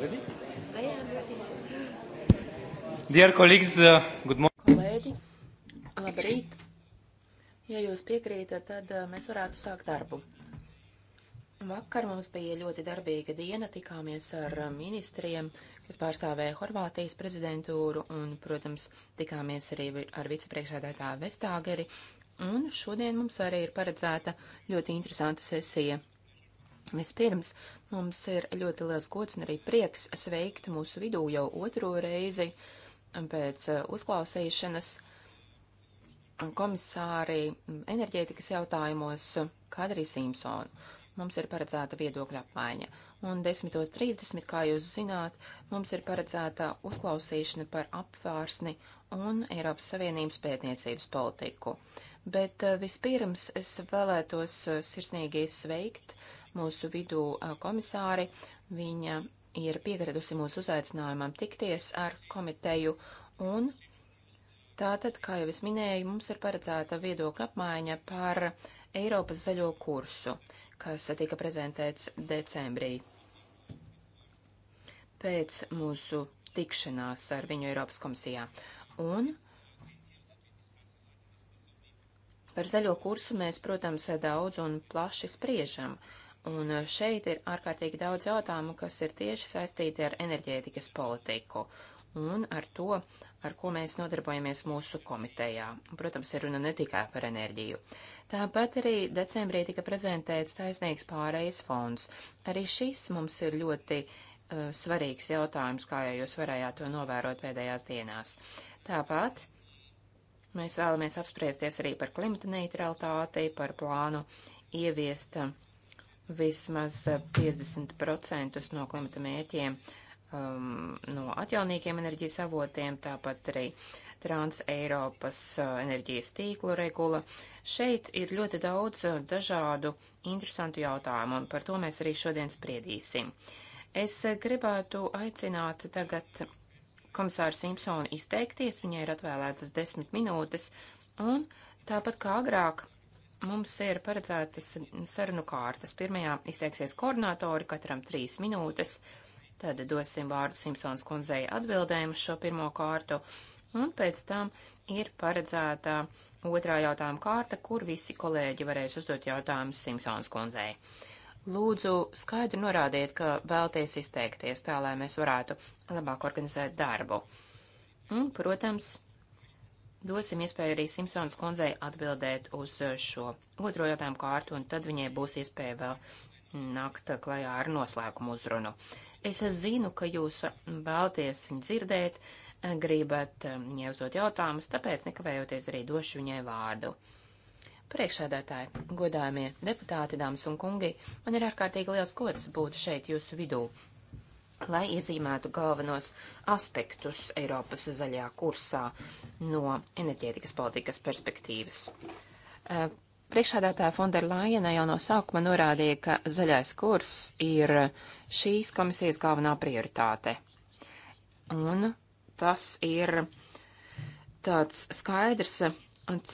Ready? I am ready. Dear colleagues, uh, good morning. Kolēģi, labrīt. Ja jūs piekrītat, tad uh, mēs varētu sākt darbu. Vakar mums bija ļoti darbīga diena, tikāmies ar uh, ministriem, kas pārstāvēja Horvātijas prezidentūru, un, protams, tikāmies arī ar vicepriekšādētāju Vestāgeri, un šodien mums arī ir paredzēta ļoti interesanta sesija Vispirms mums ir ļoti liels gods un arī prieks sveikt mūsu vidū jau otro reizi pēc eh, uzklausīšanas komisāri mm, enerģētikas jautājumos Kadri Simpsonu. Mums ir paredzēta viedokļa apmaiņa. Un 10.30, kā jūs zināt, mums ir paredzēta uzklausīšana par apvārsni un Eiropas Savienības pētniecības politiku. Bet eh, vispirms es vēlētos eh, sirsnīgi sveikt uh, mūsu vidū komisāri. Viņa ir piekridusi mūsu uzaicinājumam tikties ar komiteju un tātad, kā jau es minēju, mums ir paredzēta viedokļa apmaiņa par Eiropas zaļo kursu, kas tika prezentēts decembrī. Pēc mūsu tikšanās ar viņu Eiropas komisijā. Un par zaļo kursu mēs, protams, daudz un plaši spriežam. Uh, Un eh, šeit ir ārkārtīgi daudz jautājumu, kas ir tieši saistīti ar enerģētikas politiku un ar to, ar ko mēs nodarbojamies mūsu komitejā. Protams, ir runa ne tikai par enerģiju. Tāpat arī decembrī tika prezentēts taisnīgs pārējais fonds. Arī šis mums ir ļoti uh, svarīgs jautājums, kā jau jūs varējāt to novērot pēdējās dienās. Tāpat mēs vēlamies apspriesties arī par klimata neutralitāti, par plānu ieviest uh, vismaz 50% eh, no klimata mērķiem um, no atjaunīgiem enerģijas avotiem, tāpat arī Trans-Eiropas eh, enerģijas tīklu regula. Šeit ir ļoti daudz eh, dažādu interesantu jautājumu, un par to mēs arī šodien spriedīsim. Es gribētu aicināt tagad komisāru Simpsonu izteikties, viņai ir atvēlētas desmit minūtes, un tāpat kā agrāk mums ir paredzētas sarunu kārtas. Pirmajā izteiksies koordinātori, katram trīs minūtes, tad dosim vārdu Simpsons kundzei atbildēm uz šo pirmo kārtu, un pēc tam ir paredzēta otrā jautājuma kārta, kur visi kolēģi varēs uzdot jautājumus Simpsons kundzei. Lūdzu, skaidri norādiet, ka vēlties izteikties tā, lai mēs varētu labāk organizēt darbu. Un, protams, Dosim iespēju arī Simpsons kundzei atbildēt uz eh, šo otro jautājumu kārtu, un tad viņai būs iespēja vēl nakt klajā ar noslēgumu uzrunu. Es zinu, ka jūs vēlties viņu dzirdēt, eh, gribat eh, viņai uzdot jautājumus, tāpēc nekavējoties arī došu viņai vārdu. Priekšsēdētāji, godājumie deputāti, dāmas un kungi, man ir ārkārtīgi liels gods būt šeit jūsu vidū lai iezīmētu galvenos aspektus Eiropas zaļajā kursā no enerģētikas politikas perspektīvas. Priekšādātāja Fonderlaina jau no sākuma norādīja, ka zaļais kurs ir šīs komisijas galvenā prioritāte. Un tas ir tāds skaidrs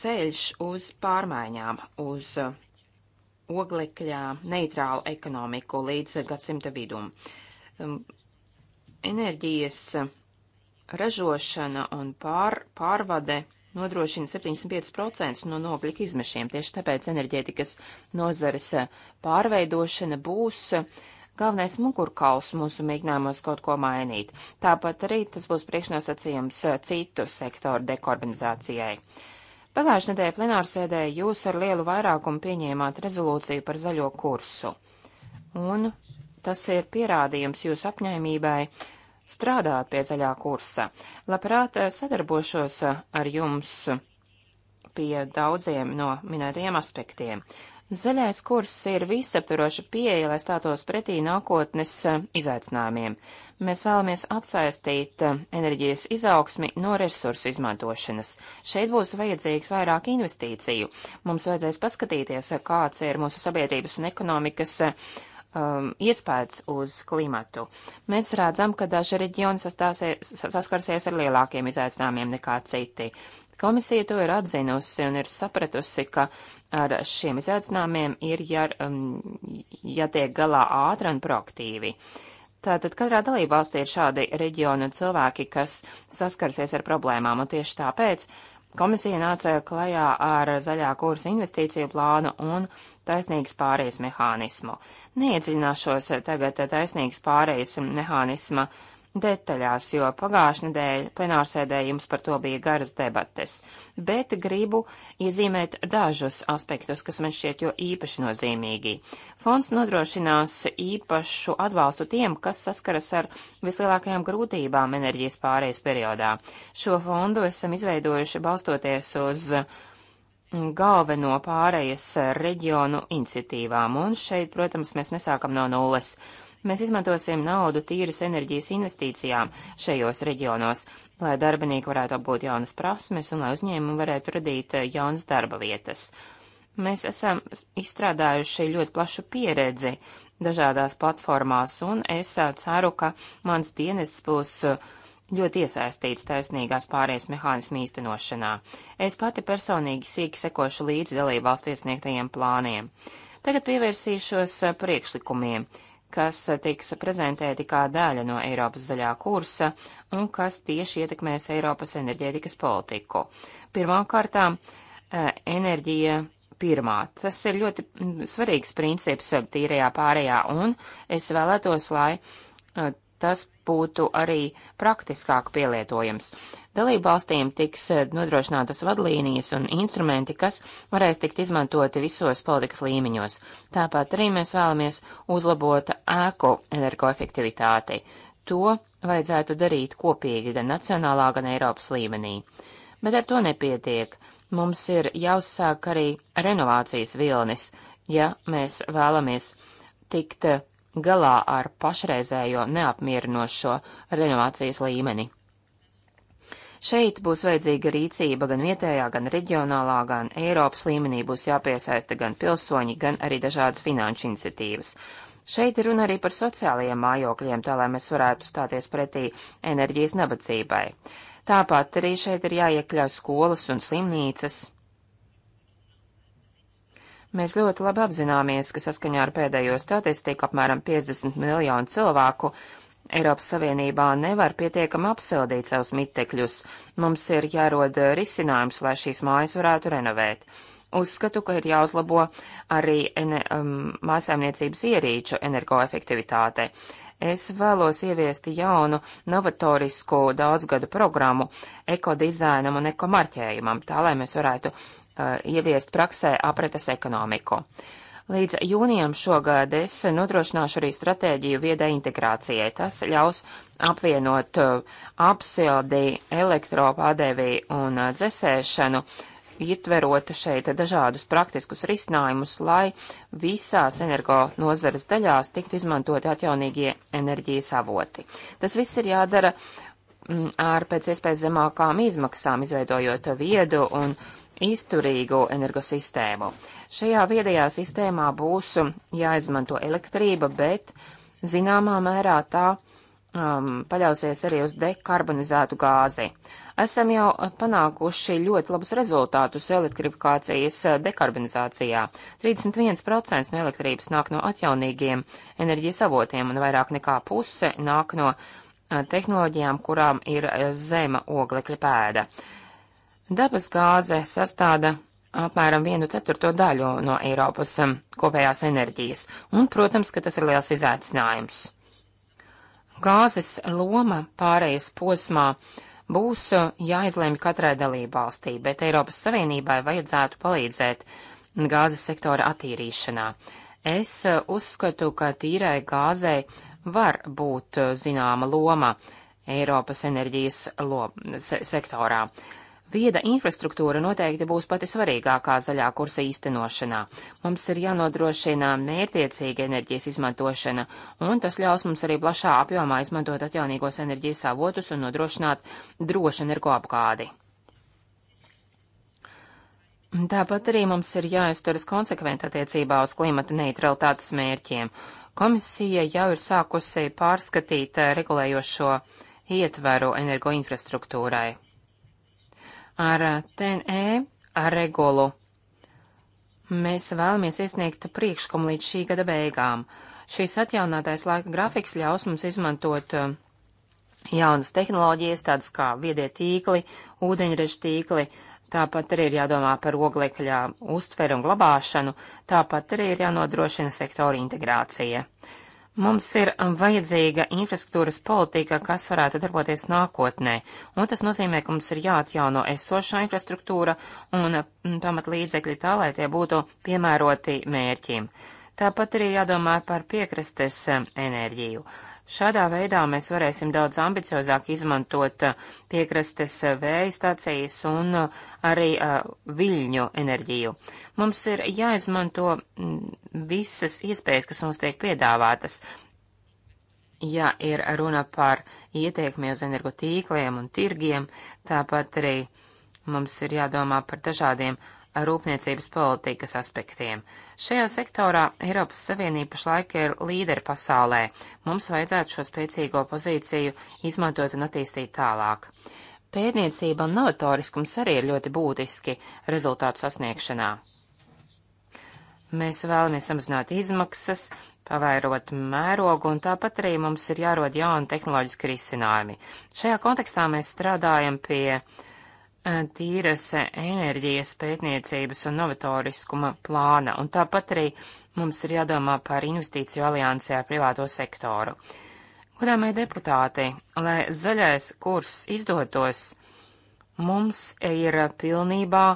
ceļš uz pārmaiņām, uz oglekļā neitrālu ekonomiku līdz gadsimta vidum. Uh, Um, enerģijas ražošana un pār, pārvade nodrošina 75% no nogļika izmešiem. Tieši tāpēc enerģētikas nozares pārveidošana būs galvenais mugurkauls mūsu mēģinājumos kaut ko mainīt. Tāpat arī tas būs priekšnosacījums citu sektoru dekarbonizācijai. Pagājušajā nedēļā plenārsēdē jūs ar lielu vairākumu pieņēmāt rezolūciju par zaļo kursu. Un Tas ir pierādījums jūsu apņēmībai strādāt pie zaļā kursa. Labprāt eh, sadarbošos ar jums pie daudziem no minētajiem aspektiem. Zaļais kurs ir visaptvaroša pieeja, lai stātos pretī nākotnes eh, izaicinājumiem. Mēs vēlamies atsaistīt eh, enerģijas izaugsmi no resursu izmantošanas. Šeit būs vajadzīgs vairāk investīciju. Mums vajadzēs paskatīties, kāds ir mūsu sabiedrības un ekonomikas uh, um, iespējas uz klimatu. Mēs redzam, ka daži reģioni saskarsies ar lielākiem izaicinājumiem nekā citi. Komisija to ir atzinusi un ir sapratusi, ka ar šiem izaicinājumiem ir jā, um, jātiek galā ātri un proaktīvi. Tātad katrā dalībvalstī ir šādi reģioni un cilvēki, kas saskarsies ar problēmām, un tieši tāpēc komisija nāca klajā ar zaļā kursa investīciju plānu un taisnīgas pārējas mehānismu. Neiedziļināšos tagad taisnīgas pārējas mehānisma detaļās, jo pagājušajā nedēļā plenārsēdē jums par to bija garas debates, bet gribu iezīmēt dažus aspektus, kas man šķiet jo īpaši nozīmīgi. Fonds nodrošinās īpašu atbalstu tiem, kas saskaras ar vislielākajām grūtībām enerģijas pārējais periodā. Šo fondu esam izveidojuši balstoties uz uh, galveno pārējas reģionu iniciatīvām, un šeit, protams, mēs nesākam no nulles. Mēs izmantosim naudu tīras enerģijas investīcijām šajos reģionos, lai darbinieki varētu apgūt jaunas prasmes un lai uzņēmumi varētu radīt eh, jaunas darba vietas. Mēs esam izstrādājuši ļoti plašu pieredzi dažādās platformās, un es eh, ceru, ka mans dienests būs uh, ļoti iesaistīts taisnīgās pārējas mehānismu īstenošanā. Es pati personīgi sīki sekošu līdzi dalību valstu iesniegtajiem plāniem. Tagad pievērsīšos priekšlikumiem, kas tiks prezentēti kā daļa no Eiropas zaļā kursa un kas tieši ietekmēs Eiropas enerģētikas politiku. Pirmkārtām, eh, enerģija pirmā. Tas ir ļoti mm, svarīgs princips tīrajā pārējā, un es vēlētos, lai eh, tas būtu arī praktiskāk pielietojams. Dalību valstīm tiks eh, nodrošinātas vadlīnijas un instrumenti, kas varēs tikt izmantoti visos politikas līmeņos. Tāpat arī mēs vēlamies uzlabot ēku energoefektivitāti. To vajadzētu darīt kopīgi gan nacionālā, gan Eiropas līmenī. Bet ar to nepietiek. Mums ir jāuzsāk arī renovācijas vilnis, ja mēs vēlamies tikt eh, galā ar pašreizējo neapmierinošo renovācijas līmeni. Šeit būs vajadzīga rīcība gan vietējā, gan reģionālā, gan Eiropas līmenī būs jāpiesaista gan pilsoņi, gan arī dažādas finanšu iniciatīvas. Šeit ir runa arī par sociālajiem mājokļiem, tā lai mēs varētu stāties pretī enerģijas nabadzībai. Tāpat arī šeit ir jāiekļauj skolas un slimnīcas. Mēs ļoti labi apzināmies, ka saskaņā ar pēdējo statistiku apmēram 50 miljonu cilvēku Eiropas Savienībā nevar pietiekami apsildīt savus mitekļus. Mums ir jārod risinājums, lai šīs mājas varētu renovēt. Uzskatu, ka ir jāuzlabo arī ene, um, mājasēmniecības ierīču energoefektivitāte. Es vēlos ieviest jaunu, novatorisku daudzgadu programmu ekodizainam un ekomarķējumam, tā lai mēs varētu Eh, ieviest praksē apretes ekonomiku. Līdz jūnijam šogad es nodrošināšu arī stratēģiju viedai integrācijai. Tas ļaus apvienot eh, apsildi, elektropādevi un eh, dzesēšanu, ietverot šeit dažādus praktiskus risinājumus, lai visās energo nozares daļās tiktu izmantoti atjaunīgie enerģijas avoti. Tas viss ir jādara mm, ar pēc iespējas zemākām izmaksām, izveidojot viedu un uh, izturīgu energosistēmu. Šajā viedajā sistēmā būs jāizmanto elektrība, bet zināmā mērā tā um, paļausies arī uz dekarbonizētu gāzi. Esam jau panākuši ļoti labus rezultātus elektrifikācijas dekarbonizācijā. 31% no elektrības nāk no atjaunīgiem enerģijas avotiem un vairāk nekā puse nāk no uh, tehnoloģijām, kurām ir uh, zema oglekļa pēda. Uh, Dabas gāze sastāda apmēram 1 ceturto daļu no Eiropas um, kopējās enerģijas, un, protams, ka tas ir liels izaicinājums. Gāzes loma pārējais posmā būs uh, jāizlēma katrai dalībvalstī, bet Eiropas Savienībai vajadzētu palīdzēt gāzes sektora attīrīšanā. Es uh, uzskatu, ka tīrai gāzei var būt uh, zināma loma Eiropas enerģijas lo sektorā. Vieda infrastruktūra noteikti būs pati svarīgākā zaļā kursa īstenošanā. Mums ir jānodrošina mērtiecīga enerģijas izmantošana, un tas ļaus mums arī plašā apjomā izmantot atjaunīgos enerģijas avotus un nodrošināt drošu energoapgādi. Tāpat arī mums ir jāizturas konsekventi attiecībā uz klimata neutralitātes mērķiem. Komisija jau ir sākusi pārskatīt eh, regulējošo ietveru energoinfrastruktūrai ar eh, TNE, ar regulu. Mēs vēlamies iesniegt priekšlikumu līdz šī gada beigām. Šīs atjaunātais laika grafiks ļaus mums izmantot eh, jaunas tehnoloģijas, tādas kā viedie tīkli, ūdeņreža tīkli, tāpat arī ir jādomā par oglekļa uztveru un glabāšanu, tāpat arī ir jānodrošina sektora integrācija. Uh, Mums ir um, vajadzīga infrastruktūras politika, kas varētu darboties nākotnē, un tas nozīmē, ka mums ir jāatjauno esošā infrastruktūra un mm, pamat līdzekļi tā, lai tie būtu piemēroti mērķim. Tāpat arī jādomā par piekrastes um, enerģiju. Šādā veidā mēs varēsim daudz ambiciozāk izmantot uh, piekrastes uh, vēja stācijas un uh, arī viļņu enerģiju. Mums ir jāizmanto mm, visas iespējas, kas mums tiek piedāvātas. Ja ir runa par ieteikumi uz energotīkliem un tirgiem, tāpat arī mums ir jādomā par dažādiem rūpniecības politikas aspektiem. Šajā sektorā Eiropas Savienība pašlaik ir līderi pasaulē. Mums vajadzētu šo spēcīgo pozīciju izmantot un attīstīt tālāk. Pērniecība un novatoriskums arī ir ļoti būtiski rezultātu sasniegšanā. Mēs vēlamies samazināt izmaksas, pavairot mērogu, un tāpat arī mums ir jārod jauni tehnoloģiski risinājumi. Šajā kontekstā mēs strādājam pie uh, tīras enerģijas pētniecības un novatoriskuma plāna, un tāpat arī mums ir jādomā par investīciju aliansē ar privāto sektoru. Godāmie deputāti, lai zaļais kurs izdotos, mums ir pilnībā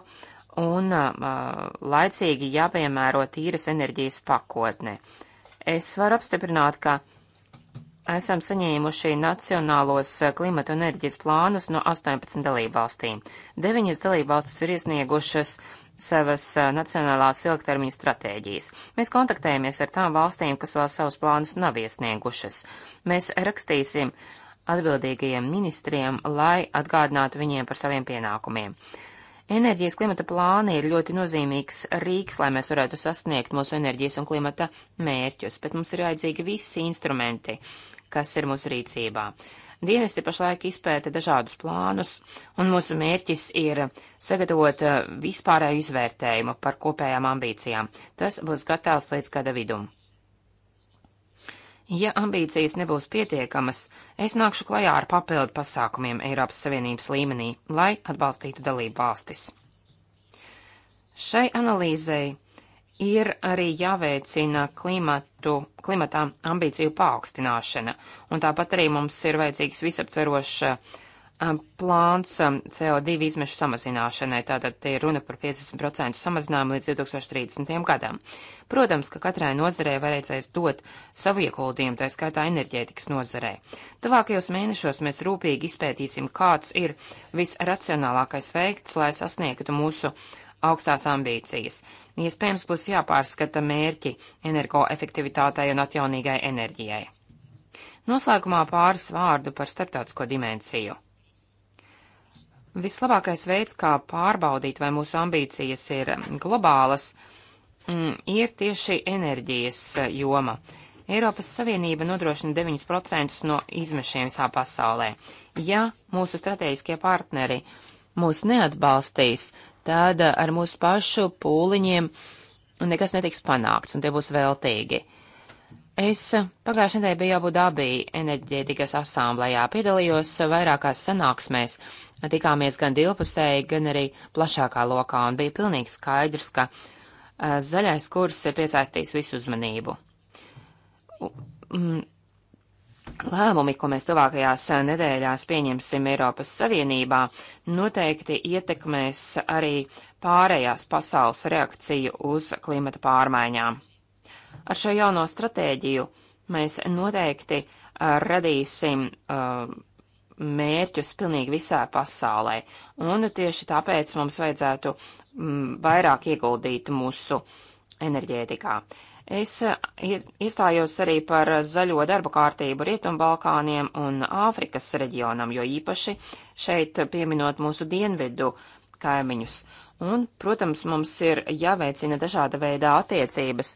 un uh, laicīgi jāpiemēro tīras enerģijas pakotne. Es varu apstiprināt, ka esam saņēmuši nacionālos eh, klimata un enerģijas plānus no 18 dalībvalstīm. Deviņas dalībvalstis ir iesniegušas savas eh, nacionālās ilgtermiņa stratēģijas. Mēs kontaktējamies ar tām valstīm, kas vēl savus plānus nav iesniegušas. Mēs rakstīsim atbildīgajiem ministriem, lai atgādinātu viņiem par saviem pienākumiem. Enerģijas klimata plāni ir ļoti nozīmīgs rīks, lai mēs varētu sasniegt mūsu enerģijas un klimata mērķus, bet mums ir vajadzīgi visi instrumenti, kas ir mūsu rīcībā. Dienesti pašlaik izpēta dažādus plānus, un mūsu mērķis ir sagatavot uh, vispārēju izvērtējumu par kopējām ambīcijām. Tas būs gatavs līdz gada vidum. Ja ambīcijas nebūs pietiekamas, es nākšu klajā ar papildu pasākumiem Eiropas Savienības līmenī, lai atbalstītu dalību valstis. Šai analīzei ir arī jāveicina klimatu, klimatā ambīciju paaugstināšana, un tāpat arī mums ir vajadzīgs visaptverošs um, plāns um, CO2 izmešu samazināšanai, tātad te ir runa par 50% samazinājumu līdz 2030. gadam. Protams, ka katrai nozarei varēsies dot savu ieguldījumu, tā skaitā enerģētikas nozarei. Tuvākajos mēnešos mēs rūpīgi izpētīsim, kāds ir visracionālākais veikts, lai sasniegtu mūsu uh, augstās ambīcijas. Iespējams, būs jāpārskata mērķi energoefektivitātei un atjaunīgai enerģijai. Noslēgumā pāris vārdu par starptautisko dimensiju. Vislabākais veids, kā pārbaudīt, vai mūsu ambīcijas ir globālas, mm, ir tieši enerģijas joma. Eiropas Savienība nodrošina 9% no izmešiem visā pasaulē. Ja mūsu strateģiskie partneri mūs neatbalstīs, tad eh, ar mūsu pašu pūliņiem nekas netiks panākts, un tie būs veltīgi. Es eh, pagājušajā nedēļā biju Abu Dabī enerģētikas asamblējā, piedalījos vairākās sanāksmēs, tikāmies gan divpusēji, gan arī plašākā lokā, un bija pilnīgi skaidrs, ka eh, zaļais kurs piesaistīs visu uzmanību. Lēmumi, ko mēs tuvākajās nedēļās pieņemsim Eiropas Savienībā, noteikti ietekmēs arī pārējās pasaules reakciju uz klimata pārmaiņām. Ar šo jauno stratēģiju mēs noteikti uh, radīsim uh, mērķus pilnīgi visā pasaulē, un tieši tāpēc mums vajadzētu mm, vairāk ieguldīt mūsu enerģētikā. Uh, Es eh, iestājos arī par eh, zaļo darba kārtību Rietumbalkāniem un Āfrikas reģionam, jo īpaši šeit eh, pieminot mūsu dienvidu kaimiņus. Un, protams, mums ir jāveicina dažāda veidā attiecības.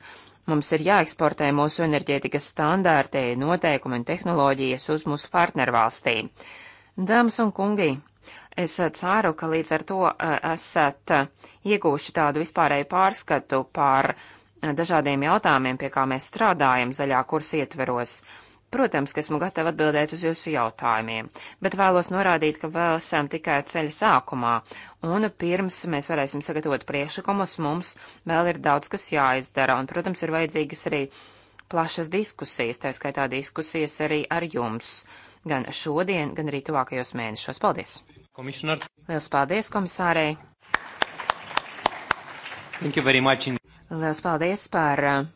Mums ir jāeksportē mūsu enerģētikas standārti, noteikumi un tehnoloģijas uz mūsu partnervalstīm. Dāmas un kungi, Es ceru, ka līdz ar to esat iegūši tādu vispārēju pārskatu par uh, dažādiem jautājumiem, pie kā mēs strādājam zaļā kursa ietveros. Protams, ka esmu gatava atbildēt uz jūsu jautājumiem, bet vēlos norādīt, ka vēl esam tikai ceļa sākumā, un pirms mēs varēsim sagatavot priekšlikumus, mums vēl ir daudz, kas jāizdara, un, protams, ir vajadzīgas arī plašas diskusijas, tā skaitā diskusijas arī ar jums, gan šodien, gan arī tuvākajos mēnešos. Paldies! Komisār. Liels paldies komisārei! Thank you very much. Lielas paldies par uh,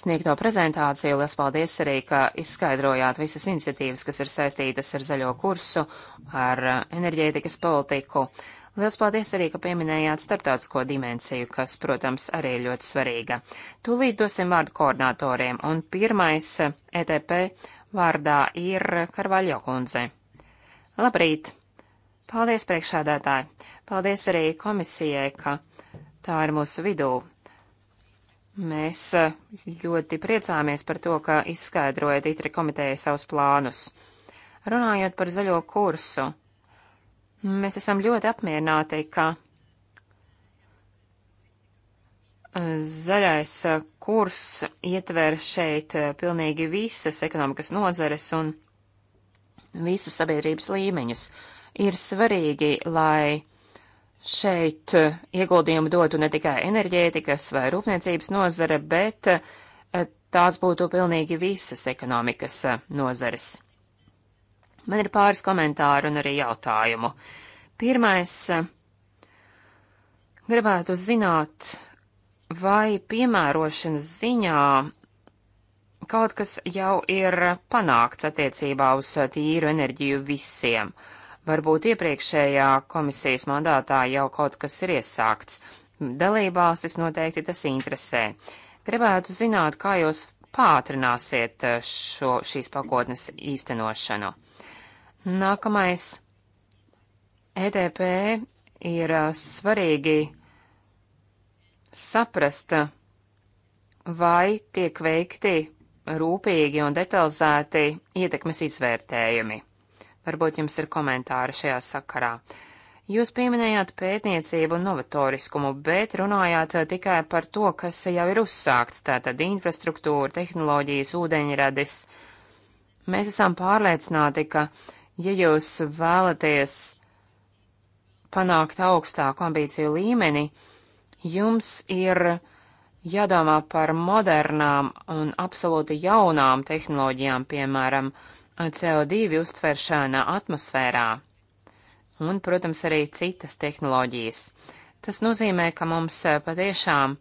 sniegto prezentāciju. Lielas paldies arī, ka izskaidrojāt visas iniciatīvas, kas ir saistītas ar zaļo kursu, ar uh, enerģētikas politiku. Lielas paldies arī, ka pieminējāt starptautisko dimensiju, kas, protams, arī ir ļoti svarīga. Tūlīt dosim vārdu koordinatoriem, un pirmais uh, ETP vārdā ir Karvaļo kundze. Labrīt! Paldies priekšādātāji! Paldies arī komisijai, ka tā ir mūsu vidū. Mēs e, ļoti priecāmies par to, ka izskaidrojat itri komitejai savus plānus. Runājot par zaļo kursu, mēs esam ļoti apmierināti, ka e, zaļais e, kurs ietver šeit pilnīgi visas ekonomikas nozares un visus sabiedrības līmeņus. Ir svarīgi, lai Šeit eh, ieguldījumu dotu ne tikai enerģētikas vai rūpniecības nozare, bet eh, tās būtu pilnīgi visas ekonomikas eh, nozares. Man ir pāris komentāru un arī jautājumu. Pirmais, gribētu zināt, vai piemērošanas ziņā kaut kas jau ir panākts attiecībā uz tīru enerģiju visiem. Uh, Varbūt iepriekšējā komisijas mandātā jau kaut kas ir iesākts. Dalībvalstis noteikti tas interesē. Gribētu zināt, kā jūs pātrināsiet eh, šo, šīs pakotnes īstenošanu. Nākamais. EDP ir eh, svarīgi saprast, vai tiek veikti rūpīgi un detalizēti ietekmes izvērtējumi. Varbūt jums ir komentāri šajā sakarā. Jūs pieminējāt pētniecību un novatoriskumu, bet runājāt eh, tikai par to, kas jau ir uzsākts, tātad infrastruktūra, tehnoloģijas, ūdeņradis. Mēs esam pārliecināti, ka, ja jūs vēlaties panākt augstāku ambīciju līmeni, jums ir jādomā par modernām un absolūti jaunām tehnoloģijām, piemēram, CO2 uztveršana atmosfērā un, protams, arī citas tehnoloģijas. Tas nozīmē, ka mums eh, patiešām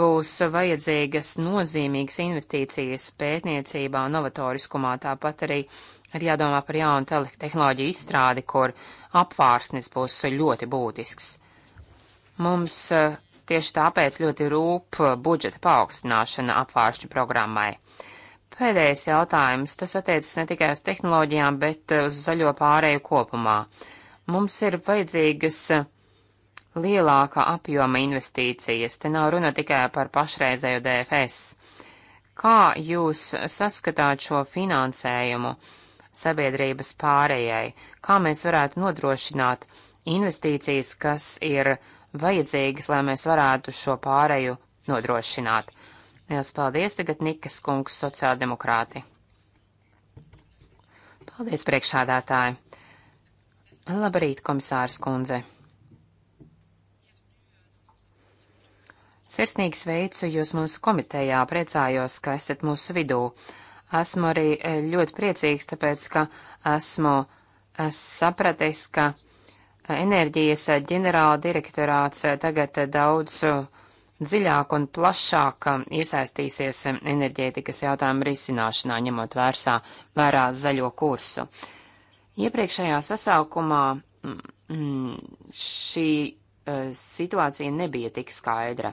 būs vajadzīgas nozīmīgas investīcijas pētniecībā un novatoriskumā, tāpat arī ir jādomā par jaunu tehnoloģiju izstrādi, kur apvārsnis būs ļoti būtisks. Mums eh, tieši tāpēc ļoti rūp budžeta paaugstināšana apvāršņu programmai. Pēdējais jautājums. Tas attiecas ne tikai uz tehnoloģijām, bet eh, uz zaļo pārēju kopumā. Mums ir vajadzīgas eh, lielākā apjoma investīcijas. Te nav runa tikai par pašreizējo DFS. Kā jūs saskatāt šo finansējumu sabiedrības pārējai? Kā mēs varētu nodrošināt investīcijas, kas ir vajadzīgas, lai mēs varētu šo pārēju nodrošināt? Lielas paldies tagad Nikas kungs sociāldemokrāti. Paldies priekšādātāji. Labrīt, komisārs kundze. Sirsnīgi sveicu jūs mūsu komitejā, priecājos, ka esat mūsu vidū. Esmu arī e, ļoti priecīgs, tāpēc, ka esmu es sapratis, ka e, enerģijas e, ģenerāla direktorāts tagad daudz uh, dziļāk un plašāk um, iesaistīsies um, enerģētikas jautājumu risināšanā, ņemot vērsā, vērā zaļo kursu. Iepriekšējā sasaukumā mm, mm, šī uh, situācija nebija tik skaidra.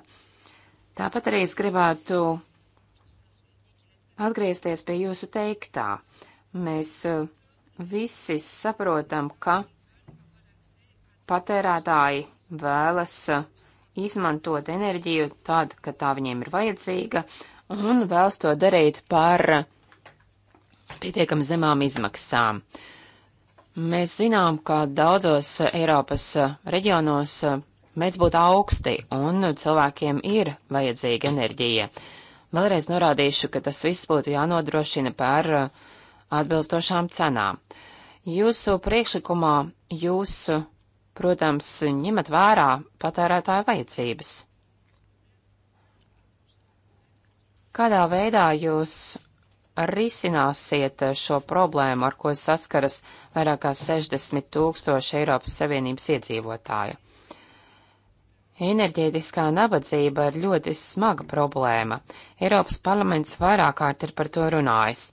Tāpat arī es gribētu atgriezties pie jūsu teiktā. Mēs uh, visi saprotam, ka patērētāji vēlas uh, izmantot enerģiju tad, kad tā viņiem ir vajadzīga, un vēlas to darīt par pietiekami zemām izmaksām. Mēs zinām, ka daudzos Eiropas reģionos mēdz būt augsti, un cilvēkiem ir vajadzīga enerģija. Vēlreiz norādīšu, ka tas viss būtu jānodrošina par atbilstošām cenām. Jūsu priekšlikumā jūs protams, ņemat vērā patērētāju vajadzības. Kādā veidā jūs risināsiet šo problēmu, ar ko saskaras vairāk kā 60 tūkstoši Eiropas Savienības iedzīvotāju? Enerģētiskā nabadzība ir ļoti smaga problēma. Eiropas parlaments vairāk kārt ir par to runājis.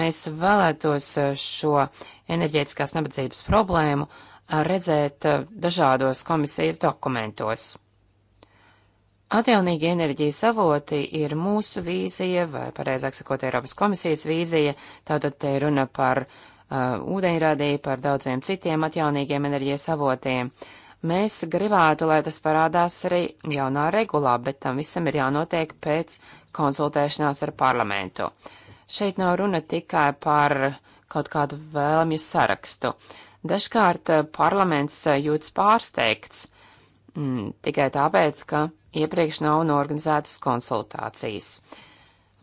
Mēs vēlētos šo enerģētiskās nabadzības problēmu uh, redzēt eh, dažādos komisijas dokumentos. Atjaunīgi enerģijas avoti ir mūsu vīzija, vai pareizāk sakot, Eiropas komisijas vīzija, tātad te runa par uh, eh, ūdeņradī, par daudziem citiem atjaunīgiem enerģijas avotiem. Mēs gribētu, lai tas parādās arī jaunā regulā, bet tam visam ir jānotiek pēc konsultēšanās ar parlamentu. Šeit nav runa tikai par kaut kādu vēlmju sarakstu. Uh, Dažkārt eh, parlaments eh, jūtas pārsteigts mm, tikai tāpēc, ka iepriekš nav norganizētas konsultācijas.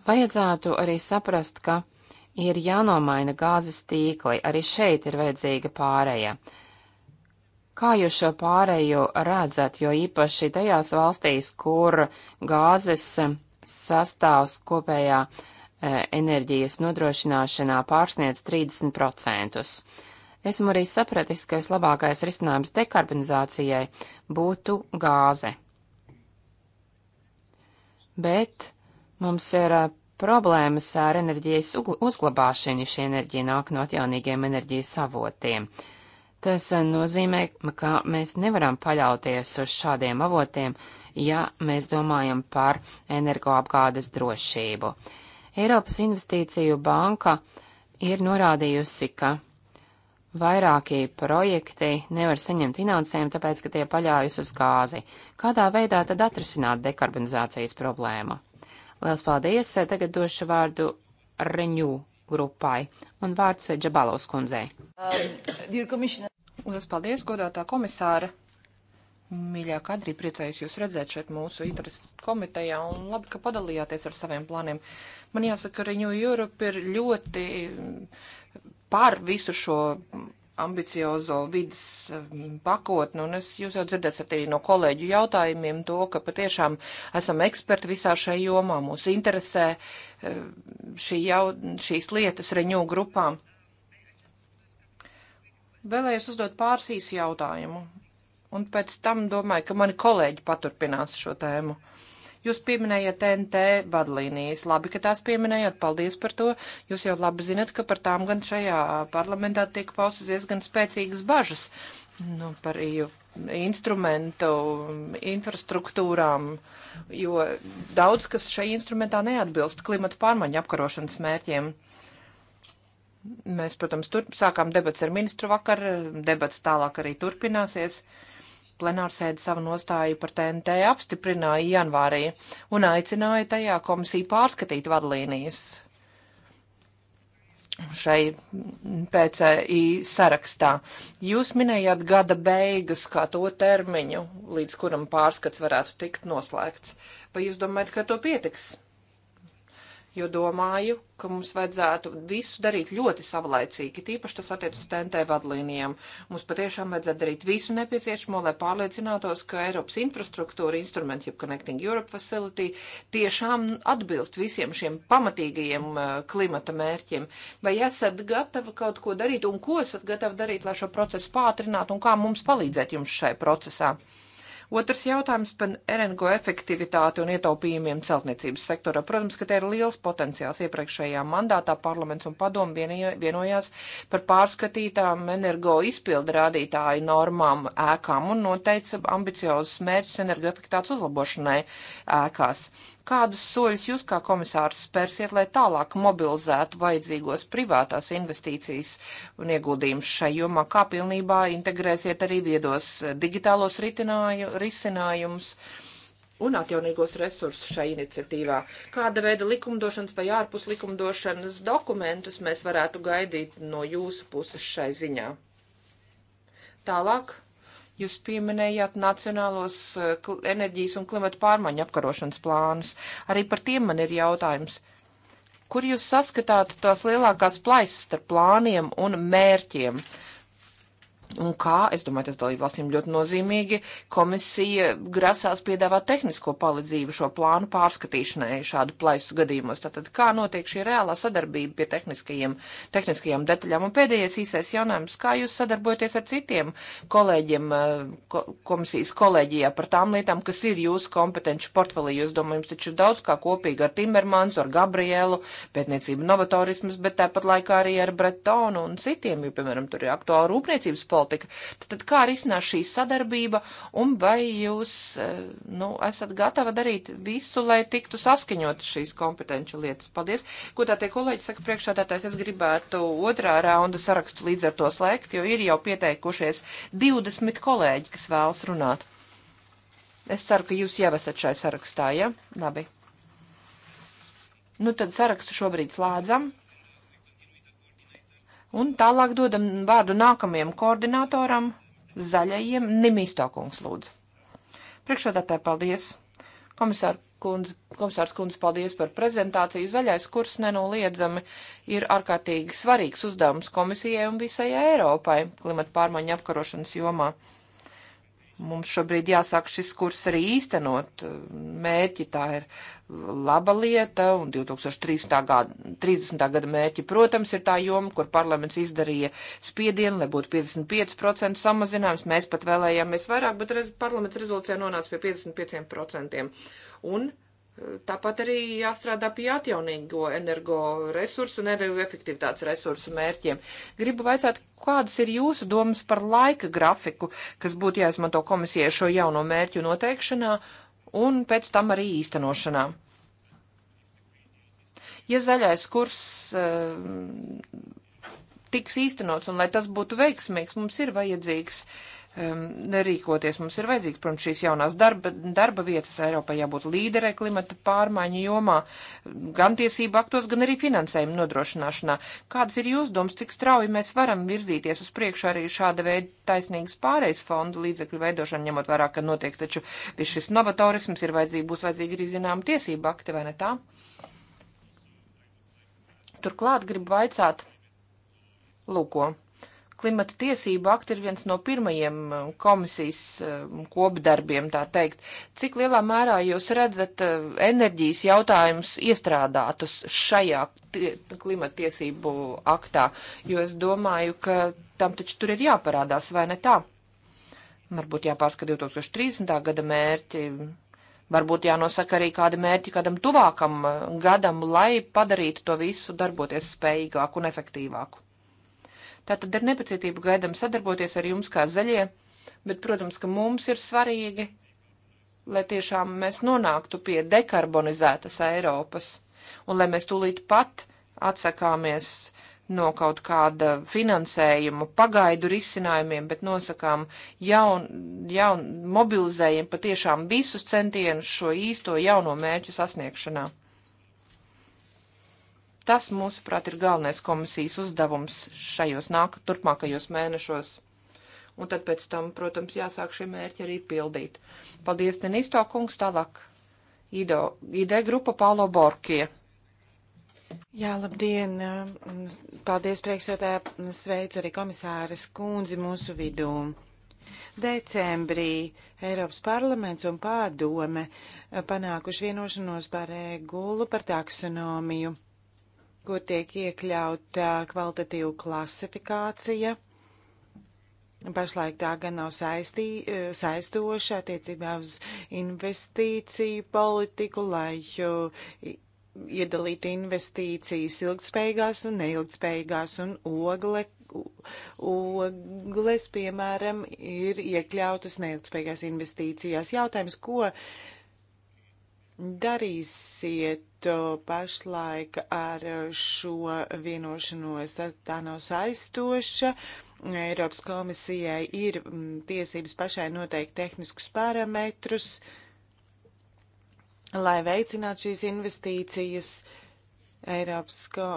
Vajadzētu arī saprast, ka ir jānomaina gāzes tīkli, arī šeit ir vajadzīga pārēja. Kā jūs šo pārēju redzat, jo īpaši tajās valstīs, kur gāzes eh, sastāvs kopējā enerģijas nodrošināšanā pārsniedz 30%? Esmu arī sapratis, ka vislabākais risinājums dekarbonizācijai būtu gāze. Bet mums ir problēmas ar enerģijas uzglabāšanu, ja šī enerģija nāk no atjaunīgiem enerģijas avotiem. Tas nozīmē, ka mēs nevaram paļauties uz šādiem avotiem, ja mēs domājam par energoapgādes drošību. Eiropas Investīciju banka ir norādījusi, ka Vairākie projekti nevar saņemt finansējumu, tāpēc, ka tie paļaujas uz gāzi. Kādā veidā tad atrisināt dekarbonizācijas problēmu? Lielas paldies! Tagad došu vārdu Reņū grupai un vārds Džabalovs kundzei. Um, Lielas paldies, godātā komisāra! Mīļā Kadri, priecājos jūs redzēt šeit mūsu ITRAS komitejā un labi, ka padalījāties ar saviem plāniem. Man jāsaka, Renew Europe ir ļoti par visu šo ambiciozo vidas um, pakotni, un es jūs jau dzirdēsiet arī no kolēģu jautājumiem to, ka patiešām esam eksperti visā šajā jomā, mūs interesē uh, šī jau, šīs lietas reņū grupām. Vēlējos uzdot pāris īsu jautājumu, un pēc tam domāju, ka mani kolēģi paturpinās šo tēmu. Uh, Jūs pieminējat NT vadlīnijas. Labi, ka tās pieminējat. Paldies par to. Jūs jau labi zinat, ka par tām gan šajā parlamentā tiek paustas diezgan spēcīgas bažas nu, par EU instrumentu, infrastruktūrām, jo daudz kas šai instrumentā neatbilst klimata pārmaiņu apkarošanas mērķiem. Mēs, protams, tur sākām debats ar ministru vakar, debats tālāk arī turpināsies. Uh, plenārsēde savu nostāju par TNT apstiprināja janvārī un aicināja tajā komisiju pārskatīt vadlīnijas šai PCI sarakstā. Jūs minējāt gada beigas kā to termiņu, līdz kuram pārskats varētu tikt noslēgts. Vai jūs domājat, ka to pietiks? jo domāju, ka mums vajadzētu visu darīt ļoti savlaicīgi, tīpaši tas attiec uz TNT vadlīnijām. Mums patiešām vajadzētu darīt visu nepieciešamo, lai pārliecinātos, ka Eiropas infrastruktūra instruments, jeb Connecting Europe Facility, tiešām atbilst visiem šiem pamatīgajiem uh, klimata mērķiem. Vai esat gatavi kaut ko darīt un ko esat gatavi darīt, lai šo procesu pātrinātu un kā mums palīdzēt jums šai procesā? Otrs jautājums par energo efektivitāti un ietaupījumiem celtniecības sektorā. Protams, ka te ir liels potenciāls. Iepriekšējā mandātā parlaments un padomu vienojās par pārskatītām energo izpildu rādītāju normām ēkām un noteica ambiciozus mērķus energoefektivitātes uzlabošanai ēkās. Kādus soļus jūs kā komisārs spērsiet, lai tālāk mobilizētu vajadzīgos privātās investīcijas un ieguldījumus šai jomā? Kā pilnībā integrēsiet arī viedos digitālos risinājumus? Un atjaunīgos resursus šai iniciatīvā. Kāda veida likumdošanas vai ārpus likumdošanas dokumentus mēs varētu gaidīt no jūsu puses šai ziņā? Tālāk Jūs pieminējāt nacionālos eh, enerģijas un klimata pārmaiņu apkarošanas plānus. Arī par tiem man ir jautājums. Kur jūs saskatāt tās lielākās plaisas starp plāniem un mērķiem? Uh, Un kā, es domāju, tas dalību valstīm ļoti nozīmīgi, komisija grasās piedāvāt tehnisko palīdzību šo plānu pārskatīšanai šādu plaisu gadījumos. Tātad, kā notiek šī reālā sadarbība pie tehniskajiem, tehniskajām detaļām? Un pēdējais īsais jautājums, kā jūs sadarbojaties ar citiem kolēģiem, eh, ko, komisijas kolēģijā par tām lietām, kas ir jūsu kompetenci portfelī? Jūs domājat, jums taču ir daudz kā kopīgi ar Timermans, ar Gabrielu, pētniecību novatorismas, bet tāpat laikā arī ar Bretonu un citiem, jo, piemēram, tur ir aktuāla rūpniecības politika politika. Tad, tad kā arī iznāk šī sadarbība un vai jūs, eh, nu, esat gatava darīt visu, lai tiktu saskaņot šīs kompetenču lietas? Paldies. Ko tā tie kolēģi saka priekšādātājs, es gribētu otrā raunda sarakstu līdz ar to slēgt, jo ir jau pieteikušies 20 kolēģi, kas vēlas runāt. Es ceru, ka jūs jau esat šai sarakstā, ja? Labi. Nu, tad sarakstu šobrīd slēdzam. Un tālāk dodam vārdu nākamajam koordinatoram, zaļajiem, Nimistokungs lūdzu. Priekšādātāji, paldies! Komisār kundze, komisārs kundze, paldies par prezentāciju. Zaļais kurs nenoliedzami ir ārkārtīgi svarīgs uzdevums komisijai un visai Eiropai klimata pārmaiņu apkarošanas jomā. Mums šobrīd jāsāk šis kurs arī īstenot. Mērķi tā ir laba lieta, un 2030. gada, 30. gada mērķi, protams, ir tā joma, kur parlaments izdarīja spiedienu, lai būtu 55% samazinājums. Mēs pat vēlējāmies vairāk, bet rez, parlaments rezolūcijā nonāca pie 55%. Un Tāpat arī jāstrādā pie atjaunīgo energoresursu un energoefektivitātes resursu mērķiem. Gribu vaicāt, kādas ir jūsu domas par laika grafiku, kas būtu jāizmanto komisijai šo jauno mērķu noteikšanā un pēc tam arī īstenošanā? Ja zaļais kurs uh, tiks īstenots un lai tas būtu veiksmīgs, mums ir vajadzīgs uh, Um, rīkoties. Mums ir vajadzīgs, protams, šīs jaunās darba, darba vietas Eiropai jābūt līderē klimata pārmaiņu jomā, gan tiesību aktos, gan arī finansējumu nodrošināšanā. Kāds ir jūs domas, cik strauji mēs varam virzīties uz priekšu arī šāda veida taisnīgas pārejas fondu līdzekļu veidošanu, ņemot vērā, ka notiek taču viss šis novatorisms ir vajadzīgi, būs vajadzīgi arī zinām tiesību akti, vai ne tā? Turklāt gribu vaicāt, lūko. Klimata tiesību akti ir viens no pirmajiem um, komisijas um, kopdarbiem, tā teikt. Cik lielā mērā jūs redzat uh, enerģijas jautājumus iestrādātus šajā klimata tiesību aktā? Jo es domāju, ka tam taču tur ir jāparādās, vai ne tā? Varbūt jāpārskata 2030. gada mērķi, varbūt jānosaka arī kādi mērķi kādam tuvākam uh, gadam, lai padarītu to visu darboties spējīgāku un efektīvāku. Tātad ar nepacietību gaidām sadarboties ar jums kā zaļie, bet, protams, ka mums ir svarīgi, lai tiešām mēs nonāktu pie dekarbonizētas Eiropas un lai mēs tūlīt pat atsakāmies no kaut kāda finansējuma, pagaidu risinājumiem, bet nosakām jaun, jaun, mobilizējam patiešām visus centienus šo īsto jauno mērķu sasniegšanā. Tas, mūsuprāt, ir galvenais komisijas uzdevums šajos nāk, turpmākajos mēnešos. Un tad pēc tam, protams, jāsāk šie mērķi arī pildīt. Paldies, Denīsto kungs, tālāk. Ido, ID grupa Paulo Borkie. Jā, labdien! Paldies, priekšsētāja! Sveicu arī komisāras kundzi mūsu vidū. Decembrī Eiropas parlaments un pārdome panākuši vienošanos par regulu par taksonomiju kur tiek iekļauta kvalitatīva klasifikācija. Pašlaik tā gan nav saistī, saistoša attiecībā uz investīciju politiku, lai iedalītu investīcijas ilgspējīgās un neilgspējīgās un ogle, ogles, piemēram, ir iekļautas neilgspējīgās investīcijās. Jautājums, ko darīsiet pašlaik ar šo vienošanos? Tā nav saistoša. Eiropas komisijai ir tiesības pašai noteikt tehniskus parametrus, lai veicinātu šīs investīcijas. Eiropas ko,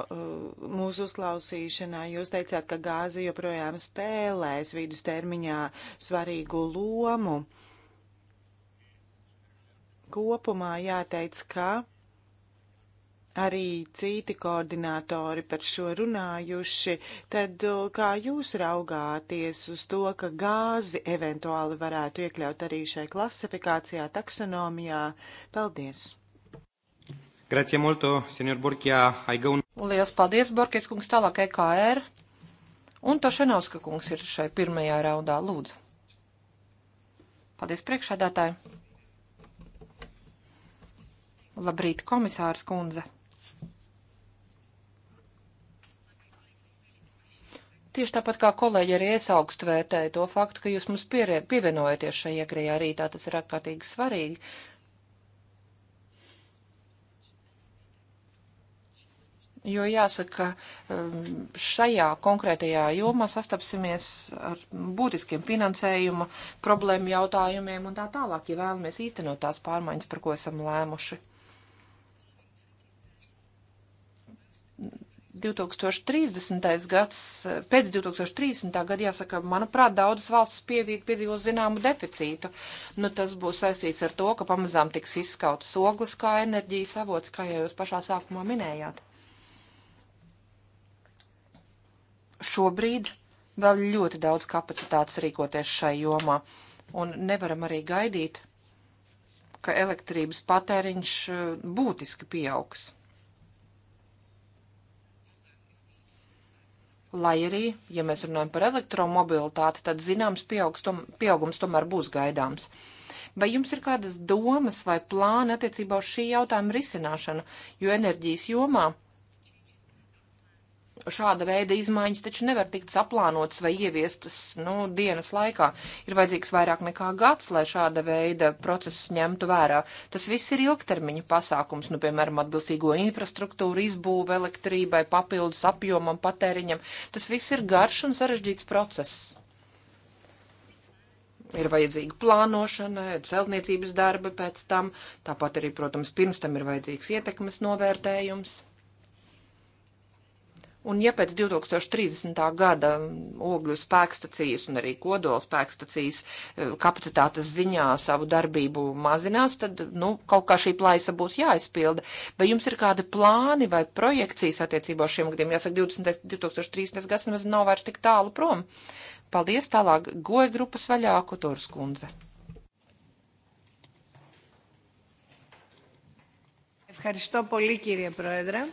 mūsu uzklausīšanā jūs teicāt, ka gāze joprojām spēlēs vidus termiņā svarīgu lomu. Uh, Kopumā jāteic, ka arī citi koordinātori par šo runājuši, tad kā jūs raugāties uz to, ka gāzi eventuāli varētu iekļaut arī šai klasifikācijā, taksonomijā? Paldies! Grazie molto, senior Borkjā, Aigaun. Lielas paldies, Borkijas kungs, tālāk EKR. Un Tošenovska kungs ir šai pirmajā raundā, lūdzu. Paldies priekšādātāji. Labrīt, komisārs kundze! Tieši tāpat kā kolēģi arī iesaugst vērtēja to faktu, ka jūs mums pierē, pievienojaties šai iekrijā rītā, tas ir ārkārtīgi svarīgi. Jo jāsaka, ka um, šajā konkrētajā jomā sastapsimies ar būtiskiem finansējuma problēmu jautājumiem un tā tālāk, ja vēlamies īstenot tās pārmaiņas, par ko esam lēmuši. 2030. gads, pēc 2030. gada, jāsaka, manuprāt, daudzas valstis pievīd piedzīvo zināmu deficītu. Nu, tas būs saistīts ar to, ka pamazām tiks izskautas ogles kā enerģijas avots, kā jau jūs pašā sākumā minējāt. Šobrīd vēl ļoti daudz kapacitātes rīkoties šai jomā, un nevaram arī gaidīt, ka elektrības patēriņš eh, būtiski pieaugs. lai arī, ja mēs runājam par elektromobilitāti, tad zināms pieaugs, tom, pieaugums tomēr būs gaidāms. Vai jums ir kādas domas vai plāni attiecībā uz šī jautājuma risināšanu, jo enerģijas jomā Šāda veida izmaiņas taču nevar tikt saplānotas vai ieviestas nu, dienas laikā. Ir vajadzīgs vairāk nekā gads, lai šāda veida procesus ņemtu vērā. Tas viss ir ilgtermiņa pasākums, nu, piemēram, atbilstīgo infrastruktūru izbūve elektrībai, papildus apjomam, patēriņam. Tas viss ir garš un sarežģīts process. Ir vajadzīga plānošana, celtniecības darba pēc tam, tāpat arī, protams, pirms tam ir vajadzīgs ietekmes novērtējums. Un ja pēc 2030. gada ogļu spēkstacijas un arī kodola spēkstacijas e, kapacitātes ziņā savu darbību mazinās, tad, nu, kaut kā šī plaisa būs jāizpilda. Vai jums ir kādi plāni vai projekcijas attiecībā šiem gadiem? Jāsaka, 20. 2030. gads nemaz nav vairs tik tālu prom. Paldies tālāk goja grupas vaļā Kotors kundze. Ευχαριστώ πολύ κύριε Πρόεδρε.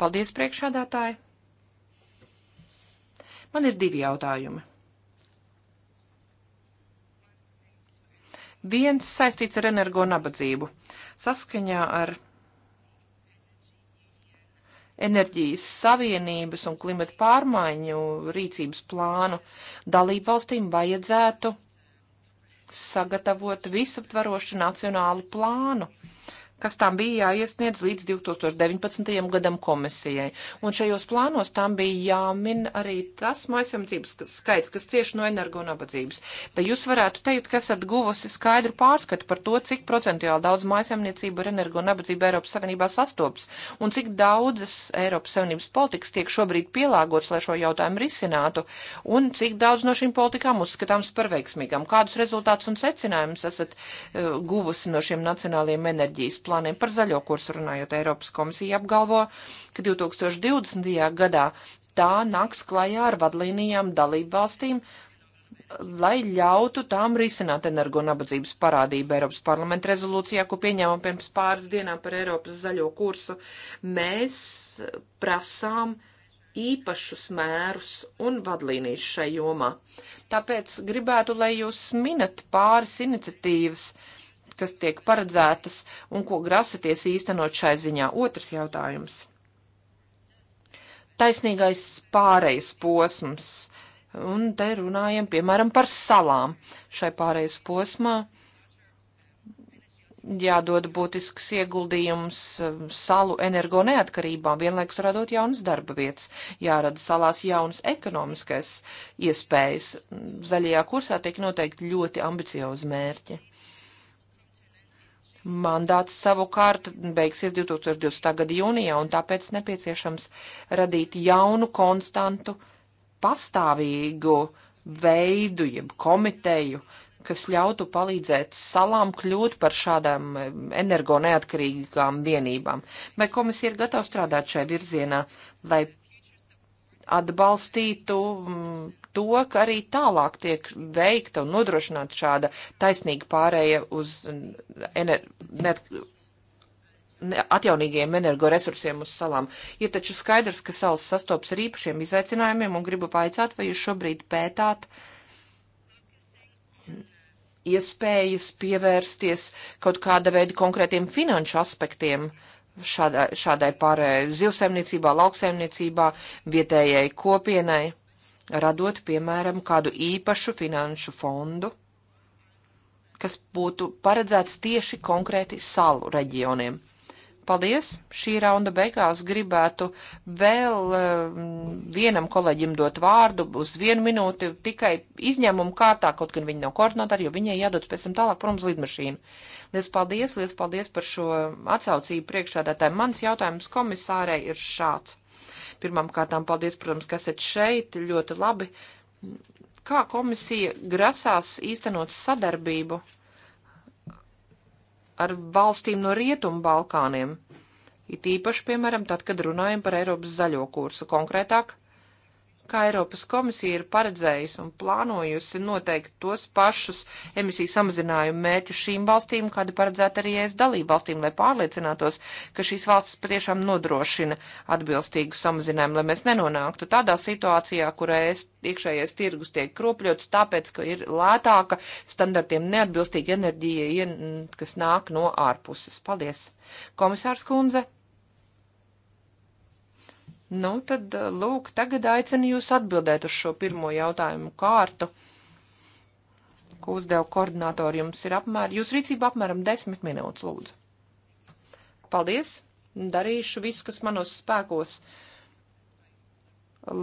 Paldies, priekšādātāji! Man ir divi jautājumi. Viens saistīts ar energo nabadzību. Saskaņā ar enerģijas savienības un klimata pārmaiņu rīcības plānu dalību valstīm vajadzētu sagatavot visaptvarošu nacionālu plānu kas tām bija jāiesniedz līdz 2019. gadam komisijai. Un šajos plānos tām bija jāmin arī tas mājasemdzības skaits, kas cieši no energo nabadzības. Vai jūs varētu teikt, ka esat guvusi skaidru pārskatu par to, cik procentuāli daudz mājasemniecību ar energo nabadzību Eiropas Savienībā sastops un cik daudzas Eiropas Savienības politikas tiek šobrīd pielāgotas, lai šo jautājumu risinātu un cik daudz no šīm politikām uzskatāms par veiksmīgām? Kādus rezultātus un secinājumus esat uh, guvusi no šiem nacionāliem enerģijas plāniem par zaļo kursu runājot. Eiropas komisija apgalvo, ka 2020. gadā tā nāks klajā ar vadlīnijām dalību valstīm, lai ļautu tām risināt energo nabadzības parādību Eiropas parlamenta rezolūcijā, ko pieņēmām pirms pāris dienām par Eiropas zaļo kursu. Mēs prasām īpašus mērus un vadlīnijas šai jomā. Tāpēc gribētu, lai jūs minat pāris iniciatīvas, uh, kas tiek paredzētas un ko grasaties īstenot šai ziņā? Otrs jautājums. Taisnīgais pārejas posms. Un te runājam, piemēram, par salām. Šai pārejas posmā jādod būtisks ieguldījums um, salu energo neatkarībā, vienlaikus radot jaunas darba vietas, jārada salās jaunas ekonomiskais iespējas. Zaļajā kursā tiek noteikti ļoti ambiciozi mērķi. Mandāts savukārt beigsies 2020. gada jūnijā, un tāpēc nepieciešams radīt jaunu, konstantu, pastāvīgu veidu, jeb komiteju, kas ļautu palīdzēt salām kļūt par šādām eh, energo neatkarīgām vienībām. Vai komisija ir gatava strādāt šajā virzienā, lai atbalstītu mm, to, ka arī tālāk tiek veikta un nodrošināta šāda taisnīga pārēja uz ener net atjaunīgiem energoresursiem uz salām. Ir taču skaidrs, ka salas sastopas ar īpašiem izaicinājumiem, un gribu paicāt, vai jūs šobrīd pētāt iespējas pievērsties kaut kāda veida konkrētiem finanšu aspektiem šādai, šādai pārējai zivsaimniecībā, lauksaimniecībā, vietējai kopienai radot, piemēram, kādu īpašu finanšu fondu, kas būtu paredzēts tieši konkrēti salu reģioniem. Paldies! Šī raunda beigās gribētu vēl eh, vienam kolēģim dot vārdu uz vienu minūti tikai izņēmumu kārtā, kaut gan viņa nav koordinātori, jo viņai jādodas pēc tam tālāk prom uz lidmašīnu. Lies paldies, lies paldies par šo atsaucību priekšādātājiem. Mans jautājums komisārei ir šāds Pirmām kārtām paldies, protams, ka esat šeit. Ļoti labi. Kā komisija grasās īstenot sadarbību ar valstīm no Rietumu Balkāniem? It īpaši, piemēram, tad, kad runājam par Eiropas zaļo kursu konkrētāk kā Eiropas komisija ir paredzējusi un plānojusi noteikt tos pašus emisiju samazinājumu mērķus šīm valstīm, kādi paredzēti arī es dalību valstīm, lai pārliecinātos, ka šīs valstis patiešām nodrošina atbilstīgu samazinājumu, lai mēs nenonāktu tādā situācijā, kurā es iekšējais tirgus tiek kropļots, tāpēc, ka ir lētāka standartiem neatbilstīga enerģija, kas nāk no ārpuses. Paldies! Komisārs Kunze! Nu, tad, eh, lūk, tagad aicinu jūs atbildēt uz šo pirmo jautājumu kārtu, ko uzdeva koordinātori. Jums ir apmēram, jūs rīcība apmēram desmit minūtes, lūdzu. Paldies! Darīšu visu, kas manos spēkos,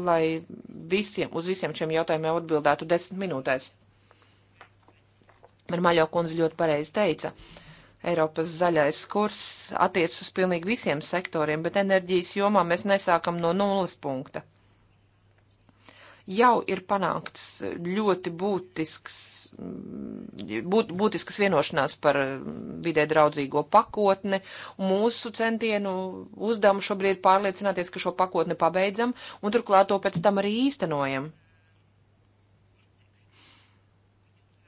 lai visiem, uz visiem šiem jautājumiem atbildētu desmit minūtēs. Marmaļo kundze ļoti pareizi teica, Eiropas zaļais kurs attiec uz pilnīgi visiem sektoriem, bet enerģijas jomā mēs nesākam no nulles punkta. Jau ir panākts ļoti būtisks, būt, būtisks vienošanās par vidē draudzīgo pakotni. Mūsu centienu uzdevumu šobrīd ir pārliecināties, ka šo pakotni pabeidzam un turklāt to pēc tam arī īstenojam.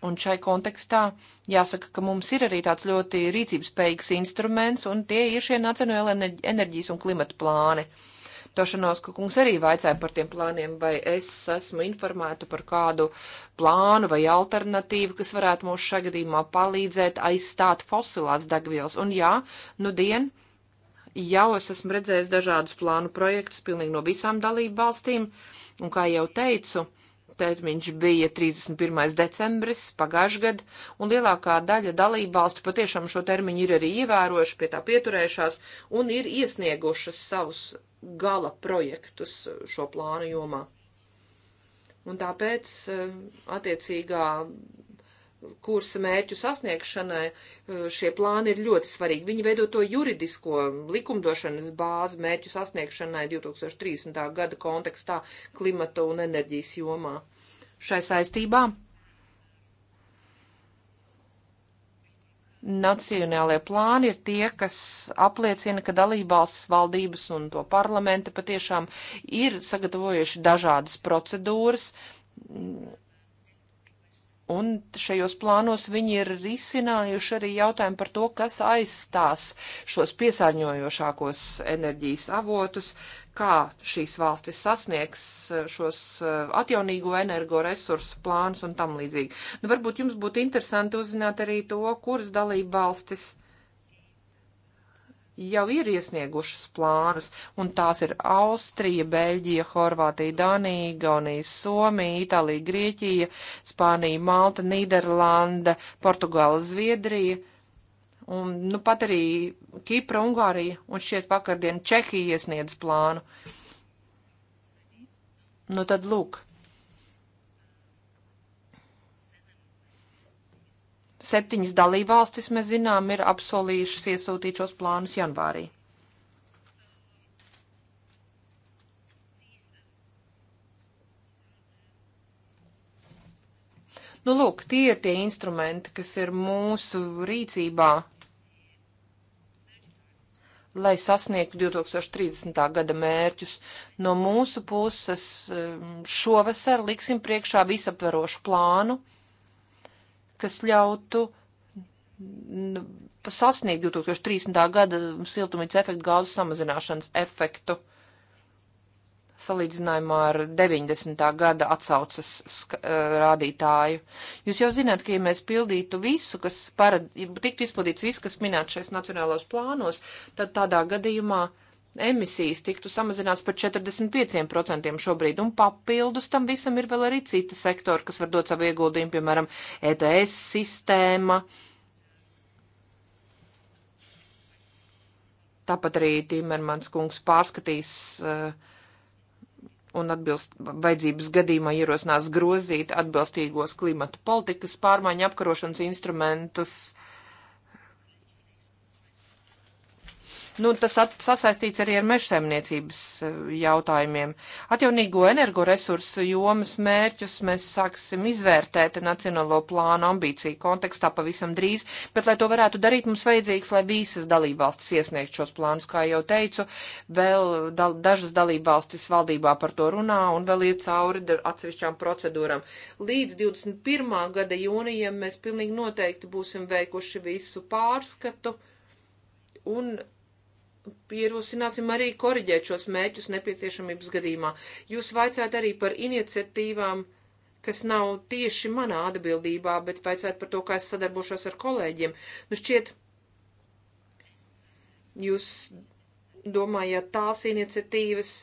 Un šai kontekstā jāsaka, ka mums ir arī tāds ļoti rīcības spējīgs instruments, un tie ir šie nacionālajie enerģijas un klimata plāni. Tošanos, ka kungs arī vaicāja par tiem plāniem, vai es esmu informēta par kādu plānu vai alternatīvu, kas varētu mūs šajā gadījumā palīdzēt aizstāt fosilās degvielas. Un jā, nu dien, jau es esmu redzējis dažādus plānu projektus pilnīgi no visām dalību valstīm, un kā jau teicu, uh, Termiņš bija 31. decembris pagājušajā gadā, un lielākā daļa dalībvalstu patiešām šo termiņu ir arī ievērojuši, pie tā pieturējušās un ir iesniegušas savus gala projektus šo plānu jomā. Un tāpēc eh, attiecīgā kursa mērķu sasniegšanai e, šie plāni ir ļoti svarīgi. Viņi veido to juridisko likumdošanas bāzi mērķu sasniegšanai 2030. gada kontekstā klimata un enerģijas jomā. Šai saistībā nacionālajie plāni ir tie, kas apliecina, ka dalībvalstis valdības un to parlamenta patiešām ir sagatavojuši dažādas procedūras Un šajos plānos viņi ir risinājuši arī jautājumu par to, kas aizstās šos piesārņojošākos enerģijas avotus, kā šīs valstis sasniegs e, šos e, atjaunīgo energoresursu plānus un tam līdzīgi. Nu, varbūt jums būtu interesanti uzzināt arī to, kuras dalība valstis jau ir iesniegušas plānus, un tās ir Austrija, Beļģija, Horvātija, Danija, Igaunija, Somija, Itālija, Grieķija, Spānija, Malta, Nīderlanda, Portugāla, Zviedrija. Un, nu, pat arī Kipra, Ungārija un šķiet vakardien Čehija iesniedz plānu. Nu, tad lūk, Septiņas dalībvalstis, mēs zinām, ir apsolījušas iesūtīt šos plānus janvārī. Nu, lūk, tie ir tie instrumenti, kas ir mūsu rīcībā, lai sasniegtu 2030. gada mērķus. No mūsu puses um, šovasar liksim priekšā visaptverošu plānu kas ļautu sasniegt 2030. gada siltumnīca efektu gāzu samazināšanas efektu salīdzinājumā ar 90. gada atsaucas e, rādītāju. Jūs jau zināt, ka ja mēs pildītu visu, kas parad, ja tiktu izpildīts viss, kas minēts šais nacionālos plānos, tad tādā gadījumā uh, emisijas tiktu samazināts par 45% šobrīd, un papildus tam visam ir vēl arī citi sektori, kas var dot savu ieguldījumu, piemēram, ETS sistēma. Tāpat arī Timermans kungs pārskatīs uh, un atbilst vajadzības gadījumā ierosinās grozīt atbilstīgos klimata politikas pārmaiņu apkarošanas instrumentus Nu, tas at, sasaistīts arī ar mežsaimniecības eh, jautājumiem. Atjaunīgo energoresursu jomas mērķus mēs sāksim izvērtēt nacionālo plānu ambīciju kontekstā pavisam drīz, bet, lai to varētu darīt, mums vajadzīgs, lai visas dalībvalstis iesniegtu šos plānus, kā jau teicu, vēl dal, dažas dalībvalstis valdībā par to runā un vēl iet cauri atsevišķām procedūram. Līdz 21. gada jūnijam mēs pilnīgi noteikti būsim veikuši visu pārskatu un ierosināsim arī koriģēt šos mērķus nepieciešamības gadījumā. Jūs vaicājat arī par iniciatīvām, kas nav tieši manā atbildībā, bet vaicājat par to, kā es sadarbošos ar kolēģiem. Nu šķiet, jūs domājat tās iniciatīvas,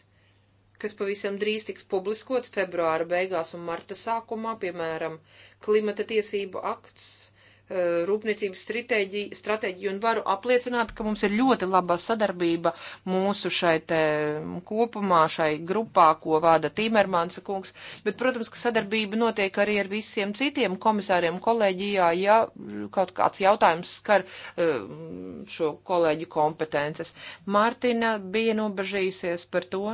kas pavisam drīz tiks publiskots februāra beigās un marta sākumā, piemēram, klimata tiesību akts rūpniecības stratēģiju, stratēģiju un varu apliecināt, ka mums ir ļoti laba sadarbība mūsu šai te kopumā, šai grupā, ko vada Timermānsa kungs, bet, protams, ka sadarbība notiek arī ar visiem citiem komisāriem kolēģijā, ja kaut kāds jautājums skar e, šo kolēģu kompetences. Mārtina bija nobežījusies par to,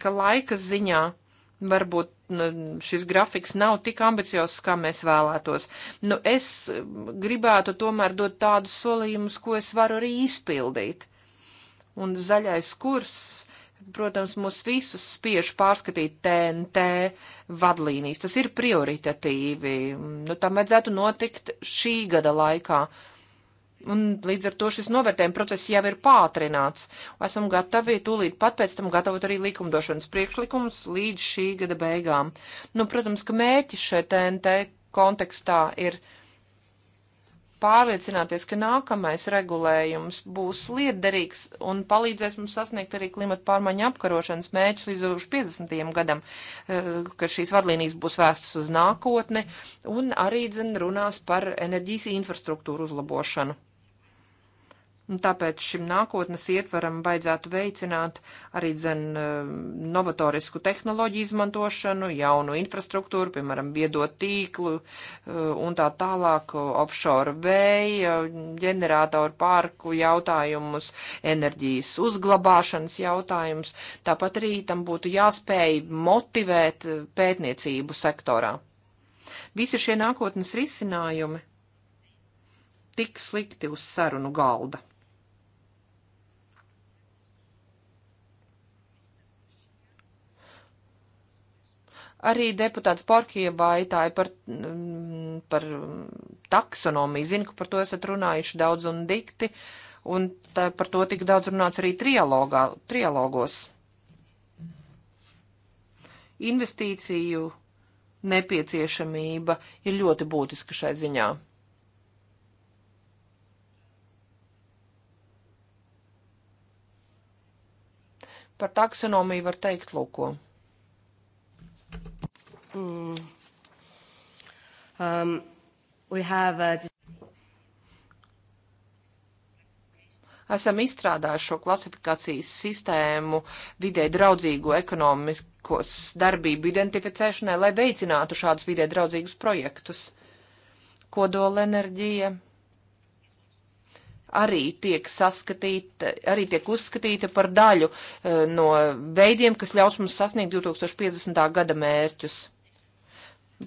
ka laikas ziņā varbūt Nu, šis grafiks nav tik ambiciozs, kā mēs vēlētos. Nu, es gribētu tomēr dot tādus solījumus, ko es varu arī izpildīt. Un zaļais kurs, protams, mūs visus spiež pārskatīt TNT vadlīnijas. Tas ir prioritatīvi. Nu, tam vajadzētu notikt šī gada laikā. Uh, Un līdz ar to šis novērtējuma process jau ir pātrināts. Esam gatavi tūlīt pat pēc tam gatavot arī likumdošanas priekšlikumus līdz šī gada beigām. Nu, protams, ka mērķis šeit TNT kontekstā ir pārliecināties, ka nākamais regulējums būs liederīgs un palīdzēs mums sasniegt arī klimata pārmaiņu apkarošanas mēģus līdz 50. gadam, eh, ka šīs vadlīnijas būs vēstas uz nākotni un arī, zin, runās par enerģijas infrastruktūru uzlabošanu un tāpēc šim nākotnes ietveram vajadzētu veicināt arī dzen eh, novatorisku tehnoloģiju izmantošanu, jaunu infrastruktūru, piemēram, viedot tīklu eh, un tā tālāk offshore vēja, ģeneratoru pārku jautājumus, enerģijas uzglabāšanas jautājumus. Tāpat arī tam būtu jāspēj motivēt eh, pētniecību sektorā. Visi šie nākotnes risinājumi tik slikti uz sarunu galda. Arī deputāts Porkija vaitāja par, mm, par taksonomiju. Zinu, ka par to esat runājuši daudz un dikti, un tā, par to tik daudz runāts arī trialogā, trialogos. Investīciju nepieciešamība ir ļoti būtiska šai ziņā. Par taksonomiju var teikt, lūko. Mm. Um, we have a... Uh, Esam izstrādājuši šo klasifikācijas sistēmu vidē draudzīgu ekonomiskos darbību identificēšanai, lai veicinātu šādus vidē draudzīgus projektus. Kodolenerģija arī tiek saskatīta, arī tiek uzskatīta par daļu eh, no veidiem, kas ļaus mums sasniegt 2050. gada mērķus.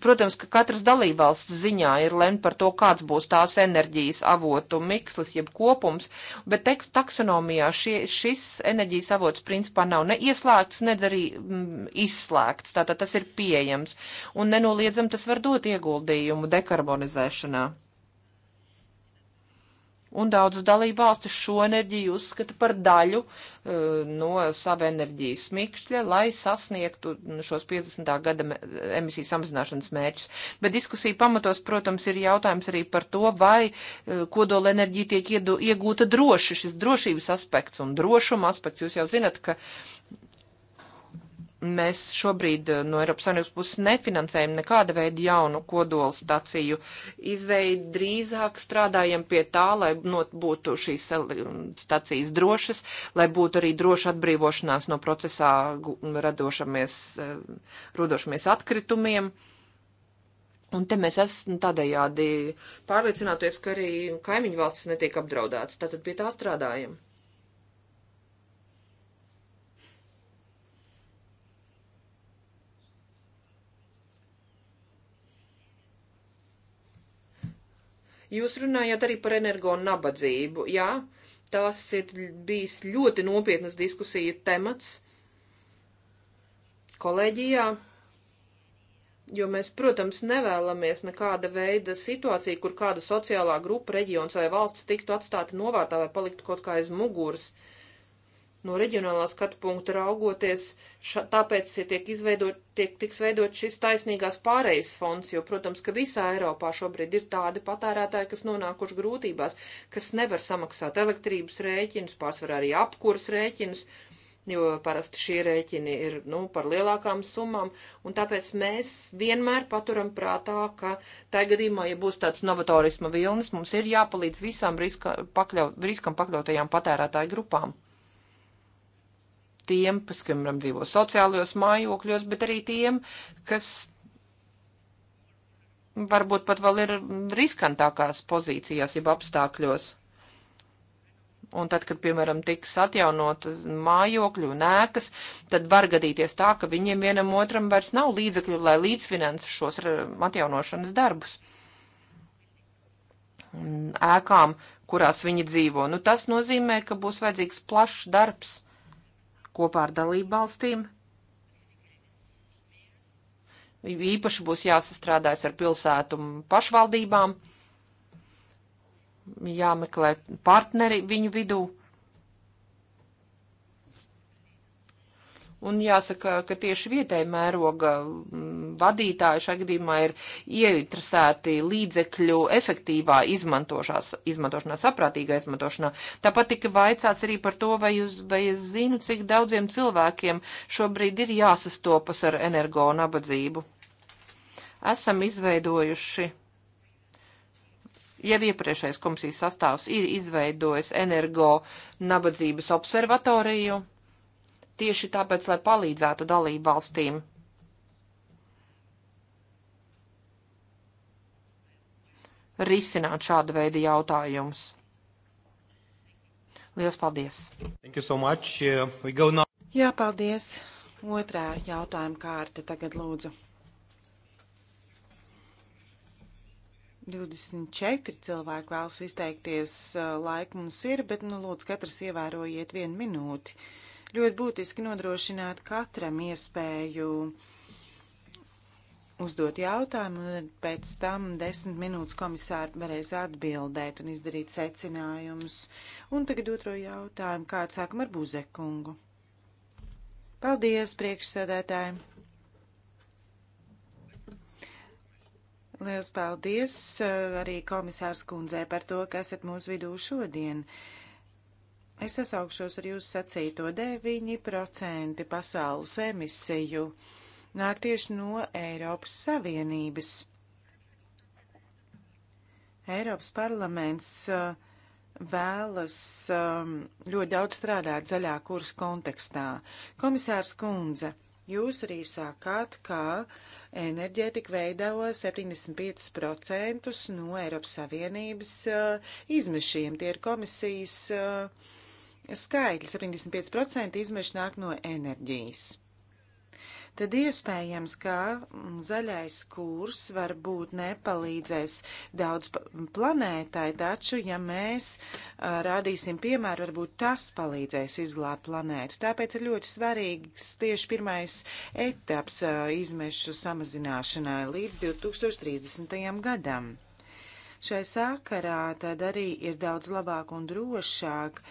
Protams, ka katras dalībvalsts ziņā ir lemt par to, kāds būs tās enerģijas avotu mikslis, jeb kopums, bet teks, taksonomijā šie, šis enerģijas avots principā nav ne ieslēgts, ne arī mm, izslēgts. Tātad tas ir pieejams un nenoliedzam tas var dot ieguldījumu dekarbonizēšanā un daudzas dalība valstis šo enerģiju uzskata par daļu uh, no sava enerģijas mikšķļa, lai sasniegtu šos 50. gada emisiju samazināšanas mērķus. Bet diskusija pamatos, protams, ir jautājums arī par to, vai uh, eh, kodola enerģija tiek iedu, iegūta droši, šis drošības aspekts un drošuma aspekts. Jūs jau zinat, ka Mēs šobrīd eh, no Eiropas Savienības puses nefinansējam nekāda veida jaunu kodolu staciju izveidi, drīzāk strādājam pie tā, lai not, būtu šīs eh, stacijas drošas, lai būtu arī droša atbrīvošanās no procesā radošamies, eh, rodošamies atkritumiem. Un te mēs esam nu, tādējādi pārliecināties, ka arī kaimiņu valstis netiek apdraudētas, tātad pie tā strādājam. Jūs runājāt arī par energo nabadzību, jā, tas ir bijis ļoti nopietnas diskusija temats kolēģijā. Jo mēs, protams, nevēlamies nekāda veida situāciju, kur kāda sociālā grupa, reģions vai valsts tiktu atstāta novārtā vai paliktu kaut kā aiz muguras. Uh, no reģionālā skatu punkta raugoties, ša, tāpēc tiek, izveidot, tiek tiks veidot šis taisnīgās pārejas fonds, jo, protams, ka visā Eiropā šobrīd ir tādi patērētāji, kas nonākuši grūtībās, kas nevar samaksāt elektrības rēķinus, pārsvarā arī apkuras rēķinus, jo parasti šie rēķini ir nu, par lielākām summām, un tāpēc mēs vienmēr paturam prātā, ka tajā gadījumā, ja būs tāds novatorisma vilnis, mums ir jāpalīdz visām riska, pakļau, riskam pakļautajām patērētāju grupām tiem, kas, piemēram, dzīvo sociālajos mājokļos, bet arī tiem, kas varbūt pat vēl ir riskantākās pozīcijās, jeb apstākļos. Un tad, kad, piemēram, tiks atjaunotas mājokļu un ēkas, tad var gadīties tā, ka viņiem vienam otram vairs nav līdzekļu, lai līdzfinansu šos atjaunošanas darbus ēkām, kurās viņi dzīvo. Nu, tas nozīmē, ka būs vajadzīgs plašs darbs kopā ar dalību valstīm. Īpaši būs jāsastrādājas ar pilsētu pašvaldībām, jāmeklē partneri viņu vidū Un jāsaka, ka tieši vietēja mēroga mm, vadītāji šajā gadījumā ir ieinteresēti līdzekļu efektīvā izmantošanā, saprātīgā izmantošanā. Tāpat tika vaicāts arī par to, vai, uz, vai es zinu, cik daudziem cilvēkiem šobrīd ir jāsastopas ar energo nabadzību. Esam izveidojuši. Jau iepriekšējais komisijas sastāvs ir izveidojis energo nabadzības observatoriju tieši tāpēc, lai palīdzētu dalību valstīm. risināt šādu veidu jautājumus. Lielas paldies! So much. now... Jā, paldies! Otrā jautājuma kārta tagad lūdzu. 24 cilvēki vēlas izteikties, laika mums ir, bet, nu, lūdzu, katrs ievērojiet vienu minūti. Uh, Ļoti būtiski nodrošināt katram iespēju uzdot jautājumu, un pēc tam desmit minūtes komisāri varēs atbildēt un izdarīt secinājumus. Un tagad otro jautājumu, kāds sākam ar Buzekungu. Paldies, priekšsēdētājiem! Liels paldies eh, arī komisārs kundzē par to, ka esat mūsu vidū šodien. Uh, Es sasaukšos ar jūsu sacīto 9% pasaules emisiju nāk tieši no Eiropas Savienības. Eiropas parlaments uh, vēlas um, ļoti daudz strādāt zaļā kursa kontekstā. Komisārs Kundze, jūs arī sākāt, ka enerģētika veido 75% no Eiropas Savienības uh, izmešiem. Tie ir komisijas uh, skaitļi 75% izmeši nāk no enerģijas. Tad iespējams, ka mm, zaļais kurs varbūt nepalīdzēs daudz planētai, taču, ja mēs rādīsim piemēru, varbūt tas palīdzēs izglābt planētu. Tāpēc ir ļoti svarīgs tieši pirmais etaps izmešu samazināšanai līdz 2030. gadam. Šai sakarā tad arī ir daudz labāk un drošāk uh,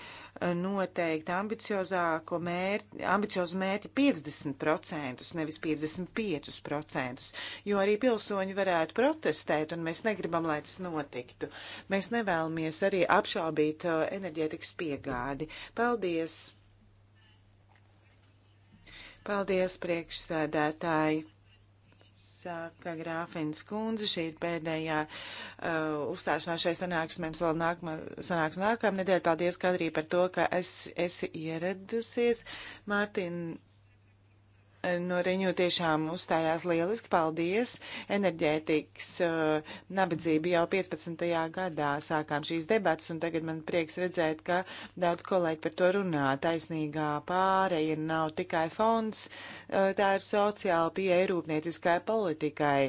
noteikti ambiciozāko mērķi, ambiciozu mērķi 50%, nevis 55%, jo arī pilsoņi varētu protestēt, un mēs negribam, lai tas notiktu. Mēs nevēlamies arī apšaubīt uh, enerģētikas piegādi. Paldies! Paldies, priekšsēdētāji! Saka Grāfins Kundze, šī ir pēdējā uh, uzstāšanās šai sanāksmē, mums vēl nākamā sanāks nākamā nedēļa. Paldies, Kadrī, par to, ka es, esi ieradusies. Mārtiņ, no Riņu tiešām uzstājās lieliski. Paldies! Enerģētikas uh, nabadzība jau 15. gadā sākām šīs debatas, un tagad man prieks redzēt, ka daudz kolēģi par to runā. Taisnīgā pāreja nav tikai fonds, uh, tā ir sociāla pieeja rūpnieciskai politikai.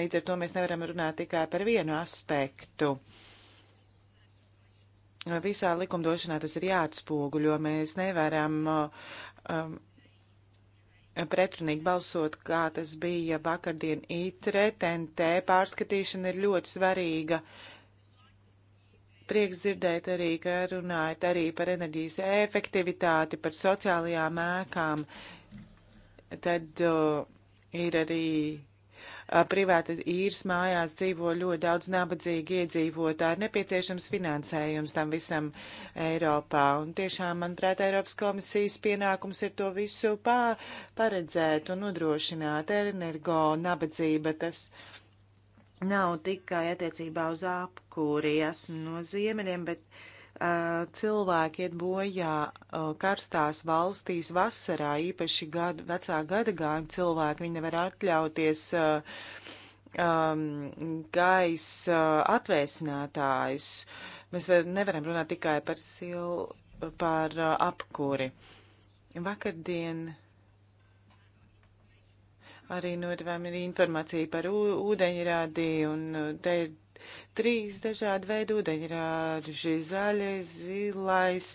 Līdz ar to mēs nevaram runāt tikai par vienu aspektu. Visā likumdošanā tas ir jāatspoguļo. Mēs nevaram uh, um, pretrunīgi balsot, kā tas bija vakardien ITRE, TNT pārskatīšana ir ļoti svarīga. Prieks dzirdēt arī, ka runājat arī par enerģijas efektivitāti, par sociālajām ēkām. Tad uh, ir arī privāti īres mājās dzīvo ļoti daudz nabadzīgi iedzīvotāji. Ir nepieciešams finansējums tam visam Eiropā. Un tiešām, manuprāt, Eiropas komisijas pienākums ir to visu pā, paredzēt un nodrošināt. Energo nabadzība tas nav tikai attiecībā uz apkūri. Esmu no ziemeļiem, bet Eh, cilvēki iet bojā eh, karstās valstīs vasarā, īpaši gadu, vecā gada gājuma cilvēki, viņi nevar atļauties um, eh, gaisa atvēsinātājus. Mēs nevaram runāt tikai par, sil, par apkuri. Vakardien arī notivām nu, ir informācija par ūdeņrādī, un te ir trīs dažādi veidi ūdeņrāži - zaļais, zilais,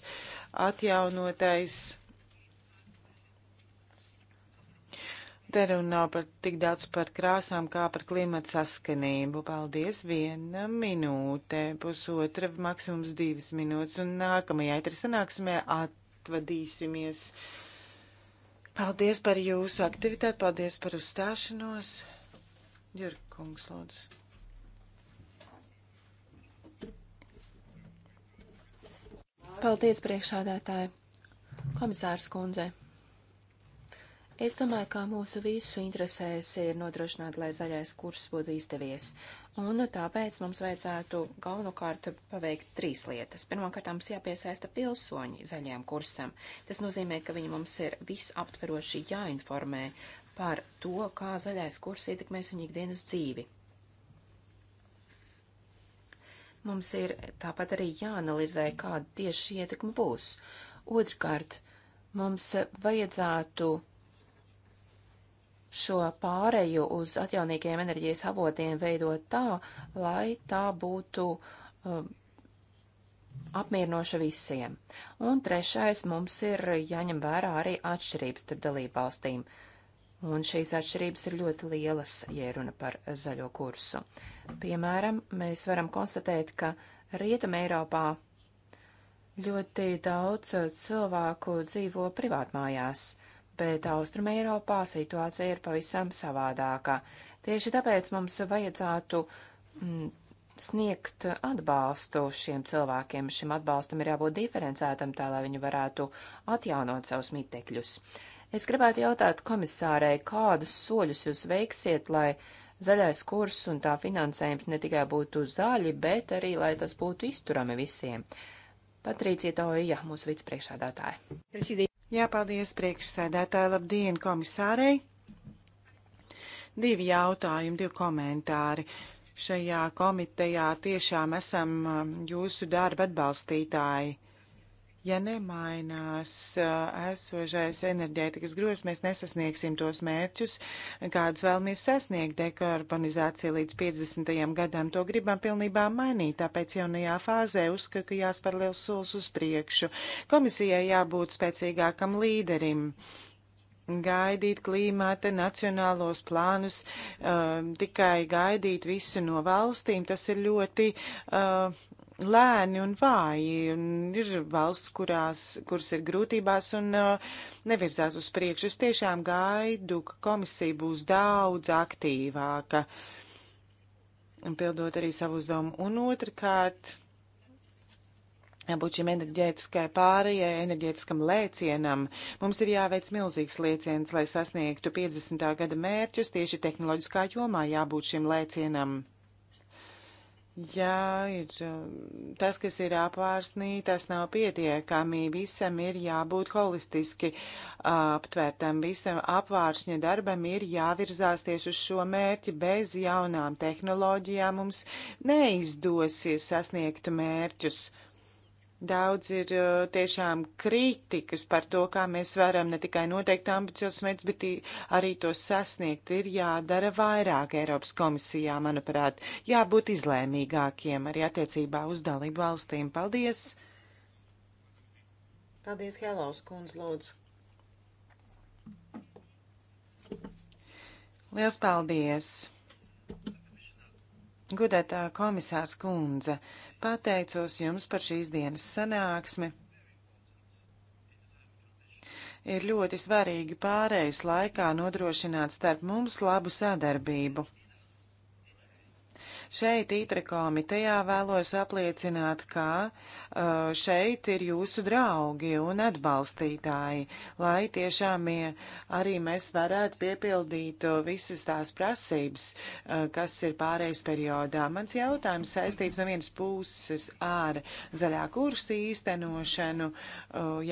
atjaunotais. Te runā nu par tik daudz par krāsām, kā par klimatu saskanību. Paldies, viena minūte, pusotra, maksimums divas minūtes, un nākamajā itersanāksmē atvadīsimies. Paldies par jūsu aktivitāti, paldies par uzstāšanos. Jurkungs, lūdzu. Paldies, priekšādātāji. Komisārs kundze. Es domāju, ka mūsu visu interesēs ir nodrošināt, lai zaļais kurs būtu izdevies. Un tāpēc mums vajadzētu galvenokārt paveikt trīs lietas. Pirmkārt, mums jāpiesaista pilsoņi zaļajam kursam. Tas nozīmē, ka viņi mums ir visaptveroši jāinformē par to, kā zaļais kurs ietekmēs viņu ikdienas dzīvi. Mums ir tāpat arī jāanalizē, kāda tieši ietekme būs. Otrkārt, mums vajadzētu šo pāreju uz atjaunīgiem enerģijas avotiem veidot tā, lai tā būtu uh, apmierinoša visiem. Un trešais mums ir jāņem vērā arī atšķirības starp dalību valstīm. Uh, un šīs atšķirības ir ļoti lielas, ja runa par zaļo kursu. Piemēram, mēs varam konstatēt, ka Rietuma Eiropā ļoti daudz cilvēku dzīvo privātmājās, bet Austruma Eiropā situācija ir pavisam savādāka. Tieši tāpēc mums vajadzētu mm, sniegt atbalstu šiem cilvēkiem. Šim atbalstam ir jābūt diferencētam, tā lai viņi varētu atjaunot savus mitekļus. Uh, Es gribētu jautāt komisārei, kādus soļus jūs veiksiet, lai zaļais kurs un tā finansējums ne tikai būtu zaļi, bet arī, lai tas būtu izturami visiem. Patrīcija Toija, mūsu vicepriekšādātāja. Jā, paldies priekšsēdētāji, labdien komisārei. Divi jautājumi, divi komentāri šajā komitejā tiešām esam um, jūsu darba atbalstītāji. Ja nemainās esošais enerģētikas grozs, mēs nesasniegsim tos mērķus, kādus vēlamies sasniegt dekarbonizācija līdz 50. gadam. To gribam pilnībā mainīt, tāpēc jaunajā fāzē uzskatu, ka jāspēr liels solis uz priekšu. Komisijai jābūt spēcīgākam līderim gaidīt klīmata nacionālos plānus, um, tikai gaidīt visu no valstīm, tas ir ļoti uh, lēni un vāji. Un ir valsts, kurās, kuras ir grūtībās un uh, nevirzās uz priekšu. Es tiešām gaidu, ka komisija būs daudz aktīvāka, pildot arī savu uzdevumu. Un otrkārt, jābūt šim enerģētiskai pārējai, enerģētiskam lēcienam. Mums ir jāveic milzīgs lēciens, lai sasniegtu 50. gada mērķus tieši tehnoloģiskā jomā jābūt šim lēcienam. Jā, ir um, tas, kas ir apvārsnī, tas nav pietiekami. Visam ir jābūt holistiski uh, aptvērtam, visam apvāršņa darbam ir jāvirzās tieši uz šo mērķi. Bez jaunām tehnoloģijām mums neizdosies sasniegt mērķus. Daudz ir uh, tiešām kritikas par to, kā mēs varam ne tikai noteikt ambiciozus mērķus, bet arī tos sasniegt. Ir jādara vairāk Eiropas komisijā, manuprāt, jābūt izlēmīgākiem arī attiecībā uz dalību valstīm. Paldies! Paldies, Helaus kundz, lūdzu! Liels paldies! Gudētā komisārs kundze! Uh, Pateicos jums par šīs dienas sanāksmi. Ir ļoti svarīgi pārējais laikā nodrošināt starp mums labu sadarbību. Šeit Itra komitejā vēlos apliecināt, ka šeit ir jūsu draugi un atbalstītāji, lai tiešām arī mēs varētu piepildīt visas tās prasības, kas ir pārējais periodā. Mans jautājums saistīts no vienas puses ar zaļā kursa īstenošanu.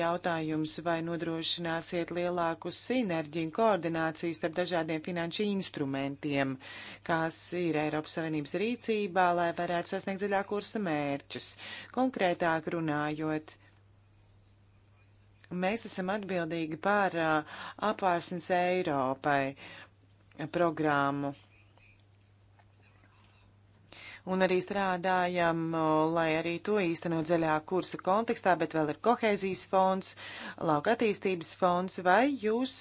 Jautājums, vai nodrošināsiet lielāku sinerģiju un koordināciju starp dažādiem finanšu instrumentiem, kas ir Eiropas Savienības rīcībā, lai varētu sasniegt zaļā kursa mērķus. Konkrētā vairāk runājot. Mēs esam atbildīgi par apvārsnes Eiropai programmu un arī strādājam, lai arī to īstenot zaļā kursa kontekstā, bet vēl ir kohēzijas fonds, lauka attīstības fonds, vai jūs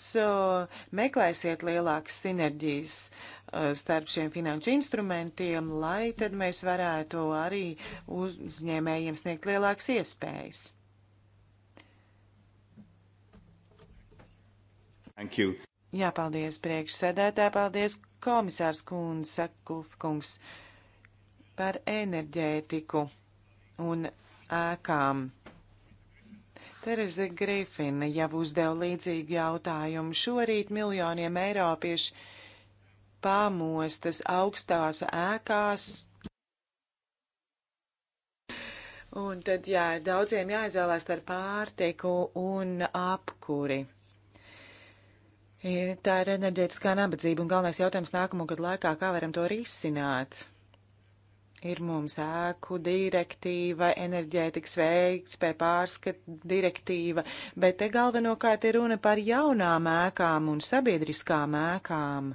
meklēsiet lielākas sinerģijas starp šiem finanšu instrumentiem, lai tad mēs varētu arī uzņēmējiem sniegt lielākas iespējas? Thank you. Jā, paldies priekšsēdētā, paldies komisārs kundze, Sakuf kungs. Uh, par enerģētiku un ēkām. Tereza Grifina jau uzdeva līdzīgu jautājumu. Šorīt miljoniem eiropiešu pamostas augstās ēkās. Un tad, jā, daudziem jāizvēlās starp pārtiku un apkuri. Ir tā ir enerģētiskā nabadzība, un galvenais jautājums nākamo gadu laikā, kā varam to risināt. Ir mums ēku direktīva, enerģētikas veikspē pārskat direktīva, bet te galvenokārt ir runa par jaunām ēkām un sabiedriskām ēkām.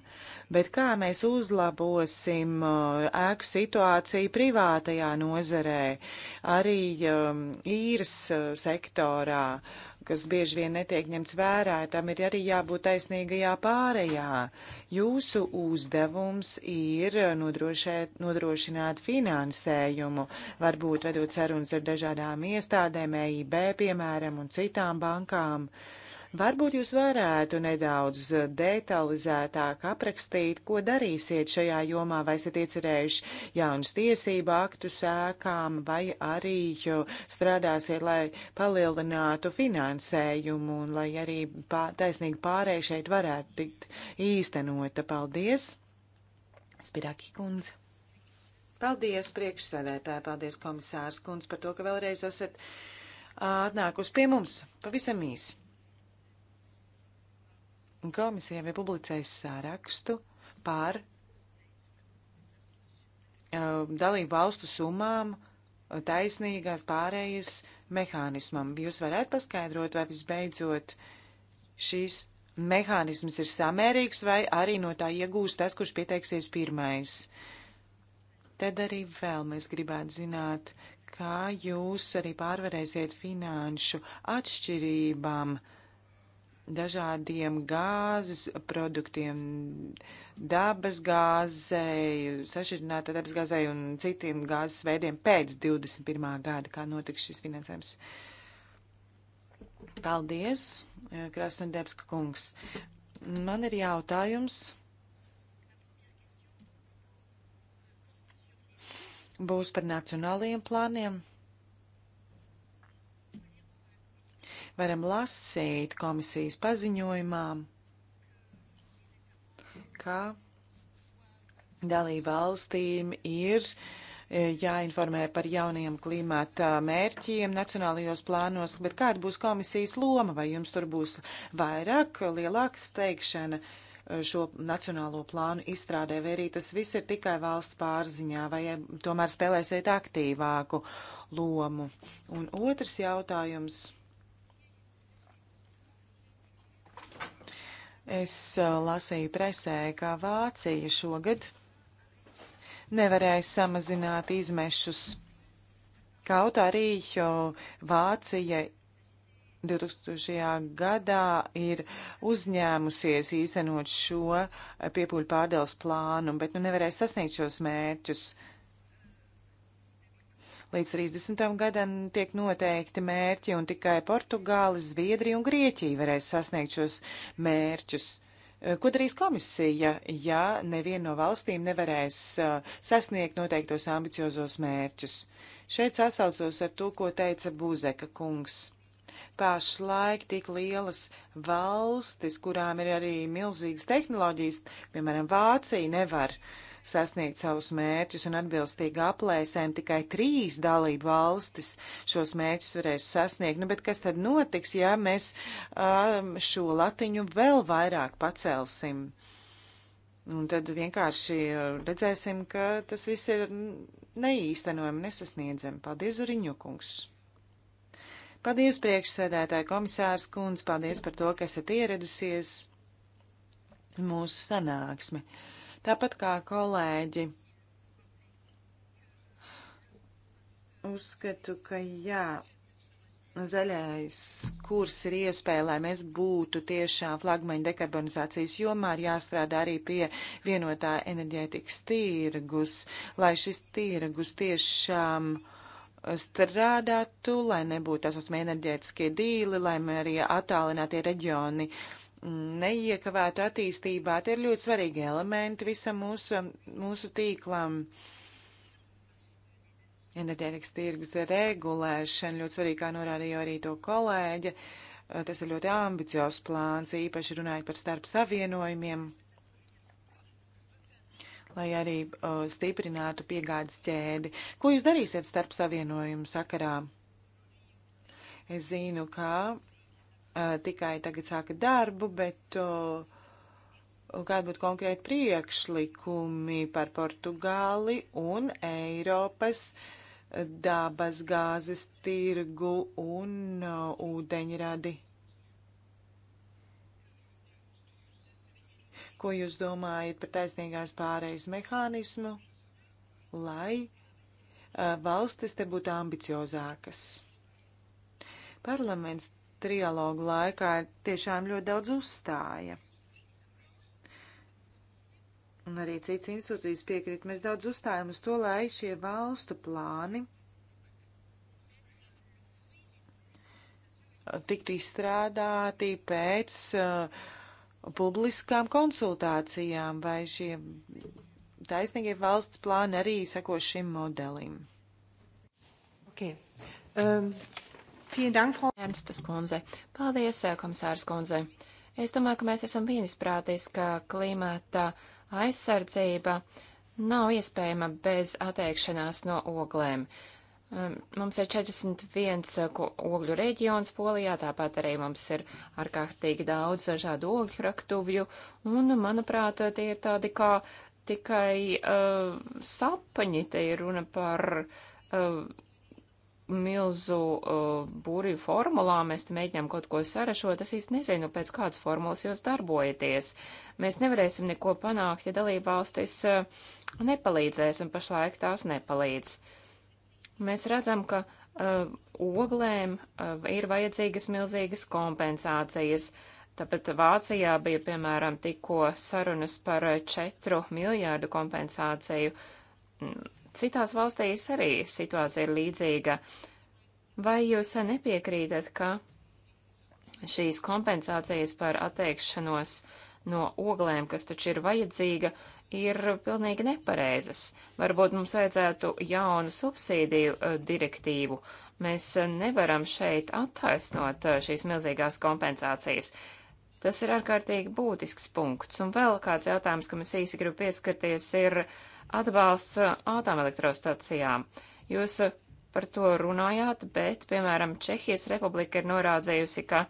Bet kā mēs uzlabosim uh, ēku situāciju privātajā nozarē, arī um, īres uh, sektorā? Uh, kas bieži vien netiek ņemts vērā, tam ir arī jābūt taisnīgajā pārējā. Jūsu uzdevums ir nodrošēt, nodrošināt finansējumu, varbūt vedot sarunas ar dažādām iestādēm, EIB, piemēram, un citām bankām. Uh, Varbūt jūs varētu nedaudz detalizētāk aprakstīt, ko darīsiet šajā jomā, vai esat iecerējuši jaunas tiesību aktu sēkām, vai arī strādāsiet, lai palielinātu finansējumu un lai arī pār, taisnīgi pārēj šeit varētu tikt īstenota. Paldies! Spiraki kundze. Paldies, priekšsēdētāji, paldies, komisārs kundze, par to, ka vēlreiz esat atnākusi pie mums pavisam īsi. Komisija jau ir publicējusi sārakstu par uh, dalību valstu summām uh, taisnīgās pārējas mehānismam. Jūs varētu paskaidrot, vai visbeidzot šīs mehānisms ir samērīgs, vai arī no tā iegūst tas, kurš pieteiksies pirmais. Tad arī vēl mēs gribētu zināt, kā jūs arī pārvarēsiet finanšu atšķirībām. Uh, dažādiem gāzes produktiem, dabas gāzei, sašķirināta dabas gāzei un citiem gāzes veidiem pēc 21. gada, kā notiks šis finansējums. Paldies, Krasnodebska kungs. Man ir jautājums. Būs par nacionālajiem plāniem. varam lasīt komisijas paziņojumā, ka dalību valstīm ir e, jāinformē par jauniem klimata mērķiem nacionālajos plānos, bet kāda būs komisijas loma, vai jums tur būs vairāk, lielāka steigšana e, šo nacionālo plānu izstrādē, vai arī tas viss ir tikai valsts pārziņā, vai e, tomēr spēlēsiet aktīvāku lomu? Un otrs jautājums Es lasīju presē, ka Vācija šogad nevarēja samazināt izmešus. Kaut arī Vācija 2000. gadā ir uzņēmusies īstenot šo piepūļu pārdales plānu, bet nu nevarēja sasniegt šos mērķus. Uh, Līdz 30. gadam tiek noteikti mērķi, un tikai Portugāla, Zviedrija un Grieķija varēs sasniegt šos mērķus. Eh, ko darīs komisija, ja neviena no valstīm nevarēs eh, sasniegt noteiktos ambiciozos mērķus? Šeit sasaucos ar to, ko teica Buzeka kungs pašlaik tik lielas valstis, kurām ir arī milzīgas tehnoloģijas, piemēram, Vācija nevar uh, sasniegt savus mērķus un atbilstīgi aplēsēm tikai trīs dalību valstis šos mērķus varēs sasniegt. Nu, bet kas tad notiks, ja mēs um, šo latiņu vēl vairāk pacelsim? Un tad vienkārši uh, redzēsim, ka tas viss ir neīstenojami, nesasniedzami. Paldies, Uriņu kungs! Paldies, priekšsēdētāja komisārs kundz, paldies par to, ka esat ieradusies mūsu sanāksmi. Uh, Tāpat kā kolēģi. Uzskatu, ka jā, Zaļais kurs ir iespēja, lai mēs būtu tiešām flagmaņa dekarbonizācijas jomā, ir jāstrādā arī pie vienotā enerģētikas tirgus, lai šis tirgus tiešām strādātu, lai nebūtu tās osmē enerģētiskie dīli, lai arī attālinātie reģioni neiekavētu attīstībā. Tie ir ļoti svarīgi elementi visam mūsu, mūsu tīklam. Enerģētikas tirgus regulēšana ļoti svarīga, kā norādīja arī to kolēģi. Tas ir ļoti ambiciozs plāns, īpaši runājot par starp savienojumiem, lai arī uh, stiprinātu piegādes ķēdi. Ko jūs darīsiet starp savienojumu sakarā? Es zinu, ka Eh, tikai tagad sāka darbu, bet eh, kāda būtu konkrēti priekšlikumi par Portugāli un Eiropas eh, dabas gāzes tirgu un ūdeņradi? Ko jūs domājat par taisnīgās pārējas mehānismu, lai valstis te būtu ambiciozākas? Parlaments trialogu laikā tiešām ļoti daudz uzstāja. Un arī cits institūcijas piekrīt, mēs daudz uzstājam uz to, lai šie valstu plāni tiktu izstrādāti pēc uh, publiskām konsultācijām, vai šie taisnīgie valsts plāni arī seko šim modelim. Okay. Um, Ernstas kundze. Paldies, eh, komisārs kundze. Es domāju, ka mēs esam vienisprātis, ka klimata aizsardzība nav iespējama bez atteikšanās no oglēm. Mums ir 41 eh, ogļu reģions Polijā, tāpat arī mums ir ārkārtīgi daudz dažādu ogļu raktuvju, un, manuprāt, tie ir tādi kā tikai uh, sapaņi, te ir runa par uh, milzu uh, būriju formulām, mēs te mēģinām kaut ko sarašot, es īsti nezinu, pēc kādas formulas jūs darbojaties. Mēs nevarēsim neko panākt, ja dalībvalstis uh, nepalīdzēs, un pašlaik tās nepalīdz. Mēs redzam, ka uh, oglēm uh, ir vajadzīgas milzīgas kompensācijas. Tāpat Vācijā bija, piemēram, tikko sarunas par 4 uh, miljārdu kompensāciju mm, Citās valstīs arī situācija ir līdzīga. Vai jūs nepiekrītat, ka šīs kompensācijas par atteikšanos no oglēm, kas taču ir vajadzīga, ir pilnīgi nepareizas? Varbūt mums vajadzētu jaunu subsīdiju eh, direktīvu. Mēs eh, nevaram šeit attaisnot eh, šīs milzīgās kompensācijas. Tas ir ārkārtīgi būtisks punkts. Un vēl kāds jautājums, kam es īsi gribu pieskarties, ir uh, atbalsts uh, atomelektrostacijām. Jūs uh, par to runājāt, bet, piemēram, Čehijas republika ir norādzījusi, ka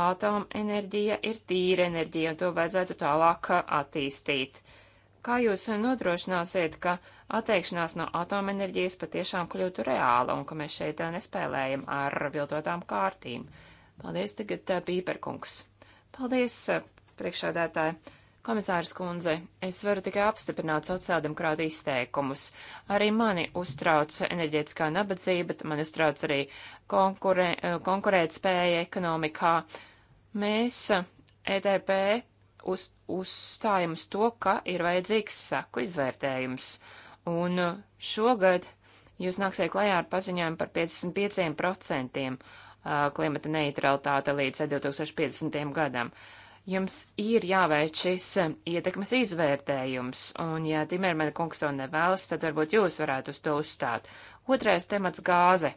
atomenerģija ir tīra enerģija un to vajadzētu tālāk uh, attīstīt. Kā jūs nodrošināsiet, ka atteikšanās no atomenerģijas patiešām kļūtu reāla un ka mēs šeit nespēlējam ar viltotām kārtīm? Paldies tagad Pīperkungs. Paldies, priekšādētāji. Komisārs kundze, es varu tikai apstiprināt sociāldemokrāta izteikumus. Arī mani uztrauc enerģētiskā nabadzība, bet mani uztrauc arī konkure, eh, konkurētspēja ekonomikā. Mēs EDP eh, e uz, uzstājam uz to, ka ir vajadzīgs saku izvērtējums. Un eh, šogad jūs nāksiet klajā ar paziņojumu par 55% klimata neutralitāte līdz 2050. gadam jums ir jāveic šis um, ietekmes izvērtējums, un ja Timermana kungs to nevēlas, tad varbūt jūs varētu uz to uzstāt. Otrais temats - gāze.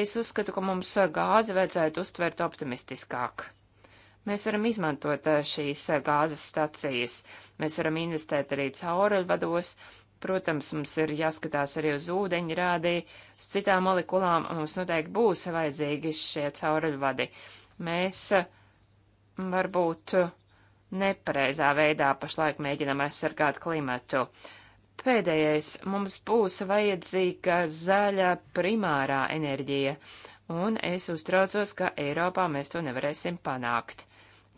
Es uzskatu, ka mums uh, gāzi vajadzētu uztvert optimistiskāk. Mēs varam izmantot uh, šīs uh, gāzes stacijas, mēs varam investēt arī cauruļvados, protams, mums ir jāskatās arī uz ūdeņrādī, uz citām molekulām, mums noteikti būs vajadzīgi šie cauruļvadi. Mēs uh, varbūt uh, nepareizā veidā pašlaik mēģinam aizsargāt klimatu. Pēdējais mums būs vajadzīga zaļa primārā enerģija, un es uztraucos, ka Eiropā mēs to nevarēsim panākt.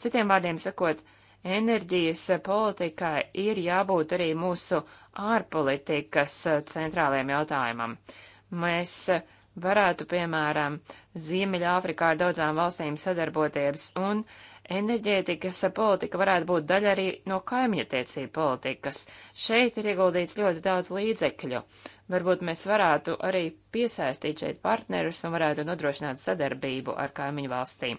Citiem vārdiem sakot, enerģijas politikai ir jābūt arī mūsu ārpolitikas centrālajiem jautājumam. Mēs varētu, piemēram, Ziemeļāfrikā ar daudzām valstīm sadarboties un uh, enerģētikas politika varētu būt daļa arī no kaimiņatiecību politikas. Šeit ir ieguldīts ļoti daudz līdzekļu. Varbūt mēs varētu arī piesaistīt šeit partnerus un varētu nodrošināt sadarbību ar kaimiņu valstīm.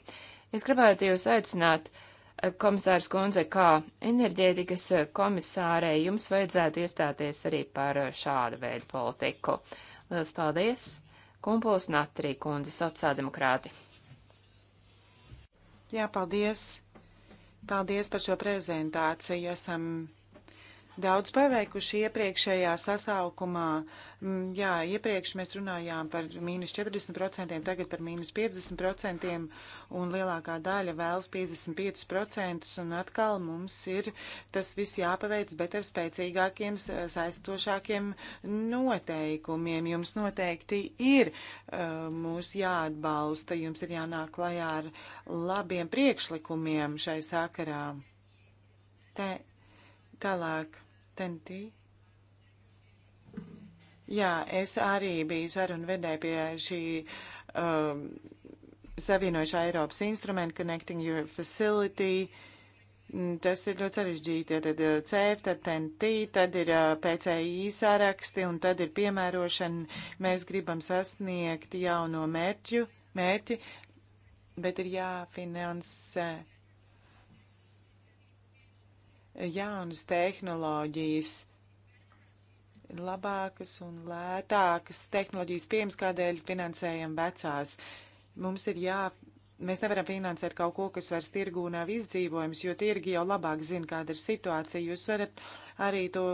Es gribētu jūs aicināt, eh, komisārs Kunze, kā enerģētikas komisārei jums vajadzētu iestāties arī par eh, šādu veidu politiku. Lielas paldies! Kumpuls Natrī kundze, sociāldemokrāti! Jā, paldies. Paldies par šo prezentāciju. Esam daudz paveikuši iepriekšējā sasaukumā. Mm, jā, iepriekš mēs runājām par mīnus 40%, tagad par mīnus 50%, un lielākā daļa vēlas 55%, un atkal mums ir tas viss jāpaveic, bet ar spēcīgākiem, saistošākiem noteikumiem. Jums noteikti ir uh, mūs jāatbalsta, jums ir jānāk klajā ar labiem priekšlikumiem šai sakarā. Te tālāk Tentī. Jā, es arī biju sarunu vedēja pie šī um, savienojušā Eiropas instrumenta Connecting Your Facility. Mm, tas ir ļoti sarežģīti. Tad uh, CEF, tad TNT, tad ir uh, PCI sāraksti un tad ir piemērošana. Mēs gribam sasniegt jauno mērķu, mērķi, bet ir jāfinansē jaunas tehnoloģijas, labākas un lētākas tehnoloģijas pieejamas, kādēļ finansējam vecās. Mums ir jā. Mēs nevaram finansēt kaut ko, kas vairs tirgū nav izdzīvojams, jo tirgi jau labāk zina, kāda ir situācija. Jūs varat arī to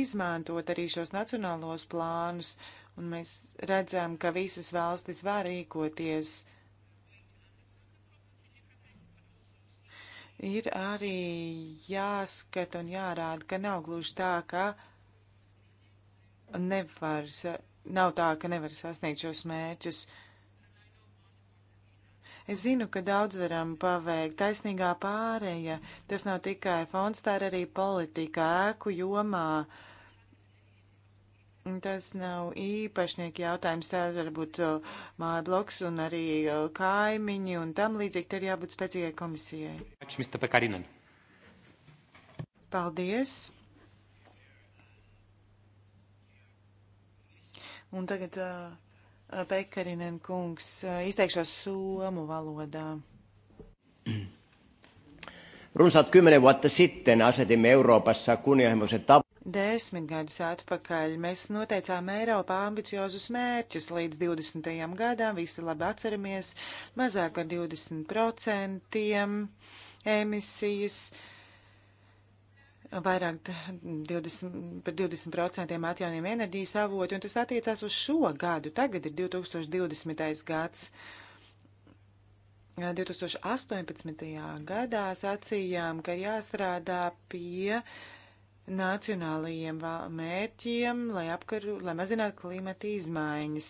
izmantot, arī šos nacionālos plānus, un mēs redzam, ka visas valstis var rīkoties uh, ir arī jāskata un jārāda, ka nav gluži tā, ka nevar, nav tā, ka nevar sasniegt šos mērķus. Es zinu, ka daudz varam paveikt. Taisnīgā pārēja, tas nav tikai fonds, tā ir arī politika ēku jomā. Uh, Tas nav īpašnieku jautājums, tā varbūt uh, māja bloks un arī uh, kaimiņi un tam līdzīgi, te ir jābūt spēcīgai komisijai. Paldies! Un tagad uh, Pekarinen kungs uh, izteikšos somu valodā. Runsaat kymmenen vuotta sitten asetimme Euroopassa kunnianhimoisen tavoitteen. Desmit gadus atpakaļ mēs noteicām Eiropā ambiciozus mērķus līdz 20. gadam, visi labi atceramies, mazāk par 20% emisijas, vairāk 20, par 20% atjauniem enerģijas avoti, un tas attiecās uz šo gadu. Tagad ir 2020. gads. 2018. gadā sacījām, ka jāstrādā pie nacionālajiem mērķiem, lai, apkaru, lai mazinātu klimata izmaiņas.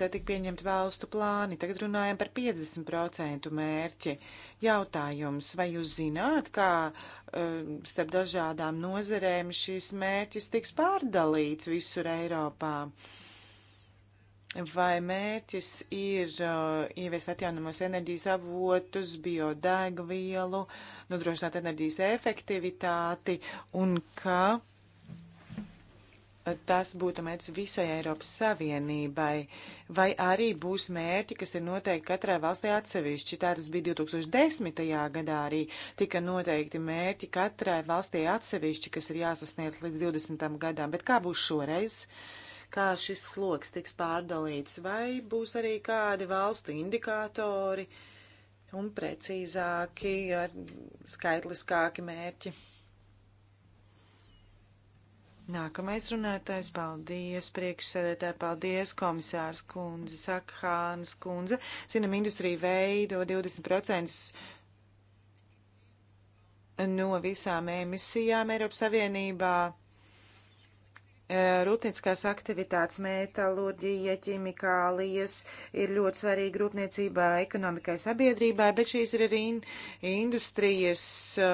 Tad tika pieņemti valstu plāni. Tagad runājam par 50% mērķi. Jautājums, vai jūs zināt, kā uh, starp dažādām nozerēm šis mērķis tiks pārdalīts visur Eiropā? Uh, vai mērķis ir uh, ieviest atjaunamos enerģijas avotus, biodegvielu, nodrošināt enerģijas efektivitāti un ka tas būtu mērķis visai Eiropas Savienībai, vai arī būs mērķi, kas ir noteikti katrai valstī atsevišķi. Tā tas bija 2010. gadā arī tika noteikti mērķi katrai valstī atsevišķi, kas ir jāsasniedz līdz 20. gadām, bet kā būs šoreiz? Uh, kā šis sloks tiks pārdalīts, vai būs arī kādi valstu indikātori un precīzāki, ar skaitliskāki mērķi. Nākamais runātājs, paldies, priekšsēdētāji, paldies, komisārs kundze, saka Hānas kundze. Zinām, industrija veido 20% no visām emisijām Eiropas Savienībā. E, rūpnieciskās aktivitātes, metālurģija, ķimikālijas ir ļoti svarīga rūpniecībā, ekonomikai, sabiedrībai, bet šīs ir arī industrijas e,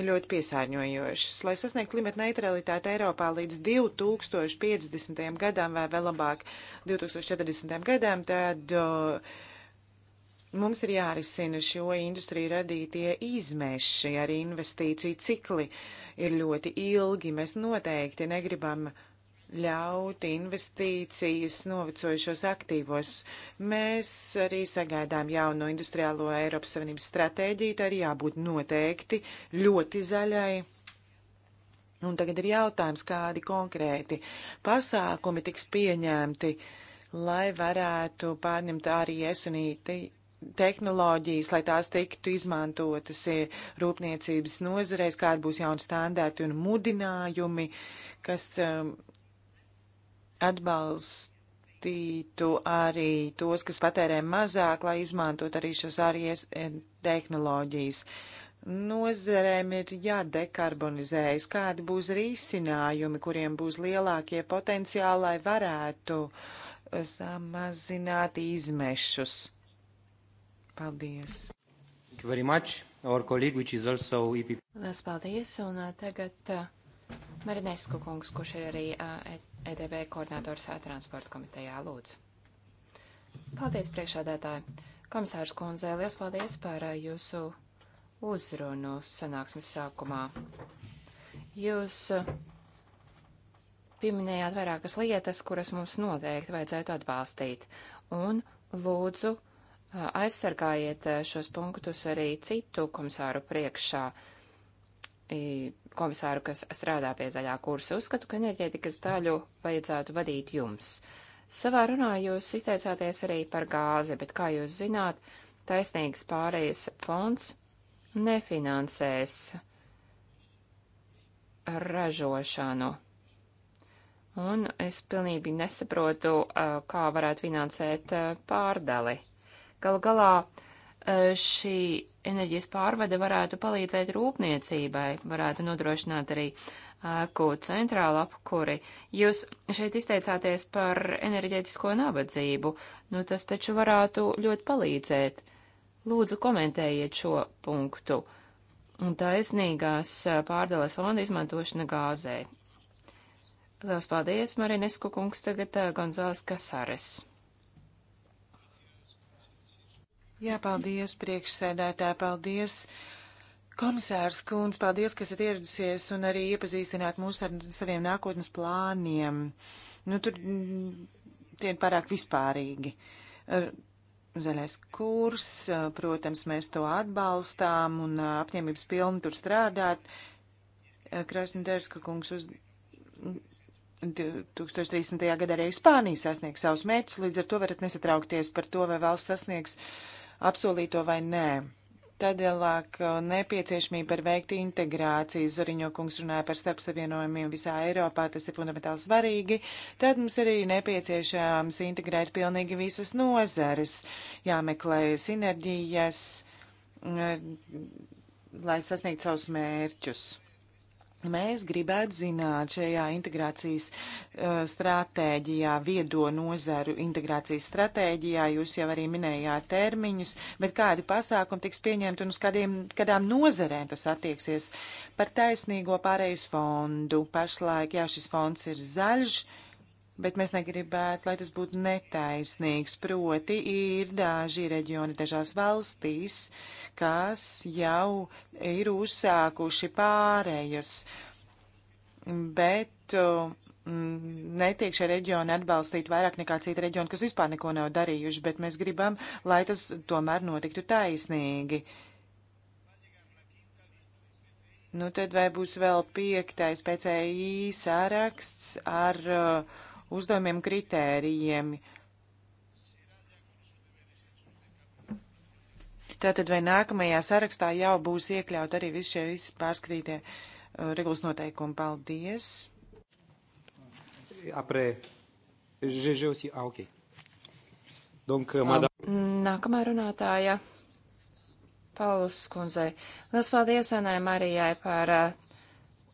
ir ļoti piesārņojošas. Lai sasniegtu klimata neutralitāti Eiropā līdz 2050. gadam vai vēl labāk 2040. gadam, tad uh, Mums ir jārisina šo industriju radītie izmeši, arī investīciju cikli ir ļoti ilgi. Mēs noteikti negribam ļaut investīcijas novecojušos aktīvos. Mēs arī sagaidām jauno industriālo Eiropas Savienības stratēģiju, tā ir jābūt noteikti ļoti zaļai. Un tagad ir jautājums, kādi konkrēti pasākumi tiks pieņemti, lai varētu pārņemt arī esunīti tehnoloģijas, lai tās tiktu izmantotas e, rūpniecības nozareis, kāda būs jauna standārti un mudinājumi, kas e, atbalstītu arī tos, kas patērē mazāk, lai izmantot arī šas ārējas e, tehnoloģijas. Nozerēm ir jādekarbonizējas, kādi būs risinājumi, kuriem būs lielākie potenciāli, lai varētu samazināt izmešus Paldies! Thank you very much. Our colleague, which is also EPP. Lielas paldies, un uh, tagad uh, Marinesku kungs, kurš ir arī uh, EDB e koordinators uh, transporta komitejā, lūdzu. Paldies, priekšādātāji. Komisārs kundze, liels paldies par uh, jūsu uzrunu sanāksmes sākumā. Jūs uh, pieminējāt vairākas lietas, kuras mums noteikti vajadzētu atbalstīt, un lūdzu, uh, aizsargājiet eh, šos punktus arī citu komisāru priekšā, komisāru, kas strādā pie zaļā kursa. Uzskatu, ka enerģētikas daļu vajadzētu vadīt jums. Savā runā jūs izteicāties arī par gāzi, bet, kā jūs zināt, taisnīgs pārējais fonds nefinansēs ražošanu. Un es pilnīgi nesaprotu, eh, kā varētu finansēt eh, pārdali. Galu galā e, šī enerģijas pārvade varētu palīdzēt rūpniecībai, varētu nodrošināt arī ēku centrālu apkuri. Jūs šeit izteicāties par enerģētisko nabadzību, nu tas taču varētu ļoti palīdzēt. Lūdzu, komentējiet šo punktu. Taisnīgās e, pārdales fonda izmantošana gāzē. Lielas paldies, Marinesku kungs, tagad e, Gonzāles Kasares. Jā, paldies, priekšsēdētāji, paldies. Komisārs Kunz, paldies, ka esat ieradusies un arī iepazīstināt mūs ar saviem nākotnes plāniem. Nu, tur mm, tie ir pārāk vispārīgi. Zaļais kurs, protams, mēs to atbalstām un apņēmības pilni tur strādāt. Krasnodarska kungs uz 2030. Mm, gadā arī Spānija sasniegs savus mērķus, līdz ar to varat nesatraukties par to, vai valsts sasniegs uh, apsolīto vai nē. Tādēļāk uh, nepieciešamība ir veikt integrāciju. Zoriņo kungs runāja par starpsavienojumiem visā Eiropā, tas ir fundamentāli svarīgi. Tad mums arī nepieciešams integrēt pilnīgi visas nozares, jāmeklē sinerģijas, mm, eh, lai sasniegtu savus mērķus. Mēs gribētu zināt šajā integrācijas uh, stratēģijā, viedo nozaru integrācijas stratēģijā, jūs jau arī minējāt termiņus, bet kādi pasākumi tiks pieņemti un uz kādiem, kādām nozarēm tas attieksies par taisnīgo pārējus fondu. Pašlaik, jā, šis fonds ir zaļš. Uh, bet mēs negribētu, lai tas būtu netaisnīgs. Proti, ir daži reģioni dažās valstīs, kas jau ir uzsākuši pārējas, bet uh, mm, netiek šie reģioni atbalstīti vairāk nekā citi reģioni, kas vispār neko nav darījuši, bet mēs gribam, lai tas tomēr notiktu taisnīgi. Nu, tad vai būs vēl piektais PCI saraksts ar uh, uzdevumiem, kritērijiem. Tātad vai nākamajā sarakstā jau būs iekļaut arī visi šie visi pārskatītie uh, regulas noteikumi? Paldies! Après, j'ai aussi, ah, ok. Donc, euh, um, madame... Nākamā runātāja. Paulus kundzei. Lielas paldies Anai Marijai par uh,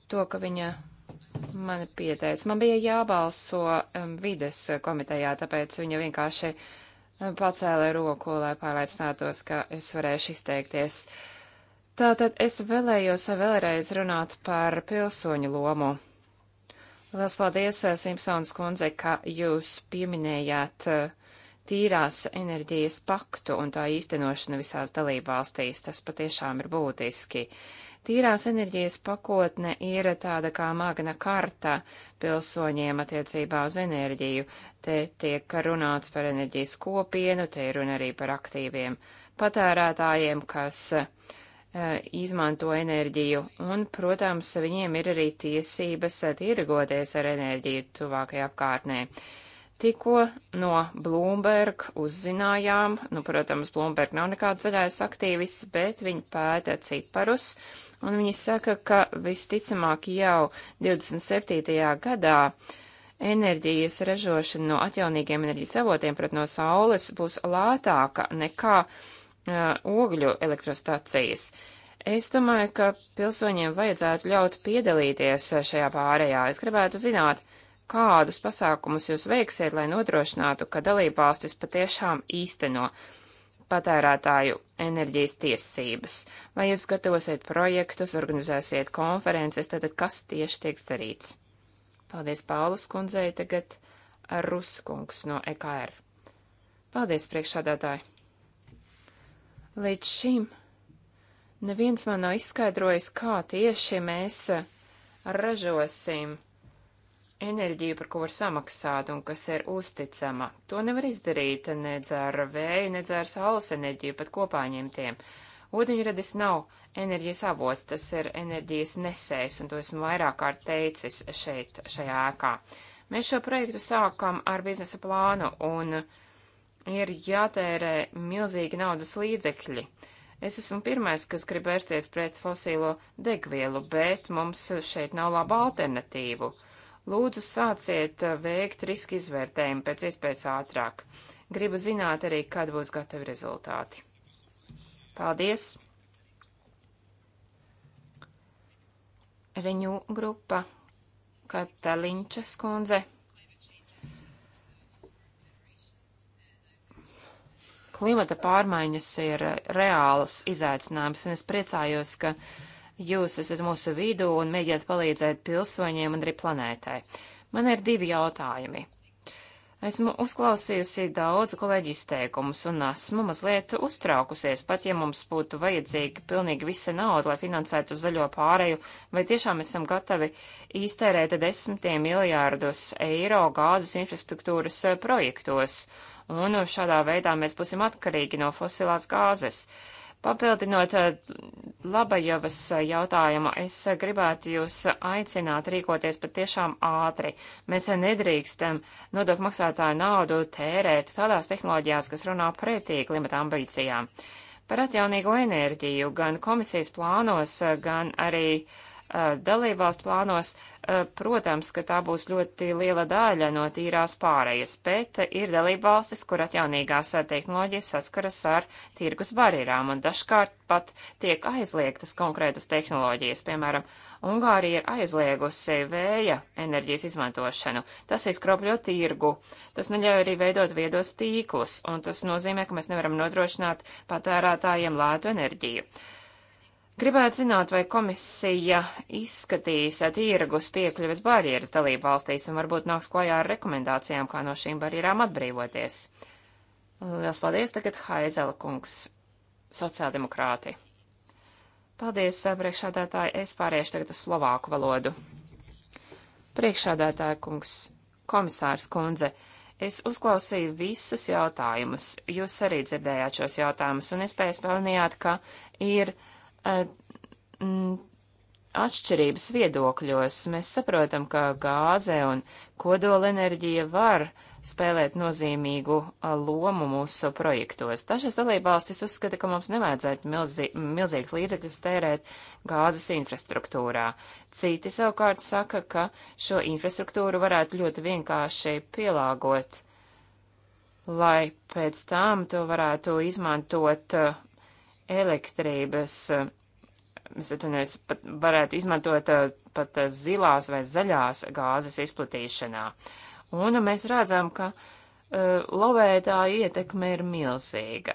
to, ka viņa Mani pieteic. Man bija jābalso um, vides komitejā, tāpēc viņa vienkārši um, pacēla roku, lai pārliecinātos, ka es varēšu izteikties. Tātad es vēlējos vēlreiz runāt par pilsoņu lomu. Lielas paldies, uh, Simpsons kundze, ka jūs pieminējāt uh, tīrās enerģijas paktu un tā īstenošanu visās dalībvalstīs. Tas patiešām ir būtiski. Uh, Tīrās enerģijas pakotne ir tāda kā magna karta pilsoņiem attiecībā uz enerģiju. Te tiek runāts par enerģijas kopienu, te ir runa arī par aktīviem patērētājiem, kas eh, izmanto enerģiju, un, protams, viņiem ir arī tiesības tirgoties ar enerģiju tuvākajā apkārtnē. Tikko no Bloomberg uzzinājām, nu, protams, Bloomberg nav nekāds zaļais aktīvists, bet viņi pēta ciparus, un viņi saka, ka visticamāk jau 27. gadā enerģijas ražošana no atjaunīgiem enerģijas avotiem, pret no saules, būs lētāka nekā uh, ogļu elektrostacijas. Es domāju, ka pilsoņiem vajadzētu ļaut piedalīties šajā pārējā. Es gribētu zināt, kādus pasākumus jūs veiksiet, lai nodrošinātu, ka dalībvalstis patiešām īsteno patērētāju enerģijas tiesības? Vai jūs gatavosiet projektus, organizēsiet konferences, tātad kas tieši tiek darīts? Paldies Pālus kundzei, tagad Ruskungs no EKR. Paldies priekšādātāji. Līdz šim neviens man nav izskaidrojis, kā tieši mēs ražosim enerģiju, par ko var samaksāt un kas ir uzticama. To nevar izdarīt nedz ar vēju, nedz ar saules enerģiju, pat kopā ņemtiem. Ūdeņradis nav enerģijas avots, tas ir enerģijas nesējs, un to esmu vairāk kārt teicis šeit, šajā ēkā. Mēs šo projektu sākam ar biznesa plānu, un ir jātērē milzīgi naudas līdzekļi. Es esmu pirmais, kas grib vērsties pret fosīlo degvielu, bet mums šeit nav laba alternatīva. Lūdzu, sāciet eh, veikt riska izvērtējumu pēc iespējas ātrāk. Gribu zināt arī, kad būs gatavi rezultāti. Paldies! Riņu grupa Kataliņča skundze. Klimata pārmaiņas ir reāls izaicinājums, un es priecājos, ka uh, Jūs esat mūsu vidū un mēģināt palīdzēt pilsoņiem un arī planētai. Man ir divi jautājumi. Esmu uzklausījusi daudz kolēģi izteikumus un esmu mazliet uztraukusies, pat ja mums būtu vajadzīga pilnīgi visa nauda, lai finansētu zaļo pāreju, vai tiešām esam gatavi iztērēt desmitiem miljārdus eiro gāzes infrastruktūras eh, projektos, un šādā veidā mēs būsim atkarīgi no fosilās gāzes. Papildinot eh, Labajovas eh, jautājumu, es eh, gribētu jūs aicināt rīkoties patiešām ātri. Mēs nedrīkstam nodokļu maksātāju naudu tērēt tādās tehnoloģijās, kas runā pretī klimata ambīcijām. Par atjaunīgo enerģiju gan komisijas plānos, gan arī uh, Eh, dalībvalstu plānos, eh, protams, ka tā būs ļoti liela daļa no tīrās pārējas, bet ir dalībvalstis, kur atjaunīgās eh, tehnoloģijas saskaras ar tirgus barjerām un dažkārt pat tiek aizliegtas konkrētas tehnoloģijas. Piemēram, Ungārija ir aizliegusi vēja enerģijas izmantošanu. Tas izkropļo tirgu, tas neļauj arī veidot viedos tīklus, un tas nozīmē, ka mēs nevaram nodrošināt patērētājiem lētu enerģiju. Uh, Gribētu zināt, vai komisija izskatīs tīragus piekļuves barjeras dalību valstīs un varbūt nāks klajā ar rekomendācijām, kā no šīm barjerām atbrīvoties. Lielas paldies tagad Haizela kungs, sociāldemokrāti. Paldies, priekšādātāji, es pāriešu tagad uz slovāku valodu. Priekšādātāja kungs, komisārs kundze, es uzklausīju visus jautājumus, jūs arī dzirdējāt šos jautājumus, un es pēc pelnījāt, ka ir uh, Eh, mm, atšķirības viedokļos. Mēs saprotam, ka gāze un kodolenerģija var spēlēt nozīmīgu eh, lomu mūsu projektos. Dažas dalībvalstis uzskata, ka mums nevajadzētu milzī, milzīgas līdzekļus tērēt gāzes infrastruktūrā. Citi savukārt saka, ka šo infrastruktūru varētu ļoti vienkārši pielāgot, lai pēc tam to varētu izmantot eh, elektrības, eh, es atvainojos, pat varētu izmantot eh, pat eh, zilās vai zaļās gāzes izplatīšanā. Un mēs redzam, ka uh, lovētāja ietekme ir milzīga.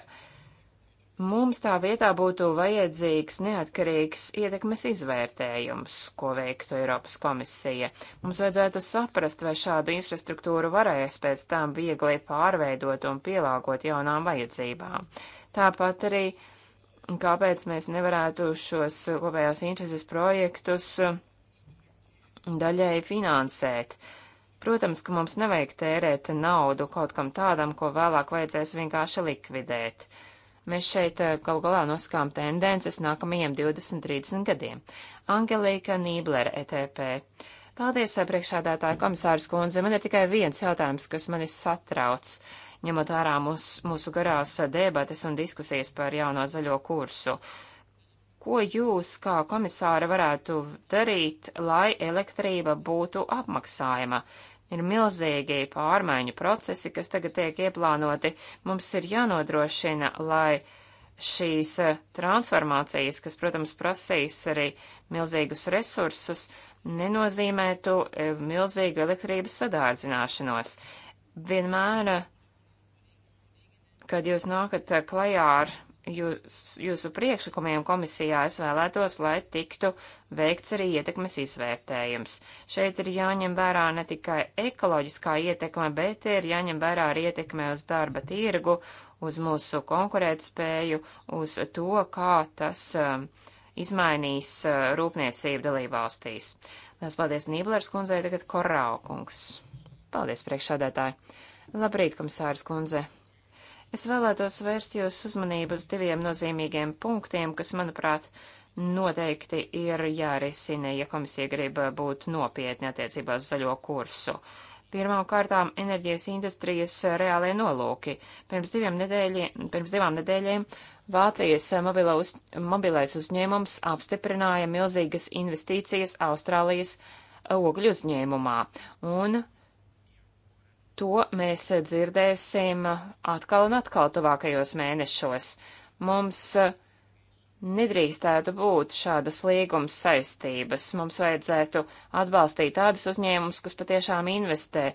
Mums tā vietā būtu vajadzīgs neatkarīgs ietekmes izvērtējums, ko veiktu Eiropas komisija. Mums vajadzētu saprast, vai šādu infrastruktūru varēs pēc tam viegli pārveidot un pielāgot jaunām vajadzībām. Tāpat arī uh, Un kāpēc mēs nevarētu šos kopējās intereses projektus daļēji finansēt? Protams, ka mums nevajag tērēt naudu kaut kam tādam, ko vēlāk vajadzēs vienkārši likvidēt. Mēs šeit eh, gal galā noskām tendences nākamajiem 20-30 gadiem. Angelika Nīblere, ETP. Paldies, eh, priekšādātāja komisāras kundze. Man ir tikai viens jautājums, kas mani satrauc ņemot vērā mūs, mūsu garās debates un diskusijas par jauno zaļo kursu. Ko jūs, kā komisāri, varētu darīt, lai elektrība būtu apmaksājama? Ir milzīgi pārmaiņu procesi, kas tagad tiek ieplānoti. Mums ir jānodrošina, lai šīs eh, transformācijas, kas, protams, prasīs arī milzīgus resursus, nenozīmētu eh, milzīgu elektrības sadārdzināšanos. Vienmēr kad jūs nākat klajā ar jūs, jūsu priekšlikumiem komisijā, es vēlētos, lai tiktu veikts arī ietekmes izvērtējums. Šeit ir jāņem vērā ne tikai ekoloģiskā ietekme, bet ir jāņem vērā arī ietekme uz darba tirgu, uz mūsu konkurētspēju, uz to, kā tas um, izmainīs uh, rūpniecību dalībvalstīs. Lielas paldies Nīblers kundzei, tagad Korāo kungs. Paldies priekšsādētāji. Labrīt, komisārs kundze. Es vēlētos vērst jūs uzmanību uz diviem nozīmīgiem punktiem, kas, manuprāt, noteikti ir jārisina, ja komisija grib būt nopietni attiecībā uz zaļo kursu. Pirmām kārtām enerģijas industrijas reālie nolūki. Pirms, nedēļi, pirms divām nedēļiem Vācijas uz, mobilais uzņēmums apstiprināja milzīgas investīcijas Austrālijas ogļu uzņēmumā, un To mēs dzirdēsim atkal un atkal tuvākajos mēnešos. Mums eh, nedrīkstētu būt šādas līgums saistības. Mums vajadzētu atbalstīt tādus uzņēmumus, kas patiešām investē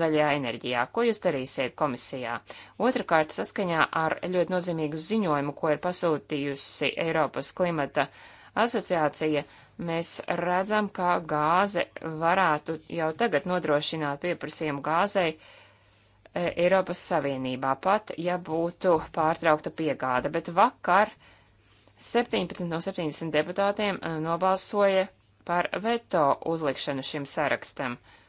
zaļajā enerģijā. Ko jūs darīsiet komisijā? Otrakārt, saskaņā ar ļoti nozīmīgu ziņojumu, ko ir pasūtījusi Eiropas klimata asociācija, Mēs redzam, ka gāze varētu jau tagad nodrošināt pieprasījumu gāzei e, Eiropas Savienībā, pat ja būtu pārtraukta piegāda. Bet vakar 17 no 70 deputātiem e, nobalsoja par veto uzlikšanu šim sarakstam. Uh,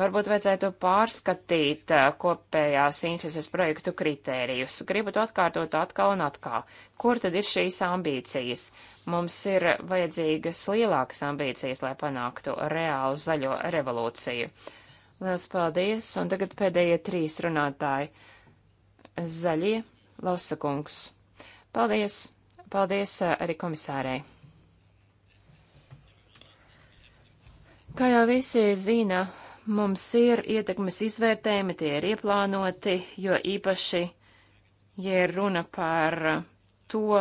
Varbūt vajadzētu pārskatīt eh, kopējās intereses projektu kritērijus. Gribu to atkārtot atkal un atkal. Kur tad ir šīs ambīcijas? Mums ir vajadzīgas lielākas ambīcijas, lai panāktu reālu zaļo revolūciju. Liels paldies, un tagad pēdējie trīs runātāji. Zaļie, Lausakungs. Paldies, paldies eh, arī komisārei. Kā jau visi zina, Mums ir ietekmes izvērtējumi, tie ir ieplānoti, jo īpaši, ja ir runa par to,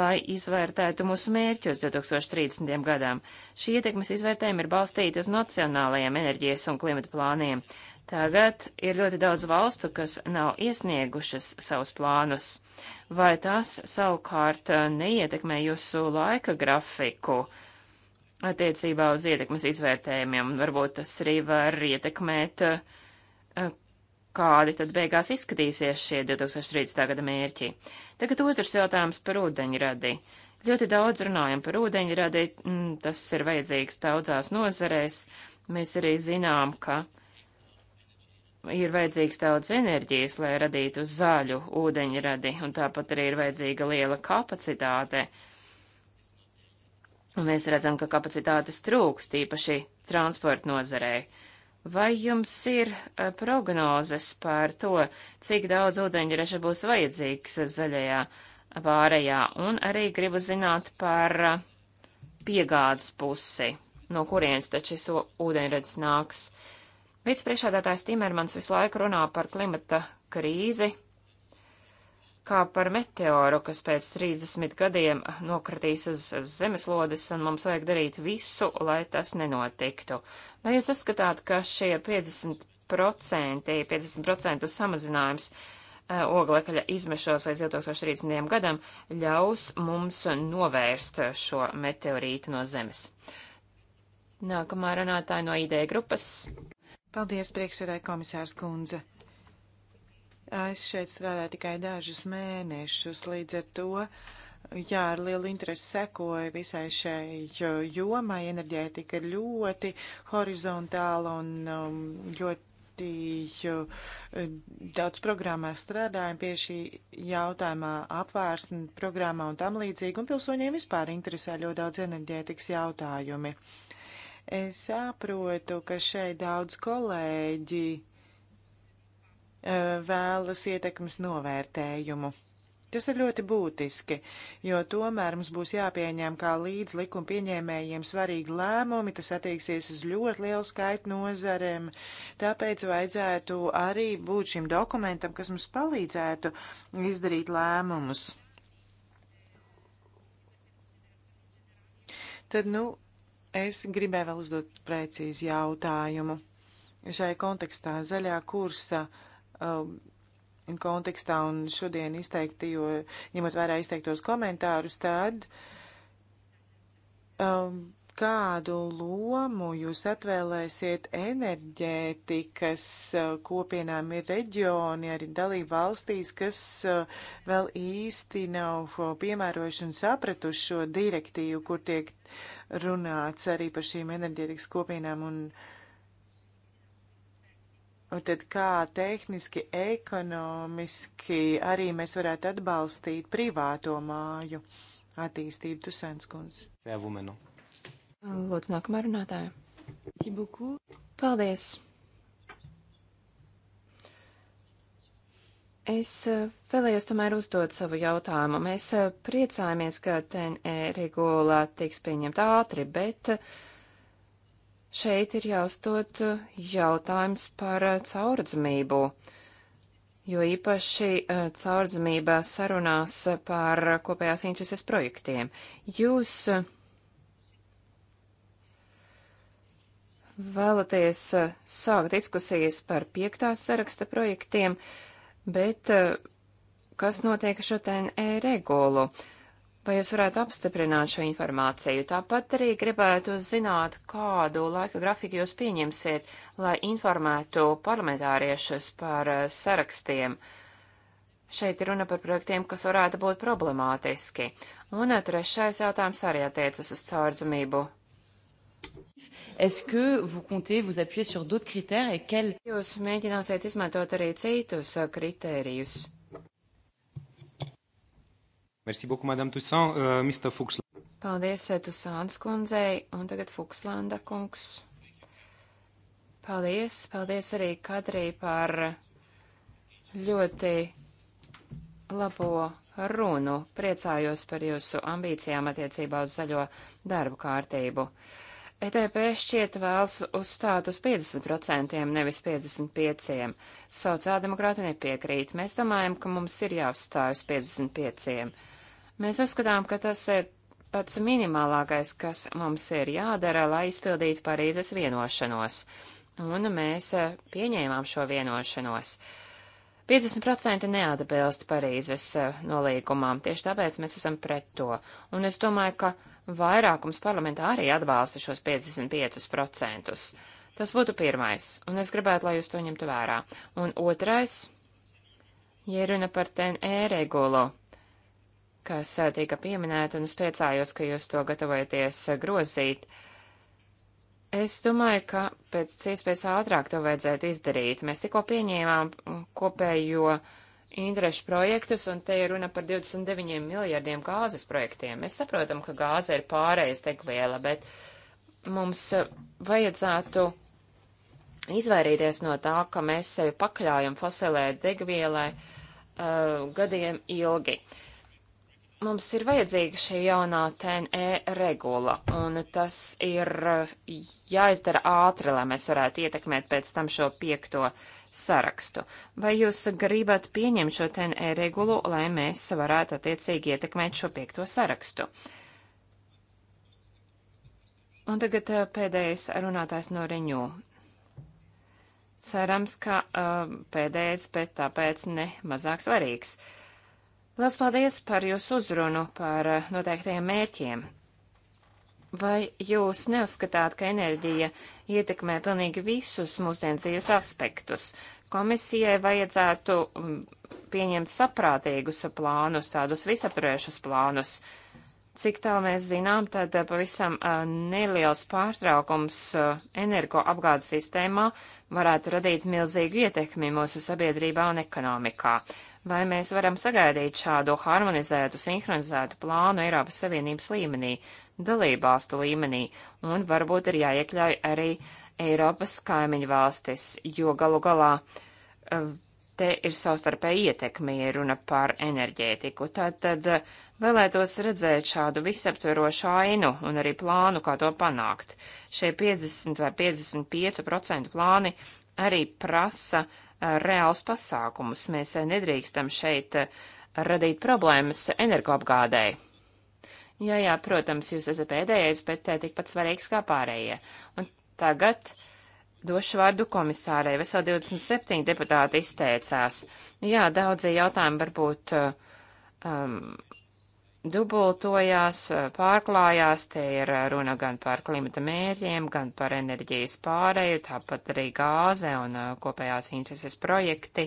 lai izvērtētu mūsu mērķus 2030. gadām. Šī ietekmes izvērtējuma ir balstīta uz nacionālajiem enerģijas un klimata plāniem. Tagad ir ļoti daudz valstu, kas nav iesniegušas savus plānus. Vai tas savukārt neietekmē jūsu laika grafiku attiecībā uz ietekmes izvērtējumiem, un varbūt tas arī var ietekmēt, eh, kādi tad beigās izskatīsies šie 2030. gada mērķi. Tagad otrs jautājums par ūdeņradi. Ļoti daudz runājam par ūdeņradi, mm, tas ir vajadzīgs daudzās nozarēs. Mēs arī zinām, ka ir vajadzīgs daudz enerģijas, lai radītu zaļu ūdeņradi, un tāpat arī ir vajadzīga liela kapacitāte, uh, Un mēs redzam, ka kapacitātes trūkst īpaši transporta nozarei. Vai jums ir eh, prognozes par to, cik daudz ūdeņraža būs vajadzīgs zaļajā pārējā? Un arī gribu zināt par eh, piegādes pusi, no kurienes taču šis ūdeņrads nāks. Vicepriekšādātājs Timermans visu laiku runā par klimata krīzi kā par meteoru, kas pēc 30 gadiem nokritīs uz zemeslodes, un mums vajag darīt visu, lai tas nenotiktu. Vai jūs uzskatāt, ka šie 50%, 50% samazinājums eh, oglekļa izmešos līdz 2030. gadam ļaus mums novērst šo meteorītu no zemes? Nākamā runātāja no ID grupas. Paldies, priekšsēdāja komisārs Kunze. Es šeit strādāju tikai dažus mēnešus, līdz ar to, jā, ar lielu interesi sekoju visai šai jomai. Enerģētika ir ļoti horizontāla un um, ļoti daudz programmā strādājam pie šī jautājumā apvērsni programmā un tam līdzīgi, un pilsoņiem vispār interesē ļoti daudz enerģētikas jautājumi. Es saprotu, ka šeit daudz kolēģi Eh, vēlas ietekmes novērtējumu. Tas ir ļoti būtiski, jo tomēr mums būs jāpieņem kā līdz likuma pieņēmējiem svarīgi lēmumi, tas attieksies uz ļoti lielu skaitu nozarēm. Tāpēc vajadzētu arī būt šim dokumentam, kas mums palīdzētu izdarīt lēmumus. Tad, nu, es gribēju vēl uzdot precīzi jautājumu. Šai kontekstā zaļā kursa uh, um, kontekstā un šodien izteikti, jo ņemot vērā izteiktos komentārus, tad um, kādu lomu jūs atvēlēsiet enerģētikas uh, kopienām ir reģioni, arī dalība valstīs, kas uh, vēl īsti nav piemērojuši un sapratuši šo direktīvu, kur tiek runāts arī par šīm enerģētikas kopienām un uh, Un tad kā tehniski, ekonomiski arī mēs varētu atbalstīt privāto māju attīstību Tusenskundz. Lūdzu, nākamā runātāja. Paldies! Es eh, vēlējos tomēr uzdot savu jautājumu. Mēs eh, priecājamies, ka TNE regula tiks pieņemta ātri, bet uh, Šeit ir jāuzdod uh, jautājums par uh, caurdzamību, jo īpaši uh, caurdzamībā sarunās par kopējās intereses projektiem. Jūs vēlaties sākt diskusijas par piektās saraksta projektiem, bet kas notiek šodien e-regulu? Vai jūs varētu apstiprināt šo informāciju? Tāpat arī gribētu zināt, kādu laika grafiku jūs pieņemsiet, lai informētu parlamentāriešus par eh, sarakstiem. Šeit ir runa par projektiem, kas varētu būt problemātiski. Un eh, trešais jautājums arī attiecas uz caurdzamību. Est-ce que vous comptez vous appuyer sur d'autres critères et quels? Jūs mēģināsiet izmantot arī citus eh, kritērijus. Merci beaucoup, Madame Toussaint. Uh, Mr. Fuchs. Paldies, eh, Tusāns kundzei, un tagad Fukslanda kungs. Paldies, paldies arī Kadrī par ļoti labo runu. Priecājos par jūsu ambīcijām attiecībā uz zaļo darbu kārtību. ETP šķiet vēlas uzstāt uz 50%, nevis 55%. Sociāldemokrāti nepiekrīt. Mēs domājam, ka mums ir jāuzstāj uz 55%. Mēs uzskatām, ka tas ir pats minimālākais, kas mums ir jādara, lai izpildītu Parīzes vienošanos. Un mēs eh, pieņēmām šo vienošanos. 50% neatbilst Parīzes eh, nolīgumām, tieši tāpēc mēs esam pret to. Un es domāju, ka vairākums parlamentā arī atbalsta šos 55%. Tas būtu pirmais, un es gribētu, lai jūs to ņemtu vērā. Un otrais, ja runa par TNE regulu, kas eh, tika pieminēta, un es priecājos, ka jūs to gatavojaties eh, grozīt. Es domāju, ka pēc iespējas ātrāk to vajadzētu izdarīt. Mēs tikko pieņēmām kopējo interešu projektus, un te ir runa par 29 miljardiem gāzes projektiem. Mēs saprotam, ka gāze ir pārējais degviela, bet mums eh, vajadzētu izvairīties no tā, ka mēs sevi pakļaujam fosilē degvielai uh, gadiem ilgi. Uh, mums ir vajadzīga šī jaunā TNE regula, un tas ir eh, jāizdara ātri, lai mēs varētu ietekmēt pēc tam šo piekto sarakstu. Vai jūs gribat pieņemt šo TNE regulu, lai mēs varētu attiecīgi ietekmēt šo piekto sarakstu? Un tagad eh, pēdējais runātājs no Riņū. Cerams, ka uh, pēdējais, bet tāpēc ne mazāk svarīgs. Uh, Lielas paldies par jūsu uzrunu par eh, noteiktajiem mērķiem. Vai jūs neuzskatāt, ka enerģija ietekmē pilnīgi visus mūsdienu dzīves aspektus? Komisijai vajadzētu mm, pieņemt saprātīgus plānus, tādus visapturējušus plānus, Cik tālu mēs zinām, tad uh, pavisam uh, neliels pārtraukums uh, energoapgādes sistēmā varētu radīt milzīgu ietekmi mūsu sabiedrībā un ekonomikā. Vai mēs varam sagaidīt šādu harmonizētu, sinhronizētu plānu Eiropas Savienības līmenī, dalībvalstu līmenī, un varbūt ir jāiekļauj arī Eiropas kaimiņu valstis, jo galu galā te ir savstarpēji ietekme, ja runa par enerģētiku. Tātad eh, vēlētos redzēt šādu visaptverošu ainu un arī plānu, kā to panākt. Šie 50 vai 55% plāni arī prasa eh, reāls pasākumus. Mēs eh, nedrīkstam šeit radīt problēmas energoapgādēji. Jā, jā, protams, jūs esat pēdējais, bet tikpat svarīgs kā pārējie. Un tagad uh, Došu vārdu komisārai. Vesel 27 deputāti izteicās. Jā, daudzi jautājumi varbūt eh, um, dubultojās, eh, pārklājās. Te ir eh, runa gan par klimata mērķiem, gan par enerģijas pārēju, tāpat arī gāze un kopējās intereses projekti.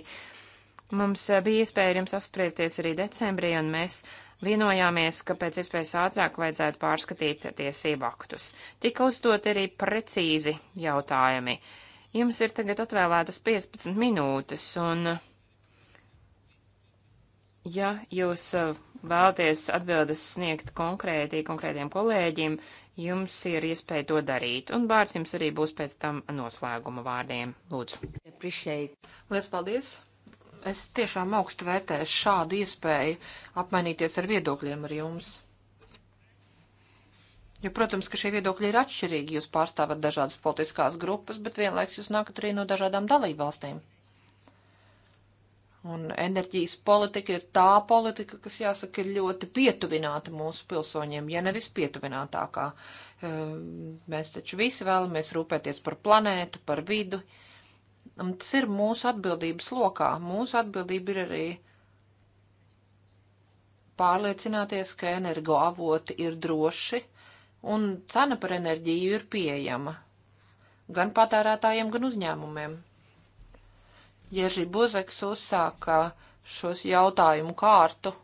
Mums bija iespēja ar jums apspriesties arī decembrī, un mēs uh, Vienojāmies, ka pēc iespējas ātrāk vajadzētu pārskatīt tiesību aktus. Tika uzdot arī precīzi jautājumi. Jums ir tagad atvēlētas 15 minūtes, un ja jūs uh, vēlaties atbildes sniegt konkrēti konkrētiem kolēģiem, jums ir iespēja to darīt, un vārds jums arī būs pēc tam noslēguma vārdiem. Lūdzu. Appreciate. Lielas paldies! Es tiešām augstu vērtēju šādu iespēju apmainīties ar viedokļiem ar jums. Jo, protams, ka šie viedokļi ir atšķirīgi. Jūs pārstāvat dažādas politiskās grupas, bet vienlaiks jūs nākat arī no dažādām dalībvalstīm. Un enerģijas politika ir tā politika, kas, jāsaka, ir ļoti pietuvināta mūsu pilsoņiem, ja nevis pietuvinātākā. Ehm, mēs taču visi vēlamies rūpēties par planētu, par vidu. Uh, Tas ir mūsu atbildības lokā. Mūsu atbildība ir arī pārliecināties, ka energoavoti ir droši un cena par enerģiju ir pieejama gan patērētājiem, gan uzņēmumiem. Ježi Buzeks uzsāka šos jautājumu kārtu,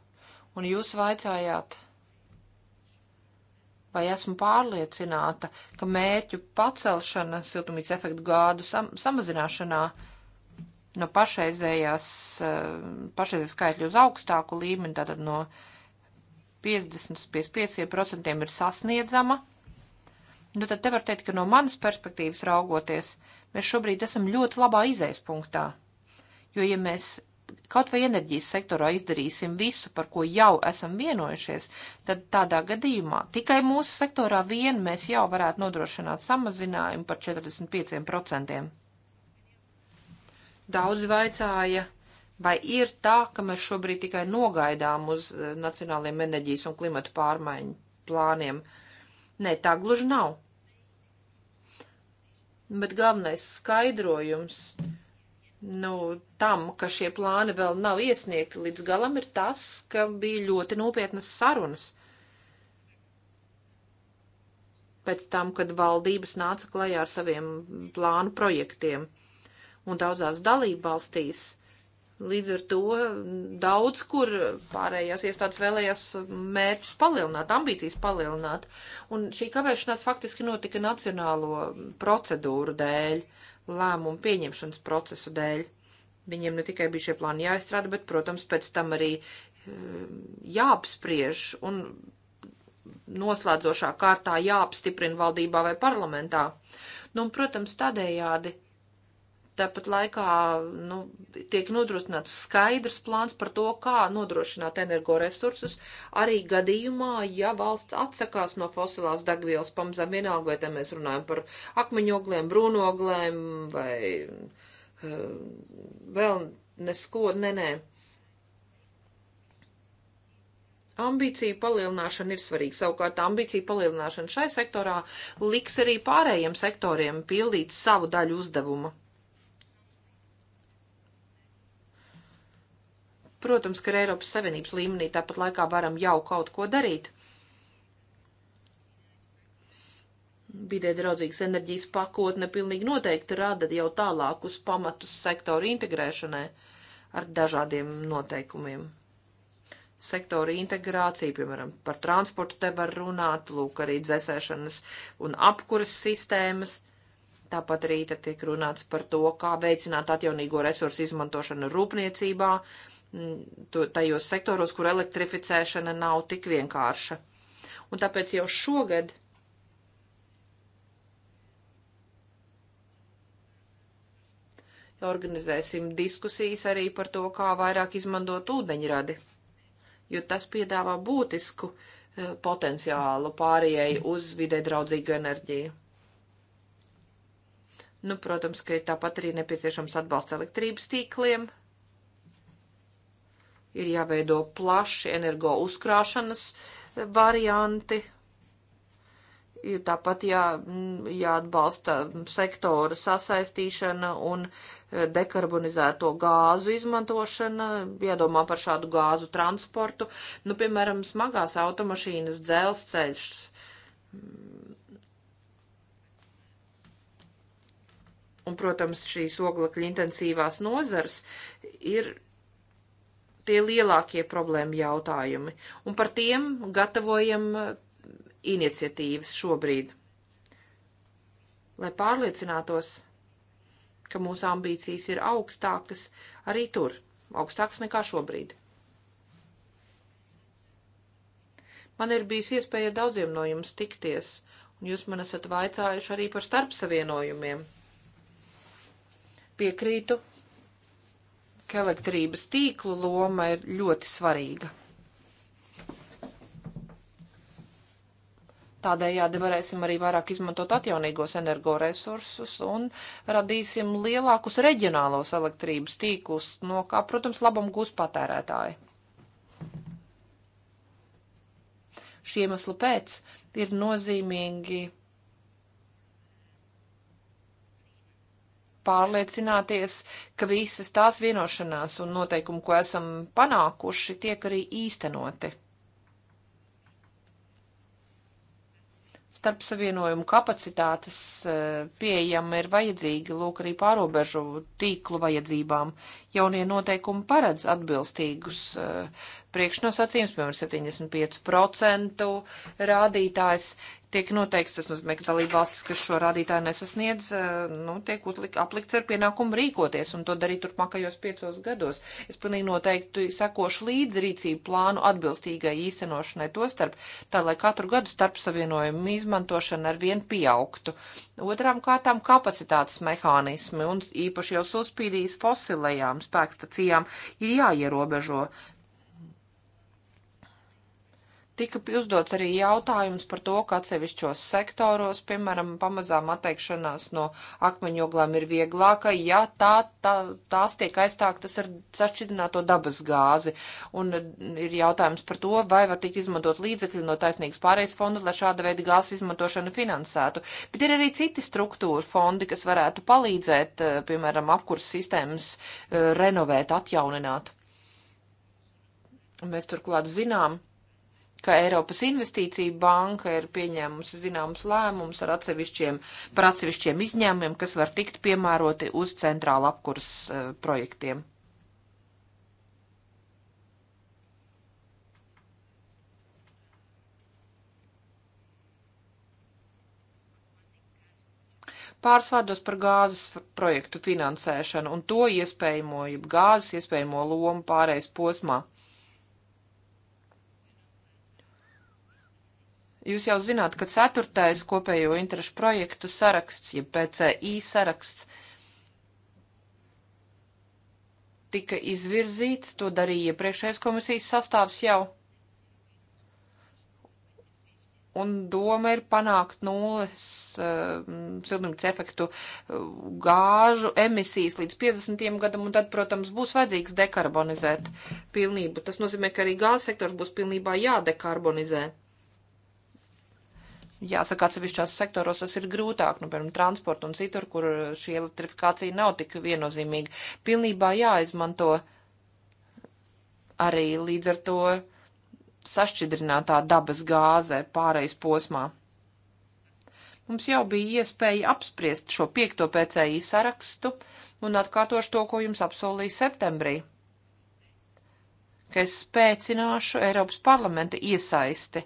un jūs vaicājāt – vai esmu pārliecināta, ka mērķu pacelšana siltumnīca efektu gādu sam samazināšanā no pašreizējās, eh, pašreizējās skaitļu uz augstāku līmeni, tātad no 50 uz 55% ir sasniedzama. Nu, tad te var teikt, ka no manas perspektīvas raugoties, mēs šobrīd esam ļoti labā izējas punktā. Jo, ja mēs kaut vai enerģijas sektorā izdarīsim visu, par ko jau esam vienojušies, tad tādā gadījumā tikai mūsu sektorā vien mēs jau varētu nodrošināt samazinājumu par 45%. Daudz vaicāja, vai ir tā, ka mēs šobrīd tikai nogaidām uz eh, nacionāliem enerģijas un klimatu pārmaiņu plāniem. Nē, tā gluži nav. Bet galvenais skaidrojums nu, tam, ka šie plāni vēl nav iesniegti līdz galam, ir tas, ka bija ļoti nopietnas sarunas. Pēc tam, kad valdības nāca klajā ar saviem plānu projektiem un daudzās dalību valstīs, līdz ar to daudz, kur pārējās iestādes vēlējās mērķus palielināt, ambīcijas palielināt, un šī kavēšanās faktiski notika nacionālo procedūru dēļ. Uh, lēmumu pieņemšanas procesu dēļ. Viņiem ne tikai bija šie plāni jāizstrāda, bet, protams, pēc tam arī eh, jāapspriež un noslēdzošā kārtā jāapstiprina valdībā vai parlamentā. Nu, un, protams, tādējādi tāpat laikā nu, tiek nodrošināts skaidrs plāns par to, kā nodrošināt energoresursus, arī gadījumā, ja valsts atsakās no fosilās degvielas pamazām vienalga, vai te mēs runājam par akmeņogliem, brūnogliem vai eh, vēl nesko, nē, nē. Ambīciju palielināšana ir svarīga. Savukārt ambīciju palielināšana šai sektorā liks arī pārējiem sektoriem pildīt savu daļu uzdevuma. Protams, ka ar Eiropas Savienības līmenī tāpat laikā varam jau kaut ko darīt. Vidē draudzīgas enerģijas pakotne pilnīgi noteikti rada jau tālākus pamatus sektoru integrēšanai ar dažādiem noteikumiem. Sektora integrācija, piemēram, par transportu te var runāt, lūk, arī dzēsēšanas un apkuras sistēmas. Tāpat arī te tiek runāts par to, kā veicināt atjaunīgo resursu izmantošanu rūpniecībā, uh, tajos sektoros, kur elektrificēšana nav tik vienkārša. Un tāpēc jau šogad organizēsim diskusijas arī par to, kā vairāk izmantot ūdeņradi, jo tas piedāvā būtisku eh, potenciālu pārējai uz vidē draudzīgu enerģiju. Nu, protams, ka tāpat arī nepieciešams atbalsts elektrības tīkliem – ir jāveido plaši energo uzkrāšanas eh, varianti. Ir tāpat jā, jāatbalsta sektora sasaistīšana un eh, dekarbonizēto gāzu izmantošana, jādomā par šādu gāzu transportu. Nu, piemēram, smagās automašīnas dzelzceļš. Un, protams, šīs oglekļa intensīvās nozars ir tie lielākie problēma jautājumi, un par tiem gatavojam eh, iniciatīvas šobrīd, lai pārliecinātos, ka mūsu ambīcijas ir augstākas arī tur, augstākas nekā šobrīd. Man ir bijusi iespēja ar daudziem no jums tikties, un jūs man esat vaicājuši arī par starpsavienojumiem. Piekrītu, ka elektrības tīklu loma ir ļoti svarīga. Tādējādi varēsim arī vairāk izmantot atjaunīgos energoresursus un radīsim lielākus reģionālos elektrības tīklus, no kā, protams, labam gūs patērētāji. Šie iemesli pēc ir nozīmīgi pārliecināties, ka visas tās vienošanās un noteikumi, ko esam panākuši, tiek arī īstenoti. Starp savienojumu kapacitātes eh, pieejama ir vajadzīga lūk arī pārobežu tīklu vajadzībām. Jaunie noteikumi paredz atbilstīgus eh, priekšnosacījums, piemēram, 75% rādītājs, tiek noteikts, tas nozīmē, ka dalība valstis, kas šo rādītāju nesasniedz, eh, nu, tiek uzlik, aplikts ar pienākumu rīkoties un to darīt turpmākajos piecos gados. Es pilnīgi noteikti sekošu līdz rīcību plānu atbilstīgai īstenošanai to starp, tā lai katru gadu starp savienojumu izmantošana ar vien pieaugtu. Otrām kārtām kapacitātes mehānismi un īpaši jau suspīdījis fosilējām spēkstacijām ir jāierobežo tika uzdots arī jautājums par to, ka atsevišķos sektoros, piemēram, pamazām atteikšanās no akmeņoglām ir vieglāka, ja tā, tā, tās tiek aizstāktas ar sašķidrināto dabas gāzi. Un ir jautājums par to, vai var tikt izmantot līdzekļi no taisnīgas pārējais fonda, lai šāda veida gāzes izmantošanu finansētu. Bet ir arī citi struktūra fondi, kas varētu palīdzēt, eh, piemēram, apkurs sistēmas eh, renovēt, atjaunināt. Un mēs turklāt zinām, ka Eiropas Investīcija banka ir pieņēmusi zināmus lēmumus ar atsevišķiem, par atsevišķiem izņēmumiem, kas var tikt piemēroti uz centrāla apkuras uh, projektiem. Pāris vārdos par gāzes projektu finansēšanu un to iespējamo, jeb gāzes iespējamo lomu pārējais posmā. Jūs jau zināt, ka ceturtais kopējo interešu projektu saraksts, jeb ja PCI saraksts, tika izvirzīts, to darīja iepriekšējais komisijas sastāvs jau. Un doma ir panākt nulles uh, siltumnīca efektu uh, gāžu emisijas līdz 50. gadam, un tad, protams, būs vajadzīgs dekarbonizēt pilnību. Tas nozīmē, ka arī gāzes sektors būs pilnībā jādekarbonizē. Uh, Jāsaka, atsevišķās sektoros tas ir grūtāk, nu, piemēram, transporta un citur, kur šī elektrifikācija nav tik viennozīmīga. Pilnībā jāizmanto arī līdz ar to sašķidrinātā dabas gāze pārejas posmā. Mums jau bija iespēja apspriest šo piekto pēcēji sarakstu un atkārtošu to, ko jums apsolīju septembrī ka es spēcināšu Eiropas parlamenta iesaisti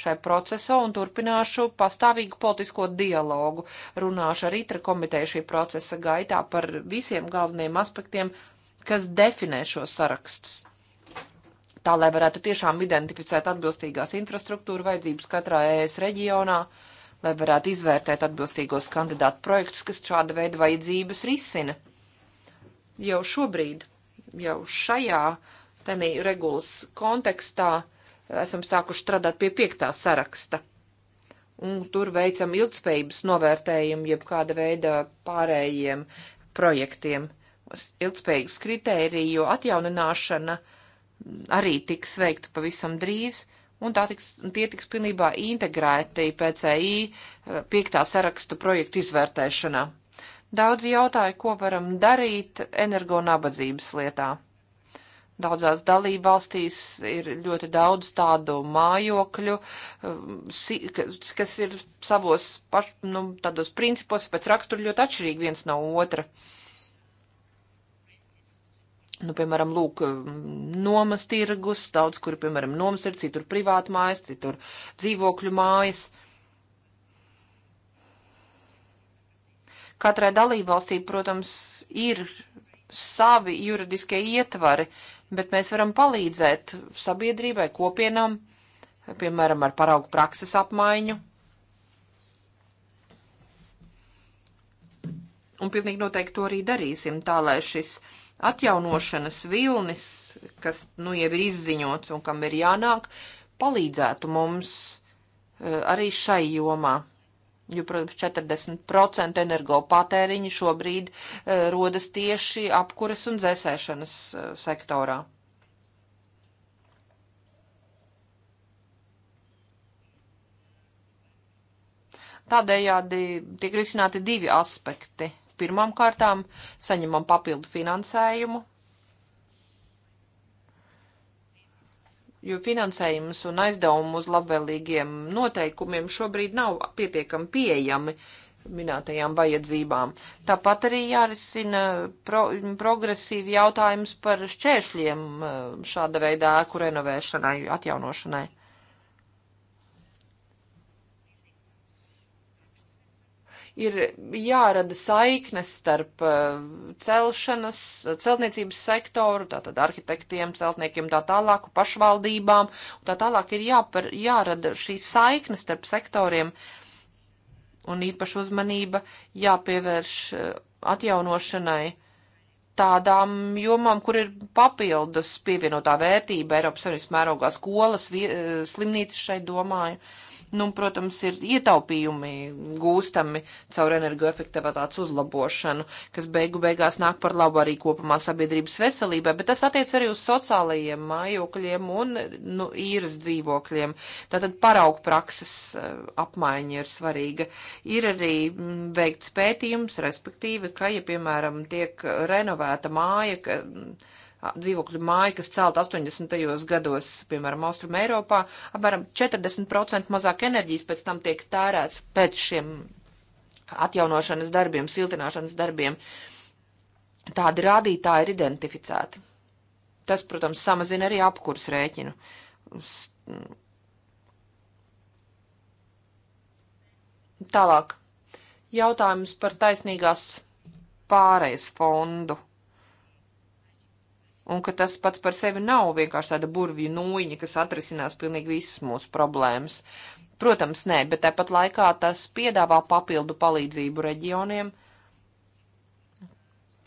šai procesā un turpināšu pastāvīgu politisko dialogu. Runāšu ar ITRA komiteju šī procesa gaitā par visiem galvenajiem aspektiem, kas definē šos sarakstus. Tā, lai varētu tiešām identificēt atbilstīgās infrastruktūra vajadzības katrā ES reģionā, lai varētu izvērtēt atbilstīgos kandidātu projektus, kas šāda veida vajadzības risina. Jau šobrīd, jau šajā tenī regulas kontekstā, uh, esam sākuši strādāt pie piektā saraksta. Un tur veicam ilgspējības novērtējumu, jeb kāda veida pārējiem projektiem. Ilgspējīgas kritēriju atjaunināšana arī tiks veikta pavisam drīz, un tā tiks, tie tiks pilnībā integrēti PCI eh, piektā saraksta projektu izvērtēšanā. Daudzi jautāja, ko varam darīt energo nabadzības lietā. Daudzās dalību valstīs ir ļoti daudz tādu mājokļu, um, kas ir savos paš, nu, tādos principos pēc rakstura ļoti atšķirīgi viens no otra. Nu, piemēram, lūk, um, nomas tirgus, daudz kur, piemēram, nomas ir, citur privāta mājas, citur dzīvokļu mājas. Katrai dalībvalstī, protams, ir savi juridiskie ietvari, bet mēs varam palīdzēt sabiedrībai, kopienām, piemēram, ar paraugu prakses apmaiņu. Un pilnīgi noteikti to arī darīsim, tā lai šis atjaunošanas vilnis, kas nu jau ir izziņots un kam ir jānāk, palīdzētu mums eh, arī šai jomā. Jo, protams, 40% energopatēriņa šobrīd uh, rodas tieši apkuras un dzēsēšanas uh, sektorā. Tādējādi tiek risināti divi aspekti. Pirmām kārtām saņemam papildu finansējumu jo finansējums un aizdevumi uz labvēlīgiem noteikumiem šobrīd nav pietiekami pieejami minētajām vajadzībām. Tāpat arī jārisina pro, progresīvi jautājums par šķēršļiem eh, šāda veidā ēku renovēšanai, atjaunošanai. ir jārada saiknes starp eh, celšanas, celtniecības sektoru, tātad arhitektiem, celtniekiem tā tālāk, pašvaldībām, un tā tālāk ir jāpar, jārada šī saiknes starp sektoriem, un īpaši uzmanība jāpievērš eh, atjaunošanai tādām jomām, kur ir papildus pievienotā vērtība Eiropas Savienības mērogā skolas, eh, slimnīcas šeit domāju. Uh, Nu, protams, ir ietaupījumi gūstami caur energoefektivitātes uzlabošanu, kas beigu beigās nāk par labu arī kopumā sabiedrības veselībai, bet tas attiec arī uz sociālajiem mājokļiem un nu, īres dzīvokļiem. Tātad paraugu prakses eh, apmaiņa ir svarīga. Ir arī mm, veikts pētījums, respektīvi, ka, ja, piemēram, tiek renovēta māja, ka, mm, dzīvokļu māju, kas celta 80. gados, piemēram, Austrum Eiropā, apmēram 40% mazāk enerģijas pēc tam tiek tērēts pēc šiem atjaunošanas darbiem, siltināšanas darbiem. Tādi rādītāji ir identificēti. Tas, protams, samazina arī apkurs rēķinu. Mm. Tālāk. Jautājums par taisnīgās pārējas fondu un ka tas pats par sevi nav vienkārši tāda burvju nūjiņa, kas atrisinās pilnīgi visas mūsu problēmas. Protams, nē, bet tāpat laikā tas piedāvā papildu palīdzību reģioniem,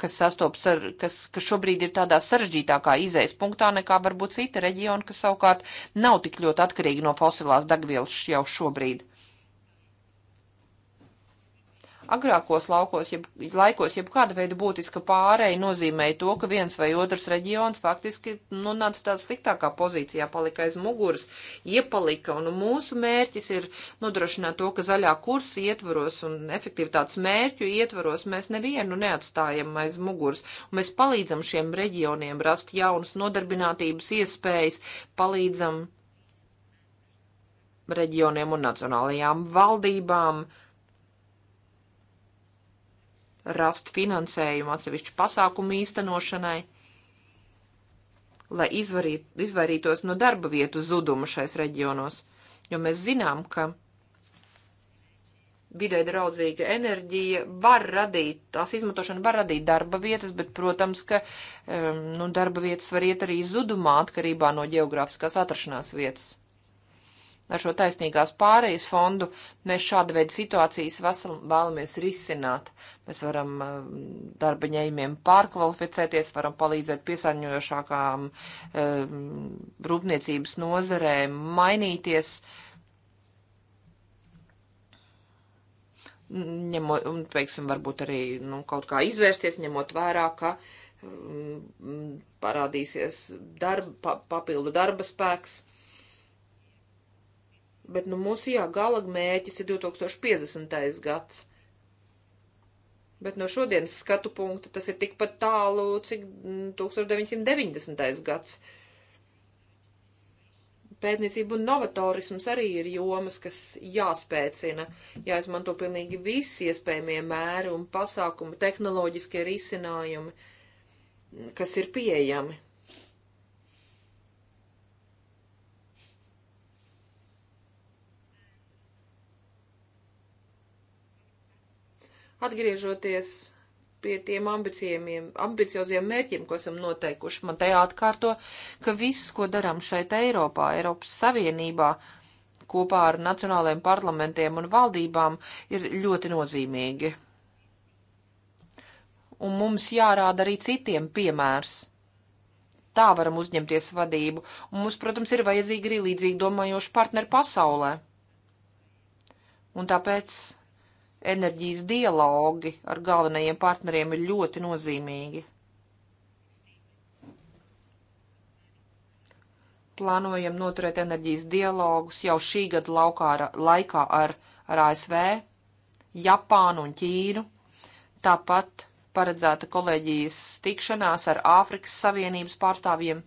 kas sastopas ar, kas, kas šobrīd ir tādā sarežģītākā izējas punktā nekā varbūt cita reģiona, kas savukārt nav tik ļoti atkarīgi no fosilās dagvielas jau šobrīd. Agrākos laukos, jeb, laikos jebkāda veida būtiska pārēja nozīmēja to, ka viens vai otrs reģions faktiski nonāca nu, tādā sliktākā pozīcijā, palika aiz muguras, iepalika, un mūsu mērķis ir nodrošināt to, ka zaļā kursa ietvaros un efektivitātes mērķu ietvaros mēs nevienu neatstājam aiz muguras, un mēs palīdzam šiem reģioniem rast jaunas nodarbinātības iespējas, palīdzam reģioniem un nacionālajām valdībām, uh, rast finansējumu atsevišķu pasākumu īstenošanai, lai izvarīt, izvairītos no darba vietu zuduma šais reģionos, jo mēs zinām, ka vidē draudzīga enerģija var radīt, tās izmantošana var radīt darba vietas, bet, protams, ka um, nu, darba vietas var iet arī zudumā atkarībā no geogrāfiskās atrašanās vietas. Ar šo taisnīgās pārejas fondu mēs šādu veidu situācijas vesel, vēlamies risināt. Mēs varam eh, darba ņēmiem pārkvalificēties, varam palīdzēt piesārņojošākām eh, rūpniecības nozarēm mainīties. Ņemot, un, teiksim, varbūt arī nu, kaut kā izvērsties, ņemot vērā, ka eh, parādīsies darba, papildu darba spēks. Bet, nu, mūsu, jā, gala mērķis ir 2050. gads. Bet no šodienas skatu punkta tas ir tikpat tālu, cik 1990. Mm, gads. Pētniecība un novatorisms arī ir jomas, kas jāspēcina, jāizmanto pilnīgi visi iespējamie mēri un pasākumi, tehnoloģiskie risinājumi, kas ir pieejami. Atgriežoties pie tiem ambicioziem mērķiem, ko esam noteikuši, man te jāatkārto, ka viss, ko darām šeit Eiropā, Eiropas Savienībā, kopā ar nacionālajiem parlamentiem un valdībām, ir ļoti nozīmīgi. Un mums jārāda arī citiem piemērs tā varam uzņemties vadību, un mums, protams, ir vajadzīgi arī līdzīgi domājoši partneri pasaulē. Un tāpēc enerģijas dialogi ar galvenajiem partneriem ir ļoti nozīmīgi. Plānojam noturēt enerģijas dialogus jau šī gada laukā, ar, laikā ar, ar ASV, Japānu un Ķīnu. Tāpat paredzēta kolēģijas tikšanās ar Āfrikas Savienības pārstāvjiem.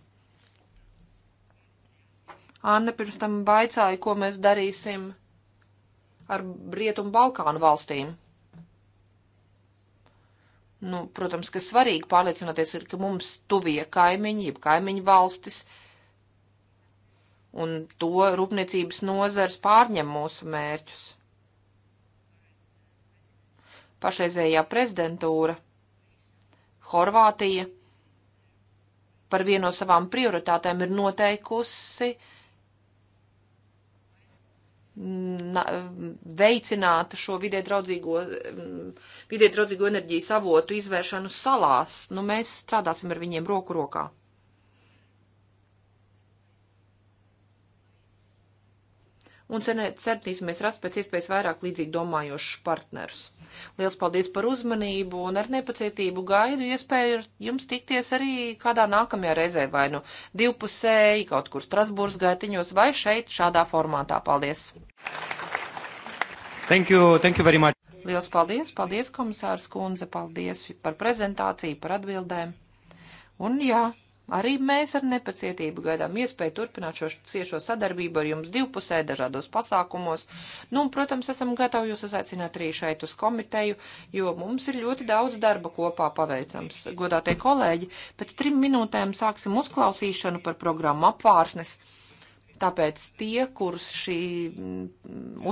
Anna pirms tam baicāja, ko mēs darīsim ar Rietumu Balkānu valstīm. Nu, protams, ka svarīgi pārliecināties ir, ka mums tuvie kaimiņi, jeb kaimiņu valstis un to rūpniecības nozars pārņem mūsu mērķus. Pašreizējā prezidentūra, Horvātija, par vienu no savām prioritātēm ir noteikusi uh, veicinātu šo vidē draudzīgo, mm, vidē draudzīgo enerģijas avotu izvēršanu salās. Nu, mēs strādāsim ar viņiem roku rokā. un centīsimies rast pēc iespējas vairāk līdzīgi domājošus partnerus. Lielas paldies par uzmanību un ar nepacietību gaidu iespēju jums tikties arī kādā nākamajā reizē vai nu divpusēji, kaut kur Strasbūras gaitiņos vai šeit šādā formātā. Paldies! Thank you, thank you very much. Lielas paldies, paldies komisārs kundze, paldies par prezentāciju, par atbildēm. Un jā. Arī mēs ar nepacietību gaidām iespēju turpināt šo ciešo sadarbību ar jums divpusē, dažādos pasākumos. Nu, un, protams, esam gatavi jūs uzaicināt arī šeit uz komiteju, jo mums ir ļoti daudz darba kopā paveicams. Godātie kolēģi, pēc trim minūtēm sāksim uzklausīšanu par programmu apvārsnes. Tāpēc tie, kurus šī mm,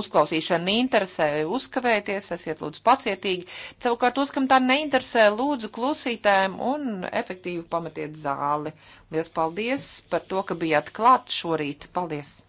uzklausīšana interesē, uzkavēties, esiet lūdzu pacietīgi. Savukārt, tos, kam tā neinteresē, lūdzu klusītēm un efektīvi pametiet zāli. Lielas paldies par to, ka bijāt klāt šorīt. Paldies!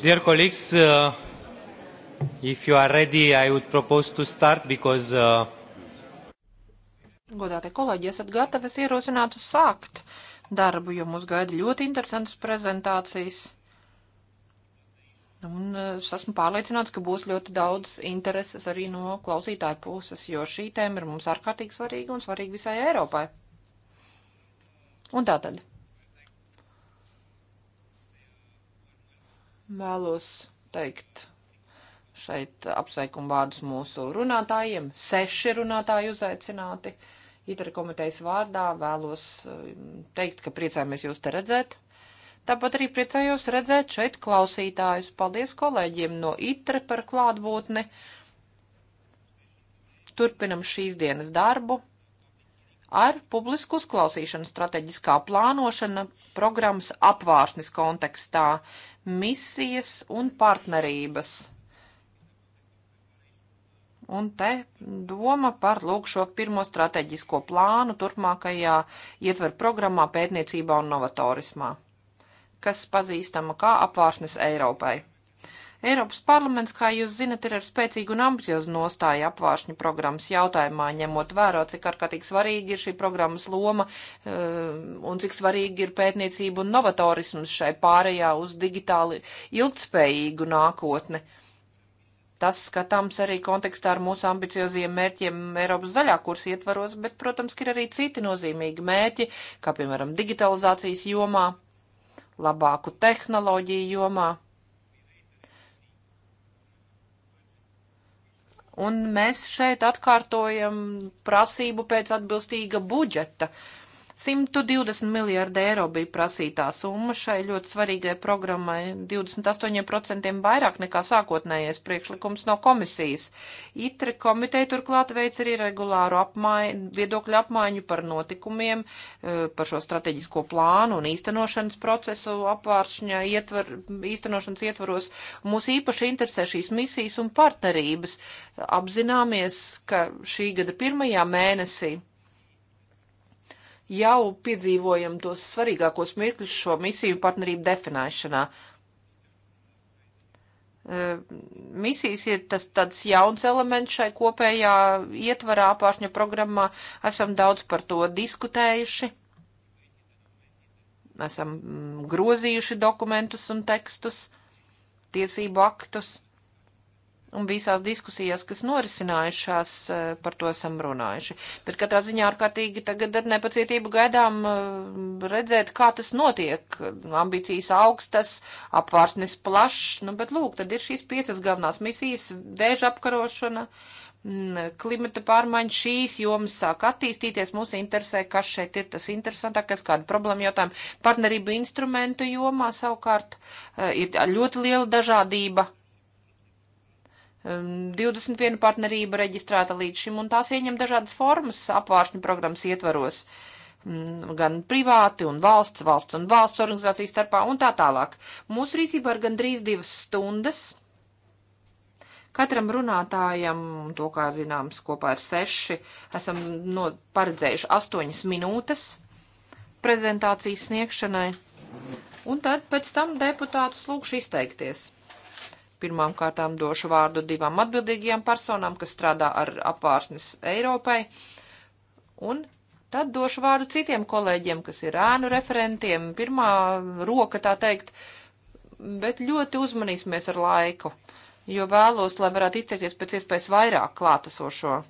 Dear colleagues, uh, if you are ready, I would propose to start because. Uh... Godātie kolēģi, esat gatavi, es ierosinātu sākt darbu, jo mūs gaida ļoti interesantas prezentācijas. Un uh, es esmu pārliecināts, ka būs ļoti daudz intereses arī no klausītāju puses, jo šī tēma ir mums ārkārtīgi svarīga un svarīga visai Eiropai. Un tā tad. vēlētos teikt šeit apsveikumu vārdus mūsu runātājiem. Seši runātāji uzaicināti. Itra komitejas vārdā vēlos um, teikt, ka priecājamies jūs te redzēt. Tāpat arī priecājos redzēt šeit klausītājus. Paldies kolēģiem no Itra par klātbūtni. Turpinam šīs dienas darbu ar publisku uzklausīšanu strateģiskā plānošana programmas apvārsnes kontekstā, misijas un partnerības. Un te doma par lūk šo pirmo strateģisko plānu turpmākajā ietver programmā pētniecībā un novatorismā, kas pazīstama kā apvārsnes Eiropai. Eiropas parlaments, kā jūs zinat, ir ar spēcīgu un ambiciozu nostāju apvāršņu programmas jautājumā, ņemot vērā, cik ārkārtīgi svarīgi ir šī programmas loma eh, un cik svarīgi ir pētniecība un novatorisms šai pārējā uz digitāli ilgtspējīgu nākotni. Tas skatāms arī kontekstā ar mūsu ambiciozajiem mērķiem Eiropas zaļā kursa ietvaros, bet, protams, ir arī citi nozīmīgi mērķi, kā piemēram digitalizācijas jomā, labāku tehnoloģiju jomā Un mēs šeit atkārtojam prasību pēc atbilstīga budžeta. Uh, 120 miljārdi eiro bija prasītā summa šai ļoti svarīgai programmai, 28% vairāk nekā sākotnējais priekšlikums no komisijas. ITRE komiteja turklāt veic arī regulāru apmaiņu, viedokļu apmaiņu par notikumiem, eh, par šo strateģisko plānu un īstenošanas procesu apvāršņā ietver, īstenošanas ietvaros. Mūs īpaši interesē šīs misijas un partnerības. Apzināmies, ka šī gada pirmajā mēnesī jau piedzīvojam tos svarīgākos mirkļus šo misiju partnerību definēšanā. E, misijas ir tas tāds jauns elements šai kopējā ietvarā pāršņa programmā. Esam daudz par to diskutējuši. Esam mm, grozījuši dokumentus un tekstus, tiesību aktus. Un visās diskusijās, kas norisinājušās, eh, par to esam runājuši. Bet katrā ziņā ārkārtīgi tagad ar nepacietību gaidām eh, redzēt, kā tas notiek. Ambīcijas augstas, apvārsnes plašs, nu, bet lūk, tad ir šīs piecas galvenās misijas - vēža apkarošana, mm, klimata pārmaiņas šīs jomas sāk attīstīties, mūs interesē, kas šeit ir tas interesantākais, kāda problēma jautājuma. Partnerību instrumentu jomā savukārt eh, ir ļoti liela dažādība um, 21 partnerība reģistrēta līdz šim, un tās ieņem dažādas formas apvāršņu programmas ietvaros, um, gan privāti un valsts, valsts un valsts organizācijas starpā un tā tālāk. Mūsu rīcībā ir gandrīz divas stundas. Katram runātājam, to kā zināms, kopā ir seši, esam no, paredzējuši astoņas minūtes prezentācijas sniegšanai. Un tad pēc tam deputātus lūkšu izteikties. Pirmām kārtām došu vārdu divām atbildīgajām personām, kas strādā ar apvārsnes Eiropai. Un tad došu vārdu citiem kolēģiem, kas ir ēnu referentiem, pirmā roka tā teikt, bet ļoti uzmanīsimies ar laiku, jo vēlos, lai varētu izteikties pēc iespējas vairāk klātesošo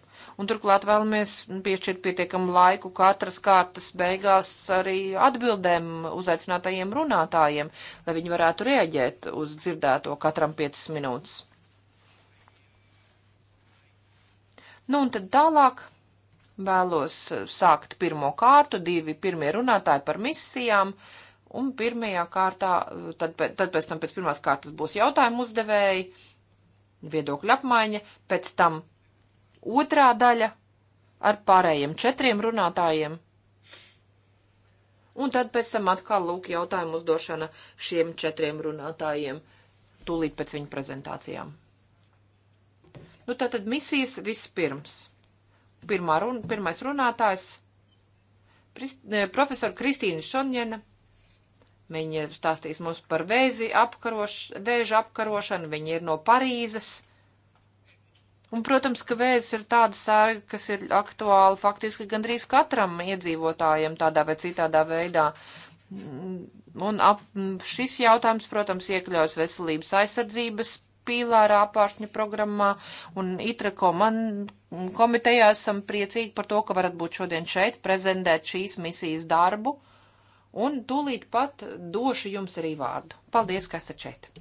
un turklāt vēlamies piešķirt pietiekamu laiku katras kārtas beigās arī atbildēm uzaicinātajiem runātājiem, lai viņi varētu reaģēt uz dzirdēto katram 5 minūtes. Nu, un tad tālāk vēlos sākt pirmo kārtu, divi pirmie runātāji par misijām, un pirmajā kārtā, tad, tad pēc tam pēc pirmās kārtas būs jautājumu uzdevēji, viedokļu apmaiņa, pēc tam Otrā daļa ar pārējiem četriem runātājiem. Un tad pēc tam atkal lūk jautājumu uzdošana šiem četriem runātājiem tūlīt pēc viņu prezentācijām. Nu, tātad misijas vispirms. Pirmā run, pirmais runātājs Prist, eh, profesora Kristīna Šonjena. Viņa stāstīs mums par vēzi apkaroš, vēža apkarošanu. Viņa ir no Parīzes. Un, protams, ka vēzis ir tāda sērga, kas ir aktuāla faktiski gandrīz katram iedzīvotājam tādā vai citādā veidā. Un ap, šis jautājums, protams, iekļaus veselības aizsardzības pīlāra apāršņa programmā un itreko man komitejā esam priecīgi par to, ka varat būt šodien šeit, prezentēt šīs misijas darbu un tūlīt pat došu jums arī vārdu. Paldies, ka esat šeit!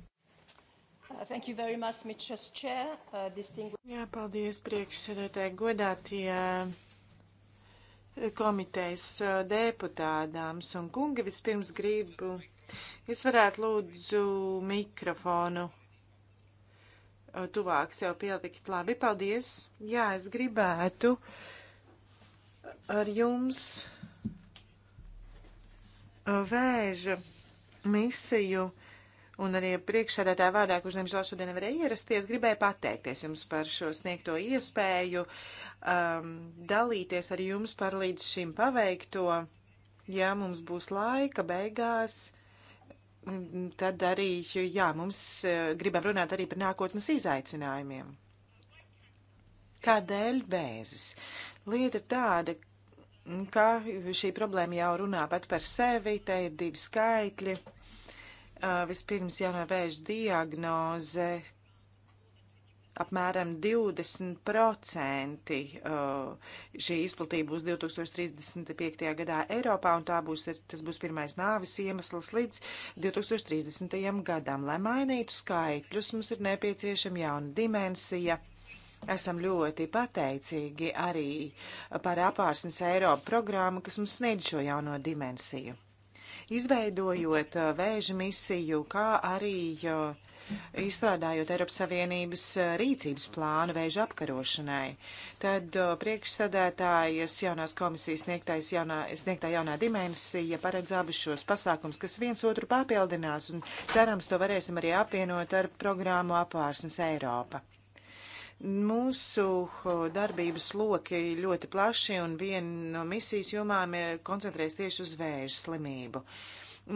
Thank you very much, Mrs. Chair. Uh, distinguished... Jā, paldies priekšsēdētāji godātie uh, komitejas uh, deputādāms un kungi. Vispirms gribu, es varētu lūdzu mikrofonu uh, tuvāk sev pielikt. Labi, paldies. Jā, es gribētu ar jums vēža misiju. Uh, un arī priekšsēdētāja vārdā, kurš nemžēl šodien nevarēja ierasties, gribēju pateikties jums par šo sniegto iespēju, um, dalīties ar jums par līdz šim paveikto. Ja mums būs laika beigās, tad arī, jā, mums eh, gribam runāt arī par nākotnes izaicinājumiem. Kādēļ bēzes? Lieta ir tāda, ka šī problēma jau runā pat par sevi, te ir divi skaitļi. Vispirms jānovērš diagnoze apmēram 20% šī izplatība būs 2035. gadā Eiropā, un tā būs, tas būs pirmais nāvis iemesls līdz 2030. gadam. Lai mainītu skaitļus, mums ir nepieciešama jauna dimensija. Esam ļoti pateicīgi arī par apārsnes Eiropu programmu, kas mums sniedz šo jauno dimensiju izveidojot uh, vēža misiju, kā arī uh, izstrādājot Eiropas Savienības uh, rīcības plānu vēža apkarošanai. Tad priekšsēdētājas jaunās komisijas sniegtais jaunā, sniegtā jaunā dimensija paredz abus šos pasākums, kas viens otru papildinās un cerams to varēsim arī apvienot ar programmu Apvārsnes Eiropa. Mūsu darbības loki ļoti plaši un viena no misijas jomām ir koncentrēs tieši uz vēža slimību.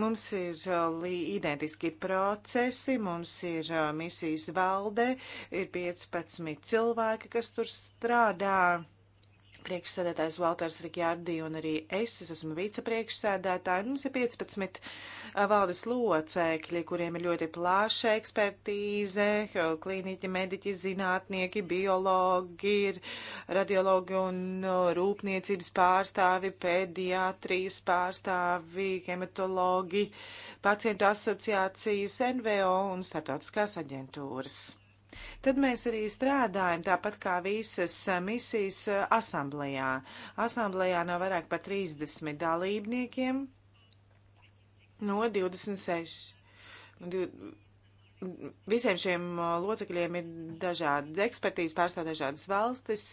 Mums ir identiski procesi, mums ir misijas valde, ir 15 cilvēki, kas tur strādā priekšsēdētājs Valters Rigjārdī un arī es, es esmu vicepriekšsēdētāji, mums ir 15 valdes locekļi, kuriem ir ļoti plāša ekspertīze, klīniķi, mediķi, zinātnieki, biologi, radiologi un rūpniecības pārstāvi, pediatrijas pārstāvi, hematologi, pacientu asociācijas, NVO un starptautiskās aģentūras. Tad mēs arī strādājam tāpat kā visas misijas asamblējā. Asamblējā nav vairāk par 30 dalībniekiem no 26. Nu, visiem šiem locekļiem ir dažādi ekspertīzi, pārstāv dažādas valstis.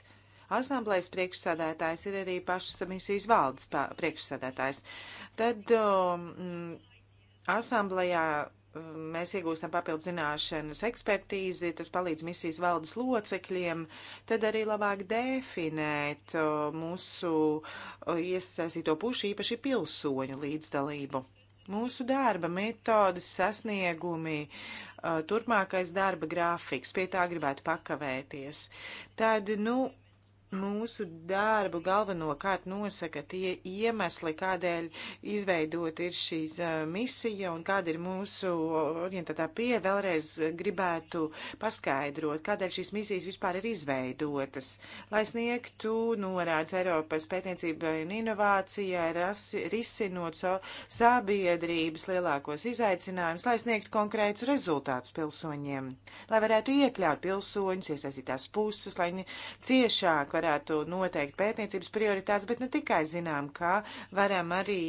Asamblējas priekšsādātājs ir arī pašas misijas valdes priekšsādātājs. Tad um, asamblējā mēs iegūstam papildu zināšanas ekspertīzi, tas palīdz misijas valdes locekļiem, tad arī labāk definēt uh, mūsu uh, iesaistīto pušu īpaši pilsoņu līdzdalību. Mūsu darba metodas, sasniegumi, uh, turpmākais darba grafiks, pie tā gribētu pakavēties. Tad, nu, Mūsu darbu galvenokārt nosaka tie iemesli, kādēļ izveidot ir šīs misija un kāda ir mūsu orientētā pieeja. Vēlreiz gribētu paskaidrot, kādēļ šīs misijas vispār ir izveidotas. Lai sniegtu norādes Eiropas pētniecībai un inovācijai, risinot so sabiedrības lielākos izaicinājumus, lai sniegtu konkrētus rezultātus pilsoņiem, lai varētu iekļaut pilsoņus, iesaistītās puses, lai ciešāk varētu noteikt pētniecības prioritātes, bet ne tikai zinām, kā varam arī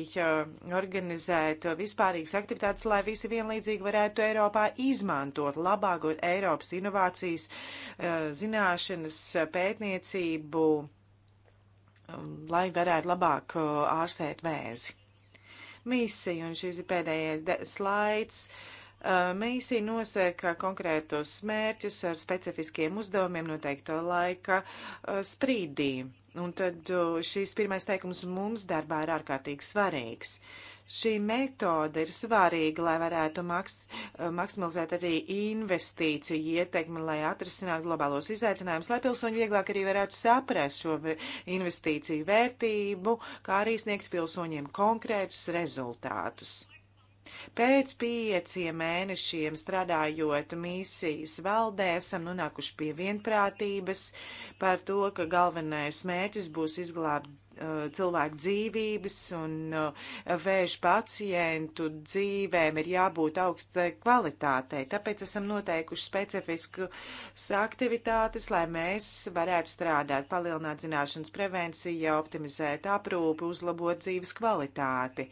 organizēt vispārīgas aktivitātes, lai visi vienlīdzīgi varētu Eiropā izmantot labāko Eiropas inovācijas, eh, zināšanas, pētniecību, um, lai varētu labāk eh, ārstēt vēzi misiju, un šis ir pēdējais slaids. Uh, Mīsija nosaka konkrētos mērķus ar specifiskiem uzdevumiem noteikto laika sprīdī. Un tad šīs pirmais teikums mums darbā ir ārkārtīgi svarīgs. Šī metode ir svarīga, lai varētu maks, maksimalizēt arī investīciju ietekmi, lai atrisinātu globālos izaicinājumus, lai pilsoņi vieglāk arī varētu saprast šo investīciju vērtību, kā arī sniegt pilsoņiem konkrētus rezultātus. Pēc pieciem mēnešiem strādājot misijas valdē, esam nonākuši pie vienprātības par to, ka galvenais mērķis būs izglābt Eh, cilvēku dzīvības un eh, vēža pacientu dzīvēm ir jābūt augstai kvalitātei. Tāpēc esam noteikuši specifiskas aktivitātes, lai mēs varētu strādāt, palielināt zināšanas prevenciju, optimizēt aprūpi, uzlabot dzīves kvalitāti.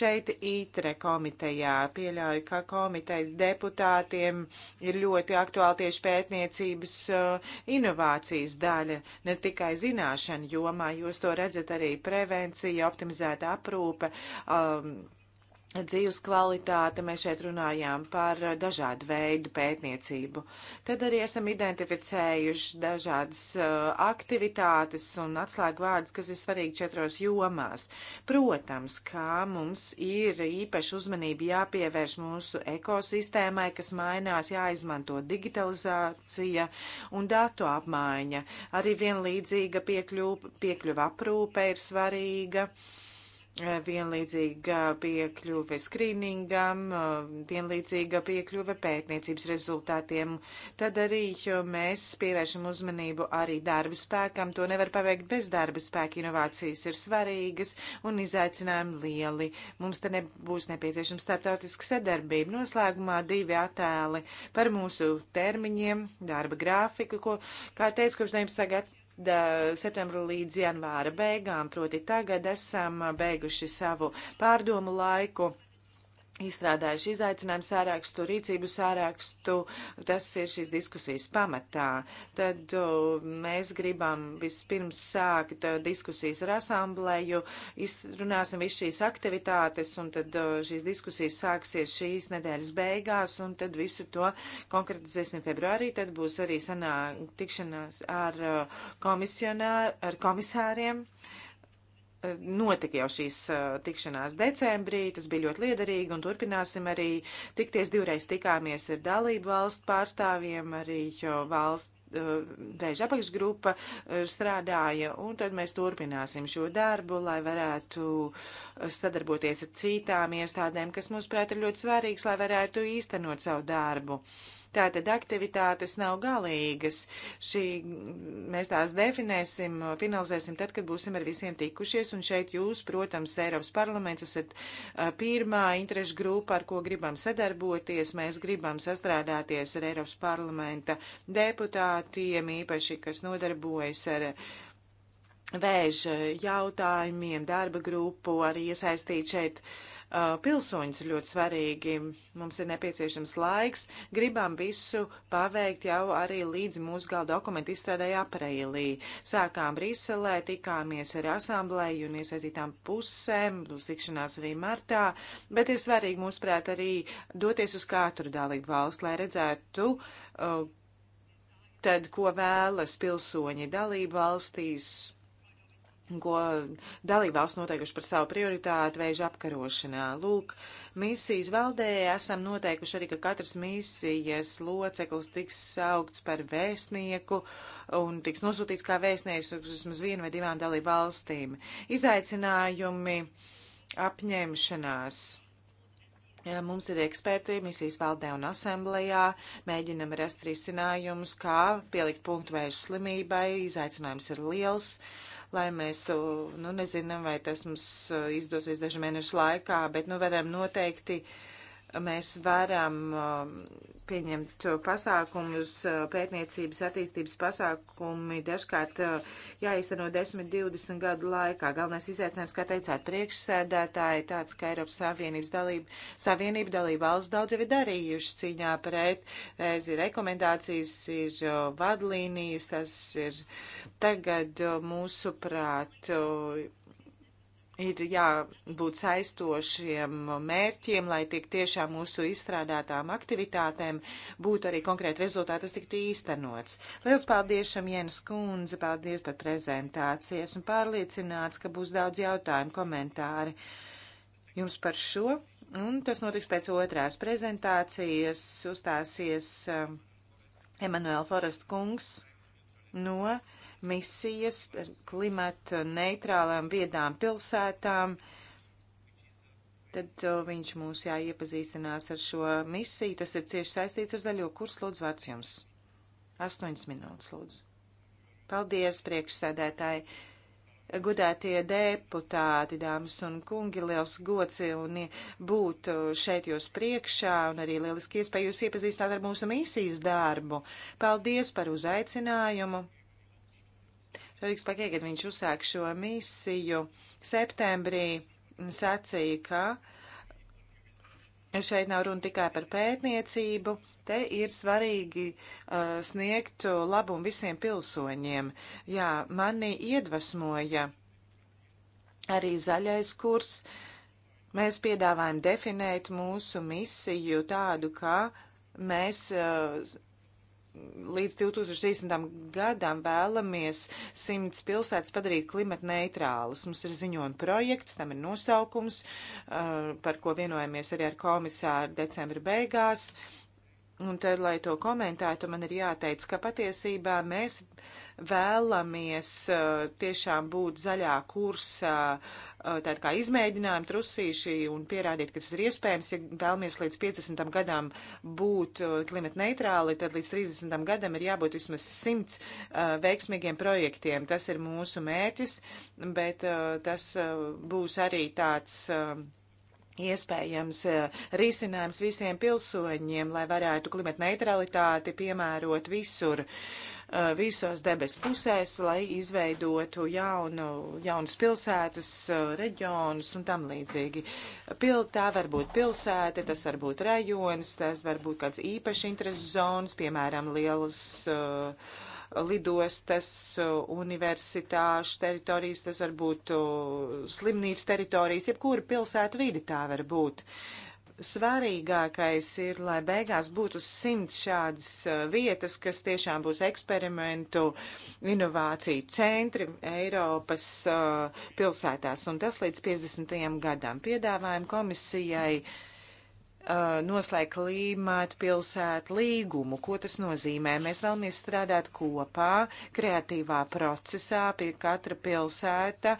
Šeit ITRE komitejā pieļauju, ka komitejas deputātiem ir ļoti aktuāli tieši pētniecības eh, inovācijas daļa, ne tikai zināšana jomā, jūs to redzat arī prevencija, optimizēta aprūpe. Um, dzīves kvalitāte, mēs šeit runājām par eh, dažādu veidu pētniecību. Tad arī esam identificējuši dažādas eh, aktivitātes un atslēgu vārdus, kas ir svarīgi četros jomās. Protams, kā mums ir īpaši uzmanība jāpievērš mūsu ekosistēmai, kas mainās, jāizmanto digitalizācija un datu apmaiņa. Arī vienlīdzīga piekļuva aprūpe ir svarīga. Uh, Eh, vienlīdzīga piekļuve skrīningam, eh, vienlīdzīga piekļuve pētniecības rezultātiem. Tad arī eh, mēs pievēršam uzmanību arī darba spēkam. To nevar paveikt bez darba spēka. Inovācijas ir svarīgas un izaicinājumi lieli. Mums te nebūs nepieciešama starptautiska sadarbība. Noslēgumā divi attēli par mūsu termiņiem, darba grafiku, ko, kā teicu, kopš 19. gadsimta da, septembra līdz janvāra beigām, proti tagad esam beiguši savu pārdomu laiku izstrādājuši izaicinājumu sārakstu, rīcību sārakstu, tas ir šīs diskusijas pamatā. Tad o, mēs gribam vispirms sākt diskusijas ar asamblēju, izrunāsim visu šīs aktivitātes, un tad o, šīs diskusijas sāksies šīs nedēļas beigās, un tad visu to konkretizēsim februārī, tad būs arī sanā tikšanās ar, komisionār, ar komisāriem. Uh, notika jau šīs tikšanās decembrī, tas bija ļoti liederīgi un turpināsim arī tikties divreiz tikāmies ar dalību valstu pārstāvjiem, arī valsts vēža apakšgrupa strādāja, un tad mēs turpināsim šo darbu, lai varētu sadarboties ar citām iestādēm, kas, mūsuprāt, ir ļoti svarīgs, lai varētu īstenot savu darbu. Uh, Tātad aktivitātes nav galīgas. Šī, mēs tās definēsim, finalizēsim tad, kad būsim ar visiem tikušies, un šeit jūs, protams, Eiropas parlaments esat pirmā interešu grupa, ar ko gribam sadarboties. Mēs gribam sastrādāties ar Eiropas parlamenta deputātiem, īpaši, kas nodarbojas ar vēža jautājumiem, darba grupu, arī iesaistīt šeit uh, Uh, pilsoņus ir ļoti svarīgi. Mums ir nepieciešams laiks. Gribam visu paveikt jau arī līdz mūsu gala dokumentu izstrādāja aprīlī. Sākām Briselē, tikāmies ar asamblēju un iesaistītām pusēm, būs tikšanās arī martā, bet ir svarīgi mūs prāt arī doties uz katru dalību valstu, lai redzētu, uh, tad, ko vēlas pilsoņi dalību valstīs ko dalībvalsts noteikuši par savu prioritāti vēža apkarošanā. Lūk, misijas valdē esam noteikuši arī, ka katrs misijas loceklis tiks saukts par vēstnieku un tiks nosūtīts kā vēstnieks uz vismaz vienu vai divām dalībvalstīm. Izaicinājumi apņemšanās. Mums ir eksperti misijas valdē un asemblējā. Mēģinam rast risinājumus, kā pielikt punktu vēža slimībai. Izaicinājums ir liels. Uh, lai mēs, nu, nezinām, vai tas mums eh, izdosies dažu mēnešu laikā, bet, nu, varam noteikti uh, mēs varam um, pieņemt pasākumus, uh, pētniecības attīstības pasākumi dažkārt uh, jāizteno 10-20 gadu laikā. Galvenais izaicinājums, kā teicāt, priekšsēdētāji, tāds, ka Eiropas Savienības dalība, Savienība dalība valsts daudz jau ir darījuši cīņā pret, ir rekomendācijas, ir uh, vadlīnijas, tas ir tagad mūsu prāt ir jābūt saistošiem mērķiem, lai tiek tiešām mūsu izstrādātām aktivitātēm būtu arī konkrēti rezultāti, tas tiktu īstenots. Liels paldies šam Jēnas kundze, paldies par prezentāciju. Esmu pārliecināts, ka būs daudz jautājumu, komentāri jums par šo. Un tas notiks pēc otrās prezentācijas. Uzstāsies eh, Emanuēl Forest kungs no misijas par klimata neitrālām viedām pilsētām. Tad uh, viņš mūs jāiepazīstinās ar šo misiju. Tas ir cieši saistīts ar zaļo kursu. Lūdzu, vārds jums. Astoņas minūtes, lūdzu. Paldies, priekšsēdētāji! Gudētie deputāti, dāmas un kungi, liels gods un būt uh, šeit jūs priekšā un arī lieliski iespēju jūs iepazīstināt ar mūsu misijas darbu. Paldies par uzaicinājumu! Feliks Pakē, kad viņš uzsāk šo misiju, septembrī sacīja, ka šeit nav runa tikai par pētniecību, te ir svarīgi uh, sniegt labumu visiem pilsoņiem. Jā, mani iedvesmoja arī zaļais kurs. Mēs piedāvājam definēt mūsu misiju tādu, kā mēs uh, līdz 2030. gadam vēlamies simts pilsētas padarīt klimata neitrālas. Mums ir ziņojuma projekts, tam ir nosaukums, uh, par ko vienojamies arī ar komisāru decembra beigās. Uh, Un tad, lai to komentētu, man ir jāteic, ka patiesībā mēs vēlamies uh, tiešām būt zaļā kursā, uh, tāda kā izmēģinājuma trusīši un pierādīt, ka tas ir iespējams. Ja vēlamies līdz 50. gadam būt uh, klimata neitrāli, tad līdz 30. gadam ir jābūt vismaz 100 uh, veiksmīgiem projektiem. Tas ir mūsu mērķis, bet uh, tas uh, būs arī tāds iespējams eh, risinājums visiem pilsoņiem, lai varētu klimata neutralitāti piemērot visur, eh, visos debes pusēs, lai izveidotu jaunu, jaunas pilsētas, eh, reģionus un tam līdzīgi. Pil, tā var būt pilsēta, tas var būt rajons, tas var būt kāds īpaši interesu zonas, piemēram, lielas uh, lidostas, universitāšu teritorijas, tas var būt slimnīcu teritorijas, jebkura pilsēta vidi tā var būt. Svarīgākais ir, lai beigās būtu simts šādas vietas, kas tiešām būs eksperimentu inovāciju centri Eiropas pilsētās, un tas līdz 50. gadam. Piedāvājam komisijai uh, Uh, noslēgt klimātu pilsētu līgumu. Ko tas nozīmē? Mēs vēlamies strādāt kopā, kreatīvā procesā pie katra pilsēta,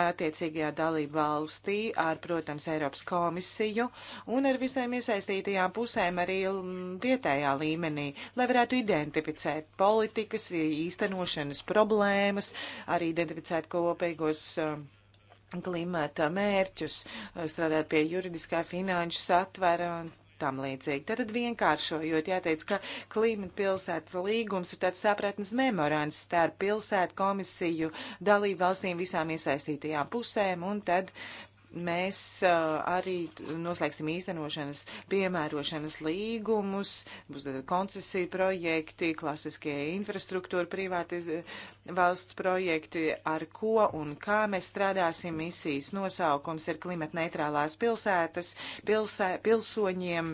attiecīgajā dalība valstī, ar, protams, Eiropas komisiju un ar visiem iesaistītajām pusēm arī mm, vietējā līmenī, lai varētu identificēt politikas īstenošanas problēmas, arī identificēt kopīgos uh, klimata mērķus, strādāt pie juridiskā finanšu satvera un tam līdzīgi. Tad vienkāršojot, jāteic, ka klimata pilsētas līgums ir tāds sapratnes memorands starp pilsētu komisiju, dalību valstīm, visām iesaistītajām pusēm, un tad mēs arī noslēgsim īstenošanas, piemērošanas līgumus, būs koncesiju projekti, klasiskie infrastruktūra, privātis valsts projekti, ar ko un kā mēs strādāsim. Misijas nosaukums ir klimatneitrālās pilsētas pilsē, pilsoņiem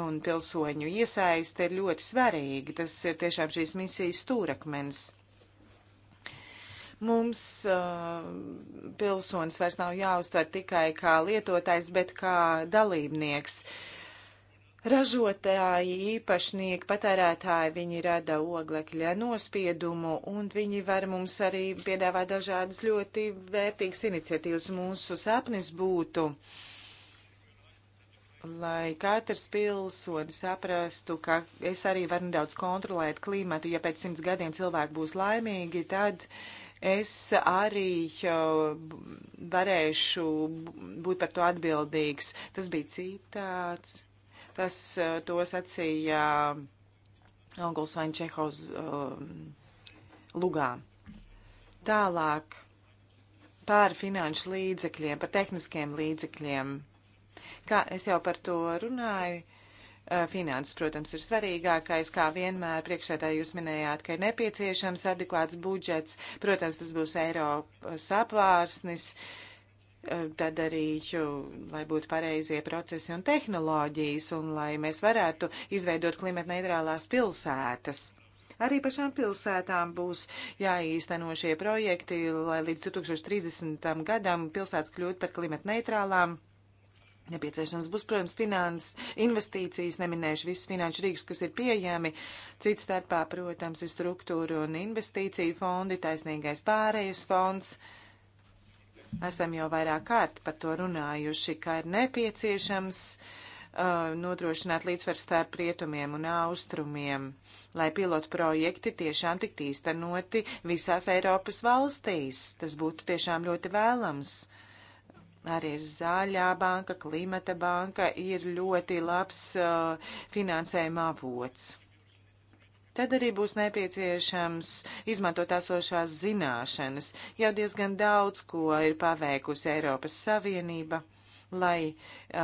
un pilsoņu iesaiste ir ļoti svarīga. Tas ir tiešām šīs misijas stūrakmens. Mums uh, pilsonis vairs nav jāuztver tikai kā lietotājs, bet kā dalībnieks. Ražotāji, īpašnieki, patērētāji, viņi rada oglekļa nospiedumu un viņi var mums arī piedāvāt dažādas ļoti vērtīgas iniciatīvas. Mūsu sapnis būtu lai katrs pilsonis saprastu, ka es arī varu nedaudz kontrolēt klimatu. Ja pēc simts gadiem cilvēki būs laimīgi, tad es arī varēšu būt par to atbildīgs. Tas bija citāts. Tas eh, to sacīja Anguls eh, Vaņčehovs eh, lugā. Tālāk par finanšu līdzekļiem, par tehniskiem līdzekļiem. Kā es jau par to runāju, Eh, finanses, protams, ir svarīgākais, kā vienmēr priekšsētāji jūs minējāt, ka ir nepieciešams adekvāts budžets, protams, tas būs Eiropas apvārsnis, eh, tad arī, lai būtu pareizie procesi un tehnoloģijas, un lai mēs varētu izveidot klimatneitrālās pilsētas. Arī pašām pilsētām būs jāīsteno šie projekti, lai līdz 2030. gadam pilsētas kļūtu par klimatneitrālām. neitrālām Nepieciešams būs, protams, finanses, investīcijas, neminēšu visus finanšu rīkus, kas ir pieejami. Cits starpā, protams, ir struktūra un investīciju fondi, taisnīgais pārējas fonds. Esam jau vairāk kārt par to runājuši, ka ir nepieciešams uh, nodrošināt līdzsvars starp rietumiem un austrumiem, lai pilotu projekti tiešām tiktu īstenoti visās Eiropas valstīs. Tas būtu tiešām ļoti vēlams. Uh, Arī ir zaļā banka, klimata banka ir ļoti labs uh, finansējuma avots. Tad arī būs nepieciešams izmantot esošās zināšanas. Jau diezgan daudz, ko ir paveikusi Eiropas Savienība, lai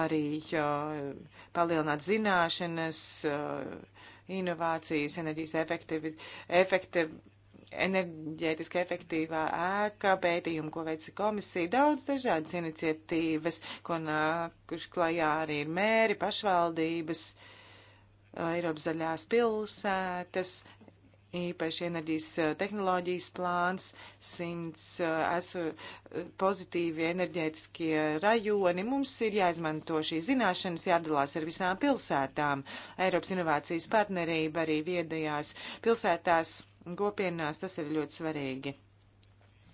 arī uh, palielinātu zināšanas. Uh, inovācijas, enerģijas efektivi, efektivi, enerģētiski efektīvā ēka, pētījumu, ko veica komisija, daudz dažādas iniciatīvas, ko nākuši klajā arī ir mēri, pašvaldības, Eiropas zaļās pilsētas, īpaši enerģijas eh, tehnoloģijas plāns, simts eh, esu eh, pozitīvi enerģētiskie rajoni. Mums ir jāizmanto šī zināšanas, jādalās ar visām pilsētām. Eiropas inovācijas partnerība arī viedajās pilsētās kopienās, tas ir ļoti svarīgi.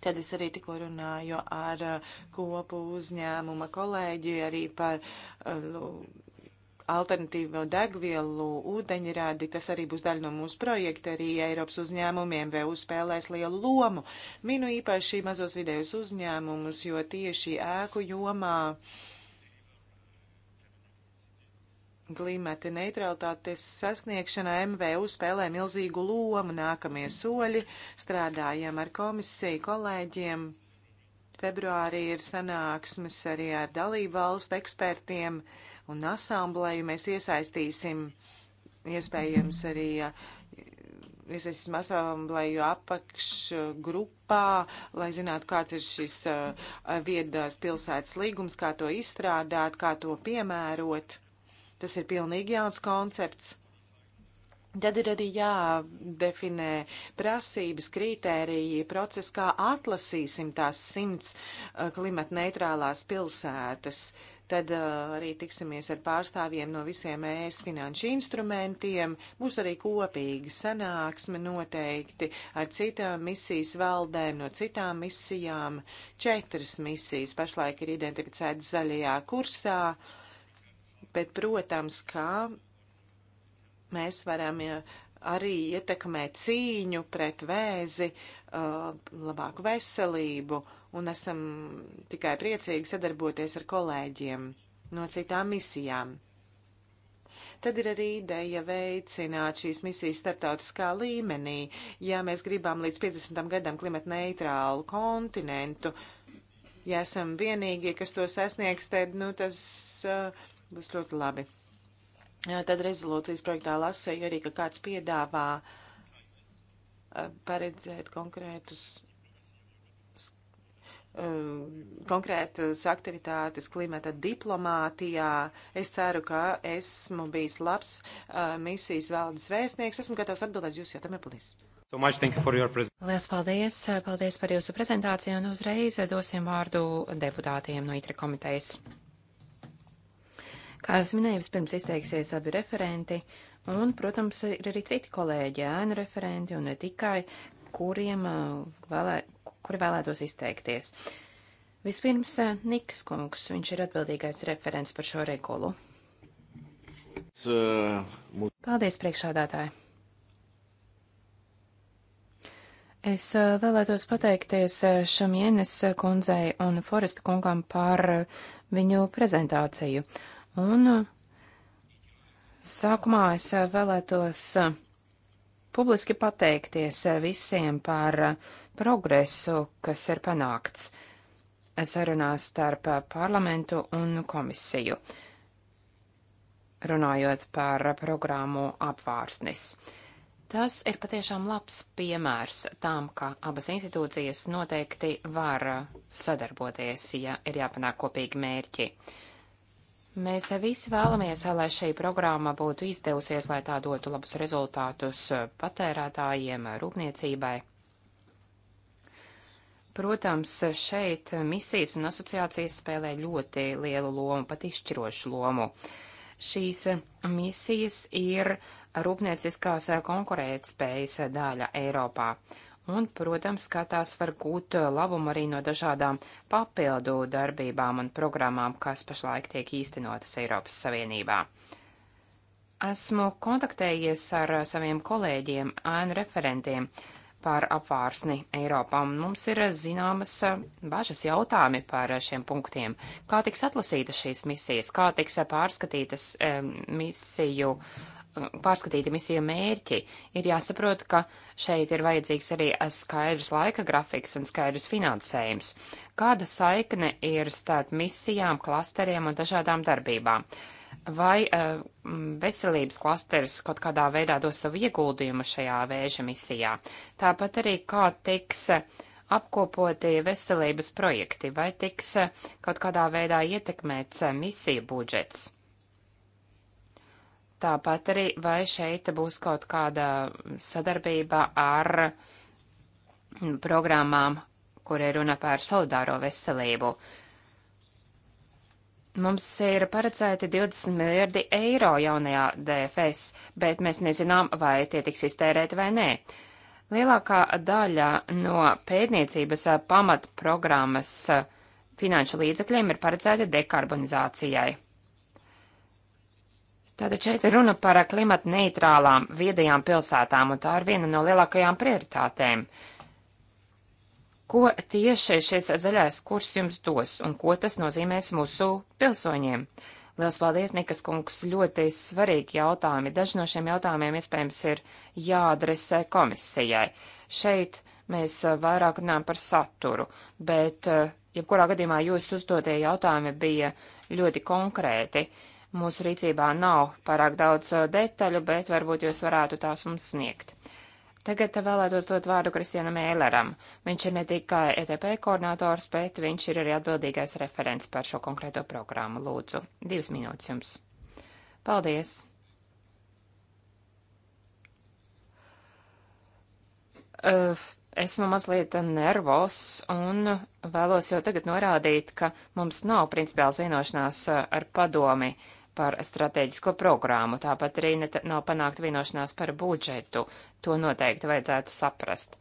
Tad es arī tikko runāju ar uh, kopu uzņēmuma kolēģi arī par uh, alternatīvo degvielu ūdeņrādi. Tas arī būs daļa no mūsu projekta. Arī Eiropas uzņēmumiem vēl uzspēlēs lielu lomu. Minu īpaši mazos vidējos uzņēmumus, jo tieši ēku jomā. Uh, Klimata neutralitātes sasniegšanā MVU spēlē milzīgu lomu. Nākamie soļi strādājam ar komisiju kolēģiem. Februārī ir sanāksmes arī ar dalību valstu ekspertiem un asamblēju. Mēs iesaistīsim iespējams arī iesaistīsim asamblēju apakšgrupā, lai zinātu, kāds ir šis uh, viedās pilsētas līgums, kā to izstrādāt, kā to piemērot Tas ir pilnīgi jauns koncepts. Tad ir arī jādefinē prasības, kritēriji, process, kā atlasīsim tās simts uh, klimata neitrālās pilsētas. Tad uh, arī tiksimies ar pārstāvjiem no visiem ES finanšu instrumentiem. Būs arī kopīga sanāksme noteikti ar citām misijas valdēm, no citām misijām. Četras misijas pašlaik ir identificētas zaļajā kursā. Uh, bet, protams, kā mēs varam arī ietekmēt cīņu pret vēzi, uh, labāku veselību, un esam tikai priecīgi sadarboties ar kolēģiem no citām misijām. Tad ir arī ideja veicināt šīs misijas starptautiskā līmenī, ja mēs gribam līdz 50. gadam klimata neitrālu kontinentu. Ja esam vienīgie, kas to sasniegs, tad nu, tas uh, Būs ļoti labi. Jā, tad rezolūcijas projektā lasēju arī, ka kāds piedāvā paredzēt konkrētus konkrētas aktivitātes klimata diplomātijā. Es ceru, ka esmu bijis labs uh, misijas valdes vēstnieks. Esmu gatavs atbildēt jūsu jautājumiem, paldies. So much, you Lielas paldies, paldies par jūsu prezentāciju un uzreiz dosim vārdu deputātiem no ITRE komitejas. Kā jau es minēju, vispirms izteiksies abi referenti, un, protams, ir arī citi kolēģi, ēnu referenti, un ne tikai, kuriem vēlē, kuri vēlētos izteikties. Vispirms Nikas kungs, viņš ir atbildīgais referents par šo regulu. Paldies, priekšādātāji! Es vēlētos pateikties Šamienes kundzei un Foresta kungam par viņu prezentāciju. Un uh, sākumā es uh, vēlētos uh, publiski pateikties visiem par progresu, kas ir panākts sarunās starp parlamentu un komisiju, runājot par programmu apvārsnis. Tas ir patiešām labs piemērs tām, ka abas institūcijas noteikti var sadarboties, ja ir jāpanāk kopīgi mērķi. Mēs visi vēlamies, lai šī programma būtu izdevusies, lai tā dotu labus rezultātus patērētājiem, rūpniecībai. Protams, šeit misijas un asociācijas spēlē ļoti lielu lomu, pat izšķirošu lomu. Šīs misijas ir rūpnieciskās konkurētspējas daļa Eiropā un, protams, kā tās var gūt eh, labumu arī no dažādām papildu darbībām un programmām, kas pašlaik tiek īstenotas Eiropas Savienībā. Esmu kontaktējies ar eh, saviem kolēģiem, ēnu referentiem par apvārsni Eiropā, un mums ir eh, zināmas bažas jautājumi par šiem punktiem. Kā tiks atlasītas šīs misijas, kā tiks pārskatītas misiju uh, pārskatīti misiju mērķi, ir jāsaprot, ka šeit ir vajadzīgs arī skaidrs laika grafiks un skaidrs finansējums. Kāda saikne ir starp misijām, klasteriem un dažādām darbībām? Vai uh, veselības klasteris kaut kādā veidā dos savu ieguldījumu šajā vēža misijā? Tāpat arī kā tiks eh, apkopoti veselības projekti, vai tiks eh, kaut kādā veidā ietekmēts misiju budžets? Tāpat arī vai šeit būs kaut kāda sadarbība ar programmām, kur ir runa par solidāro veselību. Mums ir paredzēti 20 miljardi eiro jaunajā DFS, bet mēs nezinām, vai tie tiks iztērēti vai nē. Lielākā daļa no pētniecības pamatprogrammas finanšu līdzekļiem ir paredzēta dekarbonizācijai. Tātad šeit ir runa par klimata neitrālām viedajām pilsētām, un tā ir viena no lielākajām prioritātēm. Ko tieši šis zaļais kurs jums dos, un ko tas nozīmēs mūsu pilsoņiem? Liels paldies, Nikas kungs, ļoti svarīgi jautājumi. Daži no šiem jautājumiem iespējams ir jāadresē komisijai. Šeit mēs eh, vairāk runājam par saturu, bet eh, jebkurā gadījumā jūsu uzdotie jautājumi bija ļoti konkrēti. Uh, Mūsu rīcībā nav pārāk daudz uh, detaļu, bet varbūt jūs varētu tās mums sniegt. Tagad vēlētos dot vārdu Kristianam Eileram. Viņš ir ne tikai ETP koordinators, bet viņš ir arī atbildīgais referents par šo konkrēto programmu. Lūdzu, divas minūtes jums. Paldies! Uh, esmu mazliet nervos un vēlos jau tagad norādīt, ka mums nav principiāls vienošanās uh, ar padomi par strateģisko programmu, tāpat arī net, nav panākta vienošanās par budžetu. To noteikti vajadzētu saprast.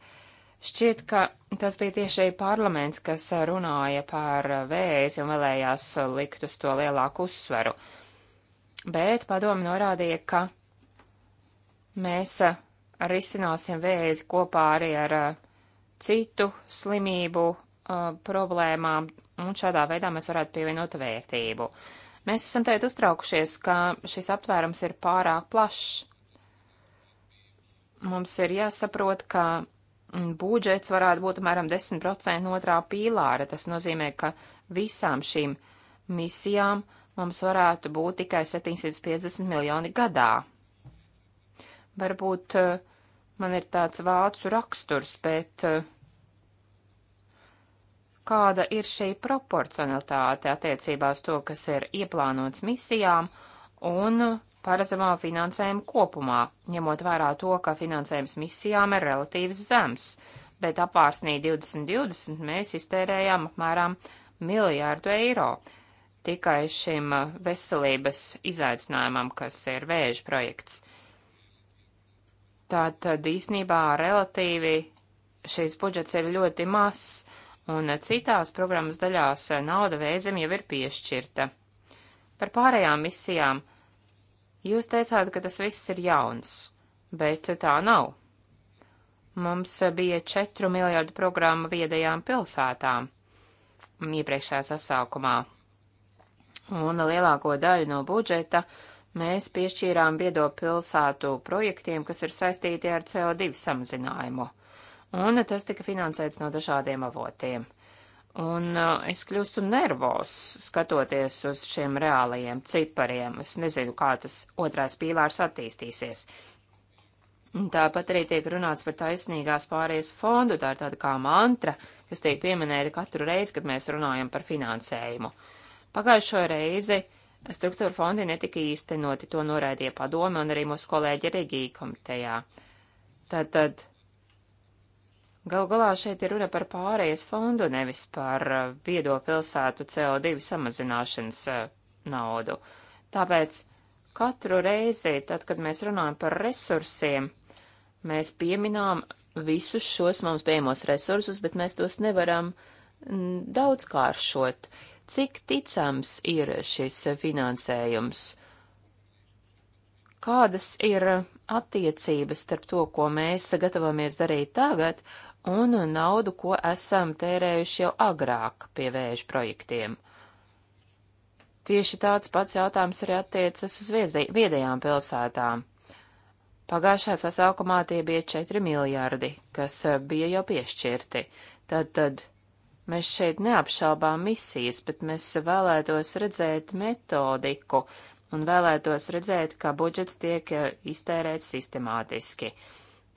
Šķiet, ka tas bija tieši parlaments, kas runāja par vēzi un vēlējās likt uz to lielāku uzsvaru. Bet padomi norādīja, ka mēs risināsim vēzi kopā arī ar uh, citu slimību uh, problēmām, un šādā veidā mēs varētu pievienot vērtību. Uh, Mēs esam teikt uztraukušies, ka šis aptvērums ir pārāk plašs. Mums ir jāsaprot, ka budžets varētu būt apmēram 10% no otrā pīlāra. Tas nozīmē, ka visām šīm misijām mums varētu būt tikai 750 miljoni gadā. Varbūt eh, man ir tāds vācu raksturs, bet uh, kāda ir šī proporcionalitāte attiecībās to, kas ir ieplānots misijām un paredzamā finansējuma kopumā, ņemot vērā to, ka finansējums misijām ir relatīvi zems, bet apvārsnī 2020 mēs iztērējām apmēram miljārdu eiro tikai šim uh, veselības izaicinājumam, kas ir vēža projekts. Tātad īsnībā relatīvi šīs budžets ir ļoti mazs, un citās programmas daļās eh, nauda vēzim jau ir piešķirta. Par pārējām misijām jūs teicāt, ka tas viss ir jauns, bet eh, tā nav. Mums eh, bija 4 miljardu programma viedajām pilsētām mm, iepriekšējā sasaukumā, un lielāko daļu no budžeta mēs piešķīrām viedo pilsētu projektiem, kas ir saistīti ar CO2 samazinājumu un tas tika finansēts no dažādiem avotiem. Un uh, es kļūstu nervos, skatoties uz šiem reālajiem cipariem. Es nezinu, kā tas otrais pīlārs attīstīsies. Tāpat arī tiek runāts par taisnīgās pārējas fondu, tā ir tāda kā mantra, kas tiek pieminēta katru reizi, kad mēs runājam par finansējumu. Pagājušo reizi struktūra fondi netika īstenoti, to noraidīja padome un arī mūsu kolēģi Regija komitejā. Tātad Galu galā šeit ir runa par pārējais fondu, nevis par uh, viedo pilsētu CO2 samazināšanas uh, naudu. Tāpēc katru reizi, tad, kad mēs runājam par resursiem, mēs pieminām visus šos mums pieejamos resursus, bet mēs tos nevaram daudzkāršot. Cik ticams ir šis finansējums? Kādas ir attiecības starp to, ko mēs gatavamies darīt tagad, un naudu, ko esam tērējuši jau agrāk pie vēža projektiem. Tieši tāds pats jautājums arī attiecas uz viedajām pilsētām. Pagājušā sasaukumā tie bija 4 miljardi, kas eh, bija jau piešķirti. Tad, tad mēs šeit neapšaubām misijas, bet mēs vēlētos redzēt metodiku un vēlētos redzēt, kā budžets tiek eh, iztērēts sistemātiski. Uh,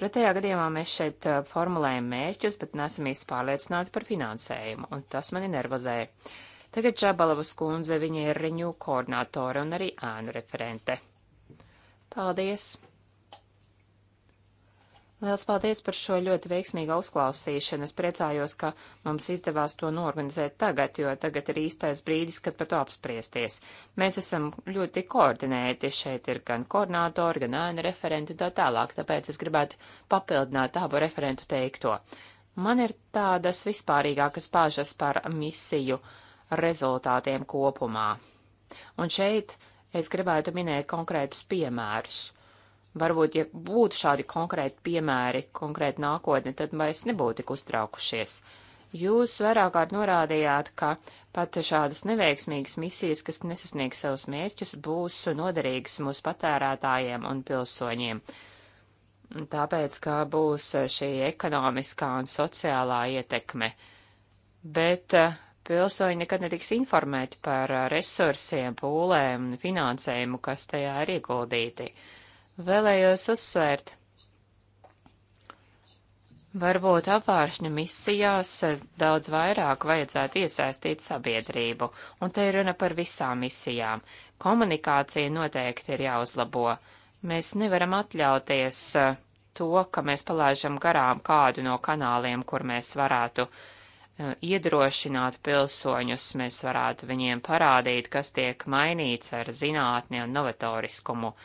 Pretējā gadījumā mēs šeit uh, formulējam mērķus, bet nesam īsti pārliecināti par finansējumu, un tas mani nervozē. Tagad Čabalavas kundze, viņa ir riņu koordinātore un arī ēnu referente. Paldies! Liels paldies par šo ļoti veiksmīgu uzklausīšanu. Es priecājos, ka mums izdevās to norganizēt tagad, jo tagad ir īstais brīdis, kad par to apspriesties. Mēs esam ļoti koordinēti. Šeit ir gan koordinātori, gan ēna referenti un tā tālāk, tāpēc es gribētu papildināt abu referentu teikto. Man ir tādas vispārīgākas pāžas par misiju rezultātiem kopumā. Un šeit es gribētu minēt konkrētus piemērus. Varbūt, ja būtu šādi konkrēti piemēri, konkrēti nākotne, tad mēs nebūtu tik uztraukušies. Jūs vairāk kārt norādījāt, ka pat šādas neveiksmīgas misijas, kas nesasniegs savus mērķus, būs noderīgas mūsu patērētājiem un pilsoņiem. Tāpēc, ka būs šī ekonomiskā un sociālā ietekme. Bet eh, pilsoņi nekad netiks informēti par eh, resursiem, pūlēm un finansējumu, kas tajā ir ieguldīti. Uh, vēlējos uzsvērt. Varbūt apvāršņu misijās daudz vairāk vajadzētu iesaistīt sabiedrību, un te ir runa par visām misijām. Komunikācija noteikti ir jāuzlabo. Mēs nevaram atļauties eh, to, ka mēs palaižam garām kādu no kanāliem, kur mēs varētu eh, iedrošināt pilsoņus, mēs varētu viņiem parādīt, kas tiek mainīts ar zinātni un novatoriskumu.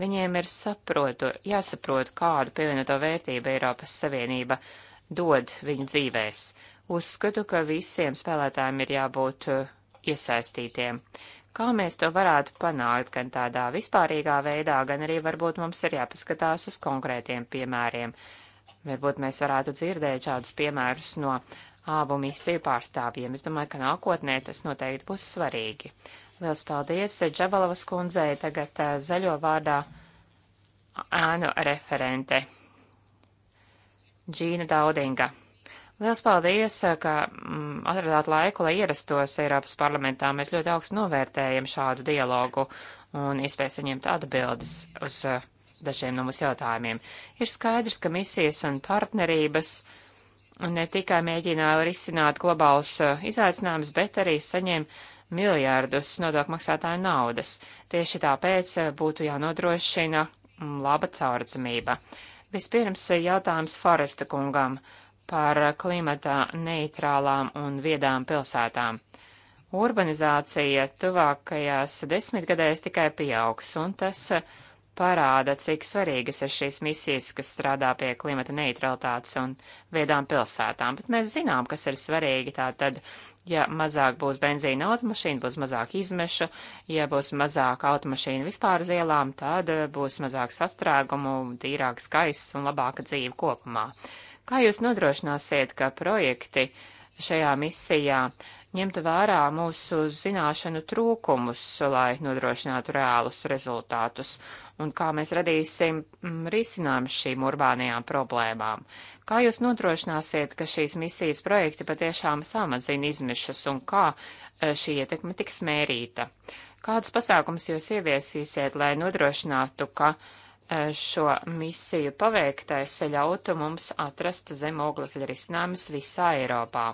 Viņiem ir saprotu, jāsaprot, kādu pievienoto vērtību Eiropas Savienība dod viņu dzīvēs. Uzskatu, ka visiem spēlētājiem ir jābūt uh, iesaistītiem. Kā mēs to varētu panākt, gan tādā vispārīgā veidā, gan arī varbūt mums ir jāpaskatās uz konkrētiem piemēriem. Varbūt mēs varētu dzirdēt šādus piemērus no abu misiju pārstāvjiem. Es domāju, ka nākotnē tas noteikti būs svarīgi. Liels paldies Džabalavas kundzei, tagad zaļo vārdā ēnu referente. Džīna Daudinga. Liels paldies, ka mm, atradāt laiku, lai ierastos Eiropas parlamentā. Mēs ļoti augstu novērtējam šādu dialogu un iespēju saņemt atbildes uz uh, dažiem no mūsu jautājumiem. Ir skaidrs, ka misijas un partnerības ne tikai mēģināja risināt globālus uh, izaicinājumus, bet arī saņēma miljārdus nodokļu maksātāju naudas. Tieši tāpēc eh, būtu jānodrošina mm, laba caurdzamība. Vispirms eh, jautājums Foresta kungam par eh, klimata neitrālām un viedām pilsētām. Urbanizācija tuvākajās desmitgadēs tikai pieaugs, un tas parāda, cik svarīgas ir šīs misijas, kas strādā pie klimata neutralitātes un viedām pilsētām. Bet mēs zinām, kas ir svarīgi, tātad Ja mazāk būs benzīna automašīna, būs mazāk izmešu, ja būs mazāk automašīnu vispār uz ielām, tad eh, būs mazāk sastrēgumu, tīrāks gaiss un labāka dzīve kopumā. Kā jūs nodrošināsiet, ka projekti šajā misijā uh, ņemtu vērā mūsu zināšanu trūkumus, lai nodrošinātu reālus rezultātus, un kā mēs radīsim mm, risinājumu šīm urbānajām problēmām. Kā jūs nodrošināsiet, ka šīs misijas projekti patiešām samazina izmešas un kā e, šī ietekme tiks mērīta? Kādus pasākumus jūs ieviesīsiet, lai nodrošinātu, ka e, šo misiju paveiktais ļautu mums atrast zemoglekļa risinājumus visā Eiropā?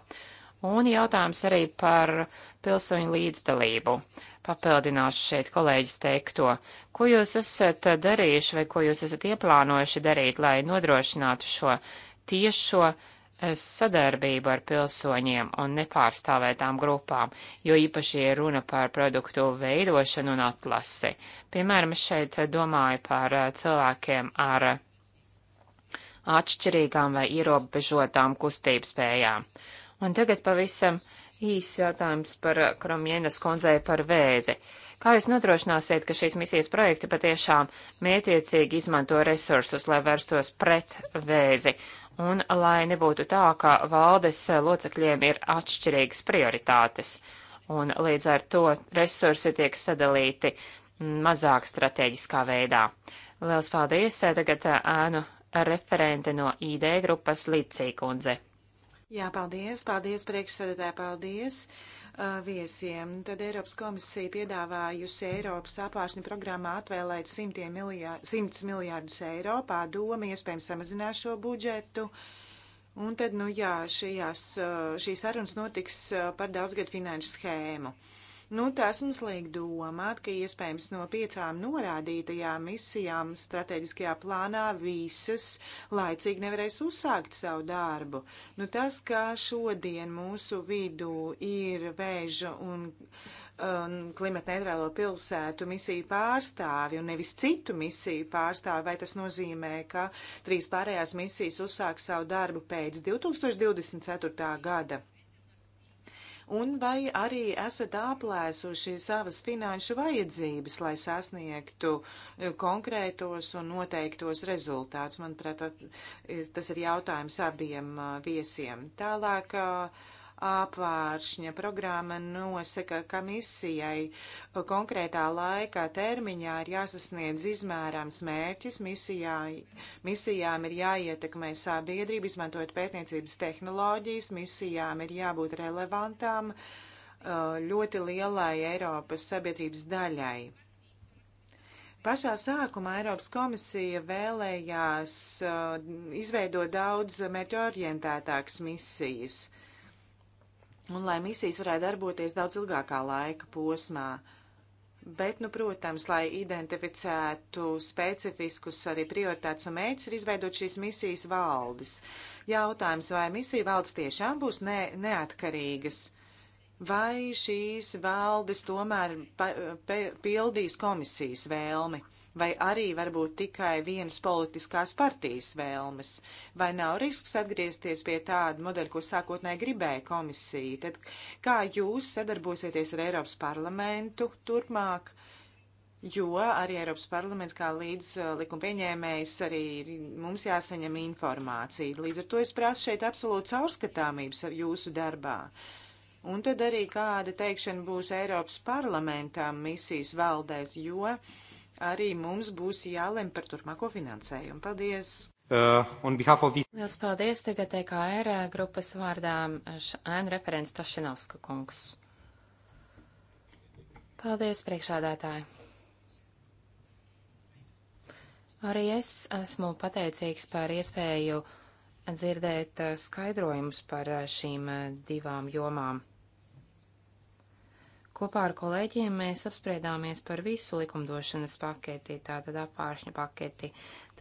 un jautājums arī par pilsoņu līdzdalību. Papildināšu šeit kolēģis teikto, ko jūs esat darījuši vai ko jūs esat ieplānojuši darīt, lai nodrošinātu šo tiešo eh, sadarbību ar pilsoņiem un nepārstāvētām grupām, jo īpaši ir runa par produktu veidošanu un atlasi. Piemēram, es šeit domāju par eh, cilvēkiem ar atšķirīgām vai ierobežotām kustības spējām. Un tagad pavisam īsts jautājums par eh, Kromjēnas kundzei par vēzi. Kā jūs nodrošināsiet, ka šīs misijas projekti patiešām mētiecīgi izmanto resursus, lai vērstos pret vēzi, un lai nebūtu tā, ka valdes eh, locekļiem ir atšķirīgas prioritātes, un līdz ar to resursi tiek sadalīti mazāk strateģiskā veidā? Liels paldies! Eh, tagad ēnu referente no ID grupas Līdzīgundze. Jā, paldies, paldies priekšsēdētāji, paldies uh, viesiem. Tad Eiropas komisija piedāvājusi Eiropas apvāršņu programmā atvēlēt simtiem miljār, simts miljārdus eiro, pārdomi, iespējams samazinās šo budžetu. Un tad, nu jā, šajās, uh, šīs sarunas notiks uh, par daudzgad finanšu schēmu. Uh, Nu, tas mums liek domāt, ka iespējams no piecām norādītajām misijām strateģiskajā plānā visas laicīgi nevarēs uzsākt savu darbu. Nu, tas, kā šodien mūsu vidū ir vēža un klimata neitrālo pilsētu misiju pārstāvi un nevis citu misiju pārstāvi, vai tas nozīmē, ka trīs pārējās misijas uzsāks savu darbu pēc 2024. gada? un vai arī esat aplēsuši savas finanšu vajadzības, lai sasniegtu eh, konkrētos un noteiktos rezultātus. Manuprāt, tas ir jautājums abiem eh, viesiem. Tālāk. Uh, apvāršņa programma nosaka, ka misijai konkrētā laikā termiņā ir jāsasniedz izmērāms mērķis, misijai, misijām ir jāietekmē sabiedrība, izmantojot pētniecības tehnoloģijas, misijām ir jābūt relevantām uh, ļoti lielai Eiropas sabiedrības daļai. Pašā sākumā Eiropas komisija vēlējās uh, izveidot daudz mērķorientētākas misijas un lai misijas varētu darboties daudz ilgākā laika posmā. Bet, nu, protams, lai identificētu specifiskus arī prioritātes un mērķus, ir izveidot šīs misijas valdes. Jautājums, vai misija valdes tiešām būs ne, neatkarīgas, vai šīs valdes tomēr pa, pe, pildīs komisijas vēlmi vai arī varbūt tikai vienas politiskās partijas vēlmes, vai nav risks atgriezties pie tāda modeļa, ko sākotnēji gribēja komisija, tad kā jūs sadarbosieties ar Eiropas parlamentu turpmāk, jo arī Eiropas parlaments kā līdz eh, likuma pieņēmējs arī mums jāsaņem informācija. Līdz ar to es prasu šeit absolūtu caurskatāmības jūsu darbā. Un tad arī kāda teikšana būs Eiropas parlamentam misijas valdēs, jo uh, arī mums būs jālem par turpmāko finansējumu. Paldies! Uh, of... Lielas paldies tagad EKR uh, grupas vārdām uh, ēnu referents Tašinovska kungs. Paldies, priekšādātāji! Arī es esmu pateicīgs par iespēju dzirdēt uh, skaidrojumus par šīm divām jomām. Kopā ar kolēģiem mēs apspriedāmies par visu likumdošanas paketi, tātad apāršņu paketi.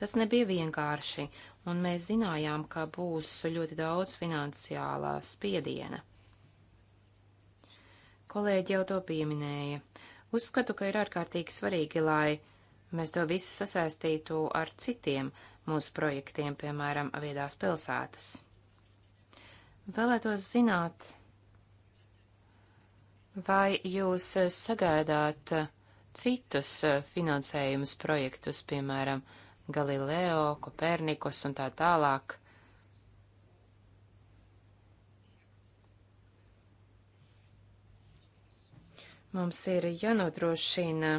Tas nebija vienkārši, un mēs zinājām, ka būs ļoti daudz finansiālā spiediena. Kolēģi jau to pieminēja. Uzskatu, ka ir ārkārtīgi svarīgi, lai mēs to visu sasaistītu ar citiem mūsu projektiem, piemēram, viedās pilsētas. Vēlētos zināt, Vai jūs eh, sagaidāt eh, citus eh, finansējumus projektus, piemēram, Galileo, Kopernikus un tā tālāk? Mums ir jānodrošina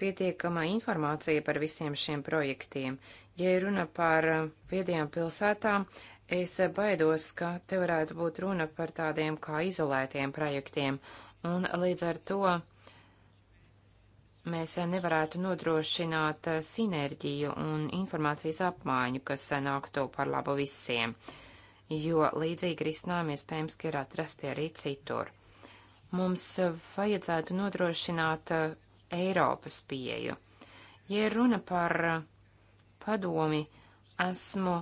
pietiekama informācija par visiem šiem projektiem. Ja runa par viedajām pilsētām, Es baidos, ka te varētu būt runa par tādiem kā izolētiem projektiem, un līdz ar to mēs nevarētu nodrošināt eh, sinerģiju un informācijas apmaiņu, kas eh, nāktu par labu visiem, jo līdzīgi risinājumi iespējams, ka ir atrasti arī citur. Mums vajadzētu nodrošināt eh, Eiropas pieju. Ja runa par padomi, esmu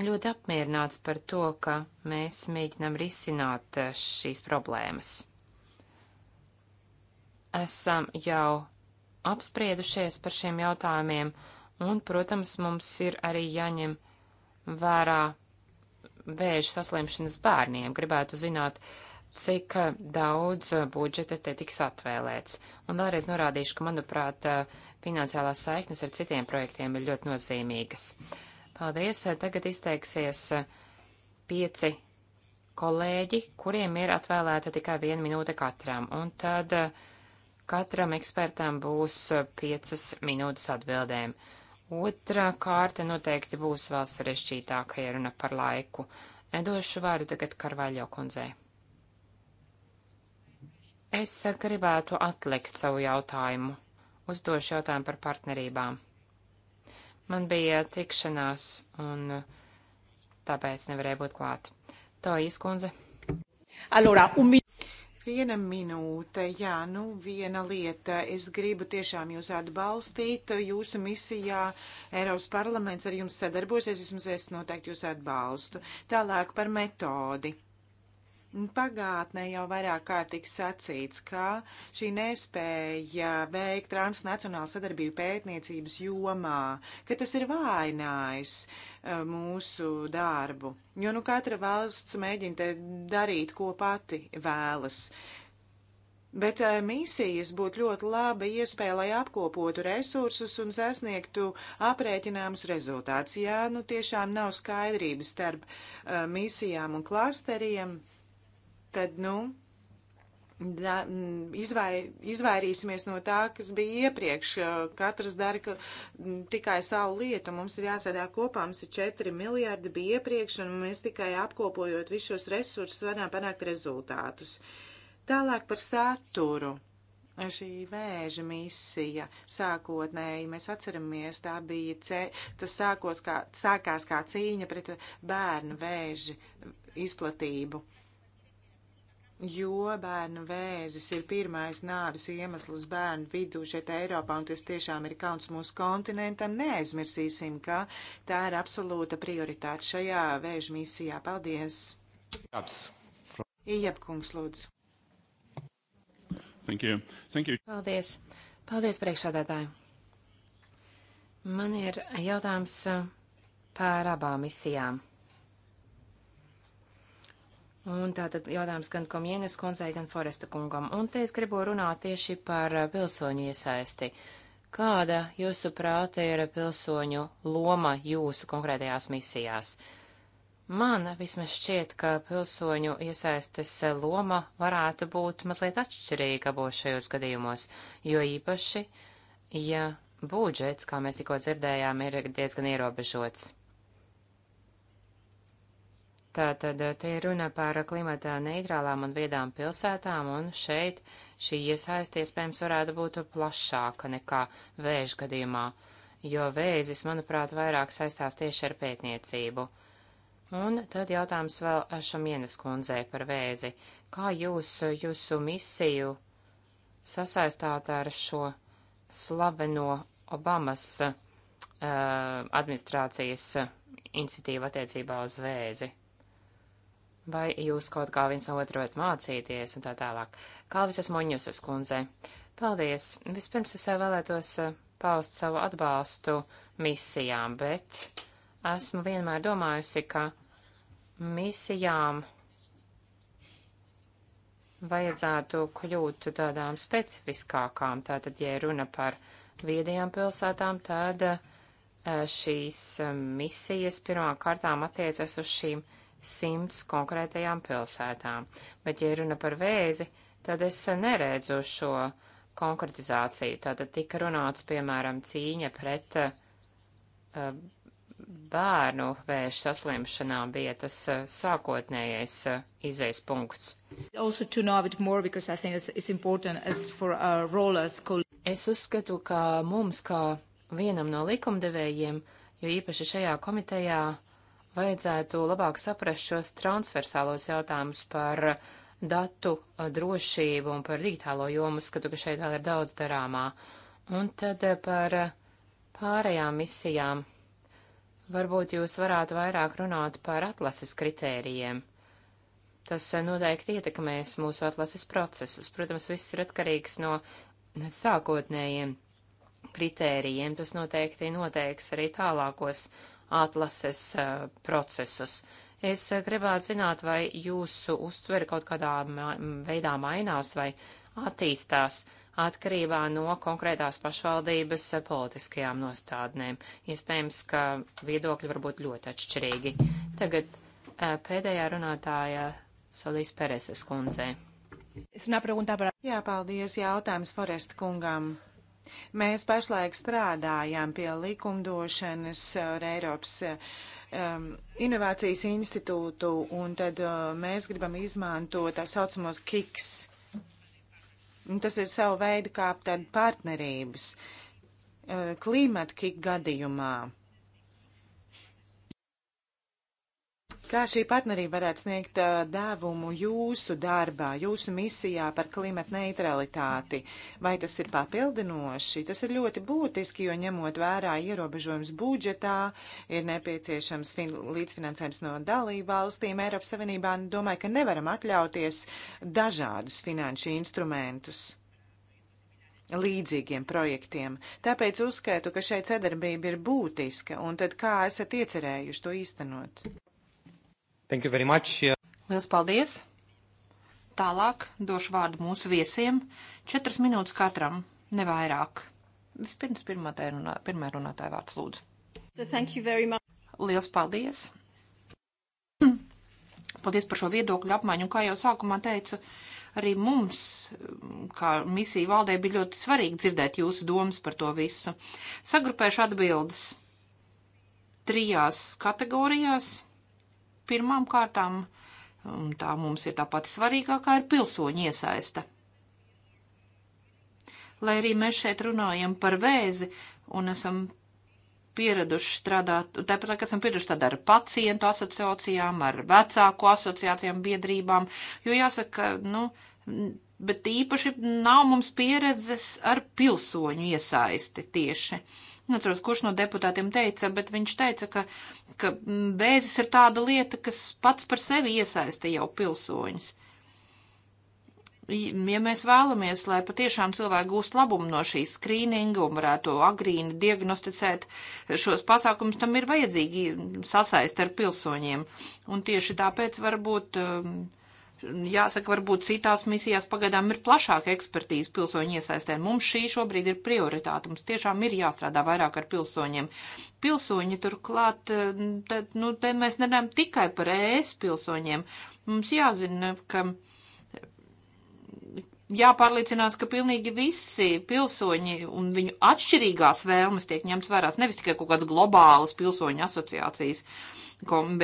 ļoti apmierināts par to, ka mēs mēģinām risināt eh, šīs problēmas. Esam jau apspriedušies par šiem jautājumiem, un, protams, mums ir arī jāņem vērā vēža saslimšanas bērniem. Gribētu zināt, cik eh, daudz eh, budžeta te tiks atvēlēts. Un vēlreiz norādīšu, ka, manuprāt, finansiālās saiknes ar citiem projektiem ir ļoti nozīmīgas. Uh, Paldies. Tagad izteiksies e, pieci kolēģi, kuriem ir atvēlēta tikai viena minūte katram. Un tad e, katram ekspertam būs e, piecas minūtes atbildēm. Otra kārta noteikti būs vēl sarežģītāka, ja runa par laiku. Nedošu vārdu tagad Karvaļo kundzei. Es gribētu atlikt savu jautājumu. Uzdošu jautājumu par partnerībām. Man bija tikšanās, un uh, tāpēc nevarēju būt klāt. To izkundze. Allora, un... Viena minūte, jā, nu viena lieta. Es gribu tiešām jūs atbalstīt jūsu misijā. Eiropas parlaments ar jums sadarbosies, vismaz es noteikti jūs atbalstu. Tālāk par metodi. Pagātnē jau vairāk kārtīgi sacīts, ka šī nespēja veikt transnacionālu sadarbību pētniecības jomā, ka tas ir vājinājis eh, mūsu darbu, jo nu katra valsts mēģina te darīt, ko pati vēlas. Bet eh, misijas būtu ļoti laba iespēja, lai apkopotu resursus un sasniegtu aprēķināmus rezultātus. Jā, nu tiešām nav skaidrības starp uh, misijām un klasteriem tad, nu, da, mm, izvai, izvairīsimies no tā, kas bija iepriekš. Katrs dara ka, mm, tikai savu lietu. Mums ir jāsēdā kopā, mums ir 4 miljardi bija iepriekš, un mēs tikai apkopojot visus šos resursus varam panākt rezultātus. Tālāk par saturu. Šī vēža misija sākotnēji, mēs atceramies, tā bija, ce, tas sākos kā, sākās kā cīņa pret bērnu vēži izplatību. Uh, jo bērnu vēzis ir pirmais nāvis iemesls bērnu vidū šeit Eiropā, un tas tiešām ir kauns mūsu kontinentam. Neaizmirsīsim, ka tā ir absolūta prioritāte šajā vēža misijā. Paldies! Japs. Iepkungs, lūdzu. Thank you. Thank you. Paldies. Paldies, priekšsādātāji. Man ir jautājums uh, par abām misijām. Un tātad jautājums gan Komienes kundzei, gan Foresta kungam. Un te es gribu runāt tieši par pilsoņu iesaisti. Kāda, jūsuprāt, ir pilsoņu loma jūsu konkrētajās misijās? Man vismaz šķiet, ka pilsoņu iesaistes loma varētu būt mazliet atšķirīga abos šajos gadījumos, jo īpaši, ja budžets, kā mēs tikko dzirdējām, ir diezgan ierobežots. Tātad eh, te ir runa par klimatā neitrālām un viedām pilsētām, un šeit šī iesaisti iespējams varētu būt plašāka nekā vēža gadījumā, jo vēzis, manuprāt, vairāk saistās tieši ar pētniecību. Un tad jautājums vēl Šamienas kundzē par vēzi. Kā jūs jūsu misiju sasaistāt ar šo slaveno Obamas uh, administrācijas iniciatīvu attiecībā uz vēzi? vai jūs kaut kā viens otru varat mācīties un tā tālāk. Kalvisas Moņusas kundze. Paldies! Vispirms es vēlētos eh, paust savu atbalstu misijām, bet esmu vienmēr domājusi, ka misijām vajadzētu kļūt tādām specifiskākām. Tātad, ja runa par viedajām pilsētām, tad eh, šīs eh, misijas pirmām kārtām attiecas uz šīm simts konkrētajām pilsētām. Bet, ja runa par vēzi, tad es neredzu šo konkretizāciju. Tātad tika runāts, piemēram, cīņa pret uh, bērnu vēža saslimšanām bija tas uh, sākotnējais uh, izejas punkts. More, it's, it's as as es uzskatu, ka mums kā vienam no likumdevējiem, jo īpaši šajā komitejā uh, vajadzētu labāk saprast šos transversālos jautājumus par datu eh, drošību un par digitālo jomu, skatu, ka šeit vēl ir daudz darāmā. Un tad eh, par pārējām misijām. Varbūt jūs varētu vairāk runāt par atlases kritērijiem. Tas eh, noteikti ietekmēs mūsu atlases procesus. Protams, viss ir atkarīgs no sākotnējiem kritērijiem. Tas noteikti noteiks arī tālākos uh, atlases eh, procesus. Es eh, gribētu zināt, vai jūsu uztvere kaut kādā ma veidā mainās vai attīstās atkarībā no konkrētās pašvaldības eh, politiskajām nostādnēm. Iespējams, ka viedokļi var būt ļoti atšķirīgi. Tagad pēdējā runātāja Solīs Pereses kundzei. Jā, paldies jautājums Foresta kungam. Mēs pašlaik strādājam pie likumdošanas ar Eiropas um, Inovācijas institūtu, un tad uh, mēs gribam izmantot tā saucamos kiks. Un tas ir savu veidu kā tad partnerības uh, klimata kik gadījumā Kā šī partnerība varētu sniegt dāvumu jūsu darbā, jūsu misijā par klimatu neutralitāti? Vai tas ir papildinoši? Tas ir ļoti būtiski, jo ņemot vērā ierobežojums budžetā, ir nepieciešams fin līdzfinansējums no dalību valstīm. Eiropas Savienībā domāju, ka nevaram atļauties dažādus finanšu instrumentus līdzīgiem projektiem. Tāpēc uzskaitu, ka šeit sadarbība ir būtiska, un tad kā esat iecerējuši to īstenot? Thank you very much. Lielas paldies! Tālāk došu vārdu mūsu viesiem. Četras minūtes katram, nevairāk. Vispirms pirmā runā, runātāja vārds lūdzu. So thank you very much. Lielas paldies! Paldies par šo viedokļu apmaiņu. Un kā jau sākumā teicu, arī mums, kā misija valdē, bija ļoti svarīgi dzirdēt jūsu domas par to visu. Sagrupēšu atbildes trijās kategorijās pirmām kārtām, un tā mums ir tā pati svarīgākā, ir pilsoņu iesaista. Lai arī mēs šeit runājam par vēzi un esam pieraduši strādāt, tāpat laikā esam pieraduši tādā ar pacientu asociācijām, ar vecāku asociācijām, biedrībām, jo jāsaka, nu, bet īpaši nav mums pieredzes ar pilsoņu iesaisti tieši. Uh, Neceros, kurš no deputātiem teica, bet viņš teica, ka, ka mm, vēzis ir tāda lieta, kas pats par sevi iesaista jau pilsoņus ja mēs vēlamies, lai patiešām cilvēki gūst labumu no šīs skrīninga un varētu agrīni diagnosticēt šos pasākumus, tam ir vajadzīgi sasaist ar pilsoņiem. Un tieši tāpēc varbūt. Um, Jāsaka, varbūt citās misijās pagaidām ir plašāka ekspertīze pilsoņu iesaistē. Mums šī šobrīd ir prioritāte. Mums tiešām ir jāstrādā vairāk ar pilsoņiem. Pilsoņi turklāt, eh, te, nu, te mēs nerunājam tikai par ES pilsoņiem. Mums jāzina, ka jāpārliecinās, ka pilnīgi visi pilsoņi un viņu atšķirīgās vēlmes tiek ņemts vērās, nevis tikai kaut kādas globālas pilsoņu asociācijas,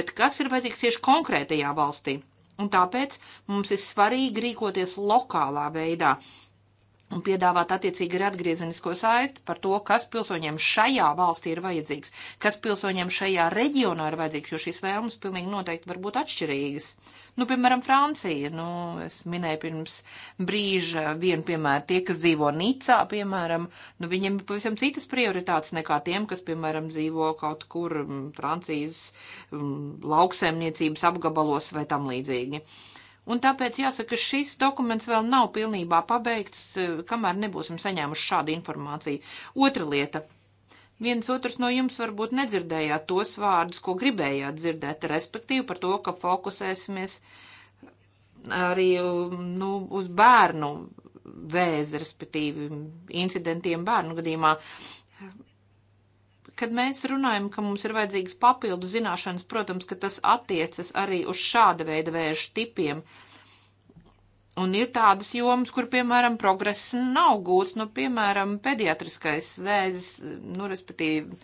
bet kas ir vajadzīgs tieši konkrētajā valstī. Un tāpēc mums ir svarīgi rīkoties lokālā veidā, un piedāvāt attiecīgi arī atgriezenisko saisti par to, kas pilsoņiem šajā valstī ir vajadzīgs, kas pilsoņiem šajā reģionā ir vajadzīgs, jo šīs vēlmes pilnīgi noteikti var būt atšķirīgas. Nu, piemēram, Francija, nu, es minēju pirms brīža vienu piemēru, tie, kas dzīvo Nicā, piemēram, nu, viņiem ir pavisam citas prioritātes nekā tiem, kas, piemēram, dzīvo kaut kur mm, Francijas mm, lauksēmniecības apgabalos vai tam līdzīgi. Uh, Un tāpēc jāsaka, ka šis dokuments vēl nav pilnībā pabeigts, eh, kamēr nebūsim saņēmuši šādu informāciju. Otra lieta. Viens otrs no jums varbūt nedzirdējāt tos vārdus, ko gribējāt dzirdēt, respektīvi par to, ka fokusēsimies arī um, nu, uz bērnu vēzi, respektīvi incidentiem bērnu gadījumā. Kad mēs runājam, ka mums ir vajadzīgas papildu zināšanas, protams, ka tas attiecas arī uz šāda veida vēža tipiem. Un ir tādas jomas, kur, piemēram, progress nav gūts, nu, piemēram, pediatriskais vēzis, nu, respektīvi,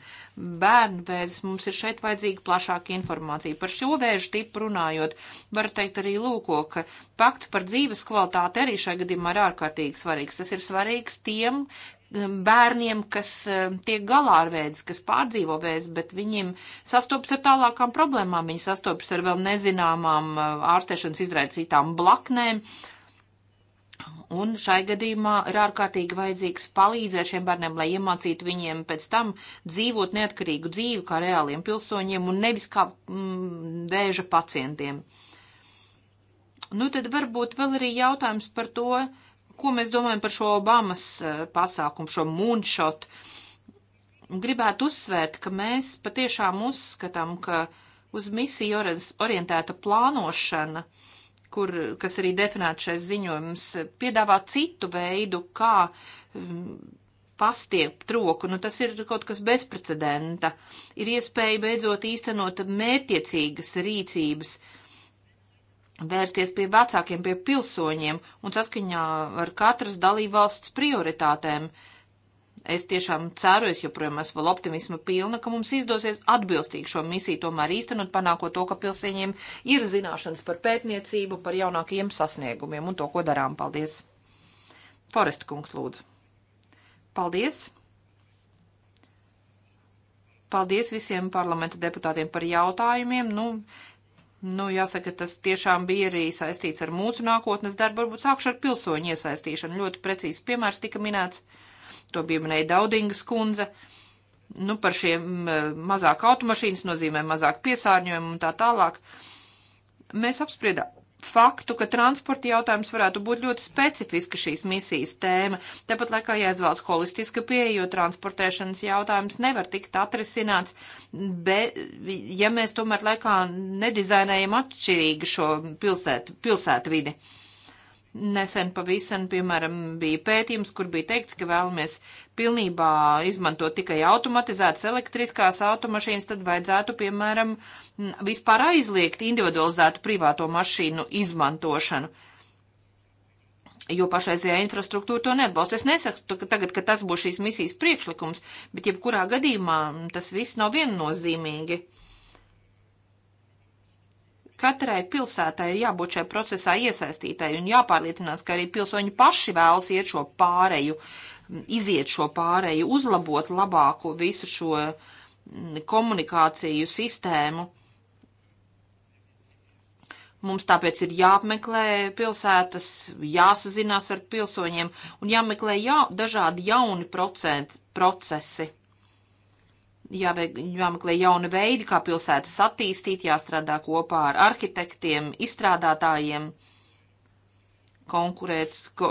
bērnu vēzis. Mums ir šeit vajadzīga plašāka informācija. Par šo vēžu tipu runājot, var teikt arī lūko, ka pakts par dzīves kvalitāti arī šai gadījumā ir ārkārtīgi svarīgs. Tas ir svarīgs tiem, bērniem, kas eh, tiek galā ar vēzi, kas pārdzīvo vēzi, bet viņiem sastopas ar tālākām problēmām, viņi sastopas ar vēl nezināmām eh, ārstēšanas izraicītām blaknēm. Un šai gadījumā ir ārkārtīgi vajadzīgs palīdzēt šiem bērniem, lai iemācītu viņiem pēc tam dzīvot neatkarīgu dzīvi kā reāliem pilsoņiem un nevis kā mm, vēža pacientiem. Nu, tad varbūt vēl arī jautājums par to, uh, Ko mēs domājam par šo Obamas e, pasākumu, šo moonshot? Gribētu uzsvērt, ka mēs patiešām uzskatām, ka uz misiju orientēta plānošana, kur, kas arī definēta šais ziņojums, piedāvā citu veidu, kā pastiept roku, nu tas ir kaut kas bezprecedenta. Ir iespēja beidzot īstenot mērķiecīgas rīcības, uh, vērsties pie vecākiem, pie pilsoņiem un saskaņā ar katras dalībvalsts prioritātēm. Es tiešām ceru, es joprojām esmu vēl optimisma pilna, ka mums izdosies atbilstīgi šo misiju tomēr īstenot, panākot to, ka pilsēņiem ir zināšanas par pētniecību, par jaunākajiem sasniegumiem un to, ko darām. Paldies! Forest kungs lūdzu. Paldies! Paldies visiem parlamenta deputātiem par jautājumiem. Nu, Nu, jāsaka, tas tiešām bija arī saistīts ar mūsu nākotnes darbu, varbūt sākšu ar pilsoņu iesaistīšanu. Ļoti precīzs piemērs tika minēts, to pieminēja Daudingas kundze. Nu, par šiem mazāk automašīnas nozīmē mazāk piesārņojumu un tā tālāk. Mēs apspriedām faktu, ka transporta jautājums varētu būt ļoti specifiska šīs misijas tēma. Tāpat laikā jāizvēlas holistiska pieeja, jo transportēšanas jautājums nevar tikt atrisināts, bet, ja mēs tomēr laikā nedizainējam atšķirīgi šo pilsētu, pilsētu vidi. Pilsēt Nesen pavisam, piemēram, bija pētījums, kur bija teikts, ka vēlamies pilnībā izmantot tikai automatizētas elektriskās automašīnas, tad vajadzētu, piemēram, vispār aizliegt individualizētu privāto mašīnu izmantošanu jo pašreizējā infrastruktūra to neatbalsta. Es nesaku ka tagad, ka tas būs šīs misijas priekšlikums, bet jebkurā gadījumā tas viss nav viennozīmīgi. Katrai pilsētai ir jābūt šajā procesā iesaistītai un jāpārliecinās, ka arī pilsoņi paši vēlas iet šo pāreju, iziet šo pāreju, uzlabot labāku visu šo komunikāciju sistēmu. Mums tāpēc ir jāapmeklē pilsētas, jāsazinās ar pilsoņiem un jāmeklē jā, dažādi jauni procent, procesi jāveik, jāmeklē jauni veidi, kā pilsētas attīstīt, jāstrādā kopā ar arhitektiem, izstrādātājiem, konkurēts, ko,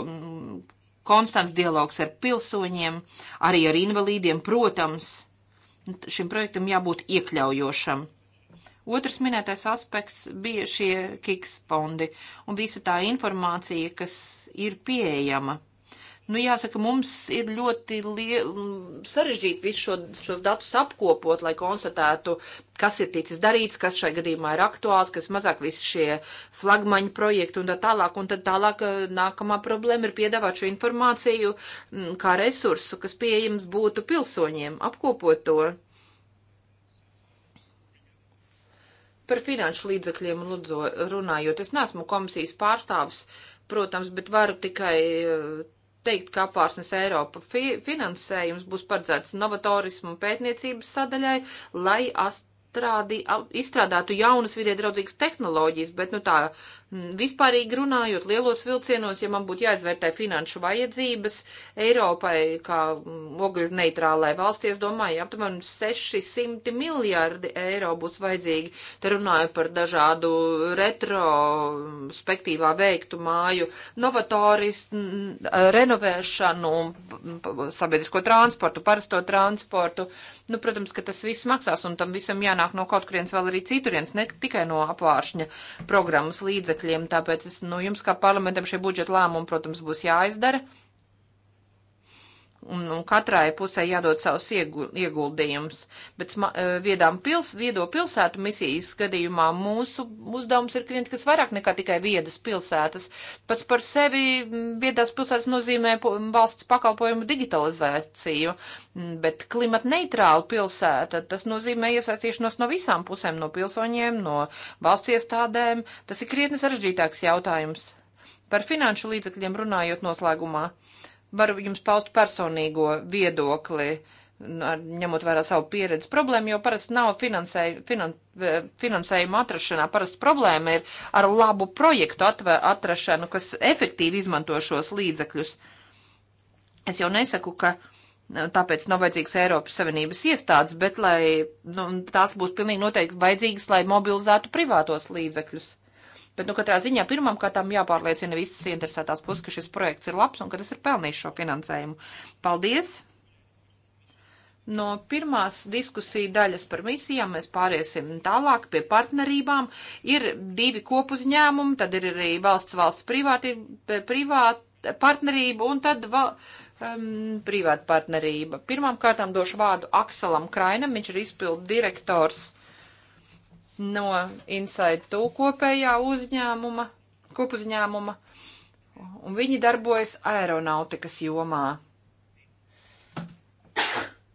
konstants dialogs ar pilsoņiem, arī ar invalīdiem, protams. Nu, šim projektam jābūt iekļaujošam. Otrs minētais aspekts bija šie kiks fondi un visa tā informācija, kas ir pieejama Nu, jāsaka, mums ir ļoti sarežģīti visu šo, šos datus apkopot, lai konstatētu, kas ir ticis darīts, kas šai gadījumā ir aktuāls, kas mazāk visi šie flagmaņu projekti un tā tālāk. Un tad tālāk nākamā problēma ir piedāvāt šo informāciju kā resursu, kas pieejams būtu pilsoņiem, apkopot to. Par finanšu līdzakļiem runājot, es neesmu komisijas pārstāvis, protams, bet varu tikai teikt, ka apvārsnes Eiropa fi finansējums būs paredzēts novatorismu pētniecības sadaļai, lai astrādi, izstrādātu jaunas vidē draudzīgas tehnoloģijas, bet nu tā Mm, vispārīgi runājot, lielos vilcienos, ja man būtu jāizvērtē finanšu vajadzības Eiropai, kā mm, ogļu neitrālai valstī, es domāju, aptuveni 600 miljārdi eiro būs vajadzīgi. Te runāju par dažādu retrospektīvā veiktu māju, novatoris, mm, renovēšanu, sabiedrisko transportu, parasto transportu. Nu, protams, ka tas viss maksās un tam visam jānāk no kaut kurienes vēl arī citurienes, ne tikai no apvāršņa programmas līdzekļu līdzekļiem, tāpēc es, nu, jums kā parlamentam šie budžeta lēmumi, protams, būs jāizdara un, un katrai pusē jādod savus ieguldījumus. Bet sma, e, viedām pils, viedo pilsētu misijas gadījumā mūsu uzdevums ir klienti, kas vairāk nekā tikai viedas pilsētas. Pats par sevi viedās pilsētas nozīmē valsts pakalpojumu digitalizāciju, bet klimat neitrāla pilsēta, tas nozīmē iesaistīšanos no visām pusēm, no pilsoņiem, no valsts iestādēm. Tas ir krietni sarežģītāks jautājums. Par finanšu līdzekļiem runājot noslēgumā varu jums paust personīgo viedokli, ņemot vērā savu pieredzi. Problēma jau parasti nav finansē, finan, finansējuma atrašanā. Parasti problēma ir ar labu projektu atve, atrašanu, kas efektīvi izmanto šos līdzekļus. Es jau nesaku, ka tāpēc nav vajadzīgs Eiropas Savienības iestādes, bet lai nu, tās būs pilnīgi noteikti vajadzīgas, lai mobilizētu privātos līdzekļus. Bet, nu, katrā ziņā pirmām kārtām jāpārliecina visas interesētās puses, ka šis projekts ir labs un ka tas ir pelnījis šo finansējumu. Paldies! No pirmās diskusija daļas par misijām mēs pāriesim tālāk pie partnerībām. Ir divi kopuzņēmumi, tad ir arī valsts valsts privāti, eh, privāt, eh, partnerība un tad val, um, ehm, privāta partnerība. Pirmām kārtām došu vārdu Akselam Krainam, viņš ir izpildu direktors no Inside 2 kopējā uzņēmuma, kopuzņēmuma, un viņi darbojas aeronautikas jomā.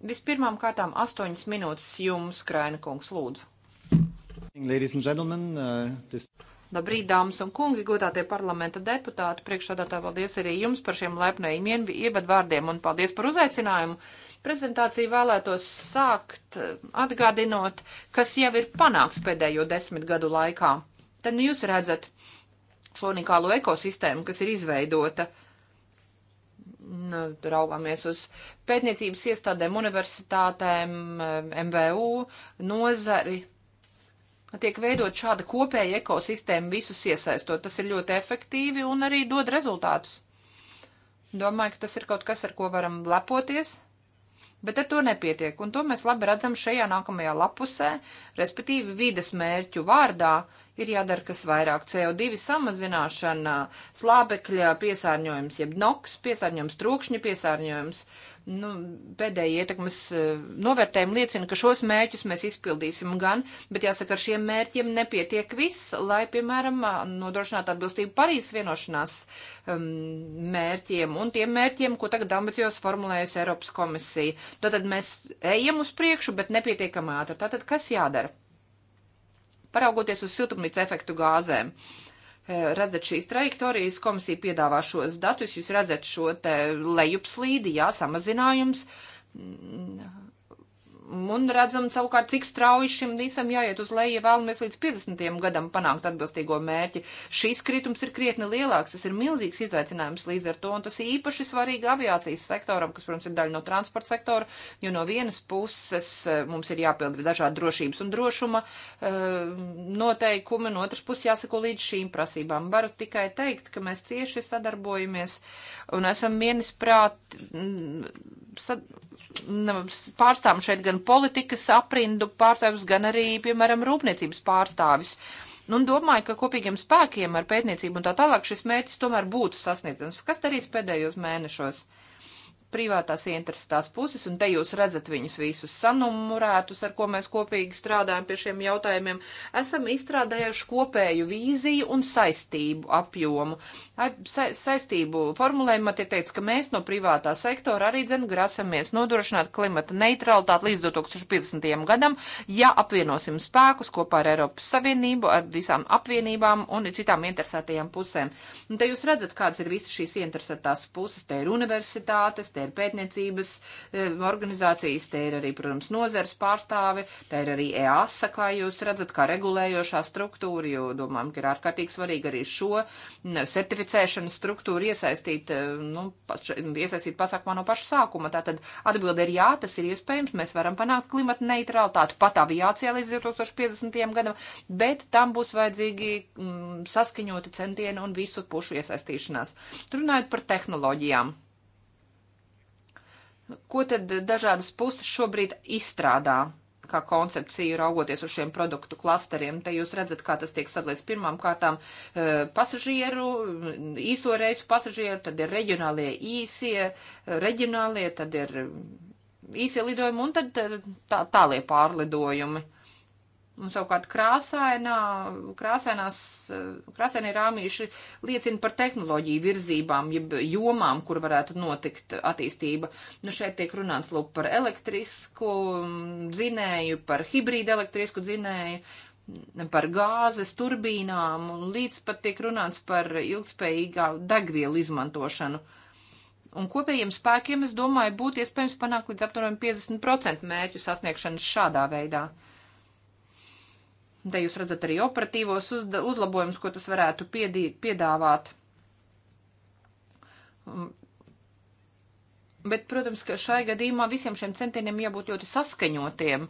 Vispirmām kārtām astoņas minūtes jums, Kraina kungs, lūdzu. Ladies and gentlemen, uh, this... Labrīt, dāmas un kungi, godātie parlamenta deputāti, priekšādātā paldies arī jums par šiem lepnējiem ievadvārdiem un paldies par uzaicinājumu. Uh, prezentāciju vēlētos sākt atgādinot, kas jau ir panāks pēdējo desmit gadu laikā. Tad nu, jūs redzat šo unikālo ekosistēmu, kas ir izveidota. Nu, raugāmies uz pētniecības iestādēm, universitātēm, MVU, nozari. Tiek veidot šāda kopēja ekosistēma visus iesaistot. Tas ir ļoti efektīvi un arī dod rezultātus. Domāju, ka tas ir kaut kas, ar ko varam lepoties. Bet ar to nepietiek, un to mēs labi redzam šajā nākamajā lapusē, respektīvi vides mērķu vārdā ir jādara kas vairāk. CO2 samazināšana, slāpekļa piesārņojums, jeb noks, piesārņojums, trokšņa piesārņojums. Nu, pēdējie ietekmes eh, novērtējumi liecina, ka šos mērķus mēs izpildīsim gan, bet jāsaka, ar šiem mērķiem nepietiek viss, lai, piemēram, nodrošinātu atbilstību Parīzes vienošanās um, mērķiem un tiem mērķiem, ko tagad ambicios formulējusi Eiropas komisija. Tātad mēs ejam uz priekšu, bet nepietiekam ātri. Tātad kas jādara? Paraugoties uz siltumnīca efektu gāzēm. Uh, Eh, redzat šīs trajektorijas, komisija piedāvā šos datus, jūs redzat šo te lejupslīdi, jā, samazinājums mm, Un redzam, savukārt, cik strauji šim visam jāiet uz leju, ja vēlamies līdz 50. gadam panākt atbilstīgo mērķi. Šis kritums ir krietni lielāks, tas ir milzīgs izaicinājums līdz ar to, un tas īpaši svarīgi aviācijas sektoram, kas, protams, ir daļa no transporta sektora, jo no vienas puses eh, mums ir jāpilda dažādi drošības un drošuma eh, noteikumi, no otras puses jāsako līdz šīm prasībām. Varu tikai teikt, ka mēs cieši sadarbojamies un esam vienisprāt mm, nu, pārstāvam šeit gan politikas aprindu pārstāvis, gan arī, piemēram, rūpniecības pārstāvis. Nu, un domāju, ka kopīgiem spēkiem ar pētniecību un tā tālāk šis mērķis tomēr būtu sasniedzams. Kas darīs pēdējos mēnešos? Privātās interesētās puses, un te jūs redzat viņus visus sanumurētus, ar ko mēs kopīgi strādājam pie šiem jautājumiem, esam izstrādājuši kopēju vīziju un saistību apjomu sa saistību formulējumā tiek teikts, ka mēs no privātā sektora arī dzen grasamies nodrošināt klimata neutralitāti līdz 2050. gadam, ja apvienosim spēkus kopā ar Eiropas Savienību, ar visām apvienībām un citām interesētajām pusēm. Un te jūs redzat, kādas ir visas šīs interesētās puses. Te ir universitātes, te ir pētniecības e, organizācijas, te ir arī, protams, nozars pārstāvi, te ir arī EASA, kā jūs redzat, kā regulējošā struktūra, jo domājam, ka ir ārkārtīgi svarīgi arī šo certifikātu komunicēšanas struktūru iesaistīt, eh, nu, iesaistīt pasākumā no paša sākuma. Tātad atbilde ir jā, tas ir iespējams, mēs varam panākt klimata neutralitāti pat aviācijā līdz 2050. gadam, bet tam būs vajadzīgi mm, saskaņoti centieni un visu pušu iesaistīšanās. Runājot par tehnoloģijām. Ko tad dažādas puses šobrīd izstrādā? kā koncepciju, raugoties uz šiem produktu klasteriem. Te jūs redzat, kā tas tiek sadalīts pirmām kārtām e, pasažieru, īso reisu pasažieru, tad ir reģionālie īsie, reģionālie, tad ir īsie lidojumi un tad e, tā, tālie pārlidojumi. Un nu, savukārt krāsainā, krāsainās, krāsainie rāmīši liecina par tehnoloģiju virzībām, jeb jomām, kur varētu notikt attīstība. Nu, šeit tiek runāts lūk par elektrisku dzinēju, par hibrīdu elektrisku dzinēju, par gāzes turbīnām, un līdz pat tiek runāts par ilgspējīgā degvielu izmantošanu. Un kopējiem spēkiem, es domāju, būtu iespējams panākt līdz aptuveni 50% mērķu sasniegšanas šādā veidā. Uh, Te jūs redzat arī operatīvos uzlabojumus, ko tas varētu piedī, piedāvāt. Um, bet, protams, ka šai gadījumā visiem šiem centieniem jābūt ļoti saskaņotiem.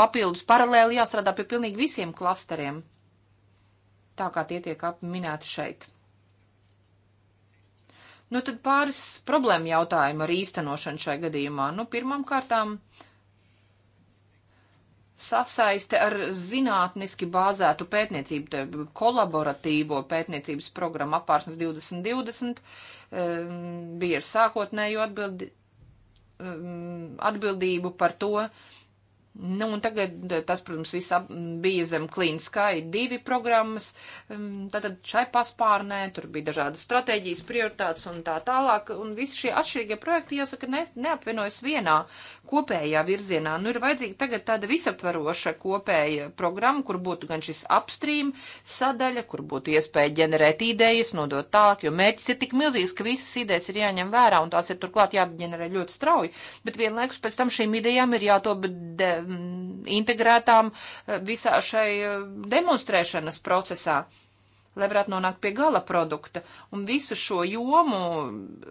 Papildus paralēli jāstrādā pie pilnīgi visiem klasteriem, tā kā tie tiek apminēti šeit. Nu, tad pāris problēma jautājumu ar īstenošanu šai gadījumā. Nu, pirmām kārtām. Uh, sasaiste ar zinātniski bāzētu pētniecību, kolaboratīvo pētniecības programmu apārsnes 2020 um, bija ar sākotnēju atbildi, um, atbildību par to, Nu, un tagad tas, protams, viss bija zem Clean Sky divi programmas, um, tātad šai paspārnē, tur bija dažādas stratēģijas, prioritātes un tā tālāk, un visi šie atšķirīgie projekti, jāsaka, ne, neapvienojas vienā kopējā virzienā. Nu, ir vajadzīga tagad tāda visaptvaroša kopēja programma, kur būtu gan šis upstream sadaļa, kur būtu iespēja ģenerēt idejas, nodot tālāk, jo mērķis ir tik milzīgs, ka visas idejas ir jāņem vērā, un tās ir turklāt jāģenerē ļoti strauji, bet vienlaikus pēc tam šīm idejām ir jātop Mm, integrētām eh, visā šai eh, demonstrēšanas procesā lai varētu nonākt pie gala produkta. Un visu šo jomu eh,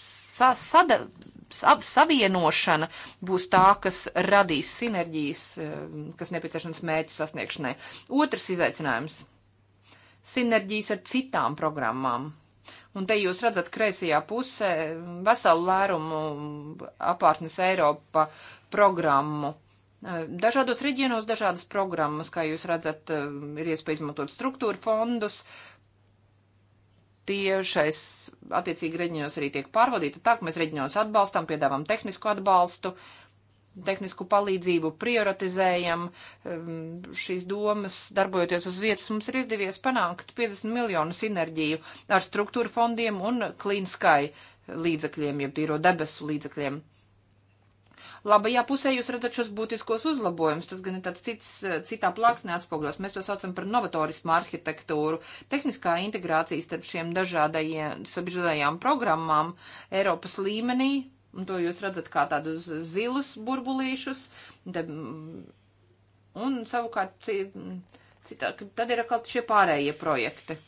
sa sada, sab, savienošana būs tā, kas radīs sinerģijas, kas nepieciešams mērķu sasniegšanai. Otrs izaicinājums - sinerģijas ar citām programmām. Un te jūs redzat kreisajā pusē veselu lērumu apārtnes Eiropa programmu Dažādos reģionos dažādas programmas, kā jūs redzat, ir iespēja izmantot struktūra fondus. Tiešais attiecīgi reģionos arī tiek pārvadīta tā, ka mēs reģionos atbalstam, piedāvām tehnisku atbalstu, tehnisku palīdzību, prioritizējam um, šīs domas, darbojoties uz vietas, mums ir izdevies panākt 50 miljonu sinerģiju ar struktūra fondiem un Clean Sky līdzekļiem, jeb tīro debesu līdzekļiem. Uh, Labajā pusē jūs redzat šos būtiskos uzlabojumus, tas gan ir tāds cits, citā plāksnē atspogļos. Mēs to saucam par novatorismu arhitektūru. Tehniskā integrācija starp šiem dažādajām programmām Eiropas līmenī, un to jūs redzat kā tādus zilus burbulīšus, de, mm, un savukārt citā, tad ir atkal šie pārējie projekti.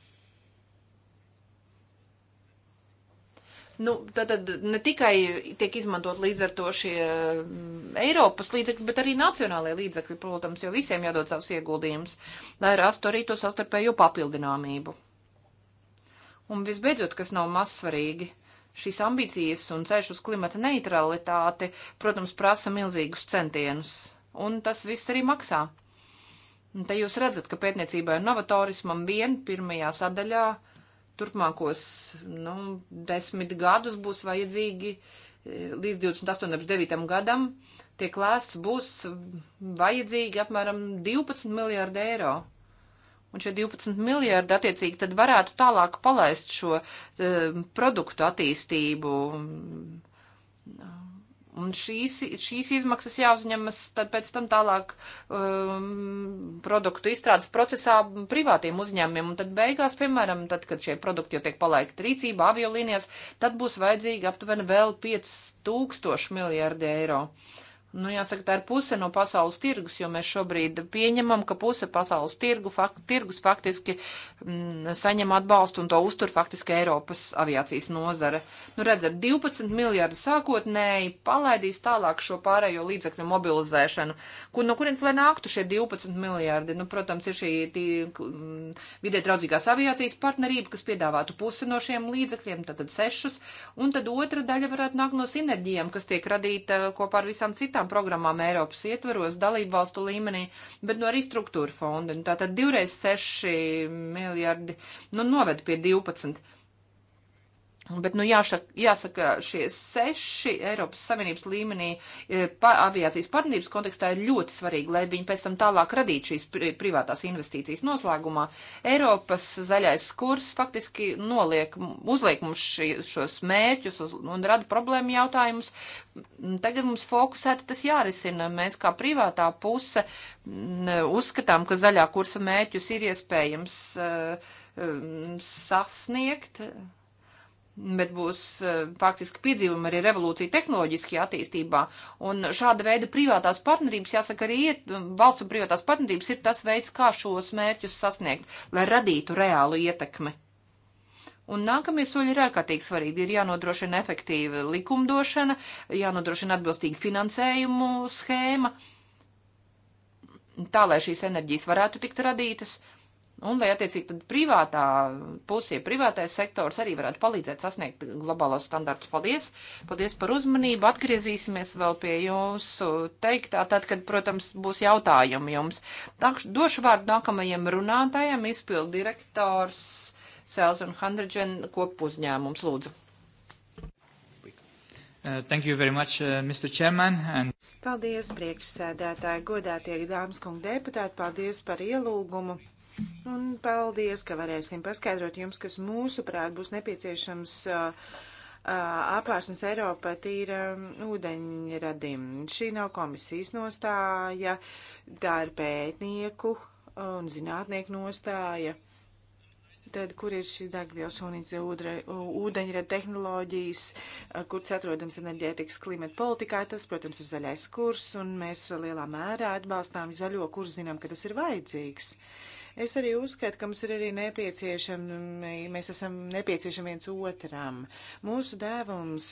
Nu, tātad ne tikai tiek izmantot līdz ar to šie mm, Eiropas līdzekļi, bet arī nacionālajie līdzekļi, protams, jo visiem jādod savus ieguldījumus, lai rastu arī to savstarpējo papildināmību. Un visbeidzot, kas nav mazsvarīgi, šīs ambīcijas un ceļš uz klimata neutralitāti, protams, prasa milzīgus centienus. Un tas viss arī maksā. Un te jūs redzat, ka pētniecībai un novatorismam vien pirmajā sadaļā uh, turpmākos nu, desmit gadus būs vajadzīgi e, līdz 28,9 gadam, tiek lēsts, būs vajadzīgi apmēram 12 miljārdi eiro. Un šie 12 miljardi attiecīgi tad varētu tālāk palaist šo uh, produktu attīstību. Uh, Un šīs, šīs izmaksas jāuzņemas pēc tam tālāk um, produktu izstrādes procesā privātiem uzņēmumiem. Un tad beigās, piemēram, tad, kad šie produkti jau tiek palaikti rīcībā aviolīnijās, tad būs vajadzīgi aptuveni vēl 5000 miljardi eiro. Uh, Nu, jāsaka, tā ir puse no pasaules tirgus, jo mēs šobrīd pieņemam, ka puse pasaules tirgu, fakt, tirgus faktiski mm, saņem atbalstu un to uztur faktiski Eiropas aviācijas nozare. Nu, redzat, 12 miljardi sākotnēji palaidīs tālāk šo pārējo līdzekļu mobilizēšanu. Kur, no kurienes lai nāktu šie 12 miljardi? Nu, protams, ir šī tī, mm, vidē traudzīgās aviācijas partnerība, kas piedāvātu pusi no šiem līdzekļiem, tad, tad sešus, un tad otra daļa varētu nākt no sinerģijām, kas tiek radīta kopā ar visām citām citām programmām Eiropas ietvaros, dalību valstu līmenī, bet no nu arī struktūra fonda. Nu, tātad divreiz seši miljardi, nu, noved pie 12. Bet, nu, jāšak, jāsaka, šie seši Eiropas Savienības līmenī e, pa, aviācijas partnerības kontekstā ir ļoti svarīgi, lai viņi pēc tam tālāk radītu šīs pri, privātās investīcijas noslēgumā. Eiropas zaļais kurs faktiski noliek, uzliek mums šī, šos mērķus uz, un rada problēmu jautājumus. Tagad mums fokusēti tas jārisina. Mēs kā privātā puse uzskatām, ka zaļā kursa mērķus ir iespējams uh, sasniegt. Uh, bet būs eh, faktiski piedzīvama arī revolūcija tehnoloģiskajā attīstībā. Un šāda veida privātās partnerības, jāsaka, arī iet, um, valsts un privātās partnerības ir tas veids, kā šos mērķus sasniegt, lai radītu reālu ietekmi. Un nākamie soļi ir ārkārtīgi svarīgi. Ir jānodrošina efektīva likumdošana, jānodrošina atbilstīga finansējumu schēma, tā lai šīs enerģijas varētu tikt radītas. Uh, Un lai attiecīgi tad privātā pusē, privātais sektors arī varētu palīdzēt sasniegt globālos standartus. Paldies! Paldies par uzmanību! Atgriezīsimies vēl pie jūsu teiktā, tad, kad, protams, būs jautājumi jums. Tā, došu vārdu nākamajam runātājam, izpildu direktors Sales un Handrigen kopuzņēmums. Lūdzu! Uh, thank you very much, uh, Mr. Chairman. And... Paldies, priekšsēdētāji, godātie dāmas kungi deputāti, paldies par ielūgumu. Un paldies, ka varēsim paskaidrot jums, kas mūsuprāt būs nepieciešams uh, uh apārsnes Eiropa tīra um, ūdeņradim. Šī nav komisijas nostāja, tā ir pētnieku un zinātnieku nostāja. Tad, kur ir šī degvielas un ūdeņra tehnoloģijas, uh, kur atrodams enerģētikas klimata politikā, tas, protams, ir zaļais kurs, un mēs lielā mērā atbalstām zaļo kursu, zinām, ka tas ir vajadzīgs. Uh, Es arī uzskatu, ka mums ir arī nepieciešami, mēs esam nepieciešami viens otram. Mūsu dēvums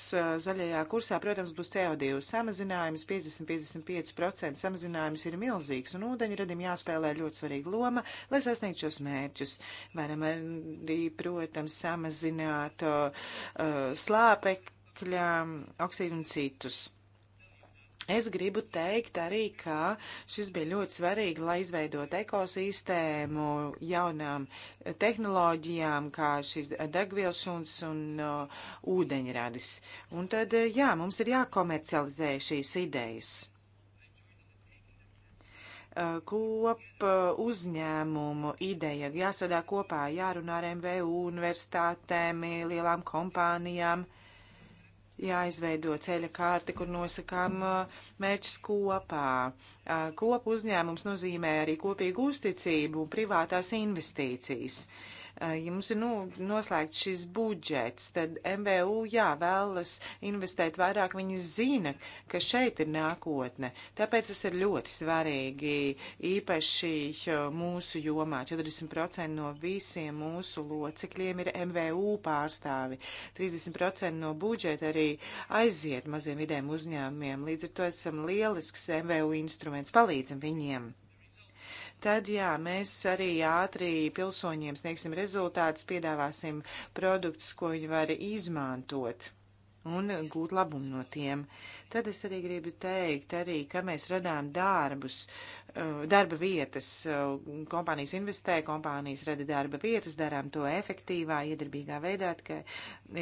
zaļajā kursā, protams, būs CO2 samazinājums, 50-55% samazinājums ir milzīgs, un ūdeņradim jāspēlē ļoti svarīga loma, lai sasniegtu šos mērķus. Varam arī, protams, samazināt uh, slāpekļa oksīdu un citus. Es gribu teikt arī, ka šis bija ļoti svarīgi, lai izveidot ekosistēmu jaunām tehnoloģijām, kā šis degvielšuns un uh, ūdeņradis. Un tad, uh, jā, mums ir jākomercializē šīs idejas. Uh, kop uh, uzņēmumu ideja jāsadā kopā, jārunā ar MVU universitātēm, lielām kompānijām. Uh, jāizveido ceļa kārti, kur nosakām mērķis kopā. Kopu uzņēmums nozīmē arī kopīgu uzticību un privātās investīcijas. Uh, Eh, ja mums ir nu, noslēgts šis budžets, tad MVU, jā, vēlas investēt vairāk, viņi zina, ka šeit ir nākotne. Tāpēc tas ir ļoti svarīgi, īpaši eh, mūsu jomā. 40% no visiem mūsu locekļiem ir MVU pārstāvi. 30% no budžeta arī aiziet maziem vidēm uzņēmumiem. Līdz ar to esam lielisks MVU instruments, palīdzam viņiem tad jā, mēs arī ātri pilsoņiem sniegsim rezultātus, piedāvāsim produktus, ko viņi var izmantot un gūt labumu no tiem. Tad es arī gribu teikt, arī, ka mēs radām darbus, uh, darba vietas, uh, kompānijas investē, kompānijas rada darba vietas, darām to efektīvā, iedarbīgā veidā, ka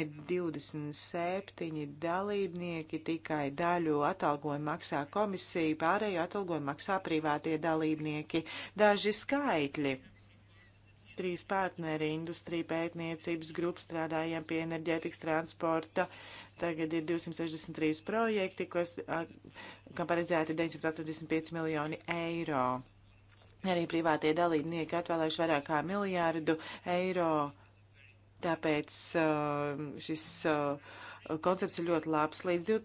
ir 27 dalībnieki, tikai daļu atalgojumu maksā komisija, pārējo atalgojumu maksā privātie dalībnieki. Daži skaitļi trīs partneri - industrija, pētniecības grupa, strādājām pie enerģētikas transporta. Tagad ir 263 projekti, kas, kam paredzēti 985 miljoni eiro. Arī privātie dalībnieki atvēlējuši vairāk kā miljārdu eiro. Tāpēc šis uh, koncepts ir ļoti labs. Līdz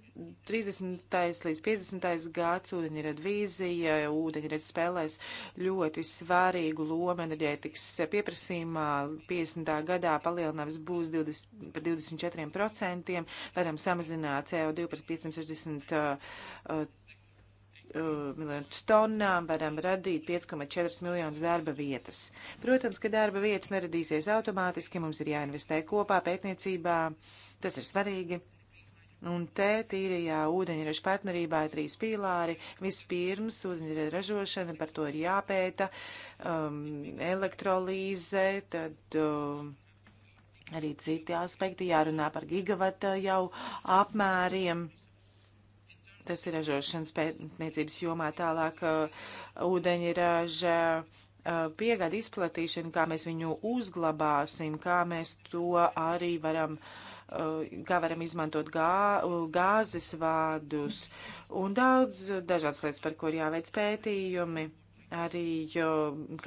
30. līdz 50. gads ūdeņradas vīzija, ūdeņradas spēlēs ļoti svarīgu lomu enerģētikas pieprasījumā. 50. gadā palielinājums būs 20, par 24%, varam samazināt CO2 par 560 uh, uh, miljonus tonnām varam radīt 5,4 miljonus darba vietas. Protams, ka darba vietas neradīsies automātiski, mums ir jāinvestē kopā pētniecībā, uh, Tas ir svarīgi. Un te tīrajā ūdeņraža partnerībā ir trīs pīlāri. Vispirms ūdeņraža ražošana, par to ir jāpēta, um, elektrolīze, tad um, arī citi aspekti jārunā par gigavata jau apmēriem. Tas ir ražošanas pētniecības jomā tālāk uh, ūdeņraža. Uh, piegāda izplatīšana, kā mēs viņu uzglabāsim, kā mēs to arī varam uh, kā varam izmantot gā, gāzes vādus un daudz dažādas lietas, par kur jāveic pētījumi. Arī jo,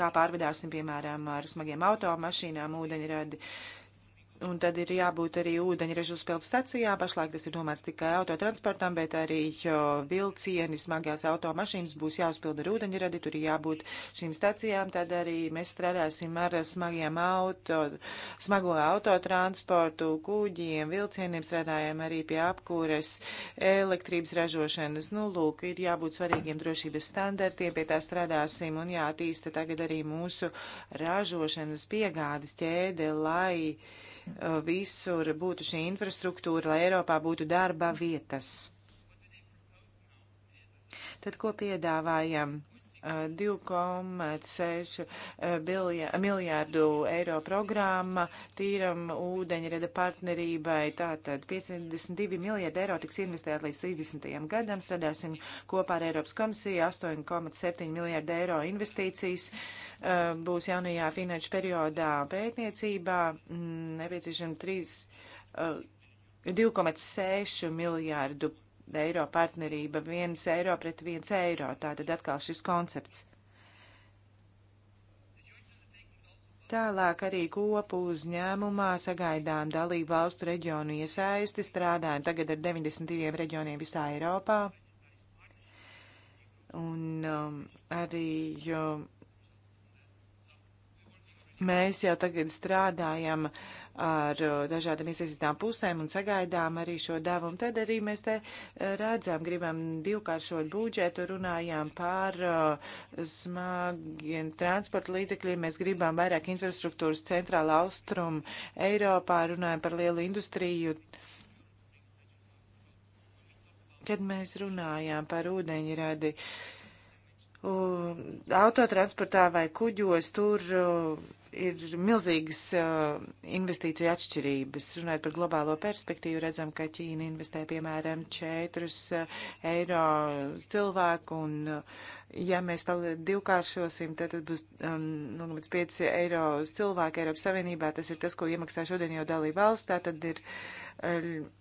kā pārvedāsim, piemēram, ar smagiem automašīnām ūdeņradi Un tad ir jābūt arī ūdeņraža uzpildes stacijā. Pašlaik tas ir domāts tikai autotransportam, bet arī vilcieni, smagās automašīnas būs jāuzpild ar ūdeņradi, tur ir jābūt šīm stacijām. Tad arī mēs strādāsim ar smagiem auto, smago autotransportu, kuģiem, vilcieniem, strādājam arī pie apkūres, elektrības ražošanas. Nu, lūk, ir jābūt svarīgiem drošības standartiem, pie tā strādāsim un jātīsta tagad arī mūsu ražošanas piegādes ķēde, lai. Yeah Uh, visur būtu šī infrastruktūra, lai Eiropā būtu darba vietas. Tad ko piedāvājam? 2,6 eh, miljārdu eiro programma tīram ūdeņrada partnerībai. Tātad 52 miljārdi eiro tiks investēt līdz 30. gadam. Strādāsim kopā ar Eiropas komisiju 8,7 miljārdu eiro investīcijas. Eh, būs jaunajā finanšu periodā pētniecībā mm, nepieciešami 3. 2,6 miljārdu eiro partnerība, viens eiro pret viens eiro. Tātad atkal šis koncepts. Tālāk arī kopu uzņēmumā sagaidām dalību valstu reģionu iesaisti. Strādājam tagad ar 92 reģioniem visā Eiropā. Un um, arī jo, mēs jau tagad strādājam uh, ar uh, dažādām iesaistītām pusēm un sagaidām arī šo devumu. Tad arī mēs te uh, redzam, gribam divkāršot budžetu, runājām par uh, smagiem transporta līdzekļiem, mēs gribam vairāk infrastruktūras centrāla austrum Eiropā, runājam par lielu industriju. Kad mēs runājām par ūdeņradi, autotransportā vai kuģos, tur uh, ir milzīgas uh, investīciju atšķirības. Runājot par globālo perspektīvu, redzam, ka Ķīna investē piemēram 4 uh, eiro cilvēku, un uh, ja mēs divkāršosim, tad, tad būs um, 5 nu, eiro cilvēku Eiropas Savienībā. Tas ir tas, ko iemaksā šodien jau dalība valsts. Tā tad ir. Uh,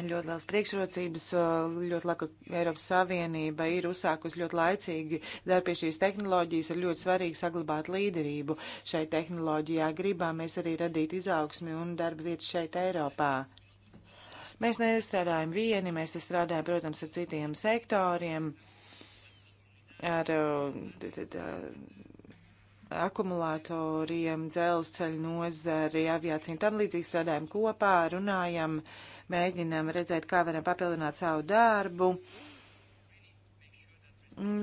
ir ļoti liels priekšrocības, eh, ļoti labi, ka Eiropas Savienība ir uzsākusi ļoti laicīgi darbu pie šīs tehnoloģijas, ir ļoti svarīgi saglabāt līderību šai tehnoloģijā. Gribām mēs arī radīt izaugsmi un darba vietas šeit Eiropā. Mēs nestrādājam vieni, mēs strādājam, protams, ar citiem sektoriem, ar eh, akumulatoriem, dzelzceļu nozari, aviāciju un tam līdzīgi strādājam kopā, runājam. Uh, mēģinām redzēt, kā varam papildināt savu darbu,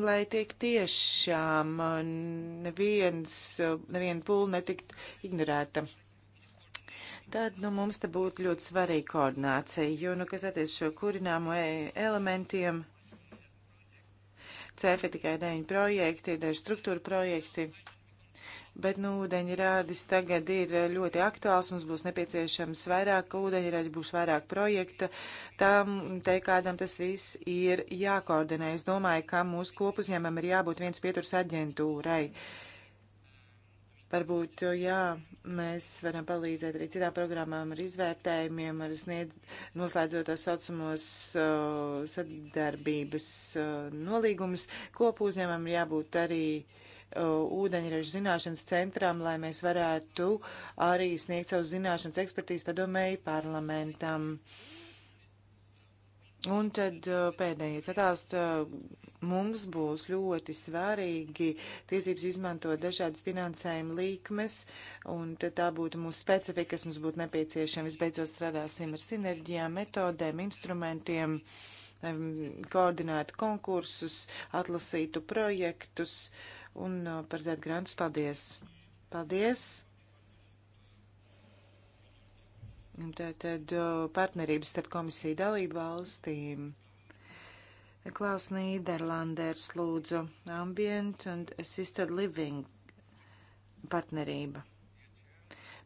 lai tiek tiešām uh, neviens, uh, neviena pūle netikt ignorēta. Tad nu, mums te būtu ļoti svarīga koordinācija, jo, nu, kas attiec šo kurināmo e- elementiem, CEF ir tikai 9 projekti, ir daži struktūra projekti. Bet nu, ūdeņradis tagad ir eh, ļoti aktuāls, mums būs nepieciešams vairāk ūdeņraļa, būs vairāk projekta. Tam te kādam tas viss ir jākoordinē. Es domāju, ka mūsu kopuzņēmam ir jābūt viens pieturs aģentūrai. Varbūt, eh, jā, mēs varam palīdzēt arī citām programmām ar izvērtējumiem, ar sniedz, noslēdzot tā saucamos uh, sadarbības uh, nolīgumus. Kopuzņēmam ir jābūt arī. Uh, Uh, ūdeņraža zināšanas centram, lai mēs varētu arī sniegt savu zināšanas ekspertīzi padomēji parlamentam. Un tad uh, pēdējais atāst uh, mums būs ļoti svarīgi tiesības izmantot dažādas finansējuma līkmes, un tā būtu mūsu specifika, kas mums būtu nepieciešama. Visbeidzot, strādāsim ar sinerģijām, metodēm, instrumentiem, um, koordinētu konkursus, atlasītu projektus. Uh, un uh, paredzēt grantus. Paldies! Paldies! Tātad uh, partnerības starp komisiju dalību valstīm. Klaus Nīderlanders lūdzu Ambient and Assisted Living partnerība.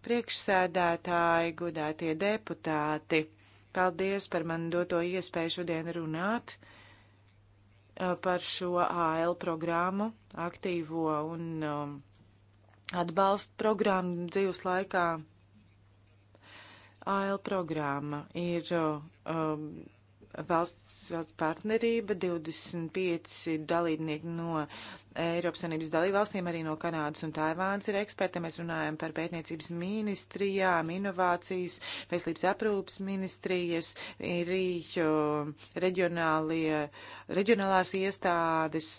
Priekšsēdētāji, godātie deputāti, paldies par man doto iespēju šodien runāt. Uh, par šo AL programmu, aktīvo un um, atbalstu programmu dzīves laikā. AL programma ir uh, um, valsts partnerība, 25 dalībnieki no Eiropas Savienības dalībvalstīm, arī no Kanādas un Taivānas ir eksperti. Mēs runājam par pētniecības ministrijām, inovācijas, veselības aprūpas ministrijas, ir reģionālās iestādes,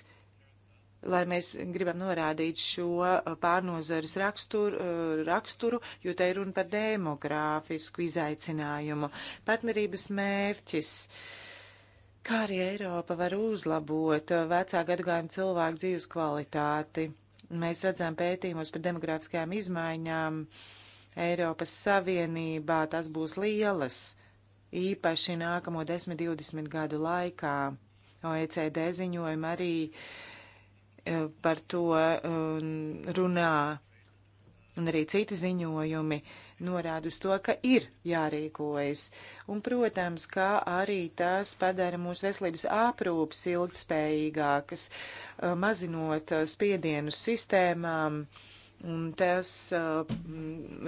lai mēs gribam norādīt šo uh, pārnozares raksturu, uh, raksturu, jo te ir runa par demogrāfisku izaicinājumu. Partnerības mērķis. Uh, Kā arī Eiropa var uzlabot uh, vecā gadagājuma cilvēku dzīves kvalitāti? Mēs redzam pētījumus par demografiskajām izmaiņām Eiropas Savienībā. Tas būs lielas, īpaši nākamo 10-20 gadu laikā. OECD ziņojumi arī uh, par to uh, runā, un arī citi ziņojumi. Uh, norāda uz to, ka ir jārīkojas. Un, protams, kā arī tas padara mūsu veselības aprūpas ilgtspējīgākas, uh, mazinot uh, spiedienu sistēmām. Un tas uh,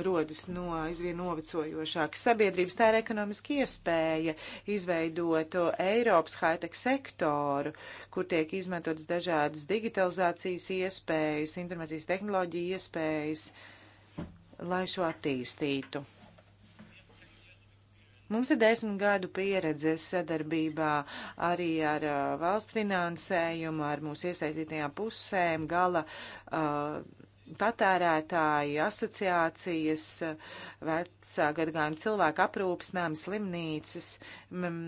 rodas no aizvien novecojošākas sabiedrības. Tā ir ekonomiski iespēja izveidot uh, Eiropas high-tech sektoru, kur tiek izmantotas dažādas digitalizācijas iespējas, informācijas tehnoloģija iespējas. Uh, lai šo attīstītu. Mums ir desmit gadu pieredze sadarbībā arī ar uh, valsts finansējumu, ar mūsu iesaistītajām pusēm, gala uh, patērētāju asociācijas, uh, vecā gadagājuma cilvēku aprūpas nāmas slimnīcas. Mm,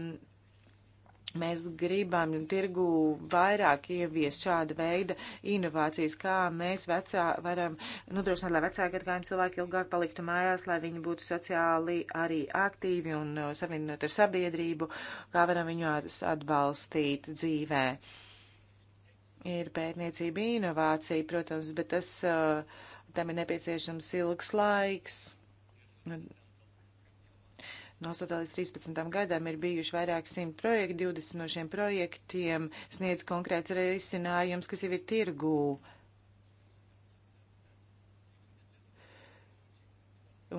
Mēs gribam tirgu vairāk ieviest šāda veida inovācijas, kā mēs vecā varam nodrošināt, lai vecāki gadgājumi cilvēki ilgāk paliktu mājās, lai viņi būtu sociāli arī aktīvi un uh, savienot ar sabiedrību, kā varam viņu atbalstīt dzīvē. Ir pētniecība, inovācija, protams, bet tas, uh, tam ir nepieciešams ilgs laiks No 8. līdz 13. gadam ir bijuši vairāk simt projektu, 20 no šiem projektiem sniedz konkrēts risinājums, kas jau ir tirgū.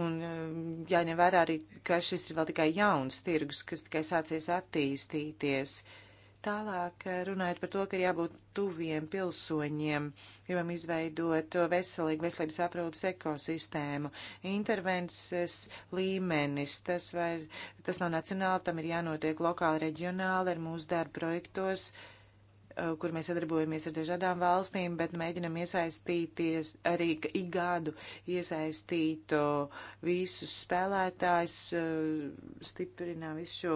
Un um, jāņem vērā arī, ka šis ir vēl tikai jauns tirgus, kas tikai sācies attīstīties. Uh, Tālāk eh, runājot par to, ka ir jābūt tuviem pilsoņiem, gribam izveidot veselīgu veselības aprūpas ekosistēmu, intervences līmenis, tas, var, tas nav nacionāli, tam ir jānotiek lokāli, reģionāli ar mūsu darba projektos, eh, kur mēs sadarbojamies ar dažādām valstīm, bet mēģinam iesaistīties arī ik gadu iesaistīt visus spēlētājs, eh, stiprinām visu šo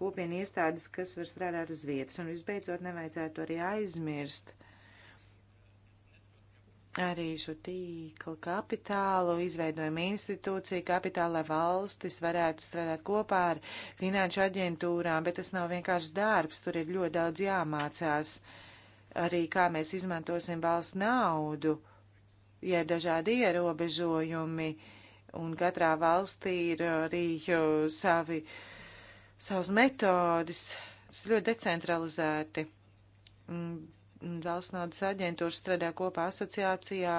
kopienu iestādes, kas var strādāt uz vietas. Un visbeidzot, nevajadzētu arī aizmirst arī šo tīkla kapitālu, izveidojam institūciju kapitālu, lai valstis varētu strādāt kopā ar finanšu aģentūrām, bet tas nav vienkārši darbs, tur ir ļoti daudz jāmācās arī, kā mēs izmantosim valsts naudu, ja ir dažādi ierobežojumi, un katrā valstī ir arī savi uh, savas metodas, tas ļoti decentralizēti. Valsts naudas aģentūra strādā kopā asociācijā,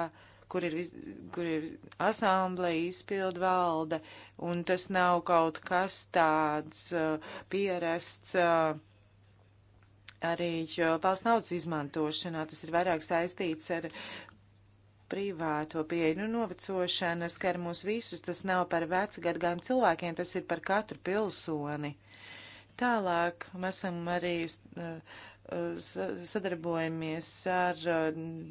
kur ir, vis, kur ir asambleja, izpildu valde, un tas nav kaut kas tāds uh, pierasts. Uh, arī valsts naudas izmantošanā. Tas ir vairāk saistīts ar privāto pieeju. Nu, novecošana skar mūs visus. Tas nav par vecgadgājumu cilvēkiem, tas ir par katru pilsoni. Uh, Tālāk mēs esam arī uh, uh, sadarbojamies ar uh,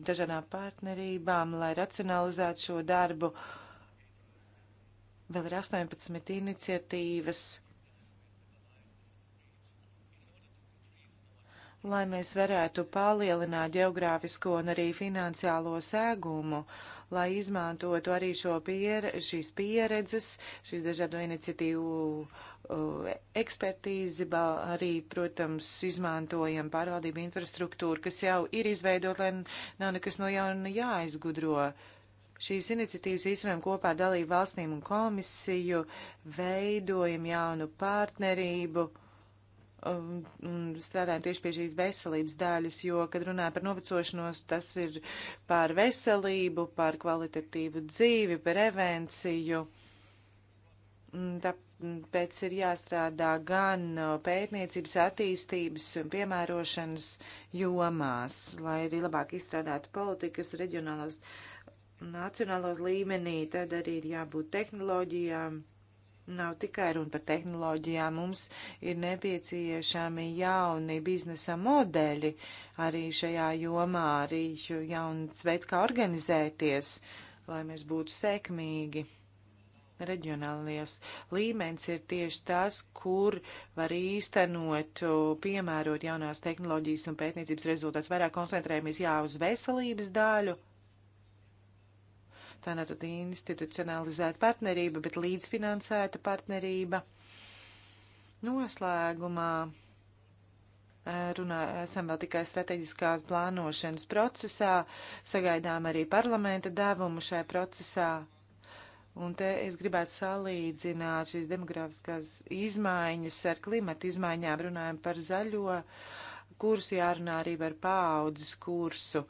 dažādām partnerībām, lai racionalizētu šo darbu. Vēl ir 18 iniciatīvas. lai mēs varētu palielināt geogrāfisko un arī finansiālo sēgumu, lai izmantotu arī šo pier, šīs pieredzes, šīs dažādo iniciatīvu ekspertīzi, arī, protams, izmantojam pārvaldību infrastruktūru, kas jau ir izveidot, lai nav nekas no jauna jāizgudro. Šīs iniciatīvas īstenojam kopā ar dalību valstīm un komisiju, veidojam jaunu partnerību Um, strādājam tieši pie šīs veselības daļas, jo, kad runājam par novecošanos, tas ir par veselību, par kvalitatīvu dzīvi, prevenciju. Tāpēc ir jāstrādā gan uh, pētniecības, attīstības un piemērošanas jomās, lai arī labāk izstrādātu politikas reģionālos, nacionālos līmenī, tad arī ir jābūt tehnoloģijām Nav tikai runa par tehnoloģijām, mums ir nepieciešami jauni biznesa modeļi arī šajā jomā, arī jauns veids, kā organizēties, lai mēs būtu sekmīgi. Reģionālajās līmenis ir tieši tas, kur var īstenot, piemērot jaunās tehnoloģijas un pētniecības rezultātus. Vairāk koncentrējamies jā uz veselības daļu Tā nav tad institucionalizēta partnerība, bet līdzfinansēta partnerība. Noslēgumā eh, runā, esam vēl tikai strateģiskās plānošanas procesā, sagaidām arī parlamenta devumu šajā procesā. Un te es gribētu salīdzināt šīs demografiskās izmaiņas ar klimata izmaiņām, runājam par zaļo uh, kursu, jārunā arī par paaudzes kursu.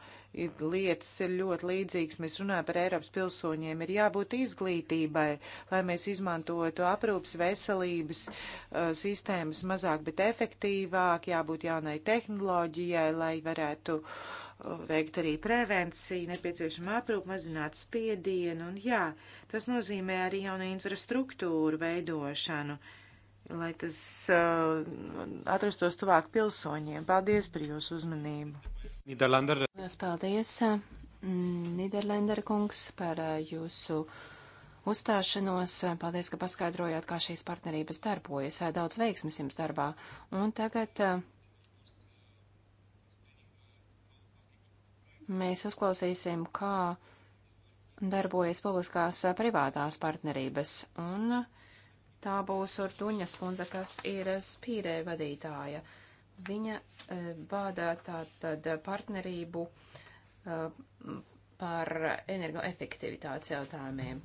Ir, lietas ir ļoti līdzīgas. Mēs runājam par Eiropas pilsoņiem. Ir jābūt izglītībai, lai mēs izmantotu aprūpas veselības uh, sistēmas mazāk, bet efektīvāk. Jābūt jaunai tehnoloģijai, lai varētu uh, veikt arī prevenciju, nepieciešama aprūpa, mazināt spiedienu. Un jā, tas nozīmē arī jaunu infrastruktūru veidošanu. Uh, lai tas uh, atrastos tuvāk pilsoņiem. Paldies par jūsu uzmanību. Nīderlandera. Lielas paldies, uh, Nīderlandera kungs, par uh, jūsu uzstāšanos. Uh, paldies, ka paskaidrojāt, kā šīs partnerības darbojas. Daudz veiksmes jums darbā. Un tagad mēs uzklausīsim, kā darbojas publiskās privātās partnerības. Un, uh, Tā būs Ortuņas kundze, kas ir spīrē vadītāja. Viņa e, vada tātad partnerību e, par energoefektivitātes jautājumiem.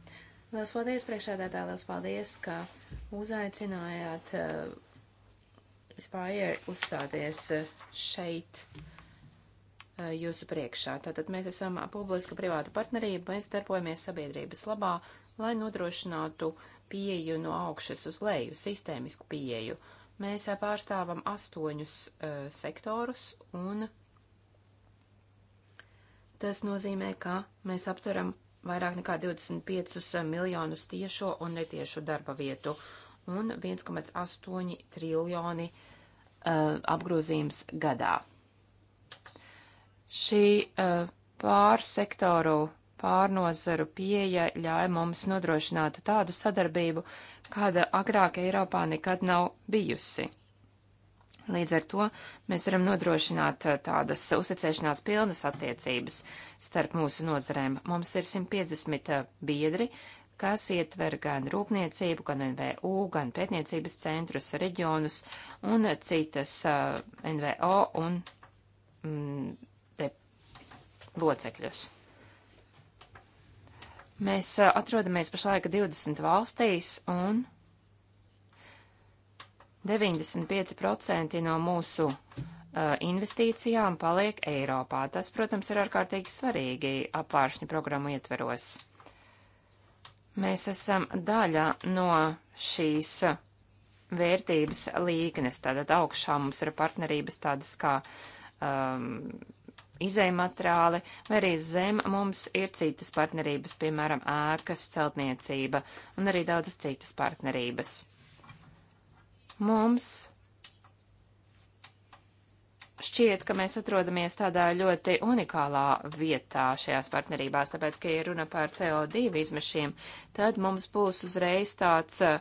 Lielas paldies priekšēdētāji, lielas paldies, ka uzaicinājāt vispār e, uzstāties šeit jūsu priekšā. Tātad mēs esam publiska privāta partnerība, mēs darbojamies sabiedrības labā, lai nodrošinātu uh, pieju no augšas uz leju, sistēmisku pieju. Mēs pārstāvam astoņus uh, sektorus, un tas nozīmē, ka mēs aptveram vairāk nekā 25 miljonus tiešo un netiešu darba vietu un 1,8 triljoni uh, apgrozījums gadā. Šī uh, pārsektoru pārnozaru pieeja ļāja mums nodrošināt tādu sadarbību, kāda agrāk Eiropā nekad nav bijusi. Līdz ar to mēs varam nodrošināt tādas uzticēšanās pilnas attiecības starp mūsu nozarēm. Mums ir 150 uh, biedri, kas ietver gan rūpniecību, gan NVU, gan pētniecības centrus, reģionus un citas uh, NVO un mm, te locekļus. Mēs atrodamies pašlaik 20 valstīs un 95% no mūsu investīcijām paliek Eiropā. Tas, protams, ir ārkārtīgi svarīgi apvāršņu programmu ietveros. Mēs esam daļa no šīs vērtības līknes, tātad augšā mums ir partnerības tādas kā um, izējumateriāli, vai arī zem mums ir citas partnerības, piemēram, ēkas, celtniecība un arī daudzas citas partnerības. Mums šķiet, ka mēs atrodamies tādā ļoti unikālā vietā šajās partnerībās, tāpēc, ka, ja runa par CO2 izmešiem, tad mums būs uzreiz tāds uh,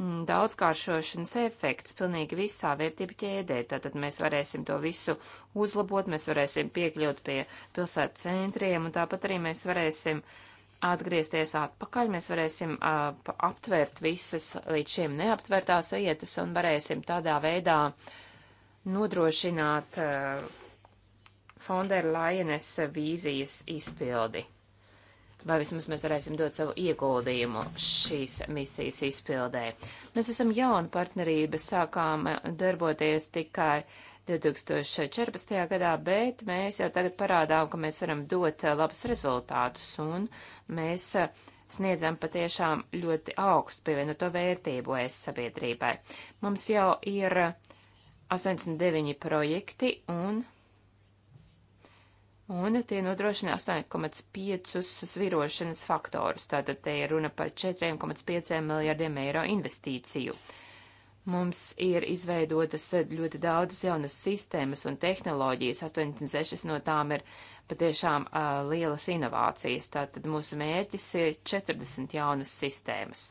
Mm, daudzkāršošanas efekts pilnīgi visā vērtību ķēdē. Tātad mēs varēsim to visu uzlabot, mēs varēsim piekļūt pie pilsētu centriem, un tāpat arī mēs varēsim atgriezties atpakaļ, mēs varēsim uh, aptvērt visas līdz šim neaptvērtās vietas un varēsim tādā veidā nodrošināt uh, Fondera Lajenes vīzijas izpildi vai vismaz mēs varēsim dot savu ieguldījumu šīs misijas izpildē. Mēs esam jauna partnerība, sākām darboties tikai 2014. gadā, bet mēs jau tagad parādām, ka mēs varam dot labus rezultātus un mēs sniedzam patiešām ļoti augstu pievienoto vērtību es sabiedrībai. Mums jau ir 89 projekti un un tie nodrošina 8,5 svirošanas faktorus. Tātad te ir runa par 4,5 miljardiem eiro investīciju. Mums ir izveidotas ļoti daudzas jaunas sistēmas un tehnoloģijas, 86 no tām ir patiešām uh, lielas inovācijas. Tātad mūsu mērķis ir 40 jaunas sistēmas.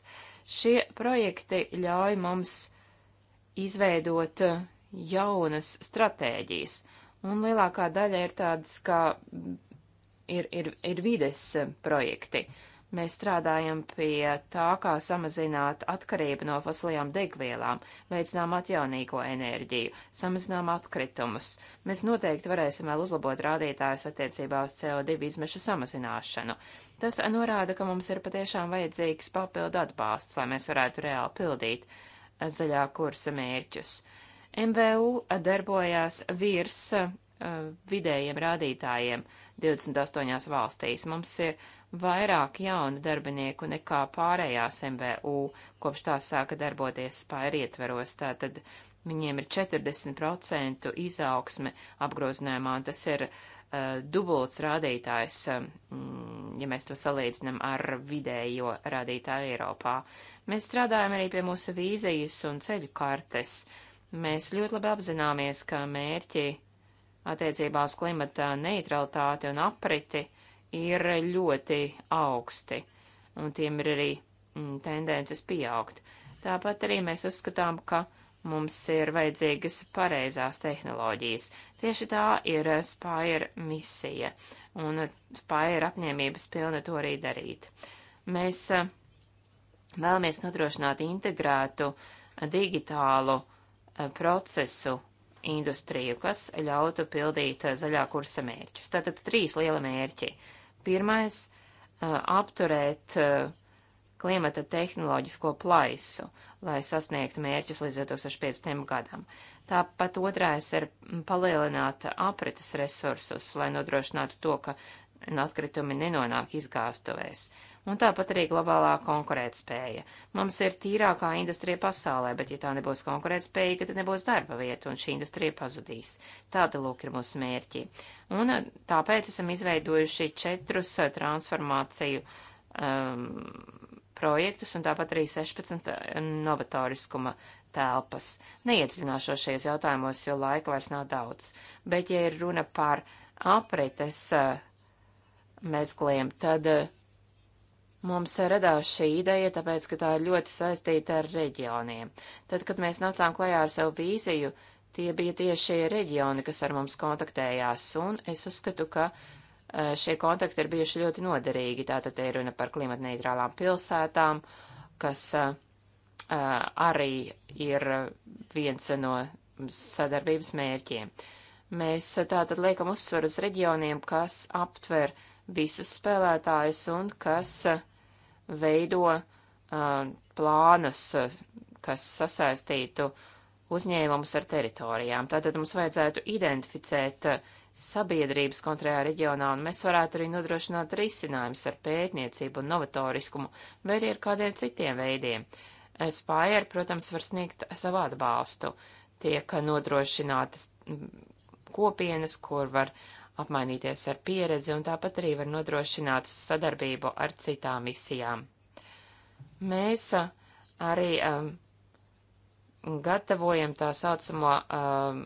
Šie projekti ļauj mums izveidot jaunas stratēģijas. Uh, un lielākā daļa ir tādas, kā ir, ir, ir vides projekti. Mēs strādājam pie tā, kā samazināt atkarību no fosilajām degvielām, veicinām atjaunīgo enerģiju, samazinām atkritumus. Mēs noteikti varēsim vēl uzlabot rādītājus attiecībā uz CO2 izmešu samazināšanu. Tas norāda, ka mums ir patiešām vajadzīgs papildu atbalsts, lai mēs varētu reāli pildīt zaļā kursa mērķus. Uh, MVU darbojās virs uh, vidējiem rādītājiem 28 valstīs. Mums ir vairāk jaunu darbinieku nekā pārējās MVU, kopš tās sāka darboties spēri ietveros. Tātad viņiem ir 40% izaugsme apgrozinājumā, un tas ir uh, dubults rādītājs, um, ja mēs to salīdzinām ar vidējo rādītāju Eiropā. Mēs strādājam arī pie mūsu vīzijas un ceļu kartes. Uh, Mēs ļoti labi apzināmies, ka mērķi attiecībā uz klimata neutralitāti un apriti ir ļoti augsti, un tiem ir arī mm, tendences pieaugt. Tāpat arī mēs uzskatām, ka mums ir vajadzīgas pareizās tehnoloģijas. Tieši tā ir Spire misija, un Spire apņēmības pilna to arī darīt. Mēs eh, vēlamies nodrošināt integrētu digitālu Eh, procesu industriju, kas ļautu pildīt eh, zaļā kursa mērķus. Tātad trīs liela mērķi. Pirmais eh, - apturēt klimata tehnoloģisko plaisu, lai sasniegtu mērķus līdz 2050. gadam. Tāpat otrais ir palielināt aprites resursus, lai nodrošinātu to, ka atkritumi nenonāk izgāstuvēs. Uh, un tāpat arī globālā konkurētspēja. Mums ir tīrākā industrija pasaulē, bet ja tā nebūs konkurētspējīga, tad nebūs darba vieta, un šī industrija pazudīs. Tāda lūk ir mūsu mērķi. Un eh, tāpēc esam izveidojuši četrus eh, transformāciju um, projektus un tāpat arī 16 eh, novatoriskuma telpas. Neiedziļināšos šajos jautājumos, jo laika vairs nav daudz. Bet, ja ir runa par aprites mezgliem, tad Mums radās šī ideja, tāpēc, ka tā ir ļoti saistīta ar reģioniem. Tad, kad mēs nācām klajā ar savu vīziju, tie bija tieši šie reģioni, kas ar mums kontaktējās, un es uzskatu, ka e, šie kontakti ir bijuši ļoti noderīgi. Tātad te ir runa par klimatneitrālām pilsētām, kas e, e, arī ir viens no sadarbības mērķiem. Mēs tātad liekam uzsvaru uz reģioniem, kas aptver visus spēlētājus un kas uh, veido uh, plānus, uh, kas sasaistītu uzņēmumus ar teritorijām. Tātad mums vajadzētu identificēt uh, sabiedrības kontrējā reģionā, un mēs varētu arī nodrošināt risinājumus ar pētniecību un novatoriskumu, vai arī ar kādiem citiem veidiem. Spājer, protams, var sniegt savu atbalstu. Tiek nodrošinātas mm, kopienas, kur var apmainīties ar pieredzi un tāpat arī var nodrošināt sadarbību ar citām misijām. Mēs arī um, gatavojam tā saucamo um,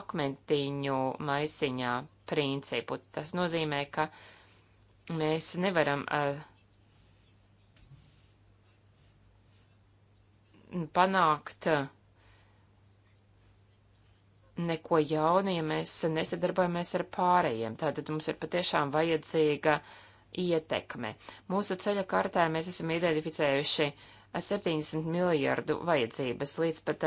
akmentiņu maisiņā principu. Tas nozīmē, ka mēs nevaram uh, panākt uh, neko jaunu, ja mēs nesadarbojamies ar pārējiem. Tātad mums ir patiešām vajadzīga ietekme. Mūsu ceļa kartē mēs esam identificējuši 70 miljardu vajadzības līdz pat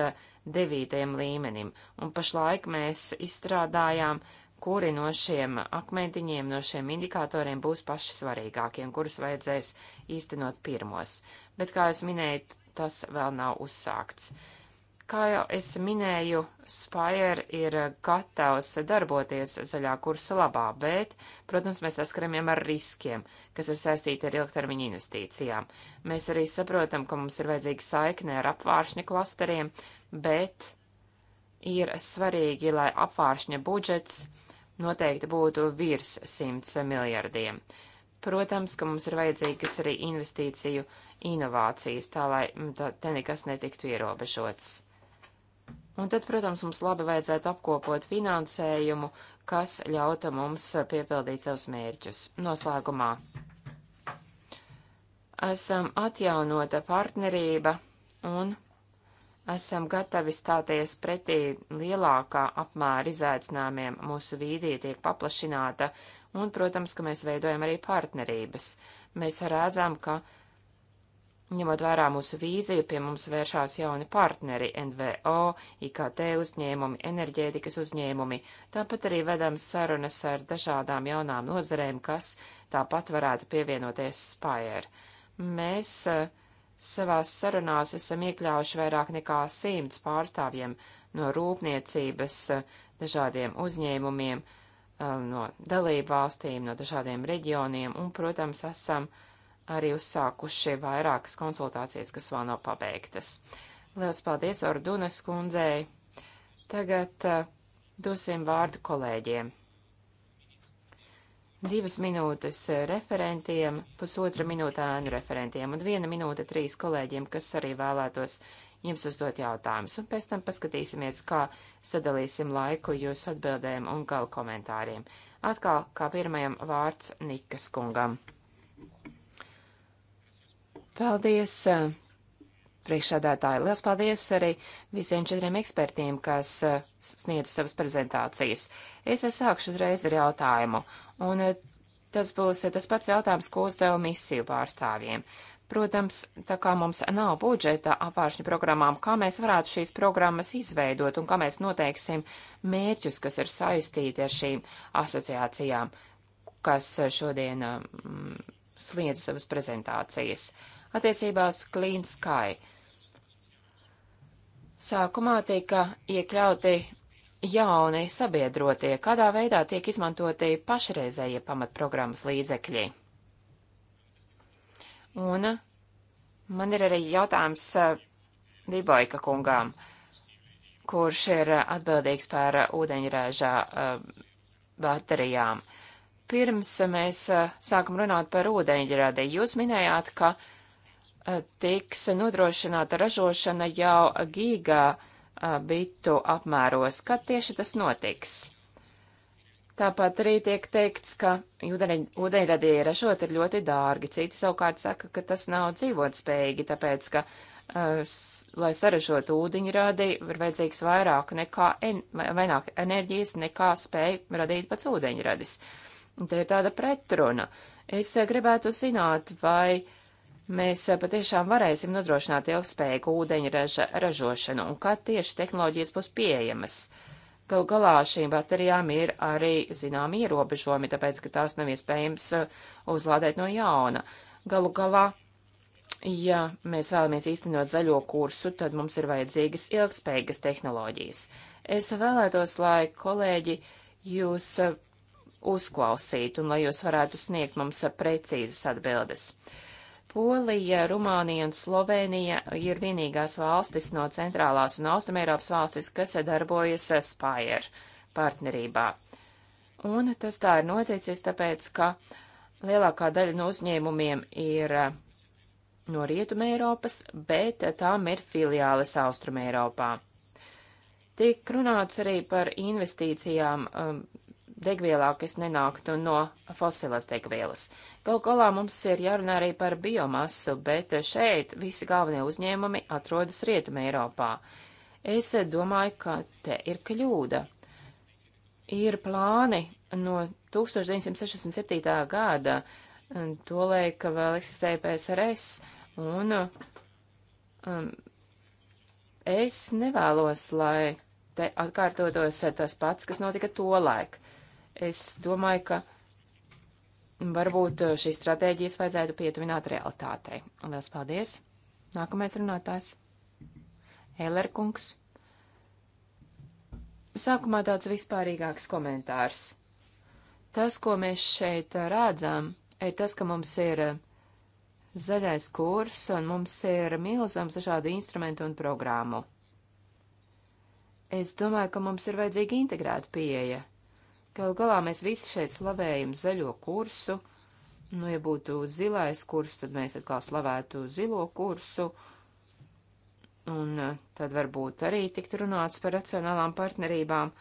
9. Eh, līmenim, un pašlaik mēs izstrādājām, kuri no šiem akmentiņiem, no šiem indikatoriem būs paši svarīgākie, kurus vajadzēs īstenot pirmos. Bet, kā jau minēju, tas vēl nav uzsākts. Uh, Kā jau es minēju, Spire ir gatavs darboties zaļā kursa labā, bet, protams, mēs saskaramies ar riskiem, kas ir saistīti ar ilgtermiņa investīcijām. Mēs arī saprotam, ka mums ir vajadzīga saikne ar apvāršņa klasteriem, bet ir svarīgi, lai apvāršņa budžets noteikti būtu virs 100 miljardiem. Protams, ka mums ir vajadzīgas arī investīciju inovācijas, tā lai mm, tā, te nekas netiktu ierobežots. Un tad, protams, mums labi vajadzētu apkopot finansējumu, kas ļauta mums piepildīt savus mērķus. Noslēgumā. Esam atjaunota partnerība un esam gatavi stāties pretī lielākā apmēra izaicinājumiem. Mūsu vīdī tiek paplašināta un, protams, ka mēs veidojam arī partnerības. Mēs redzam, ka Ņemot vērā mūsu vīziju, pie mums vēršās jauni partneri - NVO, IKT uzņēmumi, enerģētikas uzņēmumi, tāpat arī vedam sarunas ar dažādām jaunām nozarēm, kas tāpat varētu pievienoties Spire. Mēs eh, savās sarunās esam iekļaujuši vairāk nekā simts pārstāvjiem no rūpniecības, eh, dažādiem uzņēmumiem, eh, no dalību valstīm, no dažādiem reģioniem un, protams, esam uh, arī uzsākuši vairākas konsultācijas, kas vēl nav pabeigtas. Lielas paldies Ordunas kundzei. Tagad uh, dosim vārdu kolēģiem. Divas minūtes eh, referentiem, pusotra minūte ēnu referentiem un viena minūte trīs kolēģiem, kas arī vēlētos jums uzdot jautājumus, un pēc tam paskatīsimies, kā sadalīsim laiku jūsu atbildēm un gal komentāriem. Atkal, kā pirmajam, vārds Nikas kungam. Paldies, priekšsādātāji. Liels paldies arī visiem četriem ekspertiem, kas sniedz savas prezentācijas. Es sākšu uzreiz ar jautājumu, un tas būs tas pats jautājums, ko uzdevu misiju pārstāvjiem. Protams, tā kā mums nav budžeta apvāršņu programmām, kā mēs varētu šīs programmas izveidot un kā mēs noteiksim mērķus, kas ir saistīti ar šīm asociācijām, kas šodien mm, sniedz savas prezentācijas attiecībā uz Clean Sky. Sākumā tika iekļauti jauni sabiedrotie, kādā veidā tiek izmantoti pašreizējie pamatprogrammas līdzekļi. Un man ir arī jautājums eh, Diboika kungām, kurš ir atbildīgs par ūdeņrēža eh, baterijām. Pirms mēs eh, sākam runāt par ūdeņradi, jūs minējāt, ka uh, Eh, tiks nodrošināta ražošana jau gigā bitu apmēros. Kad tieši tas notiks? Tāpat arī tiek teikts, ka ūdeņradēji ražot ir ļoti dārgi. Citi savukārt saka, ka tas nav dzīvotspējīgi, tāpēc, ka, uh, lai saražotu ūdeņradi, ir vajadzīgs vairāk, nekā en, vairāk enerģijas, nekā spēja radīt pats ūdeņradis. Un te ir tāda pretruna. Es eh, gribētu zināt, vai uh, mēs eh, patiešām varēsim nodrošināt ilgspējīgu ūdeņa raža, ražošanu un kad tieši tehnoloģijas būs pieejamas. Galu galā šīm baterijām ir arī zinām ierobežojumi, tāpēc, ka tās nav iespējams eh, uzlādēt no jauna. Galu galā, ja mēs vēlamies īstenot zaļo kursu, tad mums ir vajadzīgas ilgspējīgas tehnoloģijas. Es vēlētos, lai kolēģi jūs eh, uzklausītu un lai jūs varētu sniegt mums precīzas atbildes. Uh, Polija, Rumānija un Slovenija ir vienīgās valstis no centrālās un austrumēropas valstis, kas darbojas Spire partnerībā. Un tas tā ir noticis tāpēc, ka lielākā daļa no uzņēmumiem ir no Rietuma Eiropas, bet tām ir filiāles Austruma Eiropā. Tiek runāts arī par investīcijām um, degvielā, kas nenāktu no fosilās degvielas. Galu galā mums ir jārunā arī par biomasu, bet šeit visi galvenie uzņēmumi atrodas Rietuma Eiropā. Es domāju, ka te ir kļūda. Ir plāni no 1967. gada, tolaik vēl eksistēja PSRS, un um, es nevēlos, lai te atkārtotos tas pats, kas notika tolaik. Uh, Es domāju, ka varbūt šīs stratēģijas vajadzētu pietuvināt realitātei. Lielas paldies! Nākamais runātājs - Eilerkungs. Sākumā tāds vispārīgāks komentārs. Tas, ko mēs šeit rādzām, ir tas, ka mums ir zaļais kurs un mums ir milzams dažādu instrumentu un programmu. Es domāju, ka mums ir vajadzīga integrēta pieeja. Galu galā mēs visi šeit slavējam zaļo kursu. Nu, ja būtu zilais kurs, tad mēs atkal slavētu zilo kursu. Un eh, tad varbūt arī tikt runāts par racionālām partnerībām.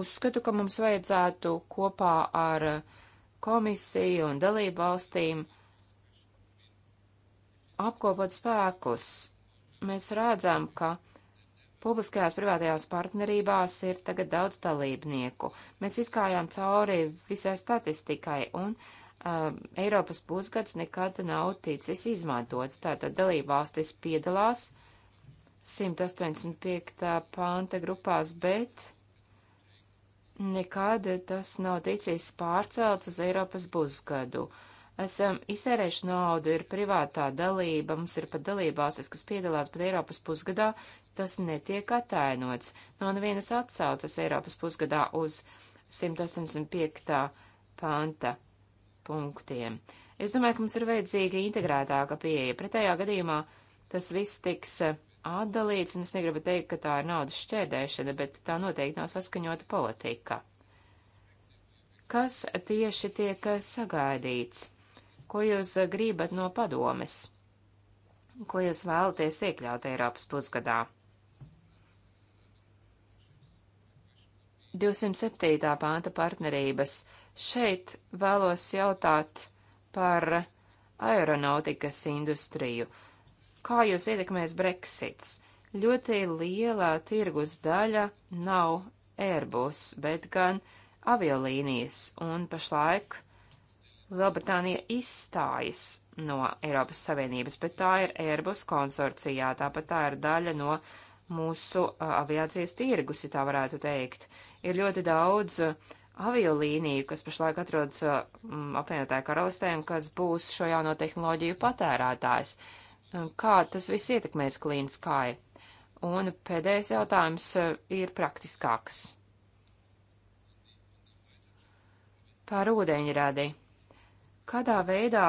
Uzskatu, ka mums vajadzētu kopā ar eh, komisiju un dalību valstīm apkopot spēkus. Mēs redzam, ka Publiskajās privātajās partnerībās ir tagad daudz dalībnieku. Mēs izkājām cauri visai statistikai, un uh, Eiropas pusgads nekad nav ticis izmantots. Tātad dalībvalstis piedalās 185. panta grupās, bet nekad tas nav ticis pārcelts uz Eiropas pusgadu. Uh, esam izsērējuši naudu, ir privātā dalība, mums ir pat dalībvalstis, kas piedalās pat Eiropas pusgadā, tas netiek atainots. Nav nevienas atsaucas Eiropas pusgadā uz 185. panta punktiem. Es domāju, ka mums ir vajadzīga integrētāka pieeja. Pretējā gadījumā tas viss tiks eh, atdalīts, un es negribu teikt, ka tā ir naudas šķērdēšana, bet tā noteikti nav saskaņota politika. Kas tieši tiek eh, sagaidīts? Ko jūs eh, gribat no padomes? Ko jūs vēlaties iekļaut Eiropas pusgadā? 207. pānta partnerības. Šeit vēlos jautāt par aeronautikas industriju. Kā jūs ietekmēs Brexits? Ļoti lielā tirgus daļa nav Airbus, bet gan aviolīnijas, un pašlaik Lielbritānija izstājas no Eiropas Savienības, bet tā ir Airbus konsorcijā, tāpat tā ir daļa no mūsu aviācijas tirgus, ja tā varētu teikt. Uh, ir ļoti daudz uh, aviolīniju, kas pašlaik atrodas uh, mm, apvienotāju karalistē un kas būs šo jauno tehnoloģiju patērētājs. Kā tas viss ietekmēs Clean Sky? Un pēdējais jautājums uh, ir praktiskāks. Par ūdeņradi. Kādā veidā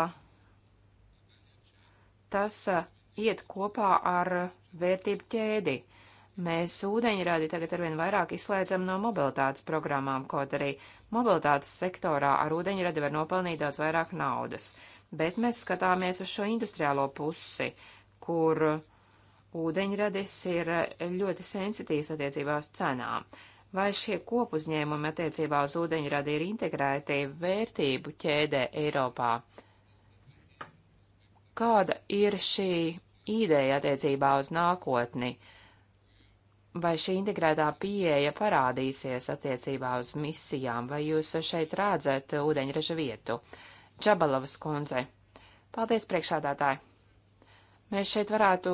tas iet kopā ar vērtību ķēdi? Uh, Mēs ūdeņradi tagad arvien vairāk izslēdzam no mobilitātes programmām, kaut arī mobilitātes sektorā ar ūdeņradi var nopelnīt daudz vairāk naudas. Bet mēs skatāmies uz šo industriālo pusi, kur ūdeņradis ir ļoti sensitīvs attiecībā uz cenām. Vai šie kopuzņēmumi attiecībā uz ūdeņradi ir integrēti vērtību ķēdē Eiropā? Kāda ir šī ideja attiecībā uz nākotni? Uh, vai šī integrētā pieeja parādīsies attiecībā uz misijām, vai jūs šeit rādzat ūdeņraža vietu? Čabalovas kundze. Paldies, priekšādātāji! Mēs šeit varētu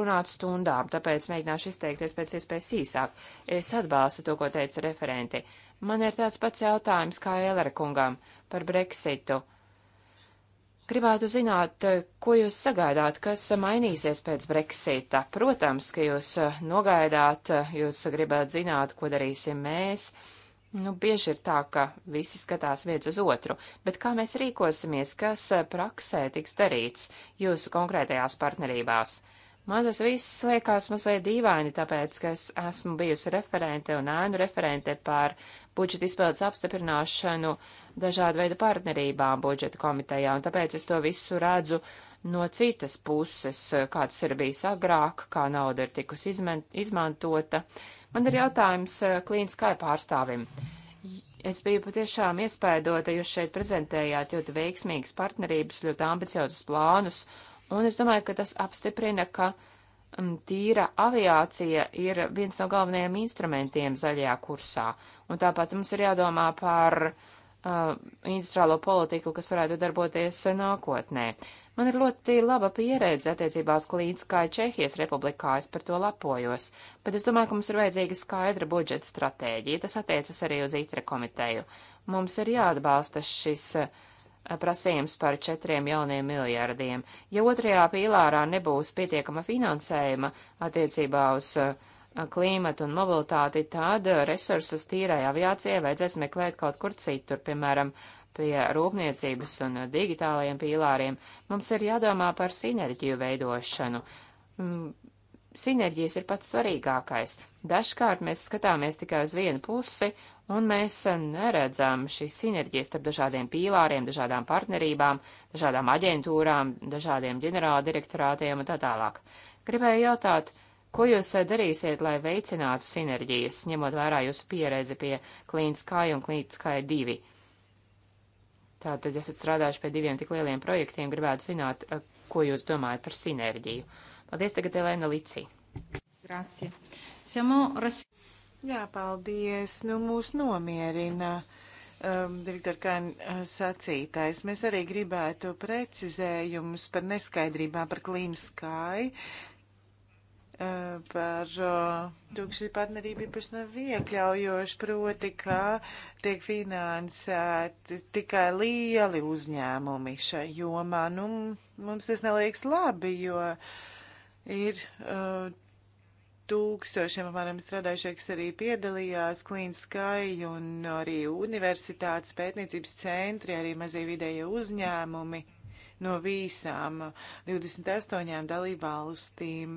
runāt stundām, tāpēc mēģināšu izteikties pēc iespējas īsāk. Es atbalstu to, ko teica referenti. Man ir tāds pats jautājums kā Elera kungam par Brexitu. Uh, Gribētu zināt, ko jūs sagaidāt, kas mainīsies pēc Brexita. Protams, ka jūs nogaidāt, jūs gribētu zināt, ko darīsim mēs. Nu, bieži ir tā, ka visi skatās viens uz otru, bet kā mēs rīkosimies, kas praksē tiks darīts jūsu konkrētajās partnerībās? Man tas viss liekas mazliet dīvaini, tāpēc, ka es esmu bijusi referente un ēnu referente par budžeta izpildes apstiprināšanu dažādu veidu partnerībām budžeta komitejā, un tāpēc es to visu redzu no citas puses, kāds ir bijis agrāk, kā nauda ir tikusi izmantota. Man ir jautājums klīniskai eh, pārstāvim. Es biju patiešām iespēdota, jūs šeit prezentējāt ļoti veiksmīgas partnerības, ļoti ambiciozus plānus, Un es domāju, ka tas apstiprina, ka mm, tīra aviācija ir viens no galvenajiem instrumentiem zaļajā kursā. Un tāpat mums ir jādomā par uh, industriālo politiku, kas varētu darboties nākotnē. Man ir ļoti laba pieredze attiecībās klīdz kā Čehijas republikā, es par to lapojos, bet es domāju, ka mums ir vajadzīga skaidra budžeta stratēģija, tas attiecas arī uz ITRE komiteju. Mums ir jāatbalsta šis uh, Eh, prasījums par 4 jauniem miljardiem. Ja otrajā pīlārā nebūs pietiekama finansējuma attiecībā uz eh, klīmatu un mobilitāti, tad eh, resursus tīrai aviācijai vajadzēs meklēt kaut kur citur, piemēram, pie rūpniecības un digitālajiem pīlāriem. Mums ir jādomā par sinerģiju veidošanu. Mm, sinerģijas ir pats svarīgākais. Dažkārt mēs skatāmies tikai uz vienu pusi, un mēs eh, neredzam šīs sinerģijas starp dažādiem pīlāriem, dažādām partnerībām, dažādām aģentūrām, dažādiem ģenerāldirektorātiem un tā tālāk. Gribēju jautāt, ko jūs eh, darīsiet, lai veicinātu sinerģijas, ņemot vērā jūsu pieredzi pie klīniskai un klīniskai divi? Tātad esat strādājuši pie diviem tik lieliem projektiem, gribētu zināt, eh, ko jūs domājat par sinerģiju. Uh, Paldies tagad Elēna Licija. Grācija. Jā, paldies. Nu, mūs nomierina um, direktor Kāna uh, sacītais. Mēs arī gribētu precizējumus par neskaidrībām par Clean Sky, uh, par uh, to, ka šī partnerība īpaši nav iekļaujoša, proti, ka tiek finansēti tikai lieli uzņēmumi šai jomā. Nu, mums tas neliekas labi, jo. Uh, Ir uh, tūkstošiem apmēram strādājušie, kas arī piedalījās Clean Sky un arī universitātes pētniecības centri, arī mazie vidējie uzņēmumi no visām 28 dalību valstīm.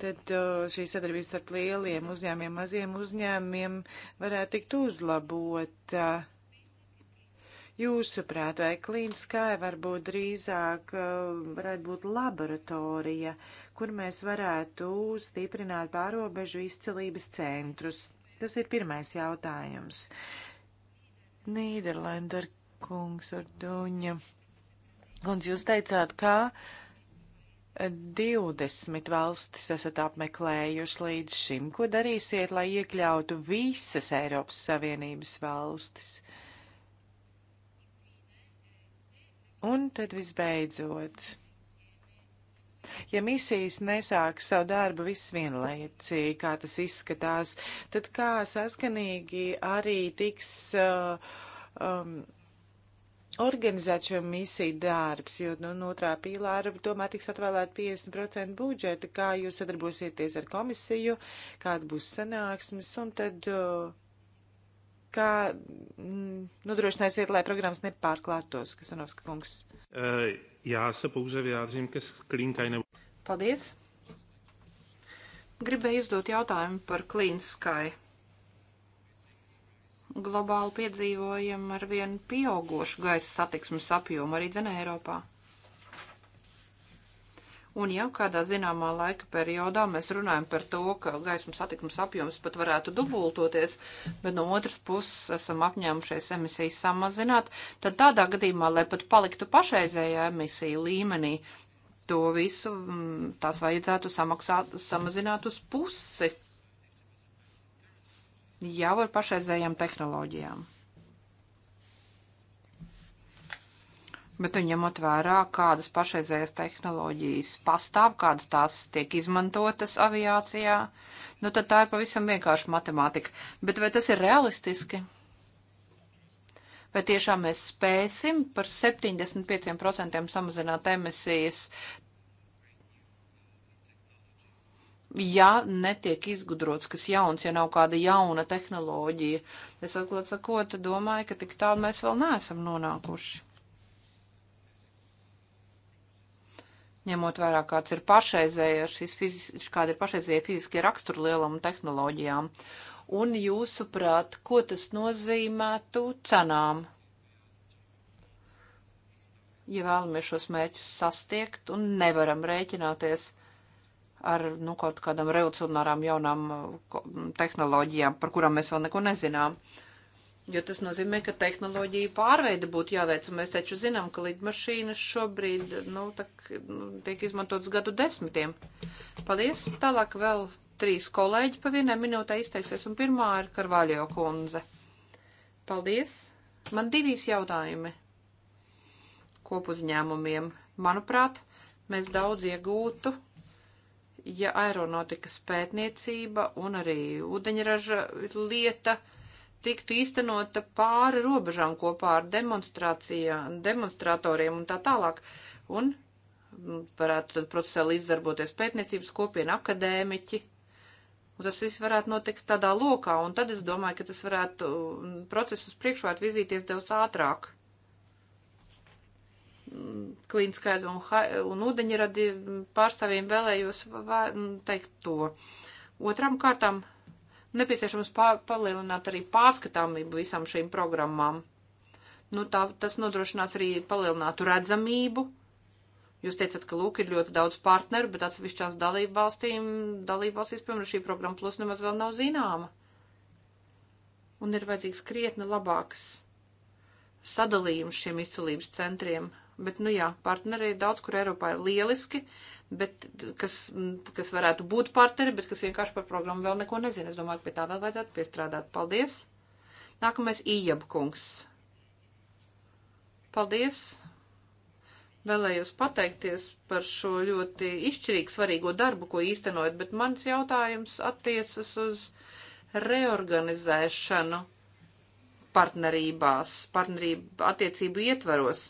Tad uh, šī sadarbība starp lieliem uzņēmiem, maziem uzņēmiem varētu tikt uzlabota. Uh, Jūsuprāt, vai klīniskai varbūt drīzāk um, varētu būt laboratorija, kur mēs varētu stiprināt pārobežu izcelības centrus? Tas ir pirmais jautājums. Nīderlander kungs ar duņa. Kundz, jūs teicāt, ka 20 valstis esat apmeklējuši līdz šim. Ko darīsiet, lai iekļautu visas Eiropas Savienības valstis? Uh, Un tad visbeidzot, ja misijas nesāk savu darbu viss vienlaicīgi, kā tas izskatās, tad kā saskanīgi arī tiks uh, um, organizēt šo misiju darbs, jo nu, no otrā pīlāra tomēr tiks atvēlēt 50% budžeta, kā jūs sadarbosieties ar komisiju, kāds būs sanāksmes, un tad. Uh, kā mm, nodrošināsiet, lai programmas nepārklātos, Kasanovska kungs? E, Jā, sapūza vyjádřím, ka sklīnkai nav. Paldies! Gribēju uzdot jautājumu par Clean Sky. Globāli piedzīvojam ar vienu pieaugošu gaisa satiksmes apjomu arī dzen Eiropā. Un jau kādā zināmā laika periodā mēs runājam par to, ka gaismas attikums apjoms pat varētu dubultoties, bet no otras puses esam apņēmušies emisijas samazināt, tad tādā gadījumā, lai pat paliktu pašreizējā emisija līmenī, to visu mm, tās vajadzētu samaksāt, samazināt uz pusi jau ar pašreizējām tehnoloģijām. Bet nu, ņemot vērā, kādas pašreizējās tehnoloģijas pastāv, kādas tās tiek izmantotas aviācijā, nu tad tā ir pavisam vienkārši matemātika. Bet vai tas ir realistiski? Vai tiešām mēs spēsim par 75% samazināt emisijas, ja netiek izgudrots kas jauns, ja nav kāda jauna tehnoloģija? Es atklāt sakot, domāju, ka tik tālu mēs vēl neesam nonākuši. ņemot vērā, kāds ir pašreizējais, fizis, kāda ir pašreizējie fiziskie raksturi lielam tehnoloģijām. Un jūsuprāt, ko tas nozīmētu cenām? Ja vēlamies šos mērķus sastiekt un nevaram rēķināties ar nu, kaut kādām revolucionārām jaunām tehnoloģijām, par kurām mēs vēl neko nezinām. Uh, Jo tas nozīmē, ka tehnoloģija pārveida būtu jāveic, un mēs taču zinām, ka lidmašīnas šobrīd, nu, tak, nu, tiek izmantotas gadu desmitiem. Paldies! Tālāk vēl trīs kolēģi pa vienai minūtē izteiksies, un pirmā ir Karvaļo kundze. Paldies! Man divīs jautājumi kopuzņēmumiem. Manuprāt, mēs daudz iegūtu, ja aeronautikas pētniecība un arī ūdeņraža lieta – tiktu īstenota pāri robežām kopā ar demonstratoriem un tā tālāk. Un varētu tad procesēli izdarboties pētniecības kopiena, akadēmiķi. Un tas viss varētu notikt tādā lokā, un tad es domāju, ka tas varētu mm, procesus priekšā atvizīties daudz ātrāk. Mm, Klīniskais un, un ūdeņradi mm, pārstāvjiem vēlējos teikt to. Otram kārtam Nepieciešams palielināt arī pārskatāmību visām šīm programmām. Nu, tā, tas nodrošinās arī palielinātu redzamību. Jūs teicat, ka lūk, ir ļoti daudz partneru, bet atsevišķās dalību valstīm, dalību valstīs, piemēram, šī programma plus nemaz vēl nav zināma. Un ir vajadzīgs krietni labāks sadalījums šiem izcilības centriem. Bet, nu jā, partneri daudz kur Eiropā ir lieliski, bet kas, kas varētu būt partneri, bet kas vienkārši par programmu vēl neko nezina. Es domāju, ka pie tā vēl vajadzētu piestrādāt. Paldies! Nākamais Ijab kungs. Paldies! Vēlējos pateikties par šo ļoti izšķirīgu svarīgo darbu, ko īstenojat, bet mans jautājums attiecas uz reorganizēšanu partnerībās, partnerību attiecību ietvaros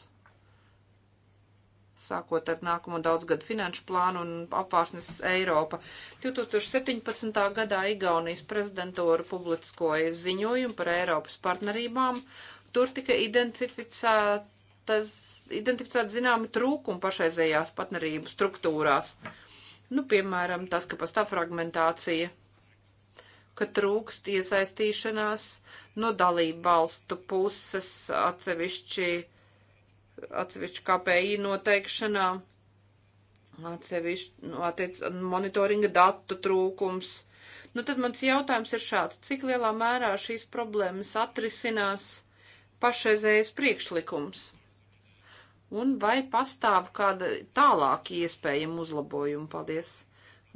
sākot ar nākamo daudzgadu finanšu plānu un apvārsnes Eiropa. 2017. gadā Igaunijas prezidentūra publiskoja ziņojumu par Eiropas partnerībām. Tur tika identificētas, identificēt zināmi trūkumi pašreizējās partnerību struktūrās. Nu, piemēram, tas, ka pastāv fragmentācija, ka trūkst iesaistīšanās no dalību valstu puses atsevišķi uh, atsevišķu KPI noteikšanā, atsevišķu nu, attiec, monitoringa datu trūkums. Nu, tad mans jautājums ir šāds, cik lielā mērā šīs problēmas atrisinās pašreizējais priekšlikums? Un vai pastāv kāda tālāk iespējama uzlabojuma? Paldies!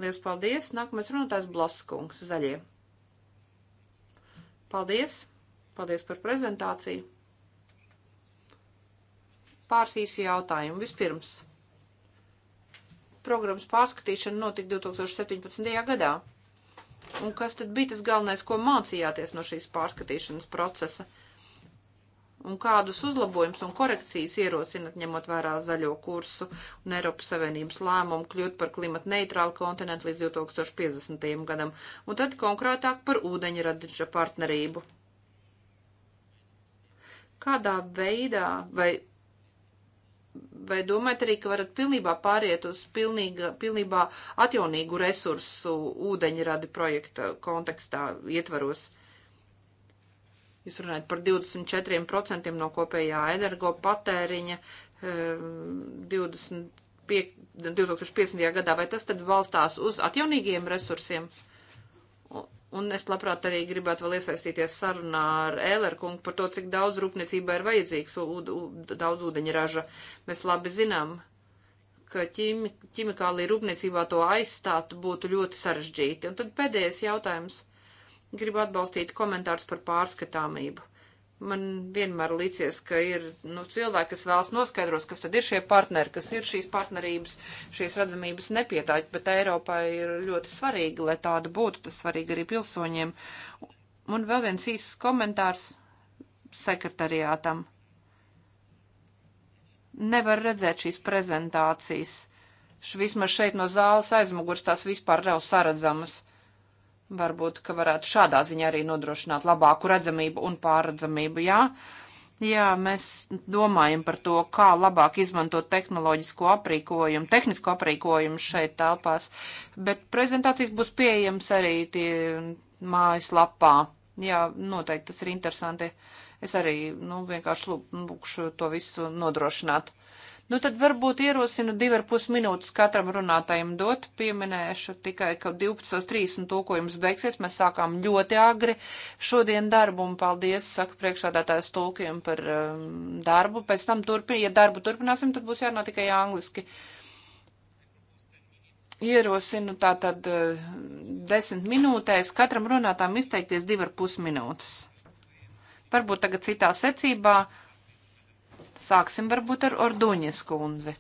Lielas paldies! Nākamais runātājs Blaskungs, zaļie. Paldies! Paldies par prezentāciju! pāris īsi jautājumi. Vispirms, programmas pārskatīšana notika 2017. gadā. Un kas tad bija tas galvenais, ko mācījāties no šīs pārskatīšanas procesa? Un kādus uzlabojumus un korekcijas ierosinat, ņemot vērā zaļo kursu un Eiropas Savienības lēmumu kļūt par klimatu neitrālu kontinentu līdz 2050. gadam? Un tad konkrētāk par ūdeņradža partnerību. Kādā veidā vai Vai domājat arī, ka varat pilnībā pāriet uz pilnīga, pilnībā atjaunīgu resursu ūdeņradi projekta kontekstā ietvaros? Jūs runājat par 24% no kopējā energo patēriņa, 25, ehm, 2050. gadā, vai tas tad valstās uz atjaunīgiem resursiem? Un es labprāt arī gribētu vēl iesaistīties sarunā ar Ēlerkungu par to, cik daudz rūpniecībā ir vajadzīgs daudz ūdeņraža. Mēs labi zinām, ka ķim, ķimikālī rūpniecībā to aizstāt būtu ļoti sarežģīti. Un tad pēdējais jautājums. Gribu atbalstīt komentārus par pārskatāmību. Man vienmēr līdzies, ka ir nu, cilvēki, kas vēlas noskaidros, kas tad ir šie partneri, kas ir šīs partnerības, šīs redzamības nepietāķi, bet Eiropā ir ļoti svarīgi, lai tāda būtu, tas svarīgi arī pilsoņiem. Un vēl viens īsts komentārs sekretariātam. Nevar redzēt šīs prezentācijas. Vismaz šeit no zāles aizmugurs tās vispār nav saredzamas Varbūt, ka varētu šādā ziņā arī nodrošināt labāku redzamību un pārredzamību, jā. Jā, mēs domājam par to, kā labāk izmantot tehnoloģisko aprīkojumu, tehnisko aprīkojumu šeit telpās, bet prezentācijas būs pieejams arī tie mājaslapā. Jā, noteikti tas ir interesanti. Es arī, nu, vienkārši lūkšu to visu nodrošināt. Nu, tad varbūt ierosinu divi ar pus minūtes katram runātājiem dot. Pieminēšu tikai, ka 12.30 tulkojums beigsies. Mēs sākām ļoti agri šodien darbu un paldies, saka priekšādātājs tulkiem par um, darbu. Pēc tam, turpin, ja darbu turpināsim, tad būs jārunā tikai angliski ierosinu tātad uh, desmit minūtēs katram runātām izteikties divi ar pus minūtes. Varbūt tagad citā secībā Sāksim varbūt ar Orduņas kundzi.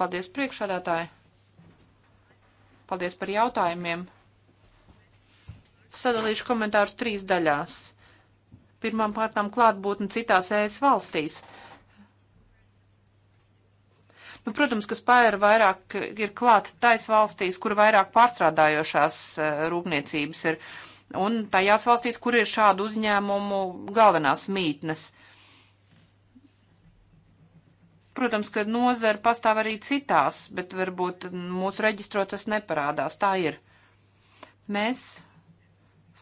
Paldies priekšādātāji. Paldies par jautājumiem. Sadalīšu komentārus trīs daļās. Pirmām kārtām klātbūtni citās ES valstīs. Nu, protams, ka spēja ir vairāk ir klāta tais valstīs, kur vairāk pārstrādājošās eh, rūpniecības ir. Uh, un tajās valstīs, kur ir šādu uzņēmumu galvenās mītnes. Protams, ka nozara pastāv arī citās, bet varbūt mūsu reģistros tas neparādās. Tā ir. Mēs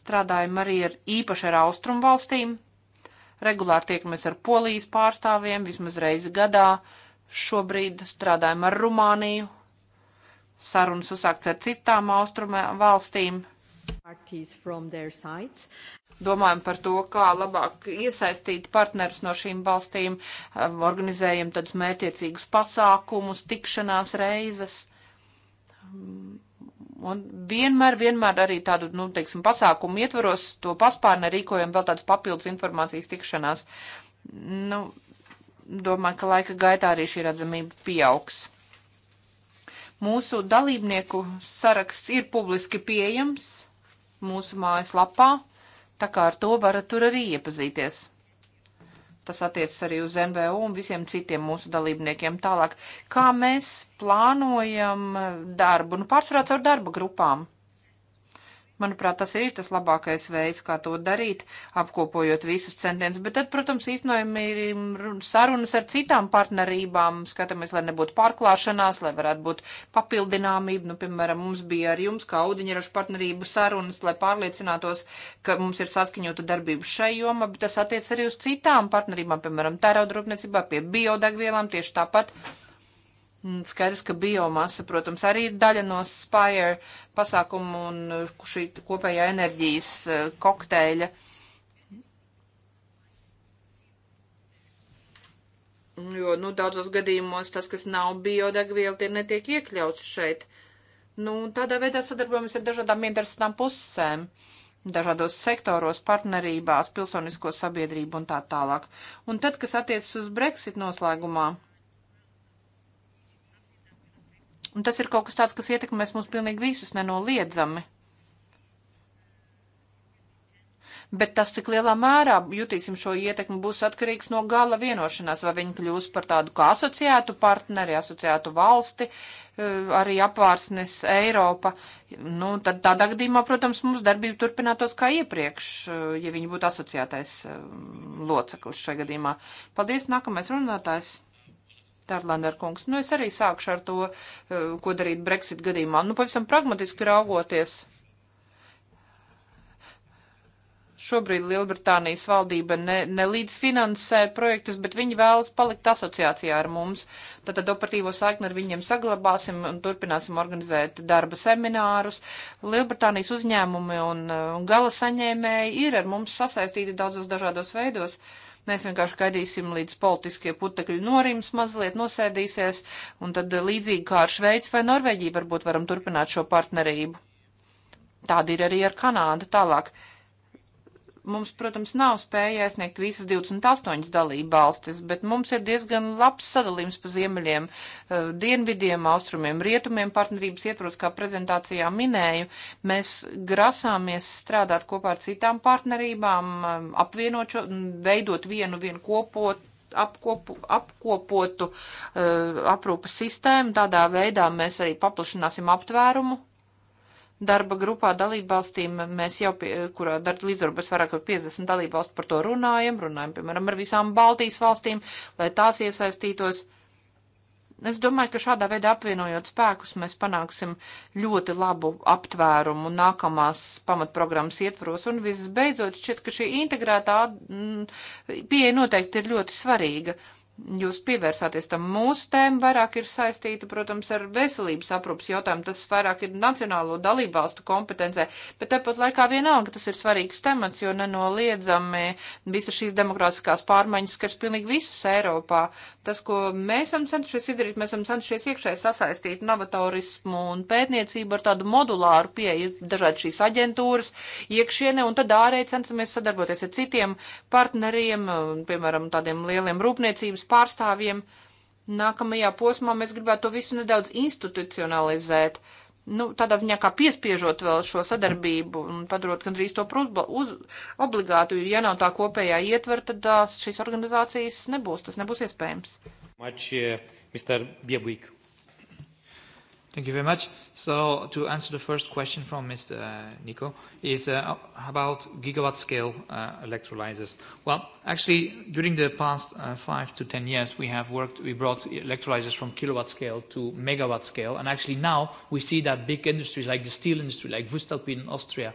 strādājam arī ar īpaši ar austrumu valstīm. Regulāri tiekamies ar polijas pārstāvjiem, vismaz reizi gadā. Šobrīd strādājam ar Rumāniju. Sarunas uzsākts ar citām austrumu valstīm Domājam par to, kā labāk iesaistīt partnerus no šīm valstīm, um, organizējam tādus mērķiecīgus pasākumus, tikšanās reizes. Um, un vienmēr, vienmēr arī tādu, nu, teiksim, pasākumu ietvaros to paspārnē rīkojam vēl tādas papildus informācijas tikšanās. Nu, domāju, ka laika gaitā arī šī redzamība pieaugs. Mūsu dalībnieku saraksts ir publiski pieejams mūsu mājaslapā, tā kā ar to varat tur arī iepazīties. Tas attiecas arī uz NVO un visiem citiem mūsu dalībniekiem tālāk. Kā mēs plānojam darbu? Nu, pārsvarā caur darba grupām. Manuprāt, tas ir tas labākais veids, kā to darīt, apkopojot visus centienus. Bet tad, protams, īstenojam ir sarunas ar citām partnerībām, skatāmies, lai nebūtu pārklāšanās, lai varētu būt papildināmība. Nu, piemēram, mums bija ar jums, kā audiņrašu partnerību sarunas, lai pārliecinātos, ka mums ir saskaņota darbība šai jomā, bet tas attiec arī uz citām partnerībām, piemēram, tērauda rūpniecībā pie biodegvielām tieši tāpat. Mm, skaidrs, ka biomasa, protams, arī ir daļa no Spire pasākumu un uh, šī kopējā enerģijas uh, kokteļa. Jo, nu, daudzos gadījumos tas, kas nav biodegviela, tie netiek iekļauts šeit. Nu, tādā veidā sadarbojamies ar dažādām interesantām pusēm dažādos sektoros, partnerībās, pilsonisko sabiedrību un tā tālāk. Un tad, kas attiecas uz Brexit noslēgumā, Un tas ir kaut kas tāds, kas ietekmēs mūs pilnīgi visus nenoliedzami. Bet tas, cik lielā mērā jutīsim šo ietekmi, būs atkarīgs no gala vienošanās, vai viņi kļūs par tādu kā asociētu partneri, asociētu valsti, eh, arī apvārsnes Eiropa. Nu, tad tādā gadījumā, protams, mums darbība turpinātos kā iepriekš, eh, ja viņi būtu asociētais eh, loceklis šajā gadījumā. Paldies, nākamais runātājs. Tarlander kungs. Nu, es arī sākšu ar to, eh, ko darīt Brexit gadījumā. Nu, pavisam pragmatiski raugoties. Šobrīd Lielbritānijas valdība ne, ne līdz finansē projektus, bet viņi vēlas palikt asociācijā ar mums. Tātad operatīvo saikni ar viņiem saglabāsim un turpināsim organizēt darba seminārus. Lielbritānijas uzņēmumi un, eh, un gala saņēmēji ir ar mums sasaistīti daudzos dažādos veidos. Uh, Mēs vienkārši gaidīsim, līdz politiskie putekļi norims mazliet nosēdīsies, un tad eh, līdzīgi kā ar Šveici vai Norvēģiju varbūt varam turpināt šo partnerību. Tāda ir arī ar Kanādu tālāk. Mums, protams, nav spēja iesniegt visas 28 dalību valstis, bet mums ir diezgan labs sadalījums pa ziemeļiem, eh, dienvidiem, austrumiem, rietumiem partnerības ietvaros, kā prezentācijā minēju. Mēs grasāmies strādāt kopā ar citām partnerībām, eh, apvienot, veidot vienu, vienu kopot apkopu, apkopotu uh, eh, aprūpas sistēmu. Tādā veidā mēs arī paplašināsim aptvērumu darba grupā dalībvalstīm, mēs jau, pie, kurā darba līdzvarbūt vairāk par 50 dalībvalstu par to runājam, runājam, piemēram, ar visām Baltijas valstīm, lai tās iesaistītos. Es domāju, ka šādā veidā apvienojot spēkus, mēs panāksim ļoti labu aptvērumu nākamās pamatprogrammas ietvaros. Un visbeidzot, šķiet, ka šī integrētā mm, pieeja noteikti ir ļoti svarīga. Uh, Jūs pievērsāties tam mūsu tēmu, vairāk ir saistīta, protams, ar veselības aprūpas jautājumu, tas vairāk ir nacionālo dalībvalstu kompetencē, bet tāpat laikā vienalga tas ir svarīgs temats, jo nenoliedzami visa šīs demokrātiskās pārmaiņas skars pilnīgi visus Eiropā. Tas, ko mēs esam centušies izdarīt, mēs esam centušies iekšēji sasaistīt novatorismu un pētniecību ar tādu modulāru pieeju, ir dažādi šīs aģentūras iekšienē, un tad ārēji cenšamies sadarboties ar citiem partneriem, piemēram, tādiem lieliem rūpniecības savienības pārstāvjiem. Nākamajā posmā mēs gribētu to visu nedaudz institucionalizēt, nu, tādā ziņā kā piespiežot vēl šo sadarbību un padarot gandrīz to uz obligātu, jo ja nav tā kopējā ietver, tad tās šīs organizācijas nebūs, tas nebūs iespējams. Mačie, uh, Mr. Biebuik. Thank you very much. So to answer the first question from Mr. Uh, Nico is uh, about gigawatt scale uh, electrolyzers. Well, actually, during the past uh, five to 10 years, we have worked, we brought electrolyzers from kilowatt scale to megawatt scale. And actually now we see that big industries like the steel industry, like Voestalpine in Austria,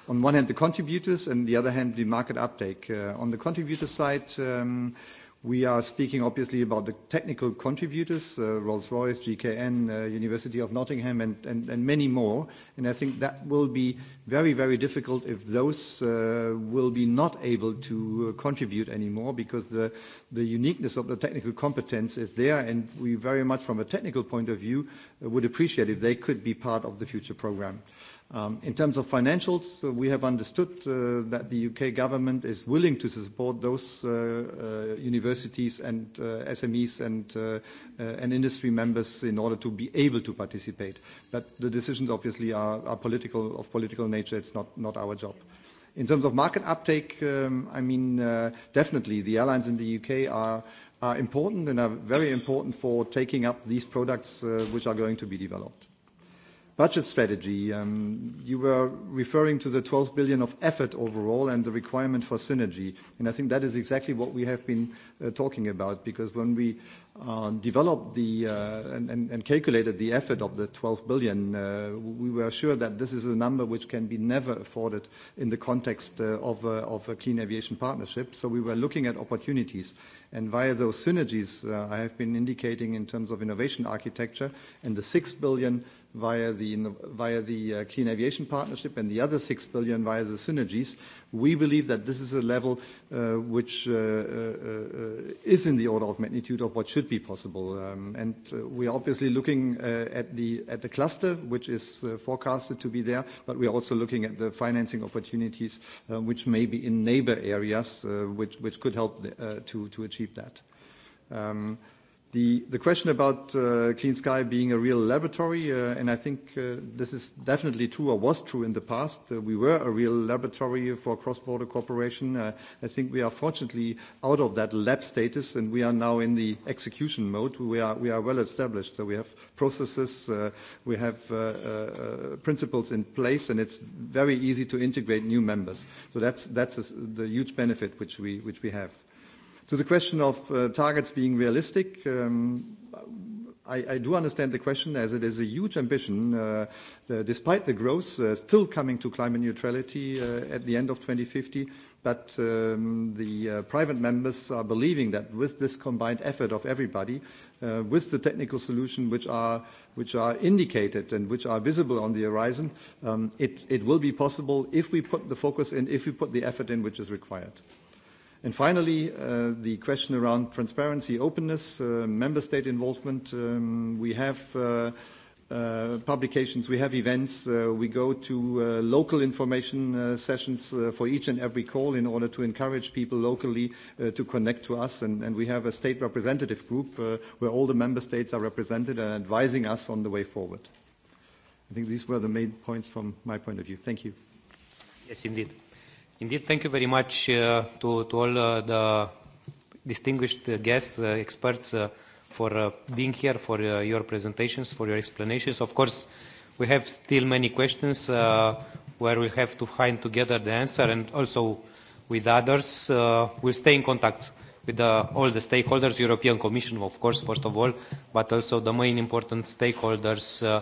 on one hand, the contributors, and the other hand, the market uptake. Uh, on the contributor side, um, we are speaking obviously about the technical contributors, uh, Rolls-Royce, GKN, uh, University of Nottingham, and, and, and many more. And I think that will be very, very difficult if those uh, will be not able to uh, contribute anymore because the, the uniqueness of the technical competence is there, and we very much from a technical point of view uh, would appreciate if they could be part of the future program. Um, in terms of financials, uh, we have understood uh, that the U.K. government is willing to support those uh, uh universities and uh, SMEs and, uh, and industry members in order to be able to participate. But the decisions obviously are, are political, of political nature. It's not, not our job. In terms of market uptake, um, I mean, definitely the airlines in the U.K. are, are important and are very important for taking up these products which are going to be developed budget strategy, um, you were referring to the 12 billion of effort overall and the requirement for synergy. And I think that is exactly what we have been uh, talking about, because when we uh, developed the uh, and, and, and calculated the effort of the 12 billion, uh, we were sure that this is a number which can be never afforded in the context uh, of, uh, of a Clean Aviation Partnership. So we were looking at opportunities. And via those synergies, I have been indicating in terms of innovation architecture and the 6 billion via the, via the uh, Clean Aviation Partnership and the other 6 billion via the synergies, we believe that this is a level uh, which uh, is in the order of magnitude of what should be possible. Um, and we're obviously looking at the, at the cluster, which is forecasted to be there, but we're also looking at the financing opportunities, which may be in neighbor areas, which, which could help the, to, to achieve that. Um, The, the question about uh, Clean Sky being a real laboratory, uh, and I think uh, this is definitely true or was true in the past. Uh, we were a real laboratory for cross-border cooperation. Uh, I think we are fortunately out of that lab status, and we are now in the execution mode. We are, we are well established. So we have processes, uh, we have principles in place, and it's very easy to integrate new members. So that's, that's a, the huge benefit which we, which we have. To the question of uh, targets being realistic, um, I, I do understand the question as it is a huge ambition, uh, the, despite the growth, uh, still coming to climate neutrality uh, at the end of 2050. But um, the uh, private members are believing that with this combined effort of everybody, uh, with the technical solution which are, which are indicated and which are visible on the horizon, um, it, it will be possible if we put the focus in, if we put the effort in which is required. And finally, uh, the question around transparency, openness, uh, member state involvement. Um, we have uh, uh, publications, we have events, uh, we go to uh, local information uh, sessions uh, for each and every call in order to encourage people locally uh, to connect to us. And, and we have a state representative group uh, where all the member states are represented and advising us on the way forward. I think these were the main points from my point of view. Thank you. Yes, indeed. Indeed, thank you very much uh, to, to all uh, the distinguished uh, guests, uh, experts, uh, for uh, being here, for uh, your presentations, for your explanations. Of course, we have still many questions uh, where we'll have to find together the answer and also with others. Uh, we'll stay in contact with the, all the stakeholders, European Commission, of course, first of all, but also the main important stakeholders uh,